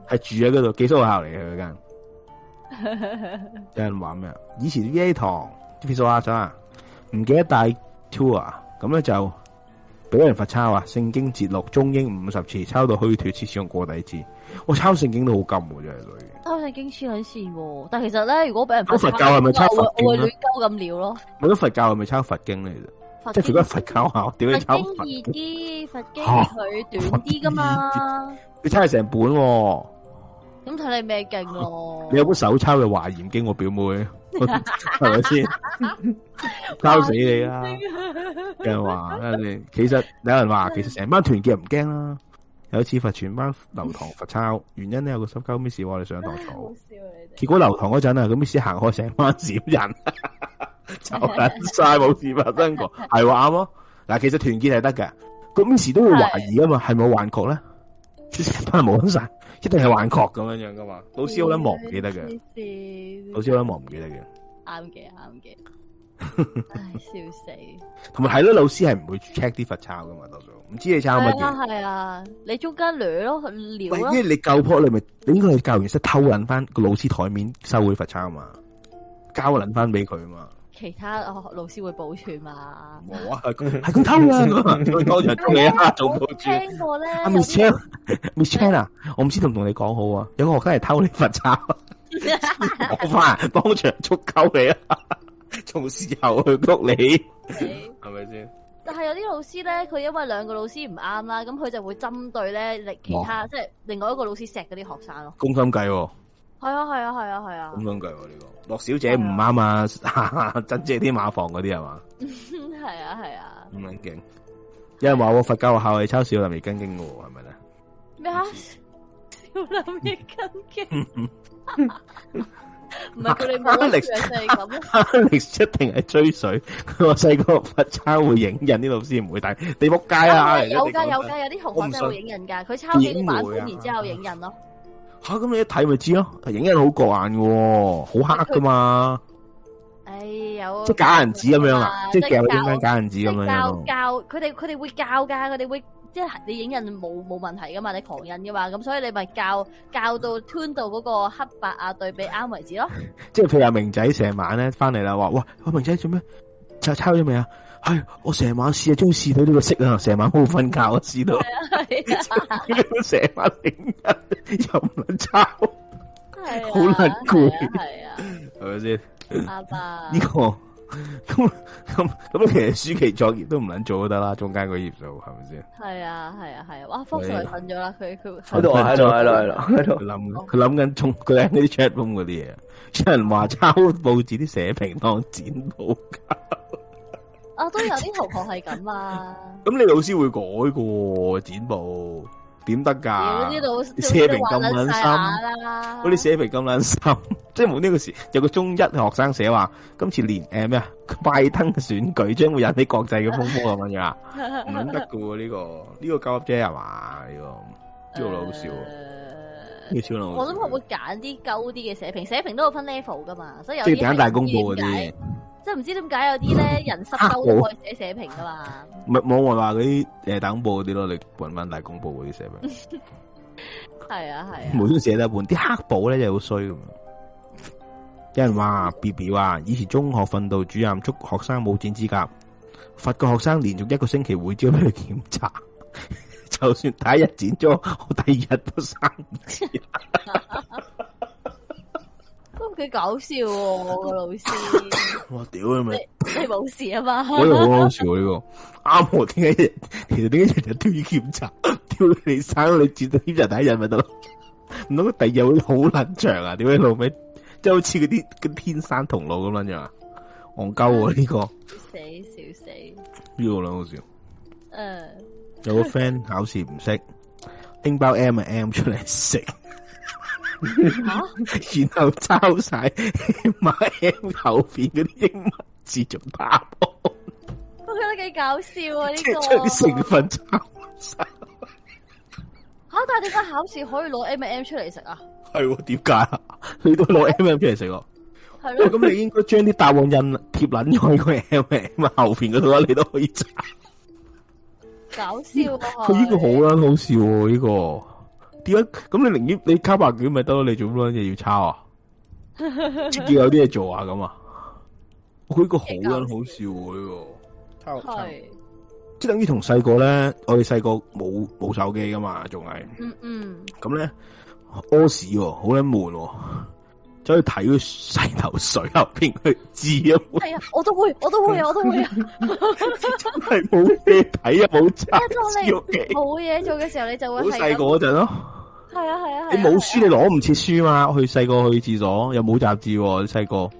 Speaker 3: 係住喺嗰度寄宿學校嚟嘅嗰間。有人話咩啊？以前啲 A 堂，啲 s 宿學啊，唔記得帶 tour 啊，咁咧就俾人罰抄啊！聖經節錄中英五十次，抄到虛脫，次次用過底字。我抄聖經都好禁喎，啊，真係女。
Speaker 2: 抄聖經黐緊線，但其實咧，如果俾人抄佛，佛教係咪抄我會亂鳩咁料
Speaker 3: 咯。我都佛教係咪抄佛經嚟啫？即係如果佛教話，我屌你抄佛
Speaker 2: 經？
Speaker 3: 易啲，佛經佢短啲噶嘛？你
Speaker 2: 抄係成本。咁睇你咩
Speaker 4: 勁咯。
Speaker 3: 你有本手抄嘅華嚴經，我表妹係咪先？抄死你啦！又話實你其實有人話，其實成班團結唔驚啦。有一次罰全班留堂罰抄， <laughs> 原因咧有個收鳩 miss，我哋上堂嘈。你結果留堂嗰陣啊，個 miss 行開成班閃人，就捻晒冇事發生過，係話啱咯。嗱， <laughs> 其實團結係得嘅，個 miss 都會懷疑啊嘛，係咪幻覺咧？成班冇晒，一定係幻覺咁樣樣噶嘛？老師好捻忘唔記得嘅
Speaker 2: <laughs> <laughs> <laughs>
Speaker 3: 老師好捻忘唔記得嘅，啱嘅啱嘅，笑死！同埋係咯，老師係唔會 check 啲罰抄噶嘛，唔知你抄乜嘢？
Speaker 2: 係啊係、啊、你中間掠咯，撩啊！因為你
Speaker 3: 教破，你咪，你應該係教員室偷捻翻個老師台面收佢罰抄嘛，交捻翻俾佢嘛。
Speaker 2: 其他老師會保存嘛？冇
Speaker 3: 啊，係咁 <laughs> 偷啊！ <laughs> 當場捉你啊！ <laughs> 做
Speaker 5: 錯
Speaker 2: 住？我聽過咧。阿 Miss
Speaker 3: Chan，Miss Chan 啊， <laughs> Chane, <laughs> <laughs> 我唔知同唔同你講好啊？有個學生係偷你罰抄，我 <laughs> 話 <laughs> <laughs> 當場捉鳩你啊！從事後去谷你，係咪先？
Speaker 2: 但係有啲老師咧，佢因為兩個老師唔啱啦，咁佢就會針對咧其他，即係另外一個老師錫嗰啲學生咯。
Speaker 3: 公心計，係啊
Speaker 7: 係啊係啊係啊。公、啊啊
Speaker 3: 啊啊、心計呢、啊這個，落小姐唔啱啊，啊 <laughs> 真借啲馬房嗰啲係嘛？係啊係啊。
Speaker 4: 咁樣
Speaker 3: 勁，有人話我佛教學校係抄少林易筋經嘅，係咪咧？
Speaker 4: 咩啊？少林易筋經。 <laughs> <laughs> <laughs> 唔係佢哋冇理想
Speaker 3: 就一定係吹水。佢話細個罰抄會影印，啲老師唔會睇，你仆街啊！有噶有噶，有啲同學真係會影印噶，
Speaker 2: 佢抄啲板書然之後影印
Speaker 3: 咯。吓，咁你一睇咪知咯，影印好過眼嘅，好黑噶嘛。
Speaker 2: 哎，有即係假銀紙咁樣啊！即係教點樣假
Speaker 3: 銀紙咁樣。教教
Speaker 2: 佢哋，佢哋會教噶，佢哋會。即係你影印冇冇問題噶嘛？你狂印噶嘛？咁所以你咪教教到 tune 到嗰個黑白啊對比啱為止咯。
Speaker 3: 即係譬如阿明仔成晚咧翻嚟啦，話哇阿明仔做咩就抄咗未、哎、啊？係我成晚試啊，終於試到呢個色啊！成晚好瞓覺，我試
Speaker 4: 到。
Speaker 3: 成晚零啊，又唔捻抄，好難攰，係咪先？阿、啊啊、爸，爸，你好。咁咁咁，其實暑期作業都唔捻做都得啦，中間嗰頁做係咪先？
Speaker 2: 係啊
Speaker 4: 係啊係啊！哇，方 Sir 瞓咗啦，佢佢喺
Speaker 3: 度喺度喺度諗，佢諗緊從佢喺啲 chat room 嗰啲嘢，有人話抄報紙啲社評當剪報。
Speaker 2: <laughs> 啊，都有啲同學係咁啊！
Speaker 3: 咁 <laughs> 你老師會改噶喎，剪報。點得噶？嗰啲寫評咁卵心，
Speaker 4: 嗰啲寫
Speaker 3: 評咁卵心，即係冇呢個事。有個中一學生寫話，今次連誒咩啊，拜登嘅選舉將會引起國際嘅風波咁樣 <laughs> 啊，
Speaker 2: 唔卵得
Speaker 3: 噶喎！呢個呢個高級者係嘛？呢、這個招老師，招老師，我都係
Speaker 2: 會揀啲高啲嘅寫評，寫評都有分 level 噶嘛，所以有啲大公布嗰啲。即係唔知點解有啲咧人失收都
Speaker 3: 可以寫社評噶嘛？唔係網外話嗰啲，誒大公報啲咯，你揾翻大公報嗰啲社評，
Speaker 4: 係 <laughs> 啊係每篇
Speaker 3: 寫得半。啲黑簿咧就好、是、衰，有人話 B B 話以前中學訓導主任捉學生冇剪指甲，罰個學生連續一個星期會照俾佢檢查， <laughs> 就算第一日剪咗，我第二日都生。 <laughs> <laughs> 好搞笑喎、哦、我
Speaker 2: 個老師！ <laughs> 哇屌你咪你冇事 <laughs> <laughs> 啊嘛！我又好
Speaker 3: 笑呢個，啱喎，點解其實點解日日都要檢查？屌你生你至到檢查第一日咪得咯？唔通我第二日會好撚長啊？點解老味？即係好似嗰啲跟天生同路咁樣樣，憨鳩呢個死笑死！呢、這個好笑。
Speaker 2: 誒、嗯，有個 friend
Speaker 3: 考試唔識拎包 M、MM、啊 M 出嚟食。啊、 <laughs> 然後抄晒 M M 後邊嗰啲英文字做答案，我
Speaker 2: 覺得幾搞笑啊呢、這個。成
Speaker 3: 分抄晒。
Speaker 2: 吓，但係點解考試可以攞 M M 出嚟食啊？
Speaker 3: 係，點解啊？你都攞 M M 出嚟食我。
Speaker 2: 係咯。咁你應
Speaker 3: 該將啲大王印貼捻喺個 M M 後邊嗰度啊，你都可以查、MM 啊。啊 <laughs> 啊、M -m 以 <laughs>
Speaker 4: 搞笑、啊。佢
Speaker 3: 呢、啊、 <laughs> 個好撚，好笑呢、啊這個。點解咁？你寧願你卡白卷咪得咯？你做乜嘢要抄啊？
Speaker 4: <laughs> 要有啲嘢
Speaker 3: 做啊咁、哦這個、啊！佢、這個個好捻好笑會喎，
Speaker 4: 抄抄，
Speaker 3: 即係等於同細個咧，我哋細個冇冇手機噶嘛，仲係，嗯嗯，咁咧屙屎，好捻悶。啊啊啊啊啊啊啊啊走去睇個洗頭水入邊去治啊！係啊，我
Speaker 2: 都會，我都會、啊，我都會，真係冇嘢
Speaker 3: 睇啊，冇 <laughs> 渣，冇嘢做嘅時候，你
Speaker 2: 就會係細
Speaker 3: 個嗰陣咯。係啊，係啊，啊，
Speaker 2: 啊，啊，你冇書，
Speaker 3: 你攞唔切書嘛？去細個去廁所又冇雜誌、啊，你細個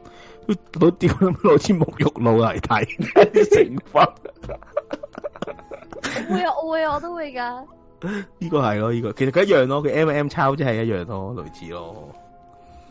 Speaker 3: 攞掉攞支沐浴露嚟睇成份。 <laughs> <laughs> <laughs> 會啊
Speaker 2: 會啊，我都會噶、
Speaker 3: 啊 <laughs> 啊。呢、這個係咯，呢個其實佢一樣咯、啊，佢 M M 抄即係一樣咯、啊，類似咯、啊。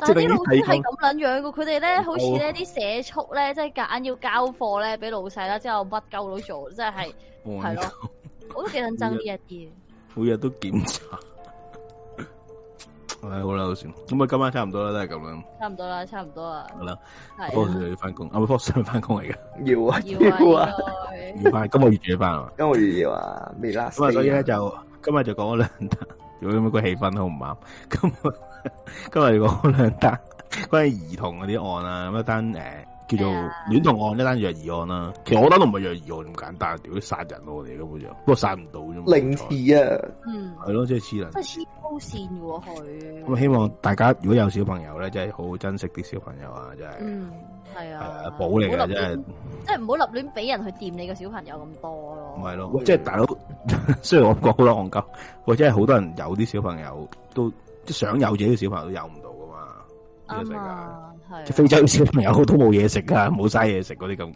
Speaker 3: 但係啲老師係咁
Speaker 2: 捻樣噶佢哋咧好似咧啲社畜咧，即係夾硬要交貨咧，俾老細啦，之後屈鳩佬做，真係係咯，
Speaker 3: 我
Speaker 2: 也挺的都幾想憎呢一
Speaker 3: 啲每日都檢查， <laughs> 唉，好啦，好時咁啊，今晚差唔多啦，都係咁樣。
Speaker 2: 差唔多啦，差唔多啊。好啦，
Speaker 3: 又要翻工，我咪放學先翻工嚟噶。
Speaker 1: 要啊，要啊。
Speaker 3: 要班今日月姐班啊，今日月要 <laughs> 沒啊，
Speaker 4: 未啦。咁所以咧
Speaker 3: 就今日就講咗兩單。有冇個氣氛好唔啱，咁如果講兩單關於兒童嗰啲案啊，咁一單誒叫做戀童案，一單虐兒案啦、啊，其實我覺得都唔係虐兒案咁簡單，屌殺人、啊、我哋根本就，殺不過殺唔到咁，零次啊、就是，嗯，係咯、啊，即係黐人，即
Speaker 4: 係黐煲線
Speaker 2: 喎
Speaker 3: 佢。咁希望大家如果有小朋友咧，即係好好珍惜啲小朋友啊，
Speaker 2: 真係，嗯，係啊，
Speaker 3: 寶嚟嘅真係，即
Speaker 2: 係唔好立亂俾人去掂你個小朋友咁
Speaker 3: 多咯。唔係咯，即、就、係、是、大佬、嗯，雖然我覺好多憨鳩，或者係好多人有啲小朋友都即想有自己嘅啲小朋友都有唔到噶嘛，呢、
Speaker 4: 嗯呢個世界、嗯啊即非洲小朋友都冇
Speaker 3: 嘢食噶，冇晒嘢食嗰啲感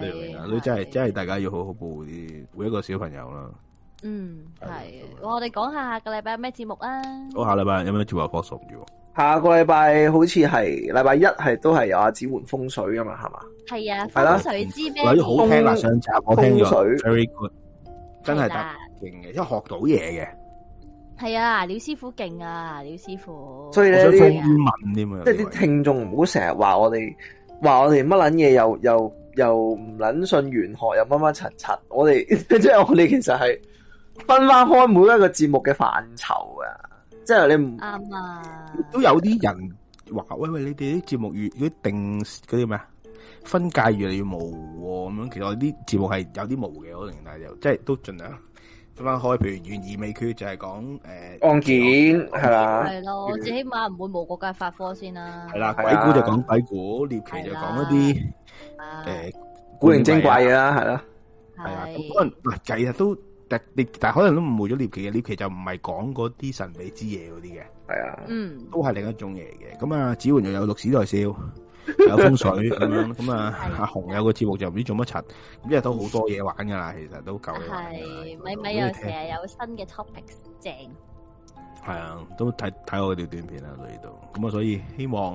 Speaker 3: 覺
Speaker 4: 你明，所以
Speaker 3: 真係真係大家要好好保護啲每一個小朋友啦。嗯，
Speaker 2: 係。我哋講下下個禮拜有咩節目啊？
Speaker 3: 好，
Speaker 1: 下禮拜有咩節目啊？傅松。下個禮拜好似係禮拜一係都係有阿子煥風水啊嘛，係嘛？
Speaker 4: 係啊。係啦，水之冰風水，好聽啦，上集
Speaker 1: 我聽咗，very good，真係得勁嘅，因為學到嘢嘅。
Speaker 2: 係啊，廖師傅勁啊，廖師傅。
Speaker 1: 所以想咧啲即係啲聽眾唔好成日話我哋話我哋乜捻嘢，又又又唔捻信玄學又乜乜柒柒，我哋、啊嗯、 <laughs> 即係我哋其實係分翻開每一個節目嘅範疇啊，即
Speaker 3: 係你唔啱
Speaker 2: 啊。都有啲
Speaker 3: 人話喂喂，你哋啲節目越嗰啲定嗰啲咩啊，分界越嚟越模糊咁樣。其實我啲節目係有啲模糊嘅，我承認，但係又即係都盡量。翻開篇懸疑未決就係講誒案件係啦，
Speaker 2: 係、呃、咯，最起碼唔會冇國家發科先啦。係啦，
Speaker 3: 鬼故就講鬼故，獵奇就講一啲誒、
Speaker 4: 呃呃、古靈精怪嘅啦，係
Speaker 3: 咯，係啊。可能唔計啊，其實都但你但可能都誤會咗獵奇嘅獵奇就唔係講嗰啲神秘之嘢嗰啲嘅，係啊，嗯，都係另一種嘢嚟嘅。咁啊，只煥又有六史在燒。 <laughs> 有風水咁樣，咁啊阿紅、啊、有個節目就唔知做乜柒，咁一日都好多嘢玩噶啦，其實都夠。
Speaker 2: 係咪咪有成日
Speaker 3: 有新嘅 topics 正。係啊，都睇睇我條短片啊，嚟到，咁啊，所以希望，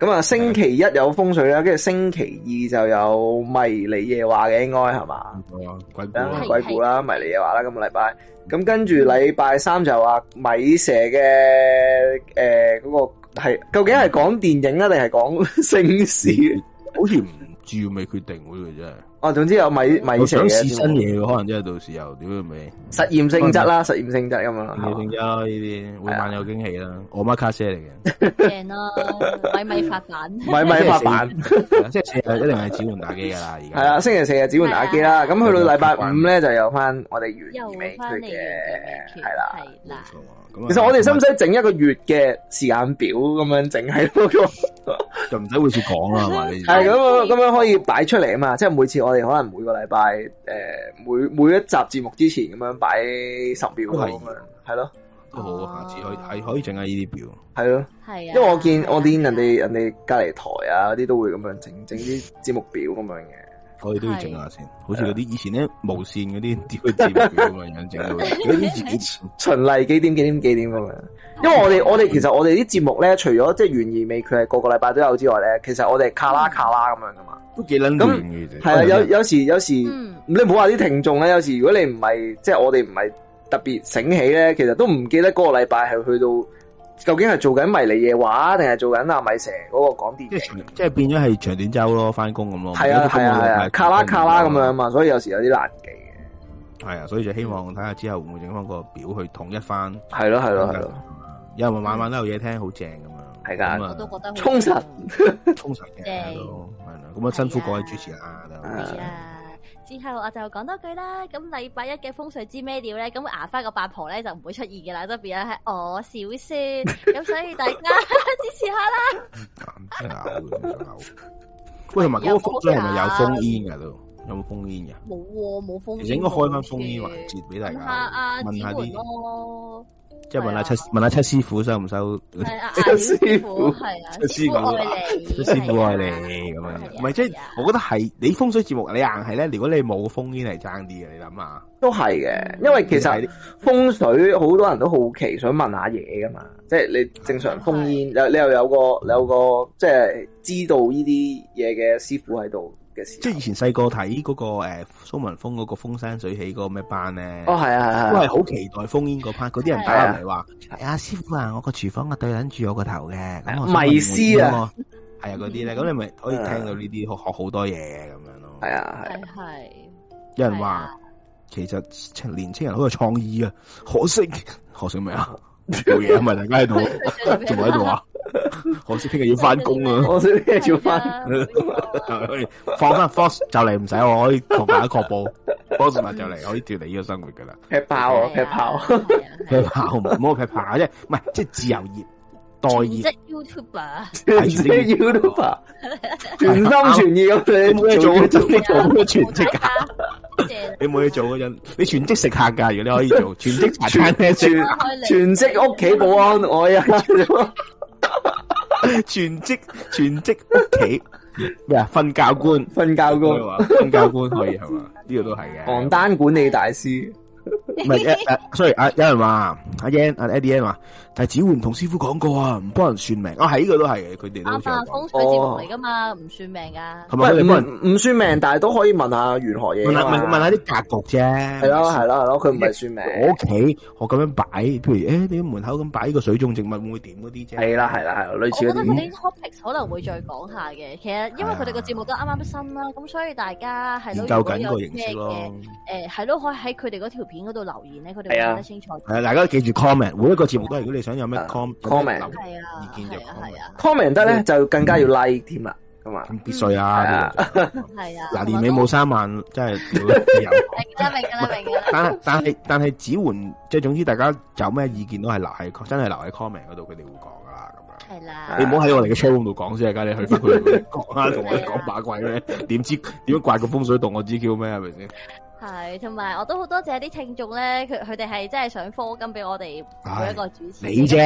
Speaker 1: 咁、嗯、啊，星期一有風水啦，跟住星期二就有迷你夜話嘅，應該係嘛？鬼鬼鬼故啦，迷你夜話啦，今個禮拜，咁跟住禮拜三就話米蛇嘅誒嗰個。係，究竟係講電影啊，定係講
Speaker 3: 性事？好似唔主要未決定會，真係。
Speaker 1: 哦、啊，總之有米、哦、米成嘢，新嘢可
Speaker 3: 能即係到時又屌唔屘。
Speaker 1: 實驗性質啦，實驗性質咁啊。實
Speaker 3: 驗啦，呢啲會慢有驚
Speaker 1: 喜啦、啊。我媽卡車嚟嘅。正
Speaker 2: 咪米發版，米米發難。
Speaker 1: 即係一定係指糊打機噶啦，而家。係啦，星期四係指糊打機啦，咁去、啊嗯、到禮拜五咧、啊、就有翻我哋懸疑未決嘅，係啦，冇錯、啊。其實我哋使唔使整一個月嘅時間表咁樣整喺度、那個， <laughs> <laughs> 就唔使會說講啦，係 <laughs> 嘛是嗎？係咁咁樣可以擺出嚟啊嘛！即係每次我哋可能每個禮拜誒，每每一集節目之前咁樣擺十秒的是。係係咯，都好下次可以可以整下呢啲表，係 <laughs> 咯，係啊，因為我見我見人哋 <laughs> 人哋隔籬台啊啲都會咁樣整整啲節目表咁樣嘅。
Speaker 3: 我哋都要整下先，好似嗰啲以前咧無線嗰啲點
Speaker 1: 去
Speaker 6: 節目咁樣整啊？嗰 <laughs> 啲事
Speaker 1: <laughs> 循例幾點幾點幾點咁樣。因為我哋 <laughs> 我哋其實我哋啲節目咧，除咗即係懸疑未決係個個禮拜都有之外咧，其實我哋卡拉卡拉咁樣噶嘛，嗯、都幾捻亂嘅。係、嗯、啊，有有時有時、嗯、你唔好話啲聽眾咧，有時如果你唔係即係我哋唔係特別醒起咧，其實都唔記得嗰個禮拜係去到。究竟係做緊迷你夜話定係做緊阿米蛇嗰個講電？即係
Speaker 3: 即係變咗係長短周咯，翻工，咁咯。係啊係啊係啊，啊，啊，卡啦
Speaker 1: 卡啦咁樣嘛啊，所以有時有啲難記嘅。係啊，
Speaker 3: 所以就希望睇下之後會唔會整翻個表去統一翻。係咯係咯係咯，有冇晚晚都有嘢聽，好正咁樣。係噶，我都覺
Speaker 4: 得充實，充實嘅係咯。
Speaker 2: 係
Speaker 3: <laughs> 啦，咁、yeah. 啊，辛苦各位主持啦。Yeah. 啊啊
Speaker 2: 之後我就講多句啦，咁禮拜一嘅風水知咩料咧？咁牙花個八婆咧就唔會出現嘅啦，都變咗係我小仙。咁所以大家 <laughs> 支持下啦
Speaker 4: <laughs> <laughs> <laughs> 。
Speaker 3: 喂，同埋嗰個服裝係咪有封煙噶？都有冇封煙噶？
Speaker 2: 冇冇封，應該開翻封煙
Speaker 3: 環節俾大家。問下你啊，咯。即係問下七，啊、問下七師傅收唔收？係啊，七師傅，係啊，七師傅愛、啊、你，師傅愛你咁啊！唔係即係，我覺得係你風水節目，你硬係咧。如果你冇封煙，係爭啲嘅，你諗下
Speaker 1: 都係嘅。因為其實風水好多人都好奇，想問下嘢噶嘛。即係你正常封煙、啊，你又有，有個你有個，即係知道呢啲嘢嘅師傅喺度。
Speaker 3: 即係以前細、那個睇嗰個誒蘇文峰嗰個風生水起嗰個咩班咧？哦係啊係係，都係好期待烽煙嗰 part，嗰啲人打嚟話：阿、啊啊、師傅啊，我個廚房啊對忍住我個頭嘅，迷思啊，係啊嗰啲咧。咁、啊啊啊、你咪可以聽到呢啲、啊、學好多嘢咁樣咯。係啊係係、啊啊，有人話、啊、其實年青人好有創意啊，可惜可惜咩 <laughs> <laughs> 啊？做嘢咪大家喺度仲喺度啊？何惜啊、我知聽日要翻工啊， <laughs> 放啊！我知聽日要翻，放翻 Fox 就嚟唔使，我可以同大家確保。Fox 就嚟可以脫離呢個生活噶啦，劈炮我啊，劈、啊啊、炮，劈炮唔好劈炮，即唔係即係自由業待業
Speaker 4: ，YouTube 啊，咩 YouTube，r, 全，職 YouTuber,
Speaker 3: 全，職 YouTuber 全心全意咁 <laughs> <laughs> 你冇嘢、啊、做，真係做唔到全職噶。你冇嘢做嗰陣，你全職食客噶，如果你可以做 <laughs> 全職茶餐全職屋企保安我
Speaker 1: 啊。全職全職屋企咩啊？瞓覺 <laughs> 官瞓覺官瞓覺、嗯、官可以係嘛？呢個都係嘅，房單管理大師。
Speaker 4: 唔係誒誒，
Speaker 3: 所以阿有人話阿 Yan 阿 Ady Yan 話，但係只會唔同師傅講過啊，唔幫人算命。哦，係呢個都係嘅，佢哋都阿媽風水節目嚟
Speaker 4: 噶嘛，唔算命噶。同埋
Speaker 3: 唔唔
Speaker 1: 唔算命，但係都可以問下如何嘢。問下問
Speaker 3: 下啲格局啫。係咯係咯係咯，佢唔係算命。我屋企我咁樣擺，譬如誒你門口咁擺呢個水種植物會點嗰啲啫。係啦係啦係啦，類似。我覺得佢啲
Speaker 2: topics 可能會再講下嘅。其實因為佢哋個節目都啱啱新啦，咁所以大家係都會有咩嘅誒係咯，可以喺佢哋嗰條度留言咧，佢
Speaker 1: 哋得清楚。係、啊、大家記住 comment，每一個節目都係。如果你想有咩 comment，係、啊、有咩留言意見、啊啊啊、就 c comment 得咧、啊啊啊、就更加要 like 添啊，咁啊，必
Speaker 3: 須啊。係啊，嗱、啊，年尾冇三萬、啊、真係、啊啊。明噶啦，明噶啦，明噶
Speaker 4: 但係明但
Speaker 3: 係但係，只換即係，總之大家有咩意見都係留喺真係留喺 comment 嗰度，佢哋、啊、會講噶啦。
Speaker 4: 咁樣係啦、啊，你唔好喺我哋嘅 channel
Speaker 3: 度講先啊，家 <laughs> 你去翻佢度講啊，同 <laughs> 我哋講把怪咩？點知點樣怪個風水洞？我知叫咩係咪先？
Speaker 2: 係，同埋我都好多謝啲聽眾咧，佢佢哋係真係上科金俾我哋做
Speaker 1: 一個主持人、哎。你啫，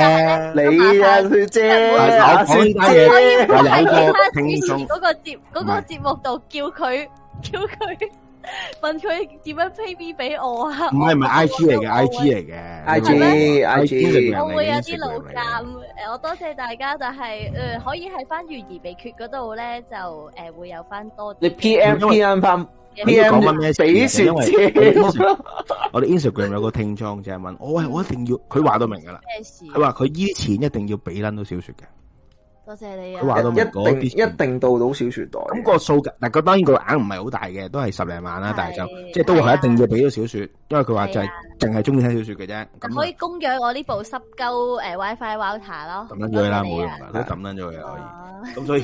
Speaker 1: 你啊佢啫，我我我可他他我喺我嗰
Speaker 2: 個節嗰個節目度叫佢叫佢問佢點樣 pay 俾我啊？唔係唔係 I G 嚟嘅，I G 嚟嘅
Speaker 3: ，I G I G。我會有啲老監，
Speaker 2: 我多謝大家，但係誒、嗯嗯、可以喺翻懸疑未決嗰度咧，就
Speaker 4: 誒、呃、會有翻多。你 P M P M。你講問咩事？因為
Speaker 3: 我哋 Instagram 有個聽眾就係問我：喂，我一定要佢話到明噶啦。
Speaker 4: 佢話佢以
Speaker 3: 前一定要俾撚到小說嘅。
Speaker 4: 多謝你啊，佢話到明，一定
Speaker 3: 一定到到小說袋。咁、那個數，嗱，佢當然佢額唔係好大嘅，都係十零萬啦。但係就即係、就是、都係一定要俾咗小說，啊、因為佢話就係淨係中意睇小說嘅啫。咁可以
Speaker 2: 供養我呢部濕鳩誒 WiFi router 咯。抌咗佢啦，冇、啊、用啦，抌
Speaker 3: 咗佢可以。咁、啊、所以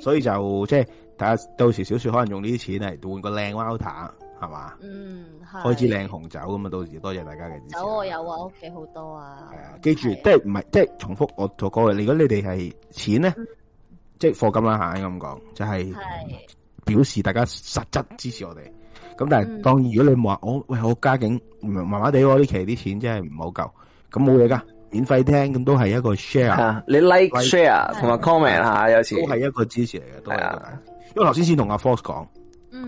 Speaker 3: 所以就即係睇下到時小說可能用呢啲錢嚟換個靚 router
Speaker 2: 係嘛？嗯，開始靚
Speaker 3: 紅酒咁啊！到時多謝大家嘅支持。酒我有啊，屋企好
Speaker 2: 多啊。
Speaker 3: 係啊，記住，即係唔係，即係重複我做過。如果你哋係錢咧、嗯，即係課金咁樣下咁講，就係、是、表示大家實質支持我哋。咁但係、嗯、當如果你話我、哦、喂我家境麻麻地，呢期啲錢真係唔好夠，咁冇嘢噶，免費聽咁都係一個 share、啊。你
Speaker 1: like,
Speaker 4: like、啊、share 同
Speaker 1: 埋 comment 吓，有時都係一個支持嚟嘅，都係、啊。
Speaker 3: 因為頭先先同阿 Fox 講。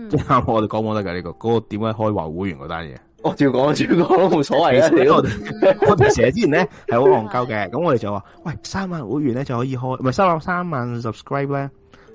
Speaker 3: 即、嗯、我哋講冇得㗎，呢、這個，嗰、那個點解開話會員嗰單嘢？我
Speaker 1: 照講， <laughs> <laughs> 我照講都冇
Speaker 3: 所謂啊！我哋我哋
Speaker 1: 成日
Speaker 3: 之前咧係好戇鳩嘅，咁我哋就話：喂，三萬會員咧就可以開，唔係收三萬 subscribe 咧。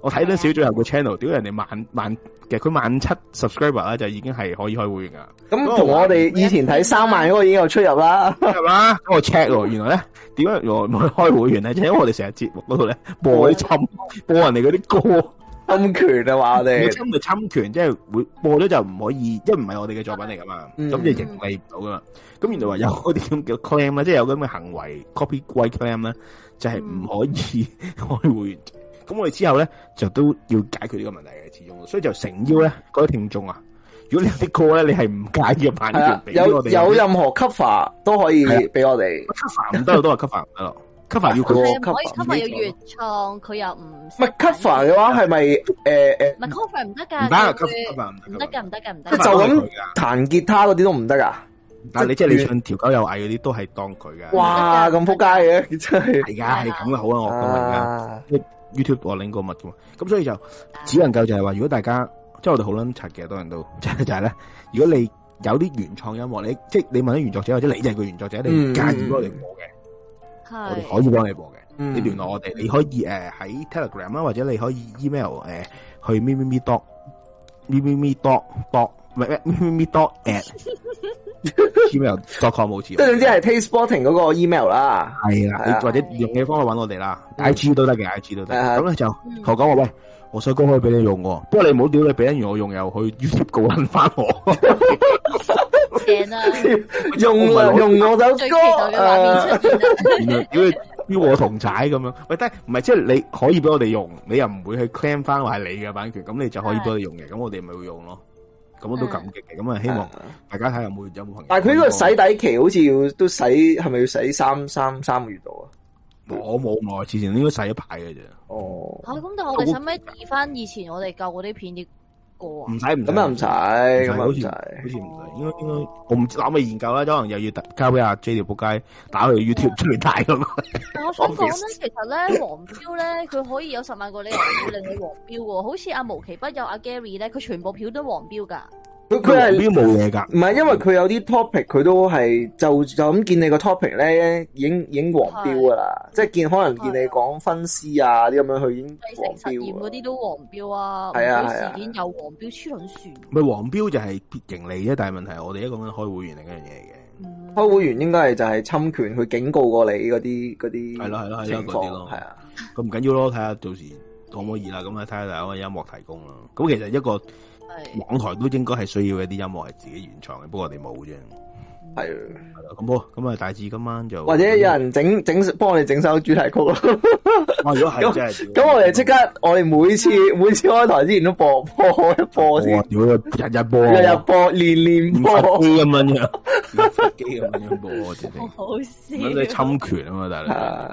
Speaker 3: 我睇到小組有個 channel，點解人哋萬萬，其實佢萬七 subscriber 咧，就已經係可以開會員噶。咁同我哋以前睇三萬嗰個已經有出入啦，係嘛？ <laughs> 我 check 喎，原來咧，點解我唔開會員咧？就 <laughs> 因為我哋成日節目嗰度咧播啲侵 <laughs> 播人哋嗰啲歌侵權啊嘛，我哋侵就侵權，即係會播咗就唔可以，因唔係我哋嘅作品嚟噶嘛，咁、嗯、就盈利唔到噶嘛。咁原來話有啲咁嘅 claim 啦，即係有咁嘅行為 copyright claim 啦，就係、是、唔可以開會員。嗯 <laughs> 咁我哋之後咧就都要解決呢個問題嘅，始終，所以就誠邀咧各位聽眾啊，如果你有啲歌咧，你係唔介意版權俾我哋，有有任
Speaker 1: 何 cover 都可以俾我哋 cover 唔得都係 cover 唔得咯，cover 要佢 cover，
Speaker 2: 可以 cover 要原創，佢又唔 cover
Speaker 1: 嘅話係咪誒誒唔係 cover 唔得噶，
Speaker 2: 唔得噶，唔得噶，唔得噶，即係就咁
Speaker 1: 彈吉他嗰啲都唔得啊！但係你即係你唱條
Speaker 3: 狗又矮嗰啲都係當佢噶哇咁扑街嘅，真係而家係咁嘅好啊，我講明噶。YouTube 我拎過乜噶，咁所以就只能夠就係話，如果大家即係我哋好捻柒嘅，多人都即係就係、是、咧，如果你有啲原創音樂，你即係你問啲原作者，或者你就係個原作者，你唔介意幫
Speaker 4: 我播嘅、嗯，我哋可以幫你
Speaker 3: 播嘅，你聯絡我哋、嗯，你可以誒喺、呃、Telegram 啊，或者你可以 email 誒、呃、去 mi mi mi dog mi mi mi dog dog。咪係咩？多 at email 再狂冇
Speaker 1: 錢，即係總之係 taste sporting 嗰個 email 啦。係啦，或者用嘅方法揾我哋啦
Speaker 3: ，I G 都得嘅，I G 都得。咁咧、嗯、就求求我，頭講話喂，我首歌可以俾你用、啊、不過你唔好屌你，俾得完我用，我用又去 YouTube 告翻我
Speaker 4: <laughs> <laughs> <laughs> 用。用我用我
Speaker 3: 首歌，要 <laughs> 我同仔咁樣。喂，但係唔係即係你可以俾我哋用，你又唔會去 claim 翻話係你嘅版權，咁你就可以俾我用嘅，咁我哋咪會用咯。咁我都感激嘅，咁、嗯、啊希望大家睇下有冇有冇、嗯，
Speaker 1: 但係佢呢個洗底期好似要都洗，係咪要洗三三三個月度啊？我冇我之前應該洗一排嘅啫。
Speaker 2: 哦，係、啊、咁，但係我哋使咩移翻以前我哋舊嗰啲片唔
Speaker 3: 使唔使咁咪唔使，好似好似唔使，應該應該、哦、我唔知諗咩研究啦，可能又要交俾阿 J 條扑街打佢 YouTube 出嚟大咁啊！嗯、 <laughs> 我想講咧， <laughs> 其
Speaker 4: 實咧黃
Speaker 2: 標咧，佢可以有十萬個理由要令你黃標噶，好似阿無奇不有阿、啊、Gary 咧，佢全部票都黃標噶。
Speaker 1: 佢佢係標冇嘢噶？唔係，因為佢有啲 topic，佢都係就就咁見你個 topic 咧，已經已經黃標噶啦。即係見可能見你講分屍啊啲咁樣，去已經
Speaker 2: 黃標。實驗嗰啲都黃標啊，係啊，事件有
Speaker 3: 黃標穿輪船。唔係黃標就係盈利啫，但係問題我哋一講緊開會員另一樣嘢嘅。
Speaker 1: 開會員應該係就係侵權，去警告過你嗰啲嗰啲。係咯係
Speaker 3: 咯，情況係啊，咁唔緊要咯，睇下到時可唔可以啦。咁啊，睇下大家嘅音樂提供啦。咁其實一個。的網台都應該係需要一啲音樂係自己原創嘅，們沒的不過我哋冇啫。係，咁好，咁啊，大致今晚就
Speaker 1: 或者有人整整幫我哋整首主題曲咯。 <laughs> 如果係，咁我哋即刻，我哋每次每次開台之前都播播一播，播
Speaker 3: 先播。日日播，日日播，連連 <laughs> 播，咁樣樣，唔咁樣樣播，我哋
Speaker 4: 好笑，你侵
Speaker 3: 權啊嘛，大、啊、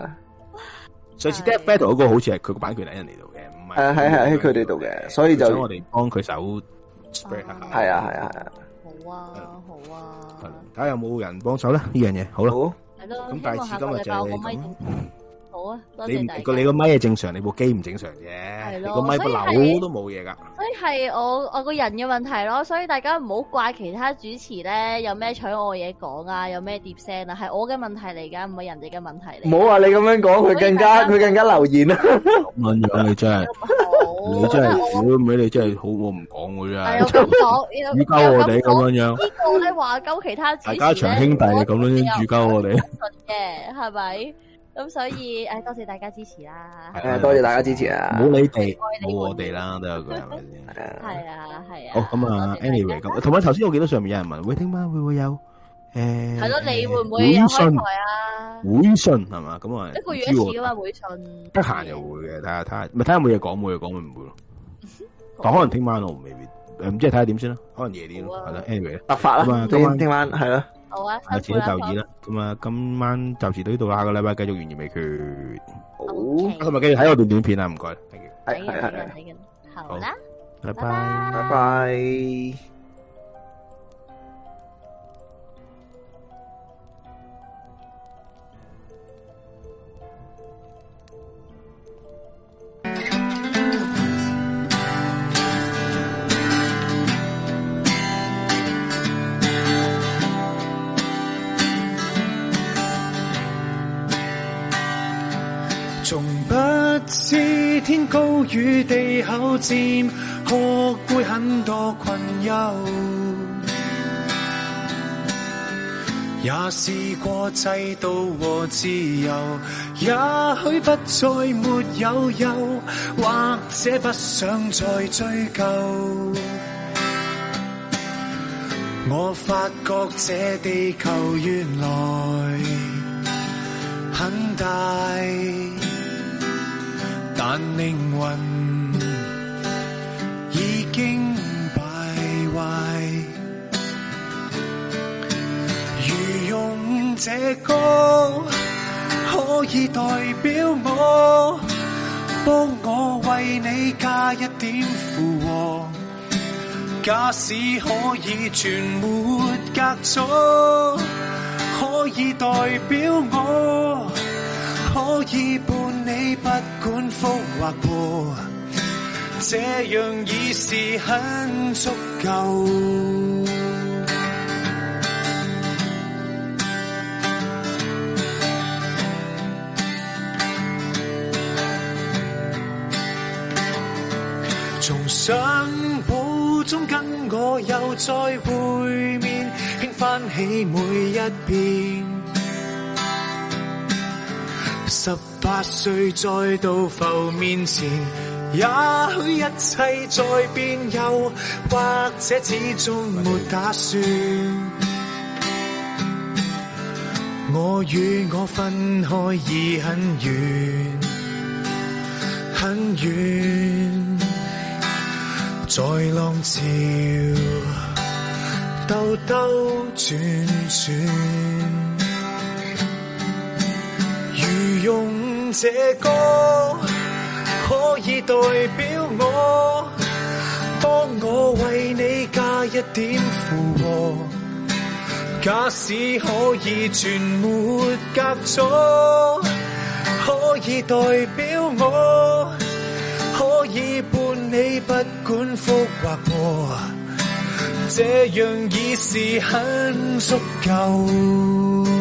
Speaker 3: 佬。上次 Death Battle 嗰個好似係佢個版權第一人嚟到嘅。誒、嗯，係係喺佢哋度嘅，所以就想我哋幫佢手 spread 下。係啊係啊係啊，好啊好啊，睇下有冇人幫手啦呢樣嘢。好啦，好，咁第二次今日就係咁。
Speaker 4: 好啊！你個你個
Speaker 3: 麥係正常，你部機唔正常啫。係咯。你個咪都冇嘢㗎。所以係，
Speaker 2: 所以係我我個人嘅問題咯。所以大家唔好怪其他主持咧，有咩搶我嘢講啊，有咩疊聲啊，係我嘅問題嚟噶，唔係人哋嘅問題
Speaker 1: 嚟。唔好話你咁樣講，
Speaker 2: 佢更加佢
Speaker 1: 更加留言
Speaker 3: 啦。咁樣你真係，
Speaker 2: 你真係，好
Speaker 3: 唔好？你真係好，我唔講嘅啫。你溝我哋咁樣樣，
Speaker 2: 呢個你話溝其他主持咧。大家長兄弟嘅咁樣樣，預溝我哋。嘅係咪？
Speaker 1: 咁所以，誒、哎、多謝大家支持啦！誒多謝大
Speaker 3: 家支持
Speaker 4: 啊！冇你哋，冇我哋啦，都、欸、 <laughs> 有佢，係咪先？係啊，係啊。
Speaker 3: 咁啊、嗯、Anyway，咁同埋頭先，剛才我記得上面有人問：會聽晚會唔會有誒？係、欸、咯，你會唔會開台啊？會信係嘛？咁啊，一個月一次啊嘛，
Speaker 4: 會
Speaker 3: 信。得閒又會嘅，睇下睇下，咪睇下有冇嘢講，冇嘢講咪唔會咯。 <laughs> 可能聽晚我唔未必誒，唔知係睇下點先啦。可能夜啲咯，係啦，Anyway，突發啦，嘛，聽、嗯、晚係啦。
Speaker 4: 下、啊、次都就已啦。
Speaker 3: 咁啊，今晚暫時到呢度啦。下個禮拜繼續懸疑未決。好，同埋繼續睇我段短片啊！唔該，係係好啦，
Speaker 4: 拜拜，拜拜。拜拜
Speaker 5: 不知天高與地厚，漸學會很多困擾，也試過制度和自由，也許不再沒有憂，或者不想再追究。我發覺這地球原來很大。但靈魂已經敗壞，如用這歌可以代表我，幫我為你加一點附和。假使可以全沒隔阻，可以代表我。可以伴你不管富或破，這樣已是很足夠。從相簿中跟我又再會面，輕翻起每一篇。十八歲再到浮面前，也許一切在變又，或者始終沒打算。我與我分開已很遠，很遠，在浪潮兜兜轉轉。如用這歌可以代表我，當我為你加一點負荷，假使可以全沒隔阻，可以代表我，可以伴你不管苦或樂，這樣已是很足夠。